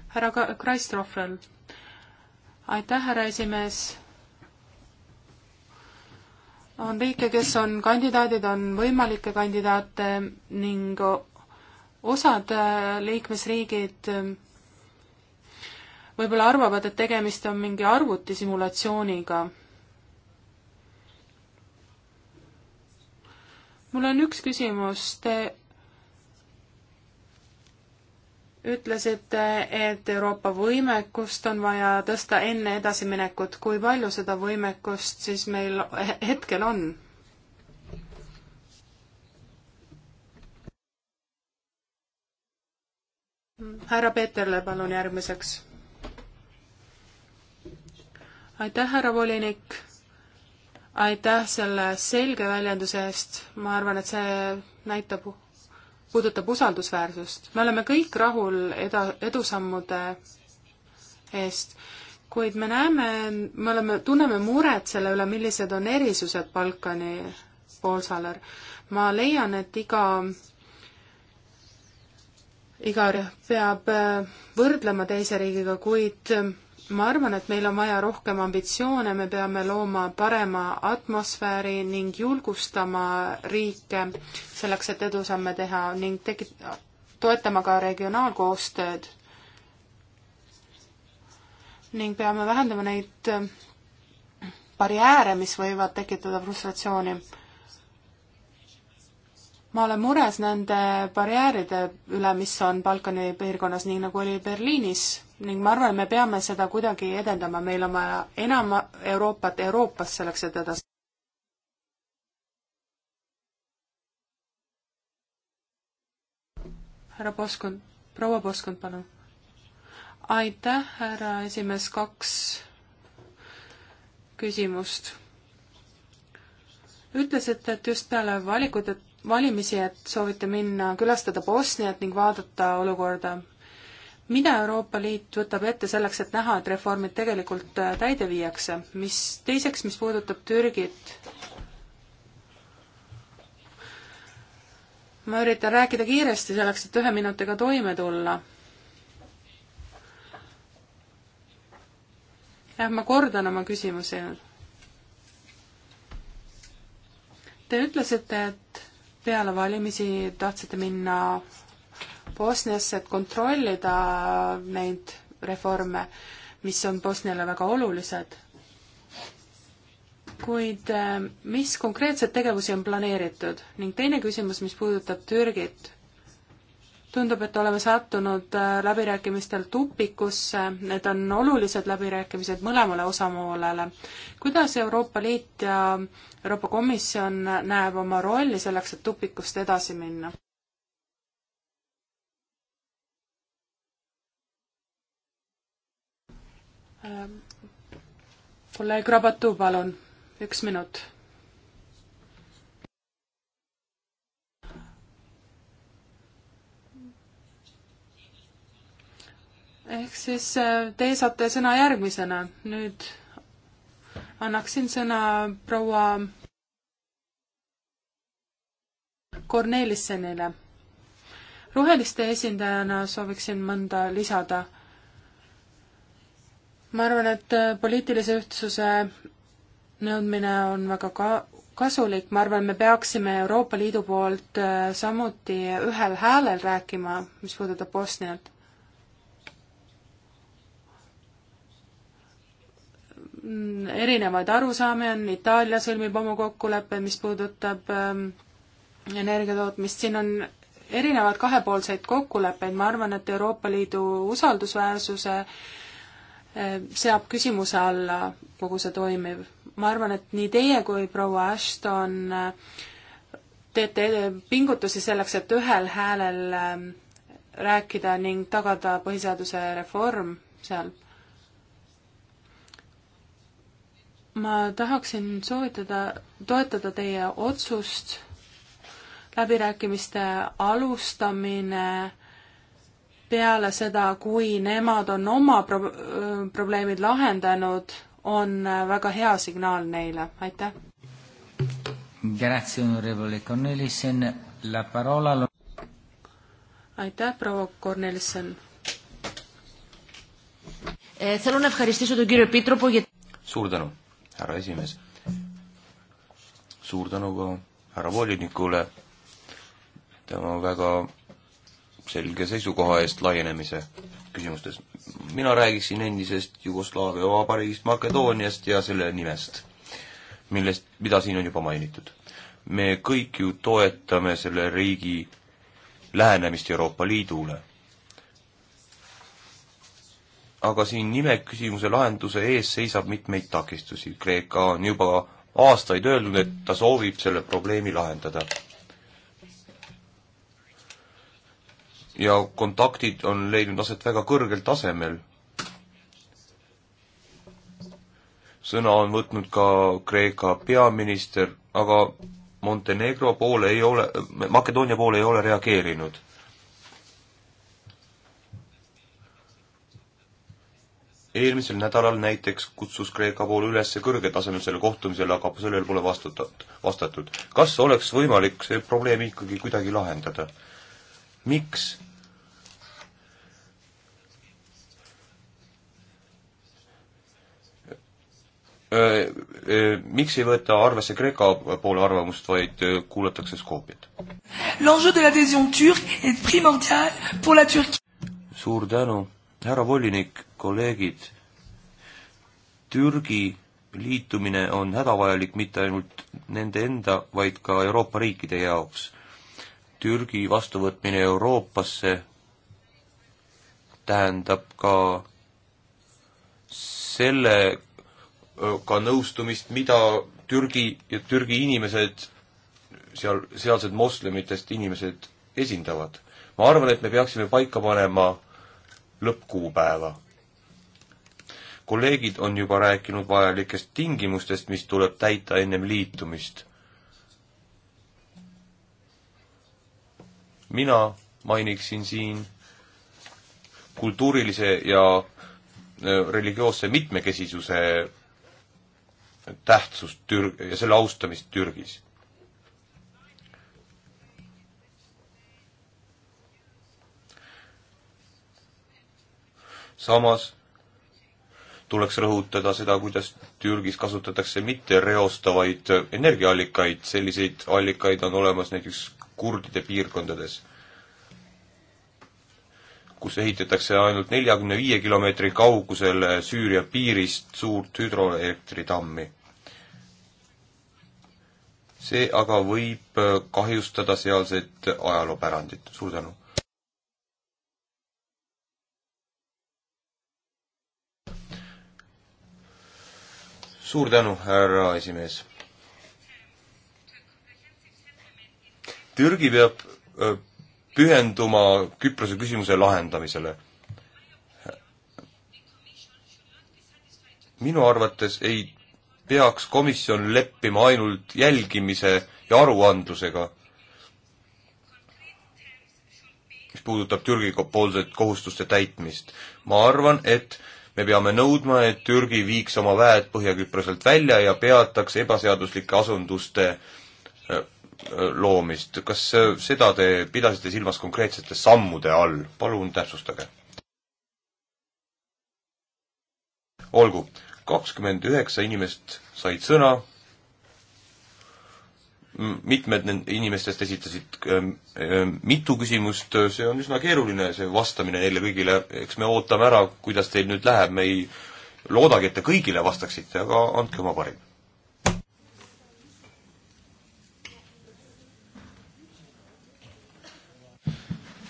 härra Kreistrohvel aitäh, härra esimees. on riike, kes on kandidaadid, on võimalikke kandidaate ning osad äh, liikmesriigid ähm, võib-olla arvavad, et tegemist on mingi arvutisimulatsiooniga. mul on üks küsimus, te ütlesite, et Euroopa võimekust on vaja tõsta enne edasiminekut. kui palju seda võimekust siis meil hetkel on? härra Peeterle palun järgmiseks. aitäh, härra volinik. aitäh selle selge väljenduse eest. ma arvan, et see näitab puudutab usaldusväärsust. me oleme kõik rahul eda, edusammude eest, kuid me näeme, me oleme, tunneme muret selle üle, millised on erisused Balkani poolsaarel. ma leian, et iga, iga peab äh, võrdlema teise riigiga, kuid ma arvan, et meil on vaja rohkem ambitsioone, me peame looma parema atmosfääri ning julgustama riike selleks, et edusamme teha ning tegi-, toetama ka regionaalkoostööd. ning peame vähendama neid äh, barjääre, mis võivad tekitada frustratsiooni. ma olen mures nende barjääride üle, mis on Balkani piirkonnas, nii nagu oli Berliinis ning ma arvan, et me peame seda kuidagi edendama, meil on vaja enam Euroopat Euroopas selleks, et edasi härra Poskund, proua Poskund, palun. aitäh, härra esimees, kaks küsimust. ütlesite, et just peale valikut, et valimisi, et soovite minna külastada Bosniat ning vaadata olukorda mida Euroopa Liit võtab ette selleks, et näha, et reformid tegelikult äh, täide viiakse? mis teiseks, mis puudutab Türgit, ma üritan rääkida kiiresti selleks, et ühe minutiga toime tulla. jah, ma kordan oma küsimusi. Te ütlesite, et peale valimisi tahtsite minna Bosniasse, et kontrollida neid reforme, mis on Bosniale väga olulised. kuid eh, mis konkreetseid tegevusi on planeeritud ning teine küsimus, mis puudutab Türgit tundub, et oleme sattunud eh, läbirääkimistel tupikusse, need on olulised läbirääkimised mõlemale osamoolele. kuidas Euroopa Liit ja Euroopa Komisjon näeb oma rolli selleks, et tupikust edasi minna? Ähm, kolleeg Rabatu, palun, üks minut. ehk siis äh, teie saate sõna järgmisena, nüüd annaksin sõna proua Kornelissenile. roheliste esindajana sooviksin mõnda lisada ma arvan, et äh, poliitilise ühtsuse nõudmine on väga ka-, kasulik, ma arvan, me peaksime Euroopa Liidu poolt äh, samuti ühel häälel rääkima, mis puudutab Bosniat. Mm, erinevaid arusaamu on, Itaalia sõlmib oma kokkuleppe, mis puudutab ähm, energiatootmist, siin on erinevad kahepoolseid kokkuleppeid, ma arvan, et Euroopa Liidu usaldusväärsuse äh, Äh, seab küsimuse alla kogu see toimiv. ma arvan, et nii teie kui proua Ashton äh, teete pingutusi selleks, et ühel häälel ähm, rääkida ning tagada põhiseaduse reform seal. ma tahaksin soovitada, toetada teie otsust, läbirääkimiste alustamine äh, peale seda, kui nemad on oma pro-, probleemid lahendanud, on väga hea signaal neile, aitäh. aitäh, proua Kornelisson. Eh, suur tänu, härra esimees. suur tänu ka härra volinikule tema väga selge seisukoha eest laienemise küsimustes. mina räägiksin endisest Jugoslaavia vabariigist Makedooniast ja selle nimest, millest, mida siin on juba mainitud. me kõik ju toetame selle riigi lähenemist Euroopa Liidule. aga siin nimeküsimuse lahenduse ees seisab mitmeid takistusi, Kreeka on juba aastaid öelnud, et ta soovib selle probleemi lahendada ja kontaktid on leidnud aset väga kõrgel tasemel. sõna on võtnud ka Kreeka peaminister, aga Montenegro poole ei ole, Makedoonia poole ei ole reageerinud. eelmisel nädalal näiteks kutsus Kreeka pool üles kõrgetasemelisele kohtumisele, aga sellele pole vastutat-, vastatud. kas oleks võimalik see probleem ikkagi kuidagi lahendada? miks miks ei võeta arvesse Kreeka poole arvamust, vaid kuulatakse Skopjat? suur tänu, härra volinik, kolleegid. Türgi liitumine on hädavajalik mitte ainult nende enda, vaid ka Euroopa riikide jaoks. Türgi vastuvõtmine Euroopasse tähendab ka selle ka nõustumist, mida Türgi ja Türgi inimesed, seal, sealsed moslemitest inimesed esindavad. ma arvan, et me peaksime paika panema lõppkuupäeva. kolleegid on juba rääkinud vajalikest tingimustest, mis tuleb täita ennem liitumist. mina mainiksin siin kultuurilise ja religioosse mitmekesisuse tähtsust Türg- ja selle austamist Türgis. samas tuleks rõhutada seda, kuidas Türgis kasutatakse mitte reostavaid energiaallikaid, selliseid allikaid on olemas näiteks kurdide piirkondades, kus ehitatakse ainult neljakümne viie kilomeetri kaugusele Süüria piirist suurt hüdroelektritammi see aga võib äh, kahjustada sealset ajaloopärandit. suur tänu! suur tänu, härra esimees! Türgi peab äh, pühenduma Küprose küsimuse lahendamisele. minu arvates ei peaks komisjon leppima ainult jälgimise ja aruandlusega, mis puudutab Türgi poolset kohustuste täitmist. ma arvan, et me peame nõudma, et Türgi viiks oma väed Põhja-Küproselt välja ja peataks ebaseaduslike asunduste äh, äh, loomist. kas äh, seda te pidasite silmas konkreetsete sammude all? palun täpsustage. olgu kakskümmend üheksa inimest said sõna, mitmed nende inimestest esitasid ähm, ähm, mitu küsimust, see on üsna keeruline, see vastamine neile kõigile, eks me ootame ära, kuidas teil nüüd läheb, me ei loodagi, et te kõigile vastaksite, aga andke oma parim.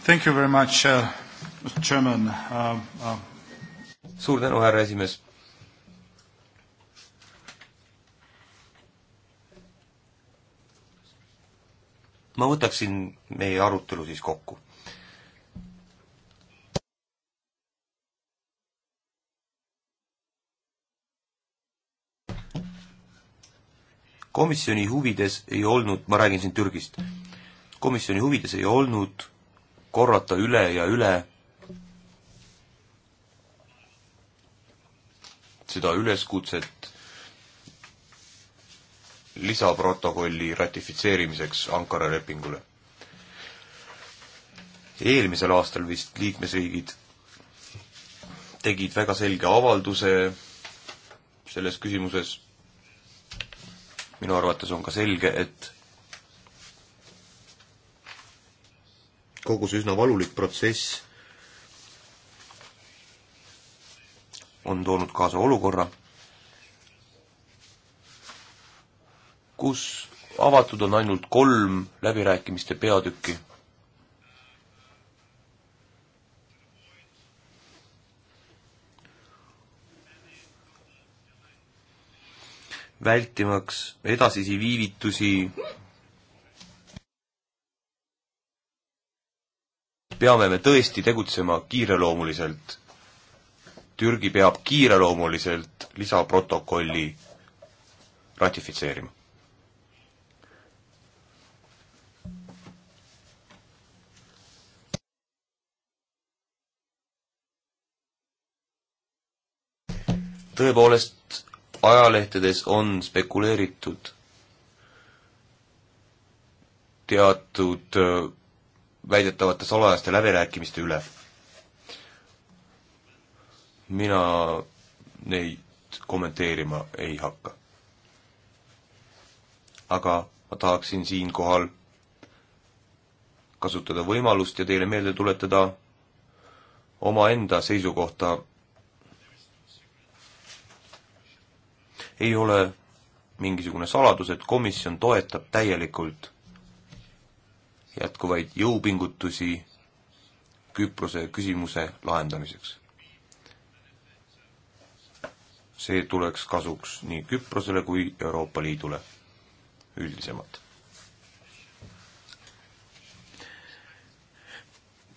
Thank you very much uh,, Chairman uh,. Uh. suur tänu, härra esimees ma võtaksin meie arutelu siis kokku. komisjoni huvides ei olnud, ma räägin siin Türgist, komisjoni huvides ei olnud korrata üle ja üle seda üleskutset lisaprotokolli ratifitseerimiseks Ankara lepingule. eelmisel aastal vist liikmesriigid tegid väga selge avalduse selles küsimuses. minu arvates on ka selge, et kogu see üsna valulik protsess on toonud kaasa olukorra kus avatud on ainult kolm läbirääkimiste peatükki. vältimaks edasisi viivitusi peame me tõesti tegutsema kiireloomuliselt. Türgi peab kiireloomuliselt lisaprotokolli ratifitseerima. tõepoolest ajalehtedes on spekuleeritud teatud äh, väidetavate salajaste läbirääkimiste üle. mina neid kommenteerima ei hakka. aga ma tahaksin siinkohal kasutada võimalust ja teile meelde tuletada omaenda seisukohta ei ole mingisugune saladus, et komisjon toetab täielikult jätkuvaid jõupingutusi Küprose küsimuse lahendamiseks. see tuleks kasuks nii Küprosele kui Euroopa Liidule üldisemalt.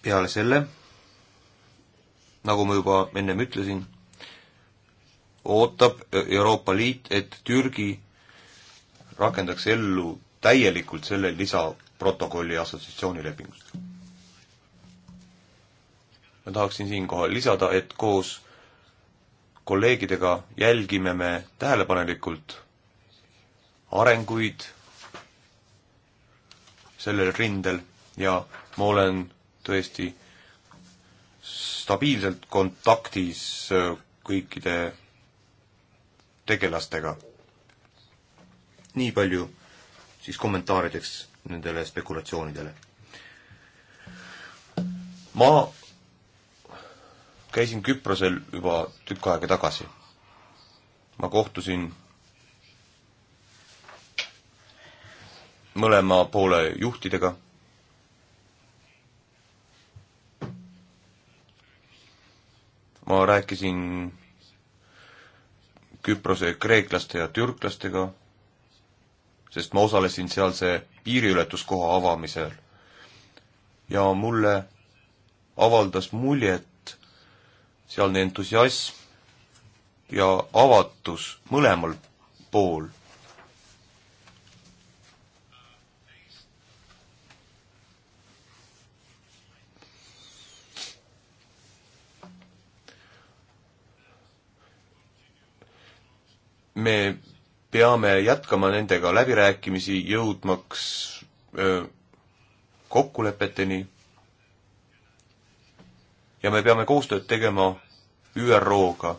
peale selle, nagu ma juba ennem ütlesin ootab Euroopa Liit, et Türgi rakendaks ellu täielikult selle lisaprotokolli assotsiatsioonilepingust. ma tahaksin siinkohal lisada, et koos kolleegidega jälgime me tähelepanelikult arenguid sellel rindel ja ma olen tõesti stabiilselt kontaktis kõikide tegelastega. nii palju siis kommentaarideks nendele spekulatsioonidele. ma käisin Küprosel juba tükk aega tagasi. ma kohtusin mõlema poole juhtidega ma rääkisin Küprose kreeklaste ja türklastega, sest ma osalesin sealse piiriületuskoha avamisel. ja mulle avaldas muljet sealne entusiasm ja avatus mõlemal pool me peame jätkama nendega läbirääkimisi, jõudmaks öö, kokkulepeteni. ja me peame koostööd tegema ÜRO-ga.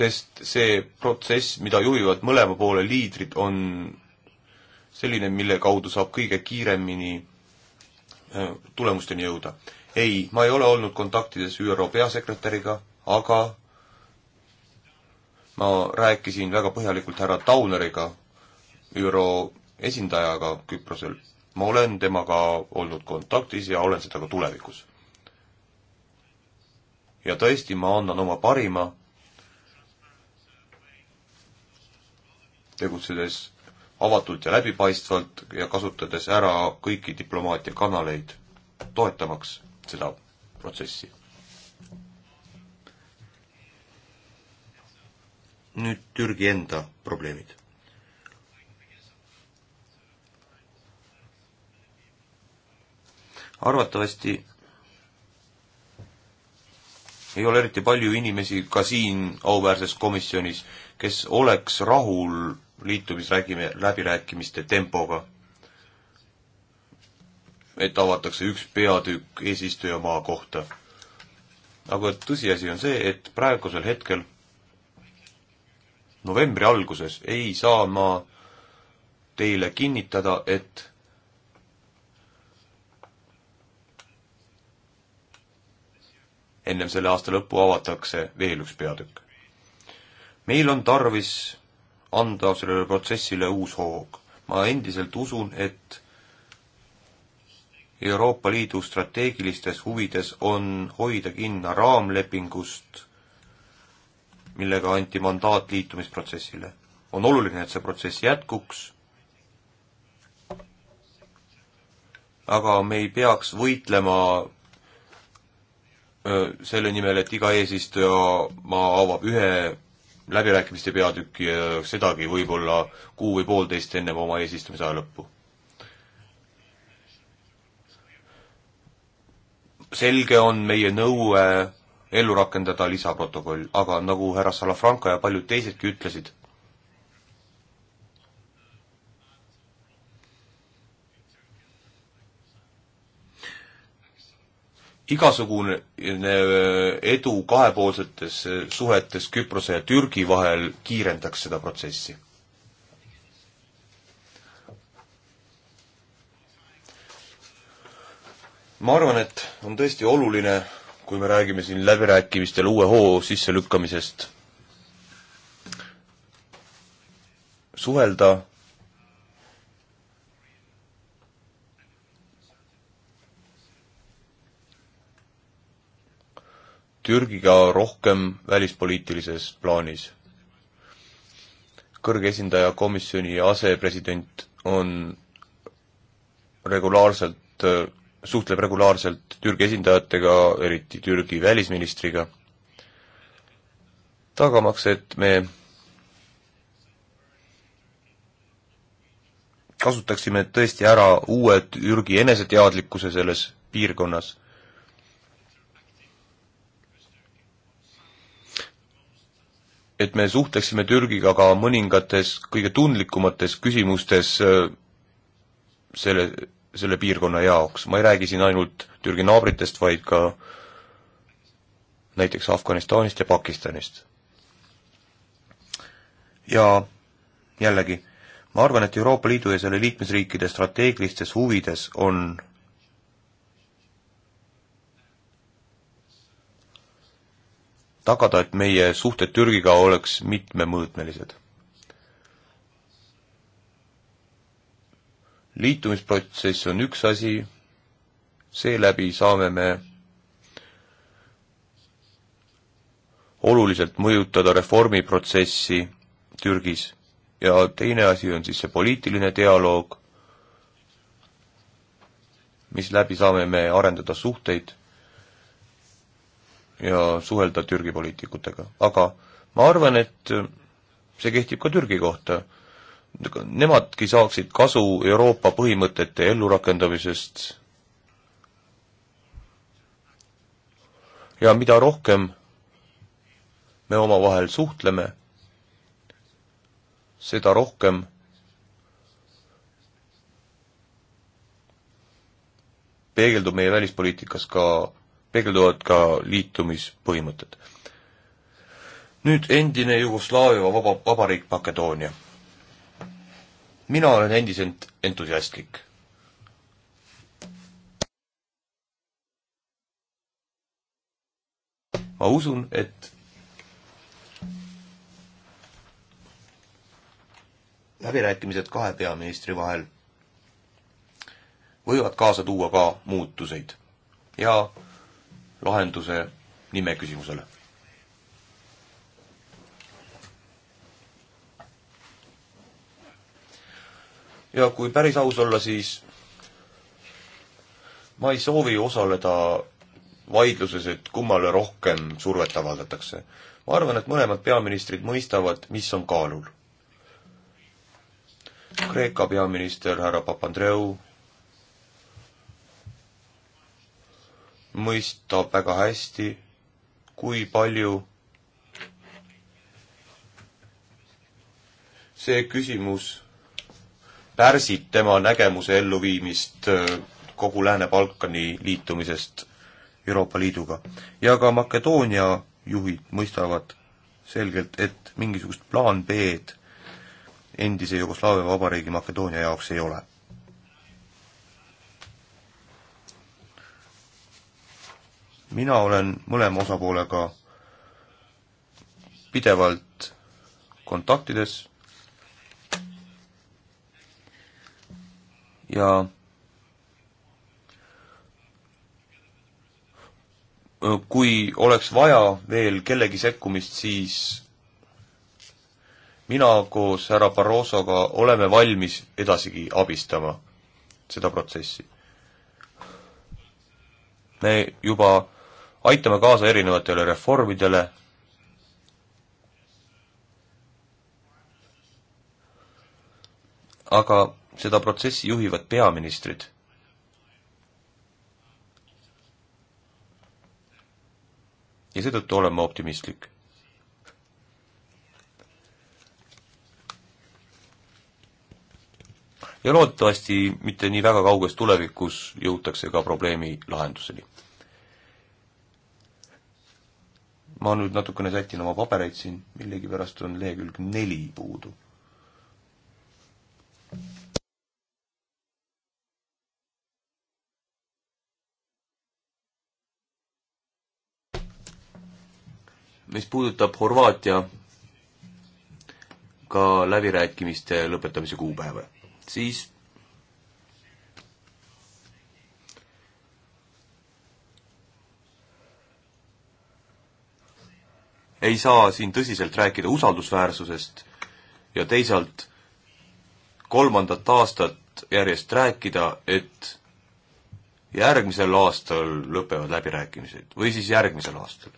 sest see protsess, mida juhivad mõlema poole liidrid, on selline, mille kaudu saab kõige kiiremini äh, tulemusteni jõuda. ei, ma ei ole olnud kontaktides ÜRO peasekretäriga, aga ma rääkisin väga põhjalikult härra Tauneriga, ÜRO esindajaga Küprosel. ma olen temaga olnud kontaktis ja olen seda ka tulevikus. ja tõesti, ma annan oma parima, tegutsedes avatult ja läbipaistvalt ja kasutades ära kõiki diplomaatia kanaleid, toetamaks seda protsessi. nüüd Türgi enda probleemid. arvatavasti ei ole eriti palju inimesi ka siin auväärses komisjonis, kes oleks rahul liitumisrägime, läbirääkimiste tempoga. et avatakse üks peatükk eesistujamaa kohta. aga tõsiasi on see, et praegusel hetkel novembri alguses ei saa ma teile kinnitada, et ennem selle aasta lõppu avatakse veel üks peatükk. meil on tarvis anda sellele protsessile uus hoog. ma endiselt usun, et Euroopa Liidu strateegilistes huvides on hoida kinna raamlepingust, millega anti mandaat liitumisprotsessile. on oluline, et see protsess jätkuks, aga me ei peaks võitlema selle nimel, et iga eesistuja maa avab ühe läbirääkimiste peatükki ja sedagi võib-olla kuu või poolteist ennem oma eesistumise aja lõppu. selge on meie nõue ellu rakendada lisaprotokoll, aga nagu härra Salafranca ja paljud teisedki ütlesid, igasugune äh, edu kahepoolsetes äh, suhetes Küprose ja Türgi vahel kiirendaks seda protsessi. ma arvan, et on tõesti oluline, kui me räägime siin läbirääkimistel uue hoo sisselükkamisest, suhelda Türgiga rohkem välispoliitilises plaanis. kõrge esindaja komisjoni asepresident on regulaarselt, suhtleb regulaarselt Türgi esindajatega, eriti Türgi välisministriga, tagamaks, et me kasutaksime tõesti ära uue Türgi eneseteadlikkuse selles piirkonnas et me suhtleksime Türgiga ka mõningates kõige tundlikumates küsimustes äh, selle, selle piirkonna jaoks, ma ei räägi siin ainult Türgi naabritest, vaid ka näiteks Afganistanist ja Pakistanist. ja jällegi, ma arvan, et Euroopa Liidu ja selle liikmesriikide strateegilistes huvides on tagada, et meie suhted Türgiga oleks mitmemõõtmelised. liitumisprotsess on üks asi, seeläbi saame me oluliselt mõjutada reformiprotsessi Türgis ja teine asi on siis see poliitiline dialoog, mis läbi saame me arendada suhteid ja suhelda Türgi poliitikutega, aga ma arvan, et see kehtib ka Türgi kohta. Nemadki saaksid kasu Euroopa põhimõtete ellurakendamisest ja mida rohkem me omavahel suhtleme, seda rohkem peegeldub meie välispoliitikas ka peegelduvad ka liitumispõhimõtted. nüüd endine Jugoslaavia vaba, vabariik Makedoonia. mina olen endiselt entusiastlik. ma usun, et läbirääkimised kahe peaministri vahel võivad kaasa tuua ka muutuseid ja lahenduse nime küsimusele. ja kui päris aus olla, siis ma ei soovi osaleda vaidluses, et kummale rohkem survet avaldatakse. ma arvan, et mõlemad peaministrid mõistavad, mis on kaalul. Kreeka peaminister härra Papandreou mõistab väga hästi, kui palju see küsimus pärsib tema nägemuse elluviimist äh, kogu Lääne-Balkani liitumisest Euroopa Liiduga. ja ka Makedoonia juhid mõistavad selgelt, et mingisugust plaan B-d endise Jugoslaavia vabariigi Makedoonia jaoks ei ole. mina olen mõlema osapoolega pidevalt kontaktides ja kui oleks vaja veel kellegi sekkumist, siis mina koos härra Barrosoga oleme valmis edasigi abistama seda protsessi. me juba aitame kaasa erinevatele reformidele, aga seda protsessi juhivad peaministrid. ja seetõttu olen ma optimistlik. ja loodetavasti mitte nii väga kauges tulevikus jõutakse ka probleemi lahenduseni ma nüüd natukene sätin oma pabereid siin, millegipärast on lehekülg neli puudu. mis puudutab Horvaatia ka läbirääkimiste lõpetamise kuupäeva, siis ei saa siin tõsiselt rääkida usaldusväärsusest ja teisalt kolmandat aastat järjest rääkida, et järgmisel aastal lõpevad läbirääkimised või siis järgmisel aastal.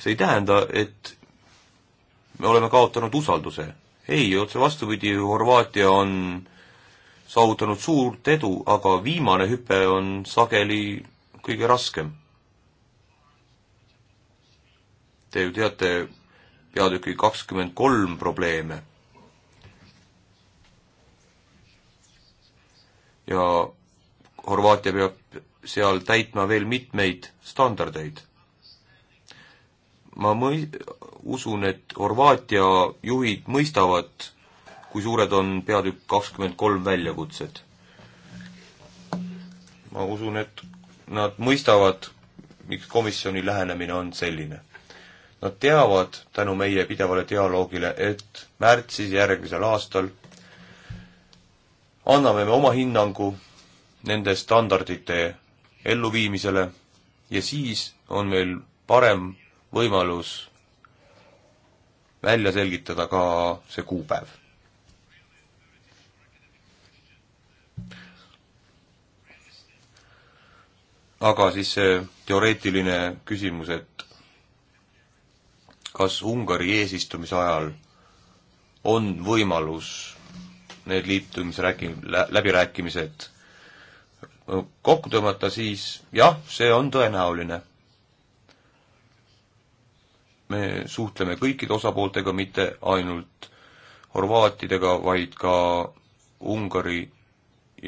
see ei tähenda, et me oleme kaotanud usalduse. ei, otse vastupidi, Horvaatia on saavutanud suurt edu, aga viimane hüpe on sageli kõige raskem Te ju teate peatüki kakskümmend kolm probleeme. ja Horvaatia peab seal täitma veel mitmeid standardeid. ma mõi-, usun, et Horvaatia juhid mõistavad, kui suured on peatükk kakskümmend kolm väljakutsed. ma usun, et nad mõistavad, miks komisjoni lähenemine on selline Nad teavad tänu meie pidevale dialoogile, et märtsis järgmisel aastal anname me oma hinnangu nende standardite elluviimisele ja siis on meil parem võimalus välja selgitada ka see kuupäev. aga siis see teoreetiline küsimus, et kas Ungari eesistumise ajal on võimalus need liitumisrääki-, läbirääkimised kokku tõmmata, siis jah, see on tõenäoline. me suhtleme kõikide osapooltega, mitte ainult horvaatidega, vaid ka Ungari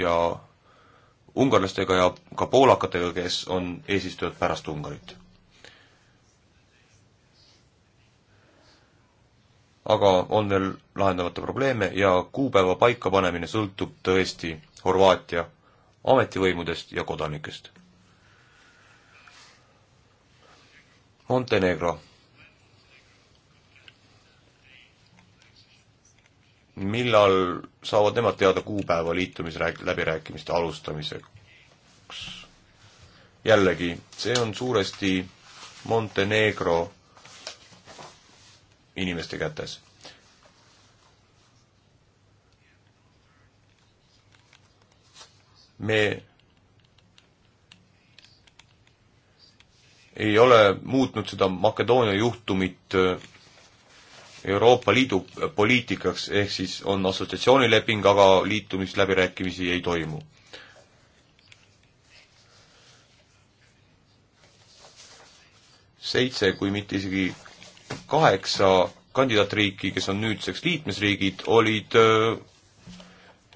ja ungarlastega ja ka poolakatega, kes on eesistujad pärast Ungarit aga on veel lahendamata probleeme ja kuupäeva paikapanemine sõltub tõesti Horvaatia ametivõimudest ja kodanikest. Montenegro. millal saavad nemad teada kuupäeva liitumisrääk-, läbirääkimiste alustamiseks? jällegi, see on suuresti Montenegro inimeste kätes. me ei ole muutnud seda Makedoonia juhtumit äh, Euroopa Liidu äh, poliitikaks, ehk siis on assotsiatsioonileping, aga liitumisläbirääkimisi ei toimu. seitse, kui mitte isegi kaheksa kandidaatriiki, kes on nüüdseks liikmesriigid, olid äh,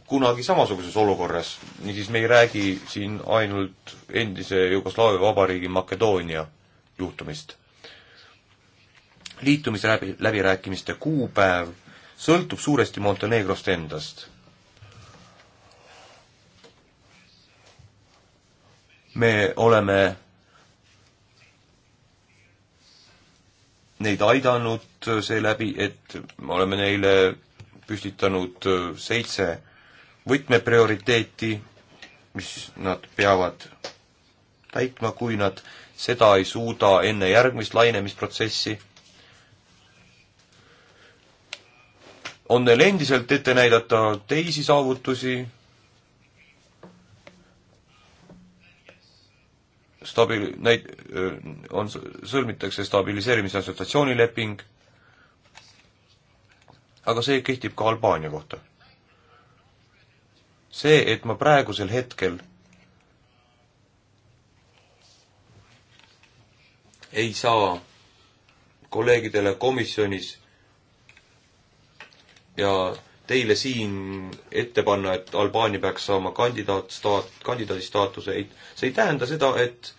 kunagi samasuguses olukorras, niisiis me ei räägi siin ainult endise Jugoslaavia vabariigi Makedoonia juhtumist. liitumisläbi, läbirääkimiste kuupäev sõltub suuresti Montenegrost endast. me oleme neid aidanud äh, seeläbi, et me oleme neile püstitanud äh, seitse võtmeprioriteeti, mis nad peavad täitma, kui nad seda ei suuda enne järgmist lainemisprotsessi. on neil endiselt ette näidata teisi saavutusi, stabi-, näit-, on, sõlmitakse stabiliseerimise assotsiatsioonileping, aga see kehtib ka Albaania kohta. see, et ma praegusel hetkel ei saa kolleegidele komisjonis ja teile siin ette panna, et Albaania peaks saama kandidaat staat-, kandidaadi staatuse, ei, see ei tähenda seda, et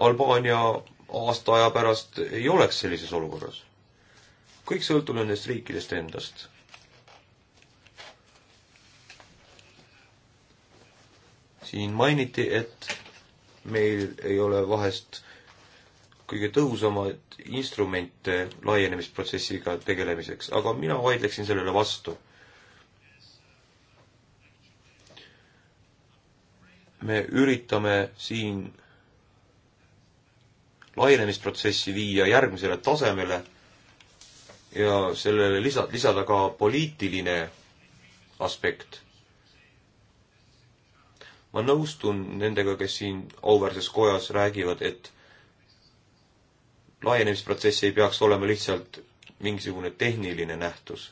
Albaania aasta aja pärast ei oleks sellises olukorras. kõik sõltub nendest riikidest endast. siin mainiti, et meil ei ole vahest kõige tõhusamaid instrumente laienemisprotsessiga tegelemiseks, aga mina vaidleksin sellele vastu. me üritame siin laienemisprotsessi viia järgmisele tasemele ja sellele lisa, lisada ka poliitiline aspekt. ma nõustun nendega, kes siin auväärses kojas räägivad, et laienemisprotsess ei peaks olema lihtsalt mingisugune tehniline nähtus.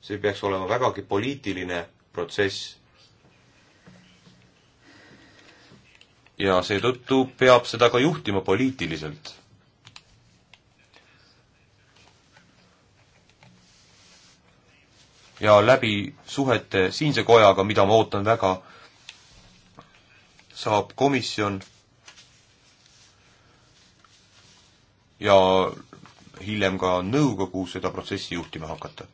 see peaks olema vägagi poliitiline protsess ja seetõttu peab seda ka juhtima poliitiliselt. ja läbi suhete siinse kojaga, mida ma ootan väga, saab komisjon ja hiljem ka nõukogu seda protsessi juhtima hakata.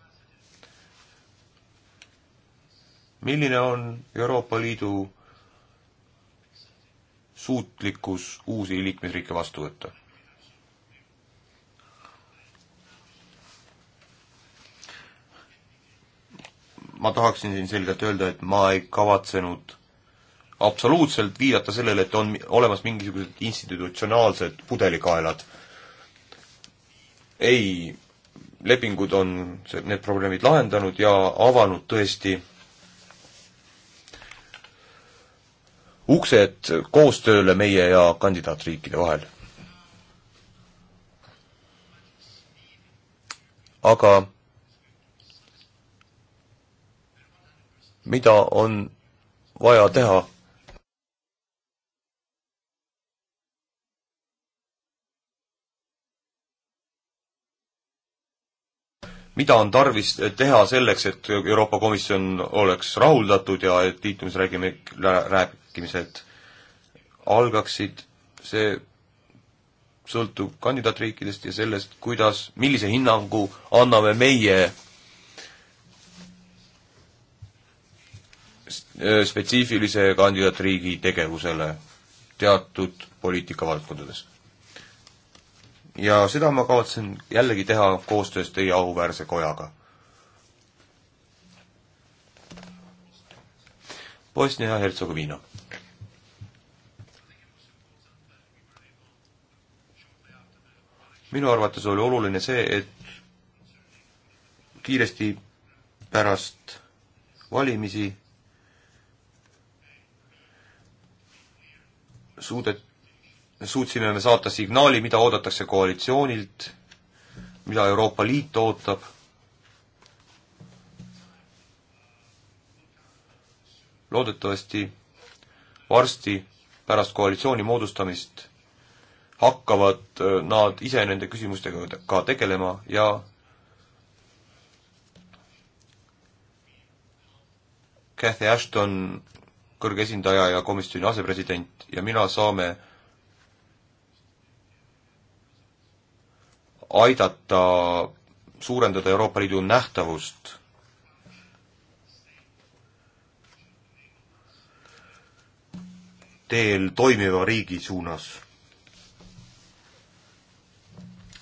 milline on Euroopa Liidu suutlikkus uusi liikmesriike vastu võtta. ma tahaksin siin selgelt öelda, et ma ei kavatsenud absoluutselt viidata sellele, et on olemas mingisugused institutsionaalsed pudelikaelad. ei, lepingud on need probleemid lahendanud ja avanud tõesti uksed koostööle meie ja kandidaatriikide vahel. aga mida on vaja teha? mida on tarvis teha selleks, et Euroopa Komisjon oleks rahuldatud ja et liitumisräägime, rääb, läbirääkimised algaksid, see sõltub kandidaatriikidest ja sellest, kuidas, millise hinnangu anname meie spetsiifilise kandidaatriigi tegevusele teatud poliitikavaldkondades. ja seda ma kavatsen jällegi teha koostöös teie auväärse kojaga. Bosnia ja Hertsegoviina minu arvates oli oluline see, et kiiresti pärast valimisi suudet-, suutsime me saata signaali, mida oodatakse koalitsioonilt, mida Euroopa Liit ootab loodetavasti varsti pärast koalitsiooni moodustamist hakkavad nad ise nende küsimustega ka tegelema ja Cathy Ashton, kõrge esindaja ja komisjoni asepresident ja mina saame aidata suurendada Euroopa Liidu nähtavust teel toimiva riigi suunas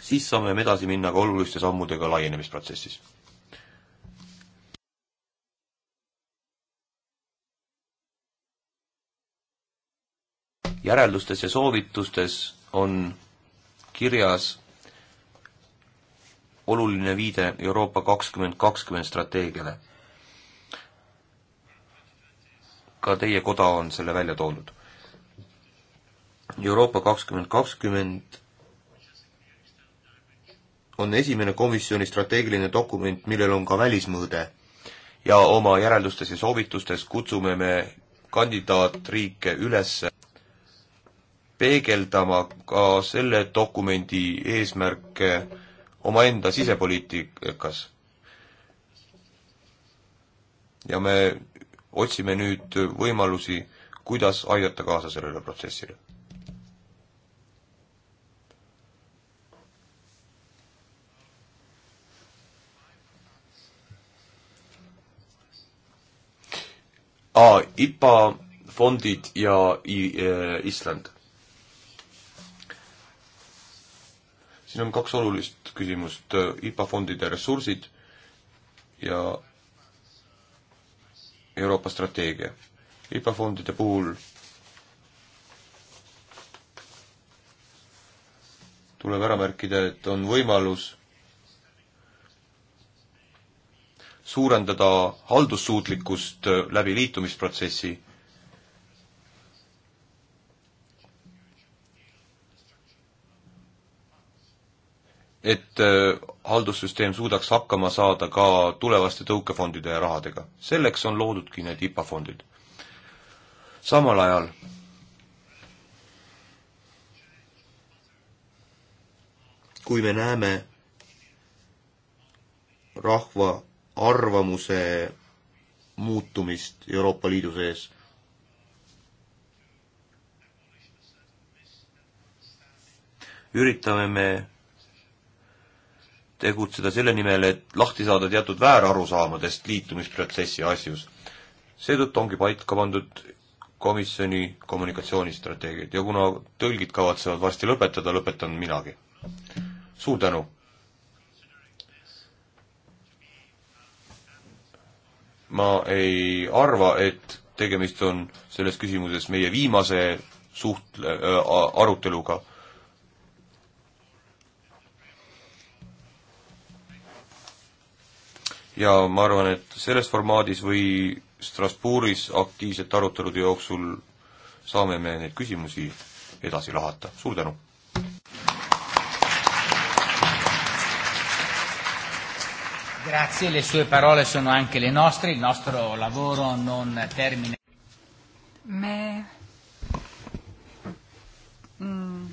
siis saame me edasi minna ka oluliste sammudega laienemisprotsessis. järeldustes ja soovitustes on kirjas oluline viide Euroopa kakskümmend kakskümmend strateegiale. ka teie koda on selle välja toonud. Euroopa kakskümmend kakskümmend on esimene komisjoni strateegiline dokument, millel on ka välismõõde. ja oma järeldustes ja soovitustes kutsume me kandidaatriike üles peegeldama ka selle dokumendi eesmärke omaenda sisepoliitikas. ja me otsime nüüd võimalusi, kuidas aidata kaasa sellele protsessile. ah,, IPA fondid ja e, Island. siin on kaks olulist küsimust, IPA fondide ressursid ja Euroopa strateegia. IPA fondide puhul tuleb ära märkida, et on võimalus suurendada haldussuutlikkust äh, läbi liitumisprotsessi. et äh, haldussüsteem suudaks hakkama saada ka tulevaste tõukefondide ja rahadega. selleks on loodudki need IPA fondid. samal ajal kui me näeme rahva arvamuse muutumist Euroopa Liidu sees. üritame me tegutseda selle nimel, et lahti saada teatud väärarusaamadest liitumisprotsessi asjus. seetõttu ongi paika pandud komisjoni kommunikatsioonistrateegiad ja kuna tõlgid kavatsevad varsti lõpetada, lõpetan minagi. suur tänu! ma ei arva, et tegemist on selles küsimuses meie viimase suht- äh,, aruteluga. ja ma arvan, et selles formaadis või Strasbourgis aktiivsete arutelude jooksul saame me neid küsimusi edasi lahata, suur tänu! Grazie, le sue parole sono anche le nostre, il nostro lavoro non termina. me mm,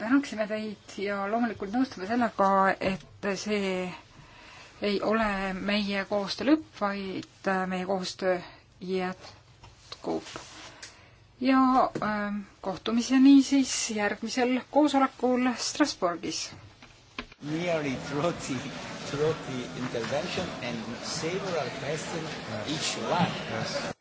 tänaksime teid ja loomulikult nõustume sellega, et see ei ole meie koostöö lõpp, vaid äh, meie koostöö jätkub. ja äh, kohtumiseni siis järgmisel koosolekul Strasbourgis nearly 30, 30 interventions and several questions yes. each one. Yes.